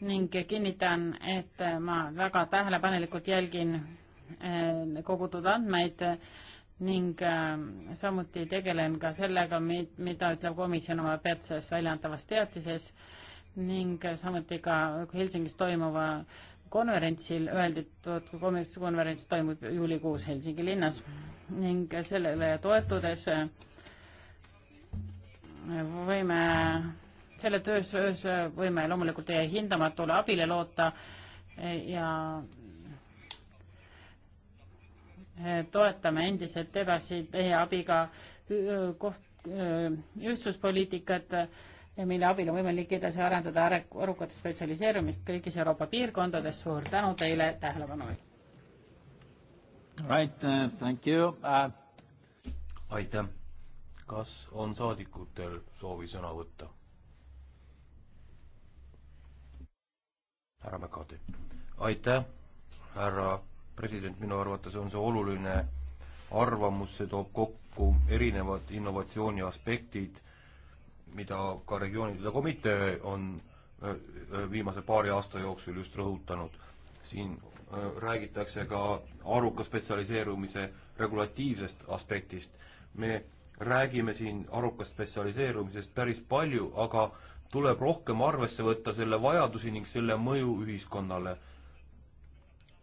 ning kinnitan, et ma väga tähelepanelikult jälgin äh, kogutud andmeid ning ähm, samuti tegelen ka sellega, mida ütleb komisjon oma peatses väljaantavas teatises ning samuti ka Helsingis toimuva konverentsil öeldi, et konverents toimub juulikuus Helsingi linnas ning sellele toetudes äh, võime selle töös, võime loomulikult teie hindamatule abile loota äh, ja Eh, toetame endiselt edasi teie abiga koht, ühtsuspoliitikat, eh, mille abil on võimalik edasi arendada arukat spetsialiseerumist kõigis Euroopa piirkondades. suur tänu teile tähelepanu eest. Right uh,, thank you uh.... aitäh. kas on saadikutel soovi sõna võtta? härra Mäkade. aitäh, härra president, minu arvates on see oluline arvamus, see toob kokku erinevad innovatsiooni aspektid, mida ka regioonide komitee on äh, äh, viimase paari aasta jooksul just rõhutanud. siin äh, räägitakse ka aruka spetsialiseerumise regulatiivsest aspektist. me räägime siin arukast spetsialiseerumisest päris palju, aga tuleb rohkem arvesse võtta selle vajadusi ning selle mõju ühiskonnale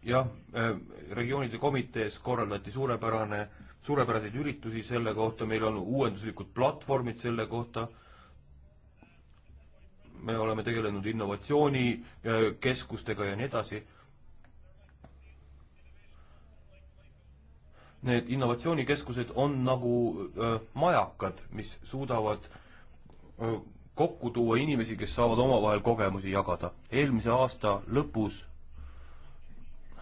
jah, äh, regioonide komitees korraldati suurepärane, suurepäraseid üritusi selle kohta, meil on uuenduslikud platvormid selle kohta, me oleme tegelenud innovatsioonikeskustega äh, ja nii edasi. Need innovatsioonikeskused on nagu öö, äh, majakad, mis suudavad öö, kokku tuua inimesi, kes saavad omavahel kogemusi jagada. eelmise aasta lõpus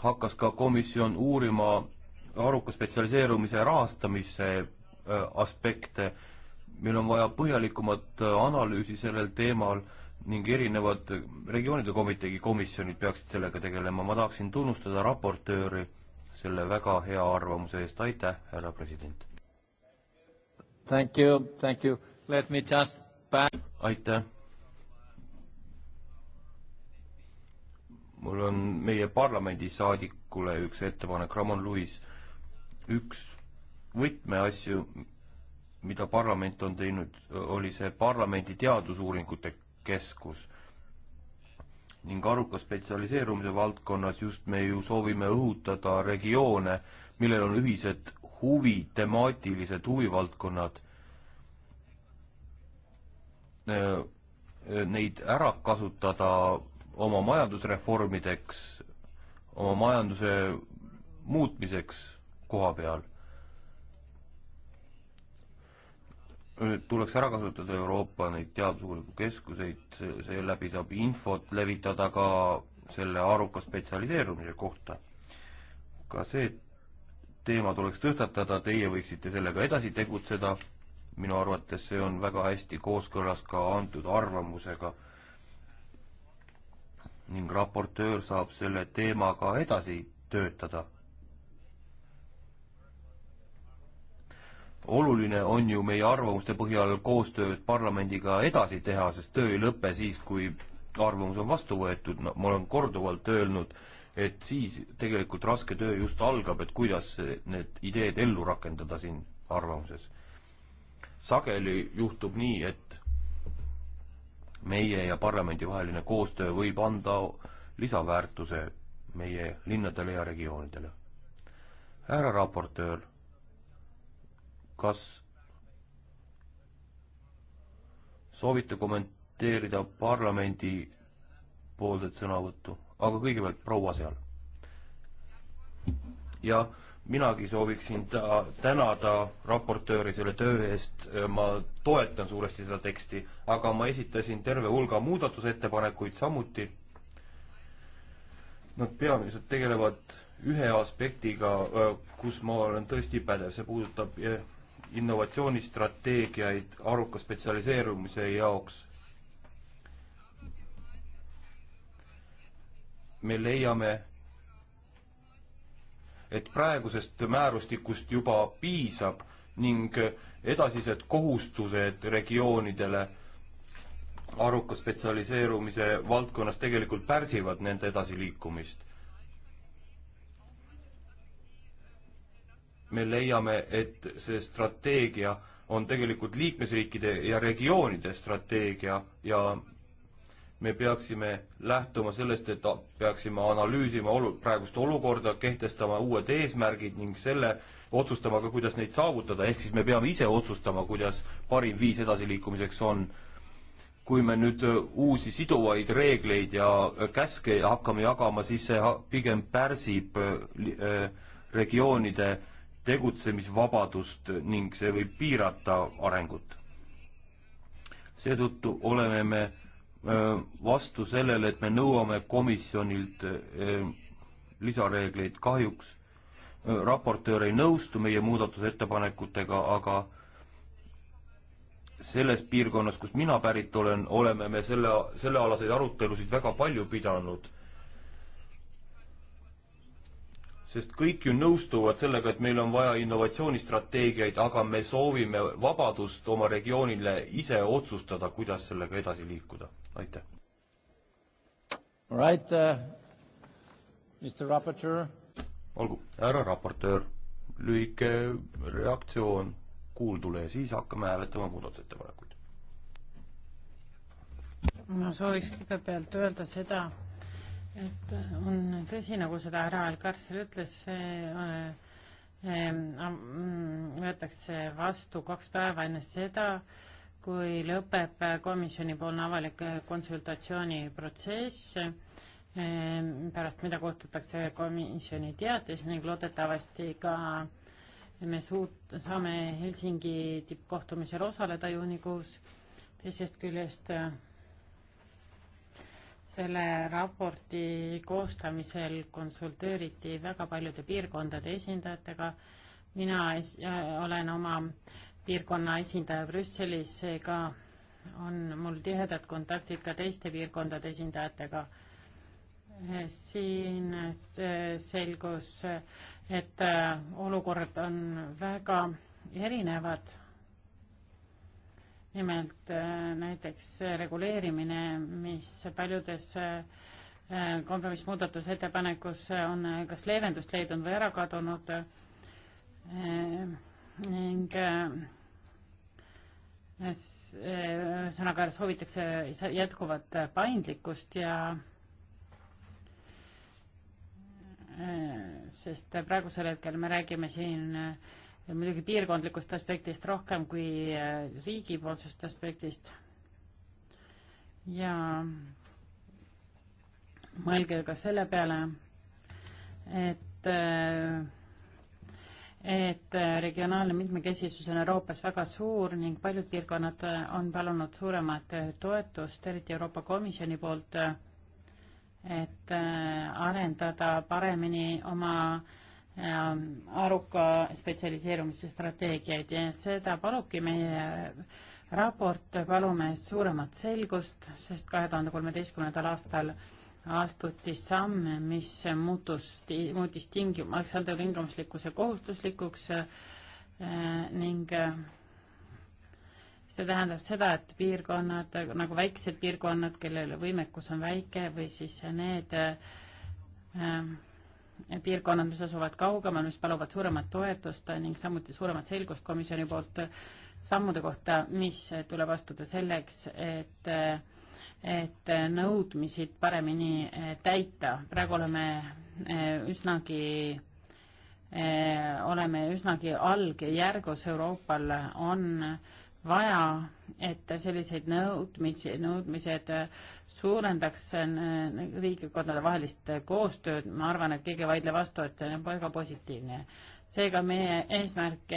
hakkas ka komisjon uurima aruka spetsialiseerumise rahastamise äh, aspekte. meil on vaja põhjalikumat äh, analüüsi sellel teemal ning erinevad regioonide komiteegi komisjonid peaksid sellega tegelema. ma tahaksin tunnustada raportööri selle väga hea arvamuse eest. aitäh, härra president! Thank you, thank you. Let me just back... aitäh! mul on meie parlamendisaadikule üks ettepanek, Ramon Luis. üks võtmeasju, mida parlament on teinud, oli see parlamendi teadusuuringute keskus. ning aruka spetsialiseerumise valdkonnas just me ju soovime õhutada regioone, millel on ühised huvid, temaatilised huvivaldkonnad äh, neid ära kasutada oma majandusreformideks, oma majanduse muutmiseks koha peal. tuleks ära kasutada Euroopa neid teadusuuringu keskuseid, seeläbi saab infot levitada ka selle aruka spetsialiseerumise kohta. ka see teema tuleks tõstatada, teie võiksite sellega edasi tegutseda, minu arvates see on väga hästi kooskõlas ka antud arvamusega ning raportöör saab selle teemaga edasi töötada. oluline on ju meie arvamuste põhjal koostööd parlamendiga edasi teha, sest töö ei lõpe siis, kui arvamus on vastu võetud, no ma olen korduvalt öelnud, et siis tegelikult raske töö just algab, et kuidas need ideed ellu rakendada siin arvamuses. sageli juhtub nii, et meie ja parlamendi vaheline koostöö võib anda lisaväärtuse meie linnadele ja regioonidele. härra raportöör, kas soovite kommenteerida parlamendi poolset sõnavõttu, aga kõigepealt proua seal. jah minagi sooviksin ta tänada raportööri selle töö eest, ma toetan suuresti seda teksti, aga ma esitasin terve hulga muudatusettepanekuid samuti. Nad peamiselt tegelevad ühe aspektiga, äh, kus ma olen tõesti pädev, see puudutab innovatsioonistrateegiaid aruka spetsialiseerumise jaoks. me leiame et praegusest määrustikust juba piisab ning edasised kohustused regioonidele aruka spetsialiseerumise valdkonnas tegelikult pärsivad nende edasiliikumist. me leiame, et see strateegia on tegelikult liikmesriikide ja regioonide strateegia ja me peaksime lähtuma sellest, et peaksime analüüsima olu-, praegust olukorda, kehtestama uued eesmärgid ning selle otsustama ka, kuidas neid saavutada, ehk siis me peame ise otsustama, kuidas parim viis edasiliikumiseks on. kui me nüüd uusi siduvaid reegleid ja käske hakkame jagama, siis see pigem pärsib regioonide tegutsemisvabadust ning see võib piirata arengut. seetõttu oleme me Äh, vastu sellele, et me nõuame komisjonilt äh, lisareegleid, kahjuks äh, raportöör ei nõustu meie muudatusettepanekutega, aga selles piirkonnas, kust mina pärit olen, oleme me selle, sellealaseid arutelusid väga palju pidanud sest kõik ju nõustuvad sellega, et meil on vaja innovatsioonistrateegiaid, aga me soovime vabadust oma regioonile ise otsustada, kuidas sellega edasi liikuda. aitäh. Right uh,, Mr Raportöör. olgu, härra raportöör, lühike reaktsioon kuuldule ja siis hakkame hääletama muudatusettepanekuid. ma sooviks kõigepealt öelda seda, et äh, on tõsi, nagu seda härra Alkarsel ütles, see äh, äh, mm, võetakse vastu kaks päeva enne seda, kui lõpeb komisjonipoolne avalik konsultatsiooniprotsess, pärast mida koostatakse komisjoni teatis ning loodetavasti ka me suut-, saame Helsingi tippkohtumisel osaleda juunikuus, teisest küljest selle raporti koostamisel konsulteeriti väga paljude piirkondade esindajatega. mina es olen oma piirkonna esindaja Brüsselis, seega on mul tihedad kontaktid ka teiste piirkondade esindajatega. siin selgus, et äh, olukorrad on väga erinevad nimelt äh, näiteks reguleerimine, mis paljudes äh, kompromissmuudatusettepanekus on äh, kas leevendust leidnud või ära kadunud ning ühesõnaga soovitakse jätkuvat paindlikkust ja sest praegusel hetkel me räägime siin äh, muidugi piirkondlikust aspektist rohkem kui äh, riigipoolsest aspektist. ja mõelge ka selle peale, et, äh, et äh, regionaalne mitmekesisus on Euroopas väga suur ning paljud piirkonnad on palunud suuremat toetust, eriti Euroopa Komisjoni poolt, et arendada paremini oma äh, Ähm, aruka spetsialiseerumise strateegiaid ja seda palubki meie raport, palume suuremat selgust, sest kahe tuhande kolmeteistkümnendal aastal astuti samm, mis muutus, muutis tingim-, Aleksandri tingimuslikkuse kohustuslikuks äh, ning äh, see tähendab seda, et piirkonnad nagu väiksed piirkonnad, kellel võimekus on väike või siis need äh, piirkonnad, mis asuvad kaugemal, mis paluvad suuremat toetust ning samuti suuremat selgust komisjoni poolt sammude kohta, mis tuleb astuda selleks, et et nõudmisi paremini täita. praegu oleme e, üsnagi, e, oleme üsnagi algjärgus, Euroopal on äh, vaja, et selliseid nõudmisi, nõudmised suurendaks riigikondade vahelist koostööd, ma arvan, et keegi ei vaidle vastu, et see on väga positiivne. seega meie eesmärk,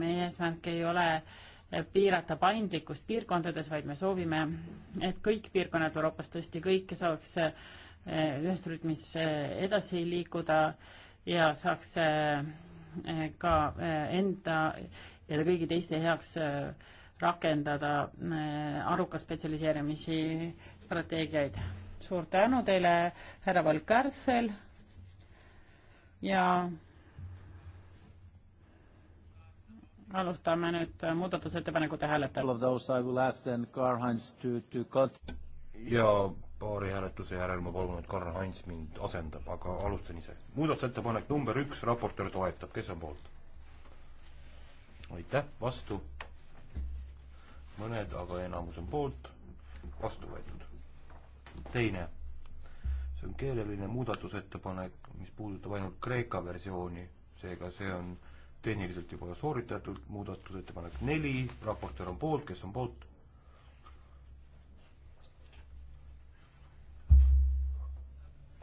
meie eesmärk ei ole piirata paindlikkust piirkondades, vaid me soovime, et kõik piirkonnad Euroopas, tõesti kõik saaks ühes rütmis edasi liikuda ja saaks ka äh, enda ja kõigi teiste heaks äh, rakendada äh, aruka spetsialiseerimisi strateegiaid. suur tänu teile, härra Valkärtsel ja alustame nüüd muudatusettepanekute hääletamist. ja paari hääletuse järel ma palun, et Karl-Heinz mind asendab, aga alustan ise. muudatusettepanek number üks, raportöör toetab, kes on poolt? aitäh, vastu? mõned, aga enamus on poolt, vastu võetud. teine, see on keeleline muudatusettepanek, mis puudutab ainult Kreeka versiooni, seega see on tehniliselt juba sooritatud, muudatusettepanek neli, raportöör on poolt, kes on poolt?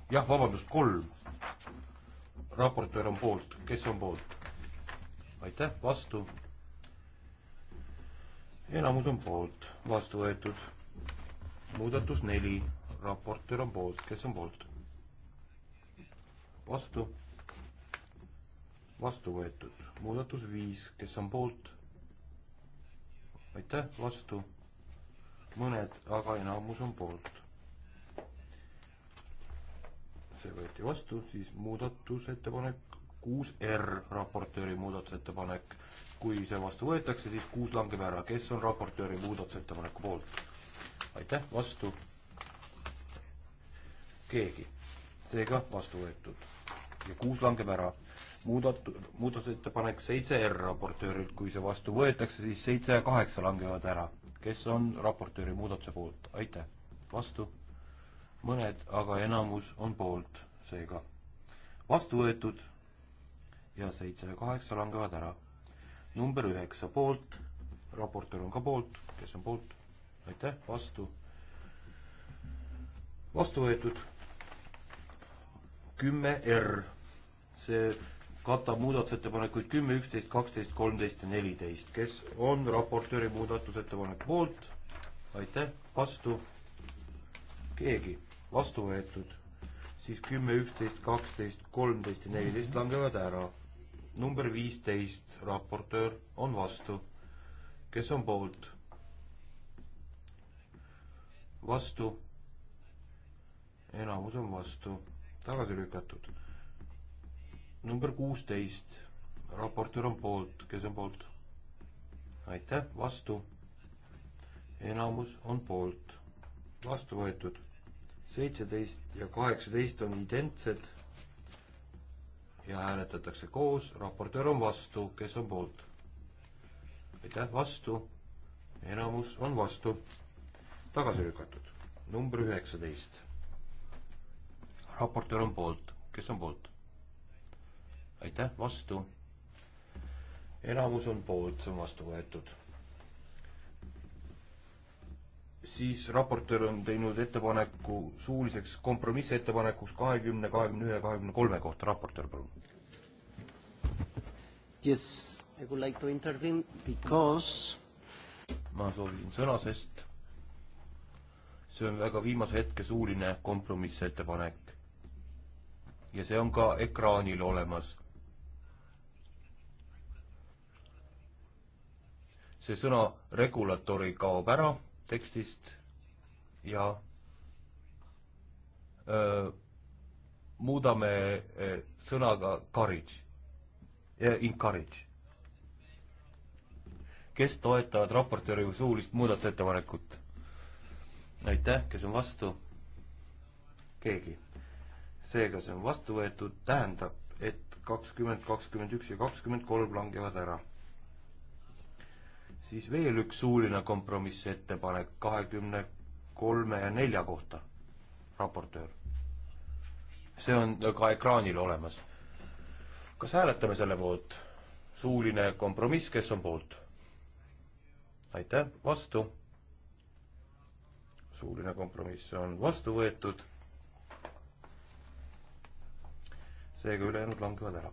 jah, vabandust, kolm. raportöör on poolt, kes on poolt? aitäh, vastu. enamus on poolt, vastu võetud. muudatus neli, raportöör on poolt, kes on poolt? vastu. vastu võetud, muudatus viis, kes on poolt? aitäh, vastu. mõned, aga enamus on poolt see võeti vastu, siis muudatusettepanek kuus R, raportööri muudatusettepanek. kui see vastu võetakse, siis kuus langeb ära, kes on raportööri muudatusettepaneku poolt? aitäh, vastu? keegi. seega vastu võetud. ja kuus langeb ära. muudat-, muudatusettepanek seitse R raportöörilt, kui see vastu võetakse, siis seitse ja kaheksa langevad ära. kes on raportööri muudatuse poolt? aitäh, vastu? mõned aga enamus on poolt, seega vastu võetud ja seitse ja kaheksa langevad ära. number üheksa poolt, raportöör on ka poolt, kes on poolt, aitäh, vastu, vastu võetud, kümme R, see katab muudatusettepanekuid kümme, üksteist, kaksteist, kolmteist ja neliteist, kes on raportööri muudatusettepaneku poolt, aitäh, vastu, keegi vastu võetud, siis kümme, üksteist, kaksteist, kolmteist ja neliteist langevad ära. number viisteist, raportöör on vastu. kes on poolt? vastu. enamus on vastu, tagasi lükatud. number kuusteist, raportöör on poolt, kes on poolt? aitäh, vastu. enamus on poolt, vastu võetud seitseteist ja kaheksateist on identsed ja hääletatakse koos, raportöör on vastu, kes on poolt? aitäh, vastu, enamus on vastu, tagasi lükatud. number üheksateist, raportöör on poolt, kes on poolt? aitäh, vastu, enamus on poolt, see on vastu võetud siis raportöör on teinud ettepaneku suuliseks kompromissettepanekuks kahekümne, kahekümne ühe, kahekümne kolme kohta, raportöör palun. Yes, I would like to intervene because ma soovin sõna, sest see on väga viimase hetke suuline kompromissettepanek. ja see on ka ekraanil olemas. see sõna regulatory kaob ära tekstist ja öö, muudame öö, sõnaga courage, encourage. kes toetavad raportööri suulist muudatusettepanekut? aitäh, kes on vastu? keegi. seega see on vastu võetud, tähendab, et kakskümmend, kakskümmend üks ja kakskümmend kolm langevad ära siis veel üks suuline kompromissettepanek kahekümne kolme ja nelja kohta, raportöör. see on ka ekraanil olemas. kas hääletame selle poolt? suuline kompromiss, kes on poolt? aitäh, vastu. suuline kompromiss on vastu võetud. seega ülejäänud langevad ära.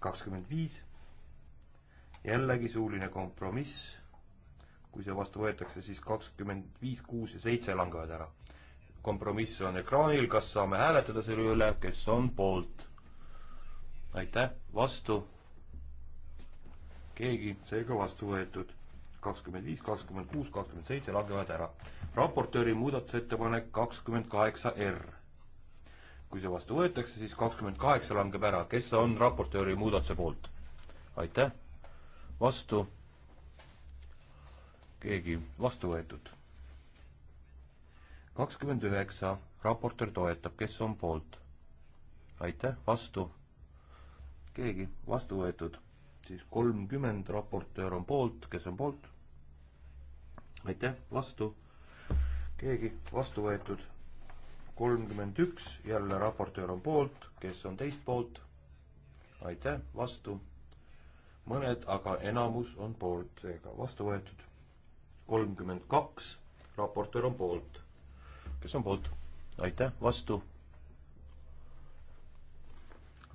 kakskümmend viis jällegi suuline kompromiss, kui see vastu võetakse, siis kakskümmend viis, kuus ja seitse langevad ära. kompromiss on ekraanil, kas saame hääletada selle üle, kes on poolt? aitäh, vastu? keegi, seega vastu võetud. kakskümmend viis, kakskümmend kuus, kakskümmend seitse langevad ära. raportööri muudatusettepanek kakskümmend kaheksa R kui see vastu võetakse, siis kakskümmend kaheksa langeb ära, kes on raportööri muudatuse poolt? aitäh vastu, keegi vastu võetud. kakskümmend üheksa, raportöör toetab, kes on poolt? aitäh, vastu, keegi vastu võetud, siis kolmkümmend, raportöör on poolt, kes on poolt? aitäh, vastu, keegi vastu võetud, kolmkümmend üks, jälle raportöör on poolt, kes on teist poolt? aitäh, vastu mõned, aga enamus on poolt, seega vastu võetud. kolmkümmend kaks, raportöör on poolt. kes on poolt? aitäh, vastu.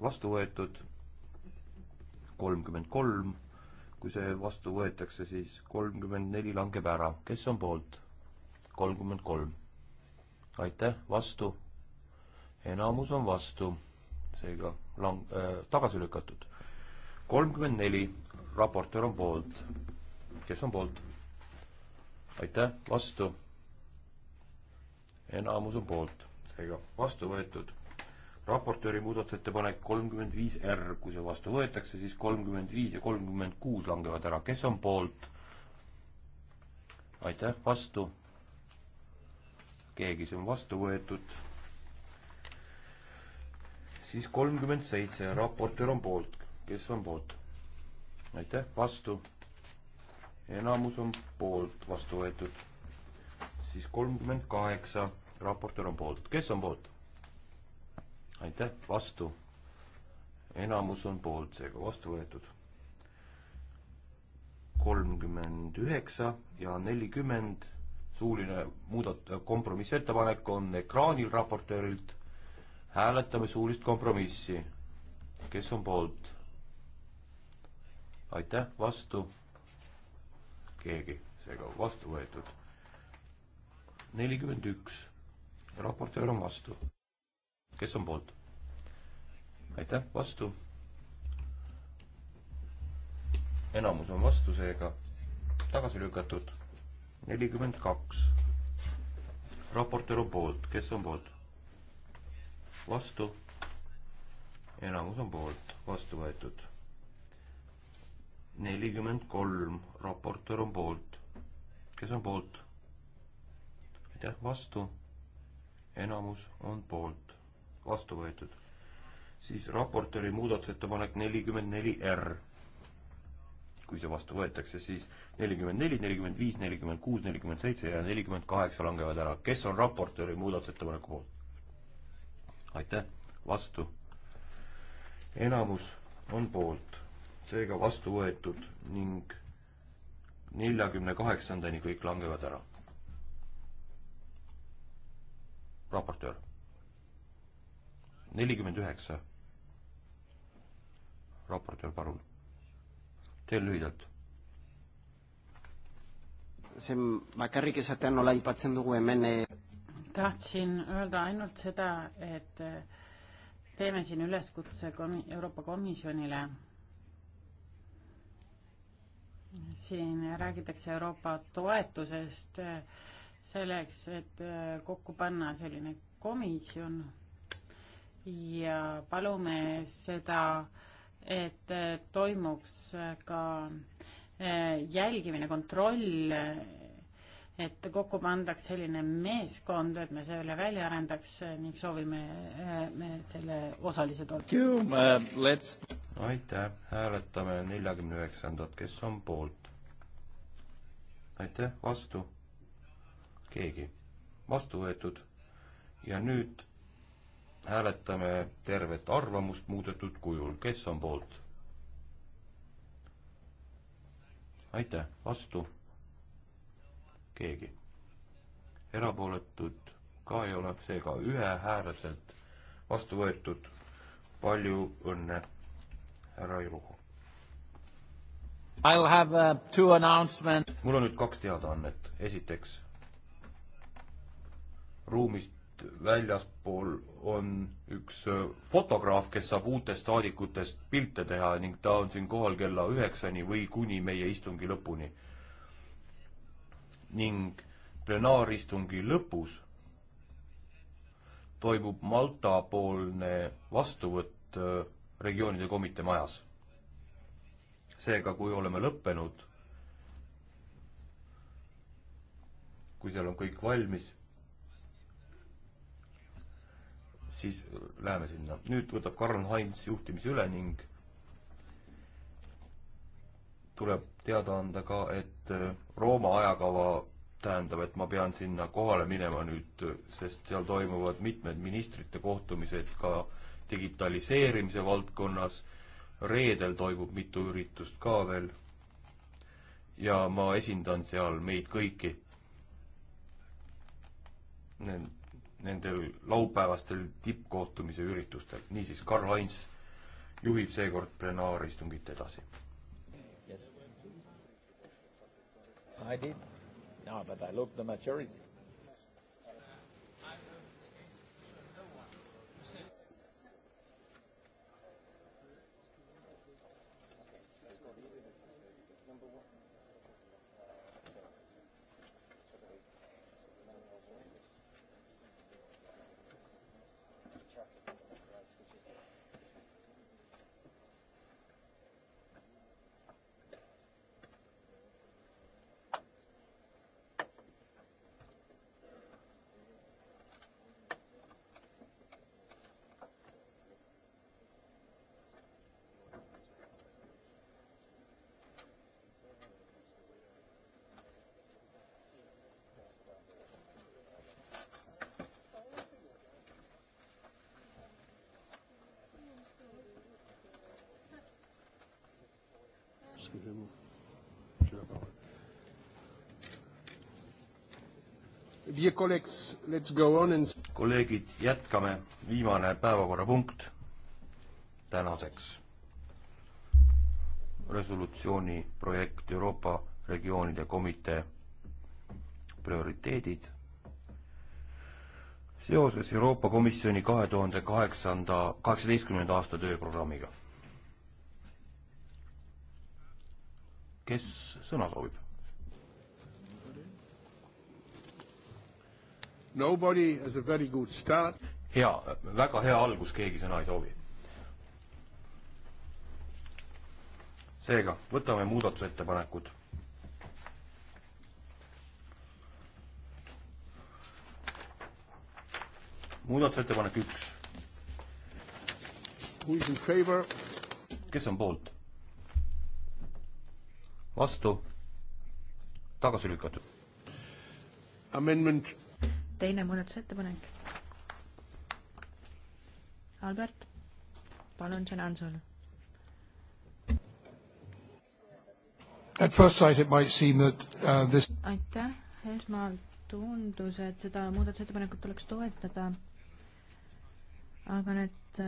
vastu võetud kolmkümmend kolm. kui see vastu võetakse, siis kolmkümmend neli langeb ära. kes on poolt? kolmkümmend kolm. aitäh, vastu. enamus on vastu, seega lang- äh,, tagasi lükatud kolmkümmend neli, raportöör on poolt. kes on poolt? aitäh, vastu? enamus on poolt, seega vastu võetud. raportööri muudatusettepanek kolmkümmend viis R, kui see vastu võetakse, siis kolmkümmend viis ja kolmkümmend kuus langevad ära, kes on poolt? aitäh, vastu? keegi, see on vastu võetud. siis kolmkümmend seitse, raportöör on poolt, kes on poolt? aitäh, vastu. enamus on poolt vastu võetud. siis kolmkümmend kaheksa, raportöör on poolt, kes on poolt? aitäh, vastu. enamus on poolt, seega vastu võetud. kolmkümmend üheksa ja nelikümmend suuline muudat-, kompromissettepanek on ekraanil raportöörilt. hääletame suulist kompromissi. kes on poolt? aitäh, vastu keegi, seega vastu võetud. nelikümmend üks, raportöör on vastu. kes on poolt? aitäh, vastu. enamus on vastu, seega tagasi lükatud. nelikümmend kaks, raportöör on poolt, kes on poolt? vastu. enamus on poolt, vastu võetud nelikümmend kolm, raportöör on poolt. kes on poolt? aitäh, vastu. enamus on poolt, vastu võetud. siis raportööri muudatusettepanek nelikümmend neli R. kui see vastu võetakse, siis nelikümmend neli, nelikümmend viis, nelikümmend kuus, nelikümmend seitse ja nelikümmend kaheksa langevad ära. kes on raportööri muudatusettepaneku poolt? aitäh, vastu. enamus on poolt seega vastu võetud ning neljakümne kaheksandani kõik langevad ära. raportöör. nelikümmend üheksa. raportöör, palun. tee lühidalt. see bakarrik esaten nola aipatzen dugu hemen eh. tahtsin öelda ainult seda, et teeme siin üleskutse komi-, Euroopa Komisjonile siin räägitakse Euroopa toetusest eh, selleks, et eh, kokku panna selline komisjon ja palume seda, et eh, toimuks ka jälgimine, kontroll et kokku pandaks selline meeskond, et me selle välja arendaks eh, ning soovime eh, me selle osalised olla. aitäh, hääletame neljakümne üheksandat, kes on poolt? aitäh, vastu? keegi? vastu võetud. ja nüüd hääletame tervet arvamust muudetud kujul, kes on poolt? aitäh, vastu keegi. erapooletud ka ei ole, seega ühehäälselt vastu võetud. palju õnne, härra Iruho. I'll have uh, two announcement. mul on nüüd kaks teadaannet, esiteks ruumist väljaspool on üks äh, fotograaf, kes saab uutest saadikutest pilte teha ning ta on siin kohal kella üheksani või kuni meie istungi lõpuni ning plenaaristungi lõpus toimub Malta-poolne vastuvõtt äh, regioonide komitee majas. seega, kui oleme lõppenud, kui seal on kõik valmis, siis läheme sinna. nüüd võtab Karl Heinz juhtimise üle ning tuleb teada anda ka, et äh, Rooma ajakava tähendab, et ma pean sinna kohale minema nüüd, sest seal toimuvad mitmed ministrite kohtumised ka digitaliseerimise valdkonnas. reedel toimub mitu üritust ka veel. ja ma esindan seal meid kõiki. Nendel laupäevastel tippkohtumise üritustel, niisiis Karl Heinz juhib seekord plenaaristungit edasi I did. No, but I looked the maturity. excusez-moi. J'ai la parole. Dear colleagues, let's go on and... kolleegid, jätkame, viimane päevakorrapunkt tänaseks. resolutsiooni projekt Euroopa regioonide komitee prioriteedid seoses Euroopa Komisjoni kahe tuhande kaheksanda, kaheksateistkümnenda aasta tööprogrammiga kes sõna soovib? Nobody has a very good start. hea, väga hea algus, keegi sõna ei soovi. seega, võtame muudatusettepanekud. muudatusettepanek üks. Who is in favor? kes on poolt? vastu, tagasi lükatud. Amendment. teine muudatusettepanek. Albert, palun, sõna on sul. At first sight it might seem that uh, this aitäh, esmalt tundus, et seda muudatusettepanekut tuleks toetada, aga need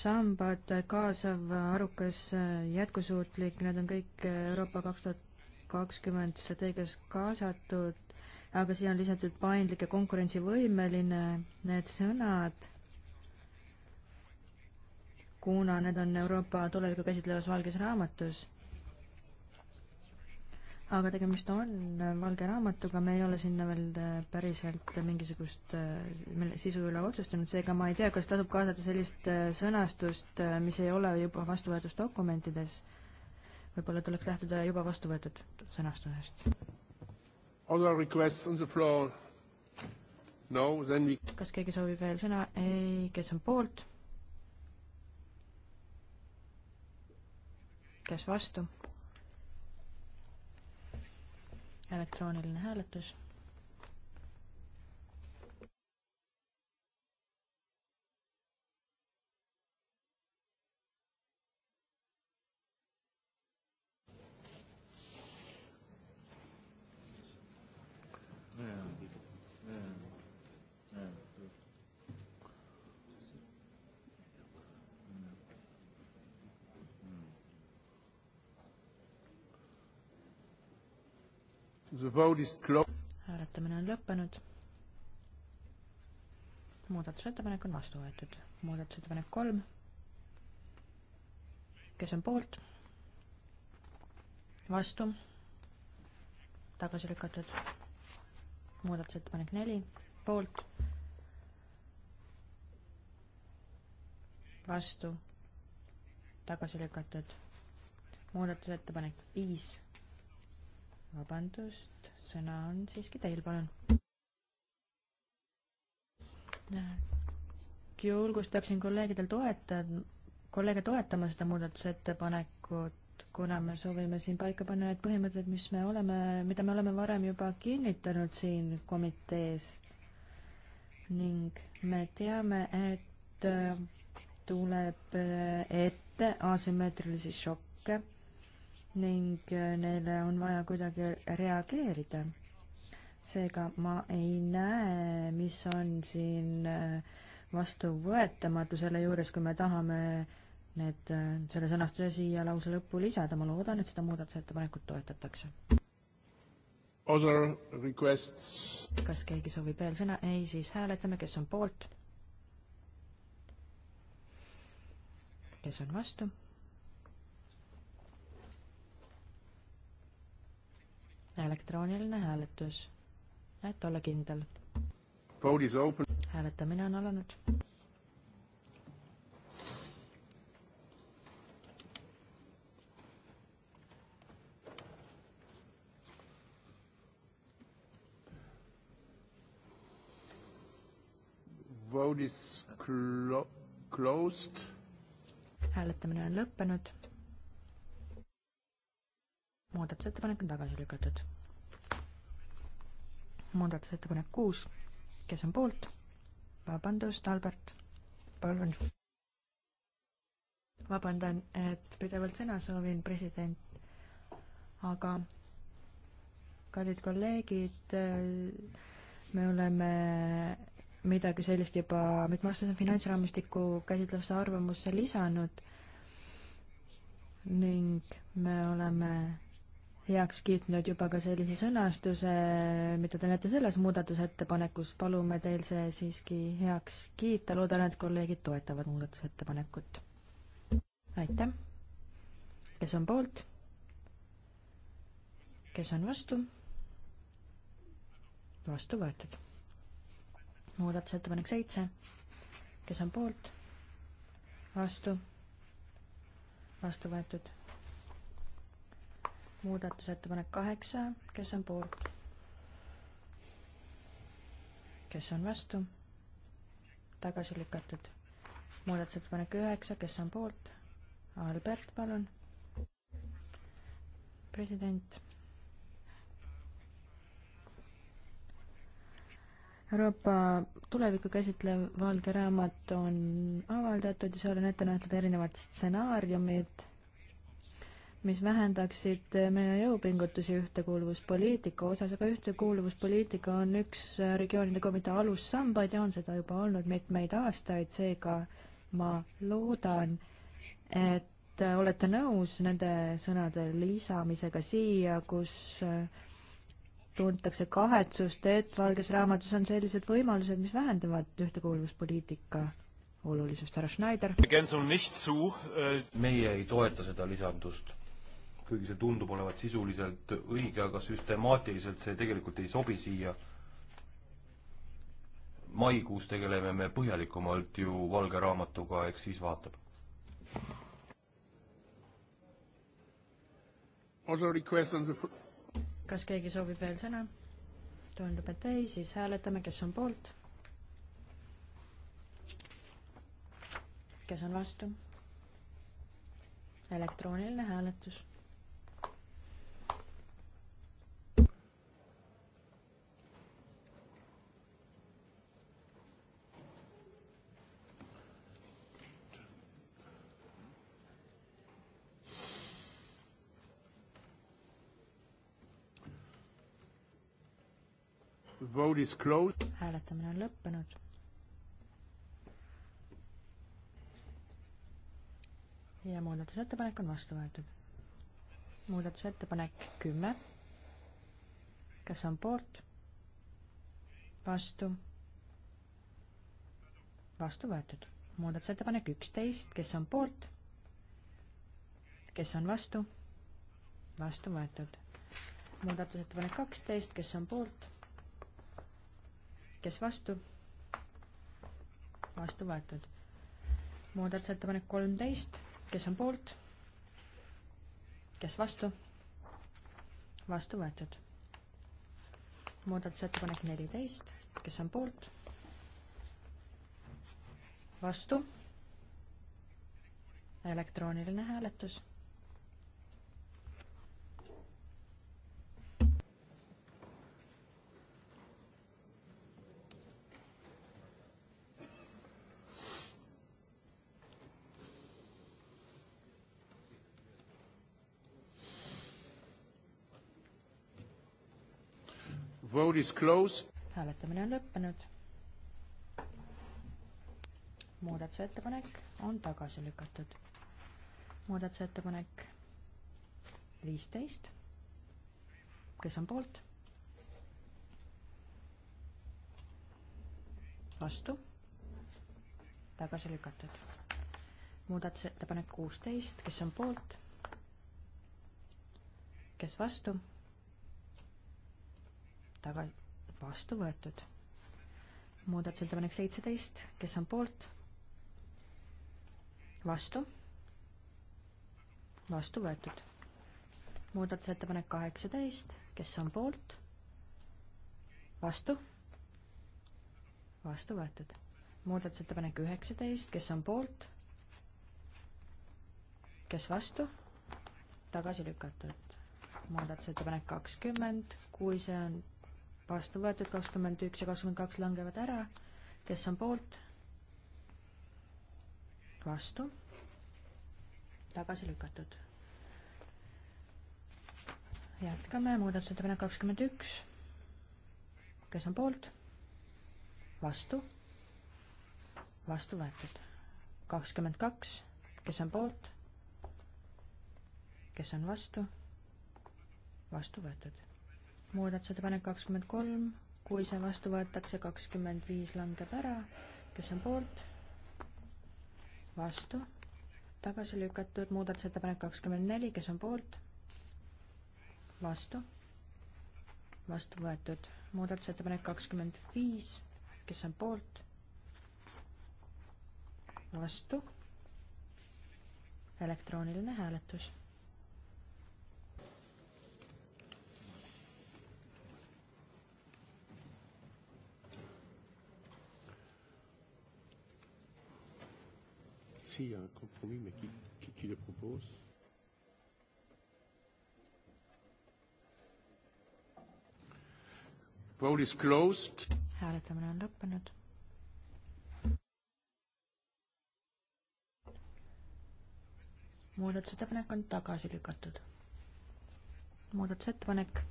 sambad, kaasav, arukas, jätkusuutlik, need on kõik Euroopa kaks tuhat kakskümmend strateegias kaasatud, aga siia on lisatud paindlik ja konkurentsivõimeline, need sõnad, kuna need on Euroopa tulevikku käsitlevas valges raamatus aga tegemist on äh, valge raamatuga, me ei ole sinna veel äh, päriselt äh, mingisugust sisu üle otsustanud, seega ma ei tea, kas tasub kaasata sellist sõnastust, mis ei ole juba vastu võetud dokumentides. võib-olla tuleks lähtuda juba vastu võetud sõnastusest. Other requests on the floor? No, then we kas keegi soovib veel sõna? ei, kes on poolt? kes vastu? elektrooniline hääletus hääletamine on lõppenud. muudatusettepanek on vastu võetud. muudatusettepanek kolm. kes on poolt? vastu? tagasi lükatud. muudatusettepanek neli, poolt. vastu. tagasi lükatud. muudatusettepanek viis vabandust, sõna on siiski teil, palun. julgustaksin kolleegidel toetada, kolleege toetama seda muudatusettepanekut, kuna me soovime siin paika panna need põhimõtted, mis me oleme, mida me oleme varem juba kinnitanud siin komitees. ning me teame, et äh, tuleb äh, ette asümmeetrilisi šokke ning äh, neile on vaja kuidagi reageerida. seega ma ei näe, mis on siin äh, vastuvõetamatu selle juures, kui me tahame need, äh, selle sõnastuse siia lause lõppu lisada, ma loodan, et seda muudatusettepanekut toetatakse. Other requests? kas keegi soovib veel sõna? ei, siis hääletame, kes on poolt. kes on vastu? elektrooniline hääletus, et olla kindel. hääletamine on alanud. Vote is clo-, closed. hääletamine on lõppenud muudatusettepanek on tagasi lükatud. muudatusettepanek kuus, kes on poolt? vabandust, Albert, palun. vabandan, et pidevalt sõna soovin, president, aga kallid kolleegid, me oleme midagi sellist juba mitmeaastase finantsraamistiku käsitlevasse arvamusse lisanud ning me oleme heaks kiitnud juba ka sellise sõnastuse, mida te näete selles muudatusettepanekus, palume teil see siiski heaks kiita, loodan, et kolleegid toetavad muudatusettepanekut. aitäh. kes on poolt? kes on vastu? vastu võetud. muudatusettepanek seitse. kes on poolt? vastu? vastu võetud muudatusettepanek kaheksa, kes on poolt? kes on vastu? tagasi lükatud. muudatusettepanek üheksa, kes on poolt? Albert, palun. president Euroopa tulevikku käsitlev valge raamat on avaldatud ja seal on ette nähtud erinevad stsenaariumid mis vähendaksid meie jõupingutusi ühtekuuluvuspoliitika osas, aga ühtekuuluvuspoliitika on üks regioonide komitee alussambaid ja on seda juba olnud mitmeid aastaid, seega ma loodan, et olete nõus nende sõnade lisamisega siia, kus tuntakse kahetsust, et Valges Raamatus on sellised võimalused, mis vähendavad ühtekuuluvuspoliitika olulisust, härra Schneider. Äh meie ei toeta seda lisandust kuigi see tundub olevat sisuliselt õige, aga süstemaatiliselt see tegelikult ei sobi siia. maikuus tegeleme me põhjalikumalt ju valge raamatuga, eks siis vaatab. kas keegi soovib veel sõna? tundub, et ei, siis hääletame, kes on poolt. kes on vastu? elektrooniline hääletus vote is closed. hääletamine on lõppenud. ja muudatusettepanek on vastu võetud. muudatusettepanek kümme. kes on poolt? vastu? vastu võetud. muudatusettepanek üksteist, kes on poolt? kes on vastu? vastu võetud. muudatusettepanek kaksteist, kes on poolt? kes vastu? vastu võetud. muudatusettepanek kolmteist, kes on poolt? kes vastu? vastu võetud. muudatusettepanek neliteist, kes on poolt? vastu. elektrooniline hääletus Vote is closed. hääletamine on lõppenud. muudatusettepanek on tagasi lükatud. muudatusettepanek viisteist. kes on poolt? vastu, tagasi lükatud. muudatusettepanek kuusteist, kes on poolt? kes vastu? taga-, vastu võetud. muudatusettepanek seitseteist, kes on poolt? vastu? vastu võetud. muudatusettepanek kaheksateist, kes on poolt? vastu? vastu võetud. muudatusettepanek üheksateist, kes on poolt? kes vastu? tagasi lükatud. muudatusettepanek kakskümmend, kui see on vastu võetud, kakskümmend üks ja kakskümmend kaks langevad ära. kes on poolt? vastu. tagasi lükatud. jätkame, muudatusettepanek kakskümmend üks. kes on poolt? vastu. vastu võetud. kakskümmend kaks, kes on poolt? kes on vastu? vastu võetud muudatusettepanek kakskümmend kolm, kui see vastu võetakse, kakskümmend viis langeb ära, kes on poolt, vastu, tagasi lükatud, muudatusettepanek kakskümmend neli, kes on poolt, vastu, vastu võetud, muudatusettepanek kakskümmend viis, kes on poolt, vastu, elektrooniline hääletus ici un compromis, mais qui, qui, qui le propose Vote is closed. hääletamine on lõppenud. muudatusettepanek on tagasi lükatud. muudatusettepanek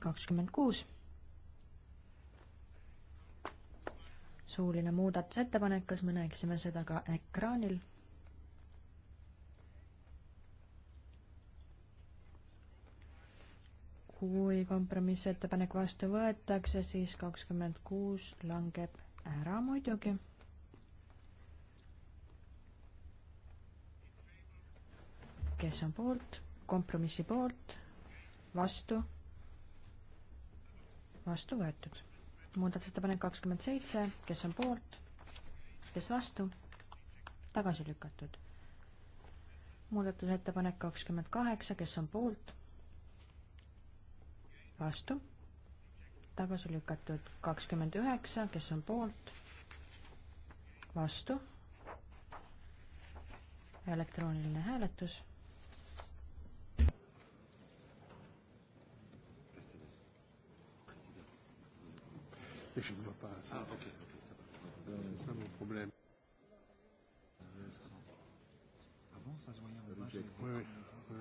kakskümmend kuus suuline muudatusettepanek, kas me näeksime seda ka ekraanil? kui kompromissettepanek vastu võetakse, siis kakskümmend kuus langeb ära muidugi. kes on poolt, kompromissi poolt, vastu, vastu võetud muudatusettepanek kakskümmend seitse, kes on poolt, kes vastu, tagasi lükatud. muudatusettepanek kakskümmend kaheksa, kes on poolt, vastu, tagasi lükatud. kakskümmend üheksa, kes on poolt, vastu, elektrooniline hääletus Mais je ne vois pas ça. Ah, ok, ok, ça va. Euh, c'est ça mon problème. Avant, ça se voyait en bas. Reject. Oui, oui. Ah, oui.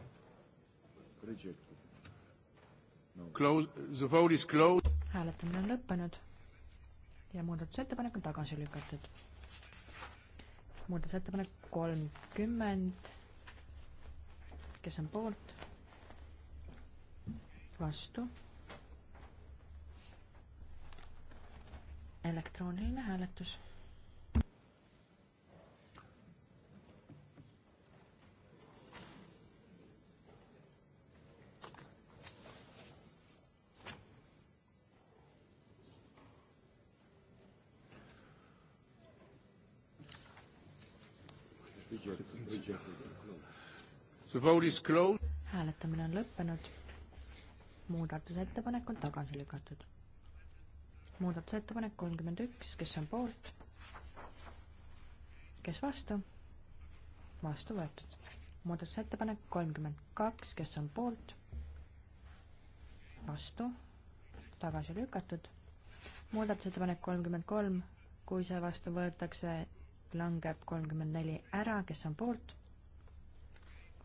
Ah, ah, Reject. No. Close, the vote is closed. hääletamine on lõppenud ja muudatusettepanek on tagasi lükatud. muudatusettepanek kolmkümmend, kes on poolt? vastu elektrooniline hääletus. hääletamine on lõppenud. muudatusettepanek on tagasi lükatud muudatusettepanek kolmkümmend üks, kes on poolt? kes vastu? vastu võetud. muudatusettepanek kolmkümmend kaks, kes on poolt? vastu, tagasi lükatud. muudatusettepanek kolmkümmend kolm, kui see vastu võetakse, langeb kolmkümmend neli ära, kes on poolt?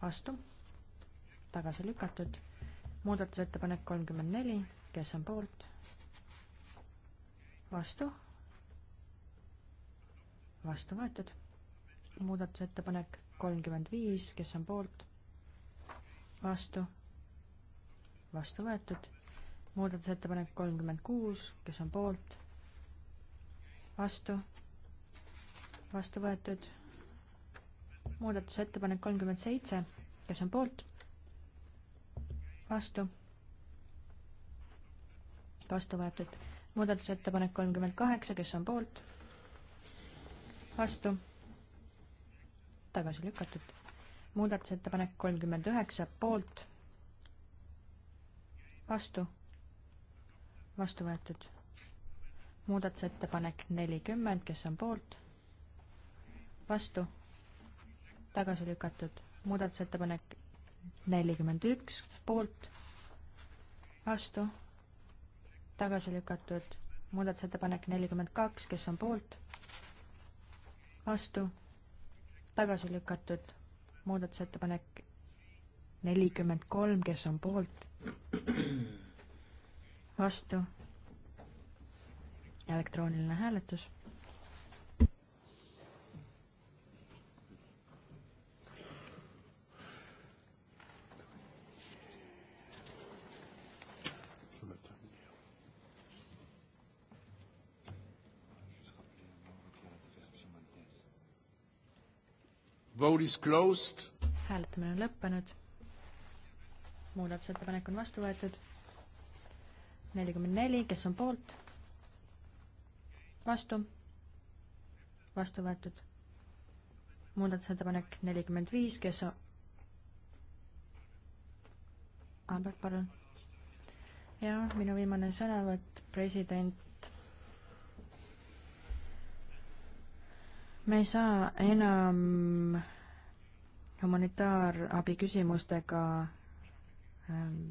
vastu, tagasi lükatud. muudatusettepanek kolmkümmend neli, kes on poolt? vastu, vastu võetud. muudatusettepanek kolmkümmend viis, kes on poolt, vastu, vastu võetud. muudatusettepanek kolmkümmend kuus, kes on poolt, vastu, vastu võetud. muudatusettepanek kolmkümmend seitse, kes on poolt, vastu, vastu võetud muudatusettepanek kolmkümmend kaheksa, kes on poolt? vastu? tagasi lükatud. muudatusettepanek kolmkümmend üheksa, poolt? vastu? vastu võetud. muudatusettepanek nelikümmend, kes on poolt? vastu? tagasi lükatud. muudatusettepanek nelikümmend üks, poolt? vastu? tagasi lükatud. muudatusettepanek nelikümmend kaks, kes on poolt? vastu? tagasi lükatud. muudatusettepanek nelikümmend kolm, kes on poolt? vastu? elektrooniline hääletus Vote is closed. hääletamine on lõppenud. muudatusettepanek on vastu võetud. nelikümmend neli, kes on poolt? vastu? vastu võetud. muudatusettepanek nelikümmend viis, kes on Albert, palun. jah, minu viimane sõnavõtt, president me ei saa enam humanitaarabi küsimustega ähm,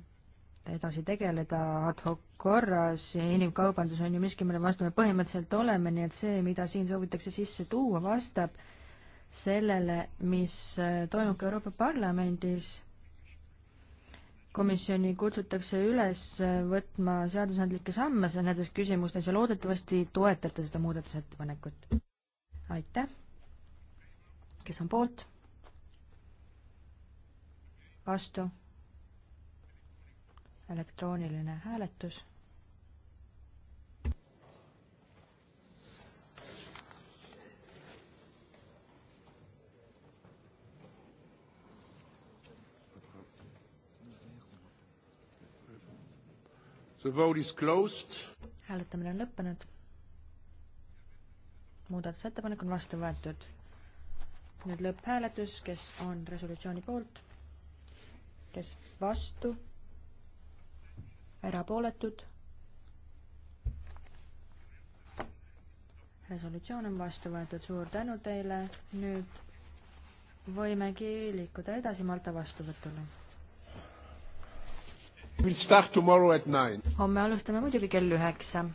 edasi tegeleda ad hoc korras ja inimkaubandus on ju miski, mille vastu me põhimõtteliselt oleme, nii et see, mida siin soovitakse sisse tuua, vastab sellele, mis äh, toimub ka Euroopa Parlamendis. komisjoni kutsutakse üles äh, võtma seadusandlikke samme nendes küsimustes ja loodetavasti toetate seda muudatusettepanekut aitäh. kes on poolt? vastu? elektrooniline hääletus. The vote is closed. hääletamine on lõppenud muudatusettepanek on vastu võetud. nüüd lõpphääletus, kes on resolutsiooni poolt, kes vastu, erapooletud. resolutsioon on vastu võetud, suur tänu teile, nüüd võimegi liikuda edasi Malta vastuvõtule. homme alustame muidugi kell üheksa.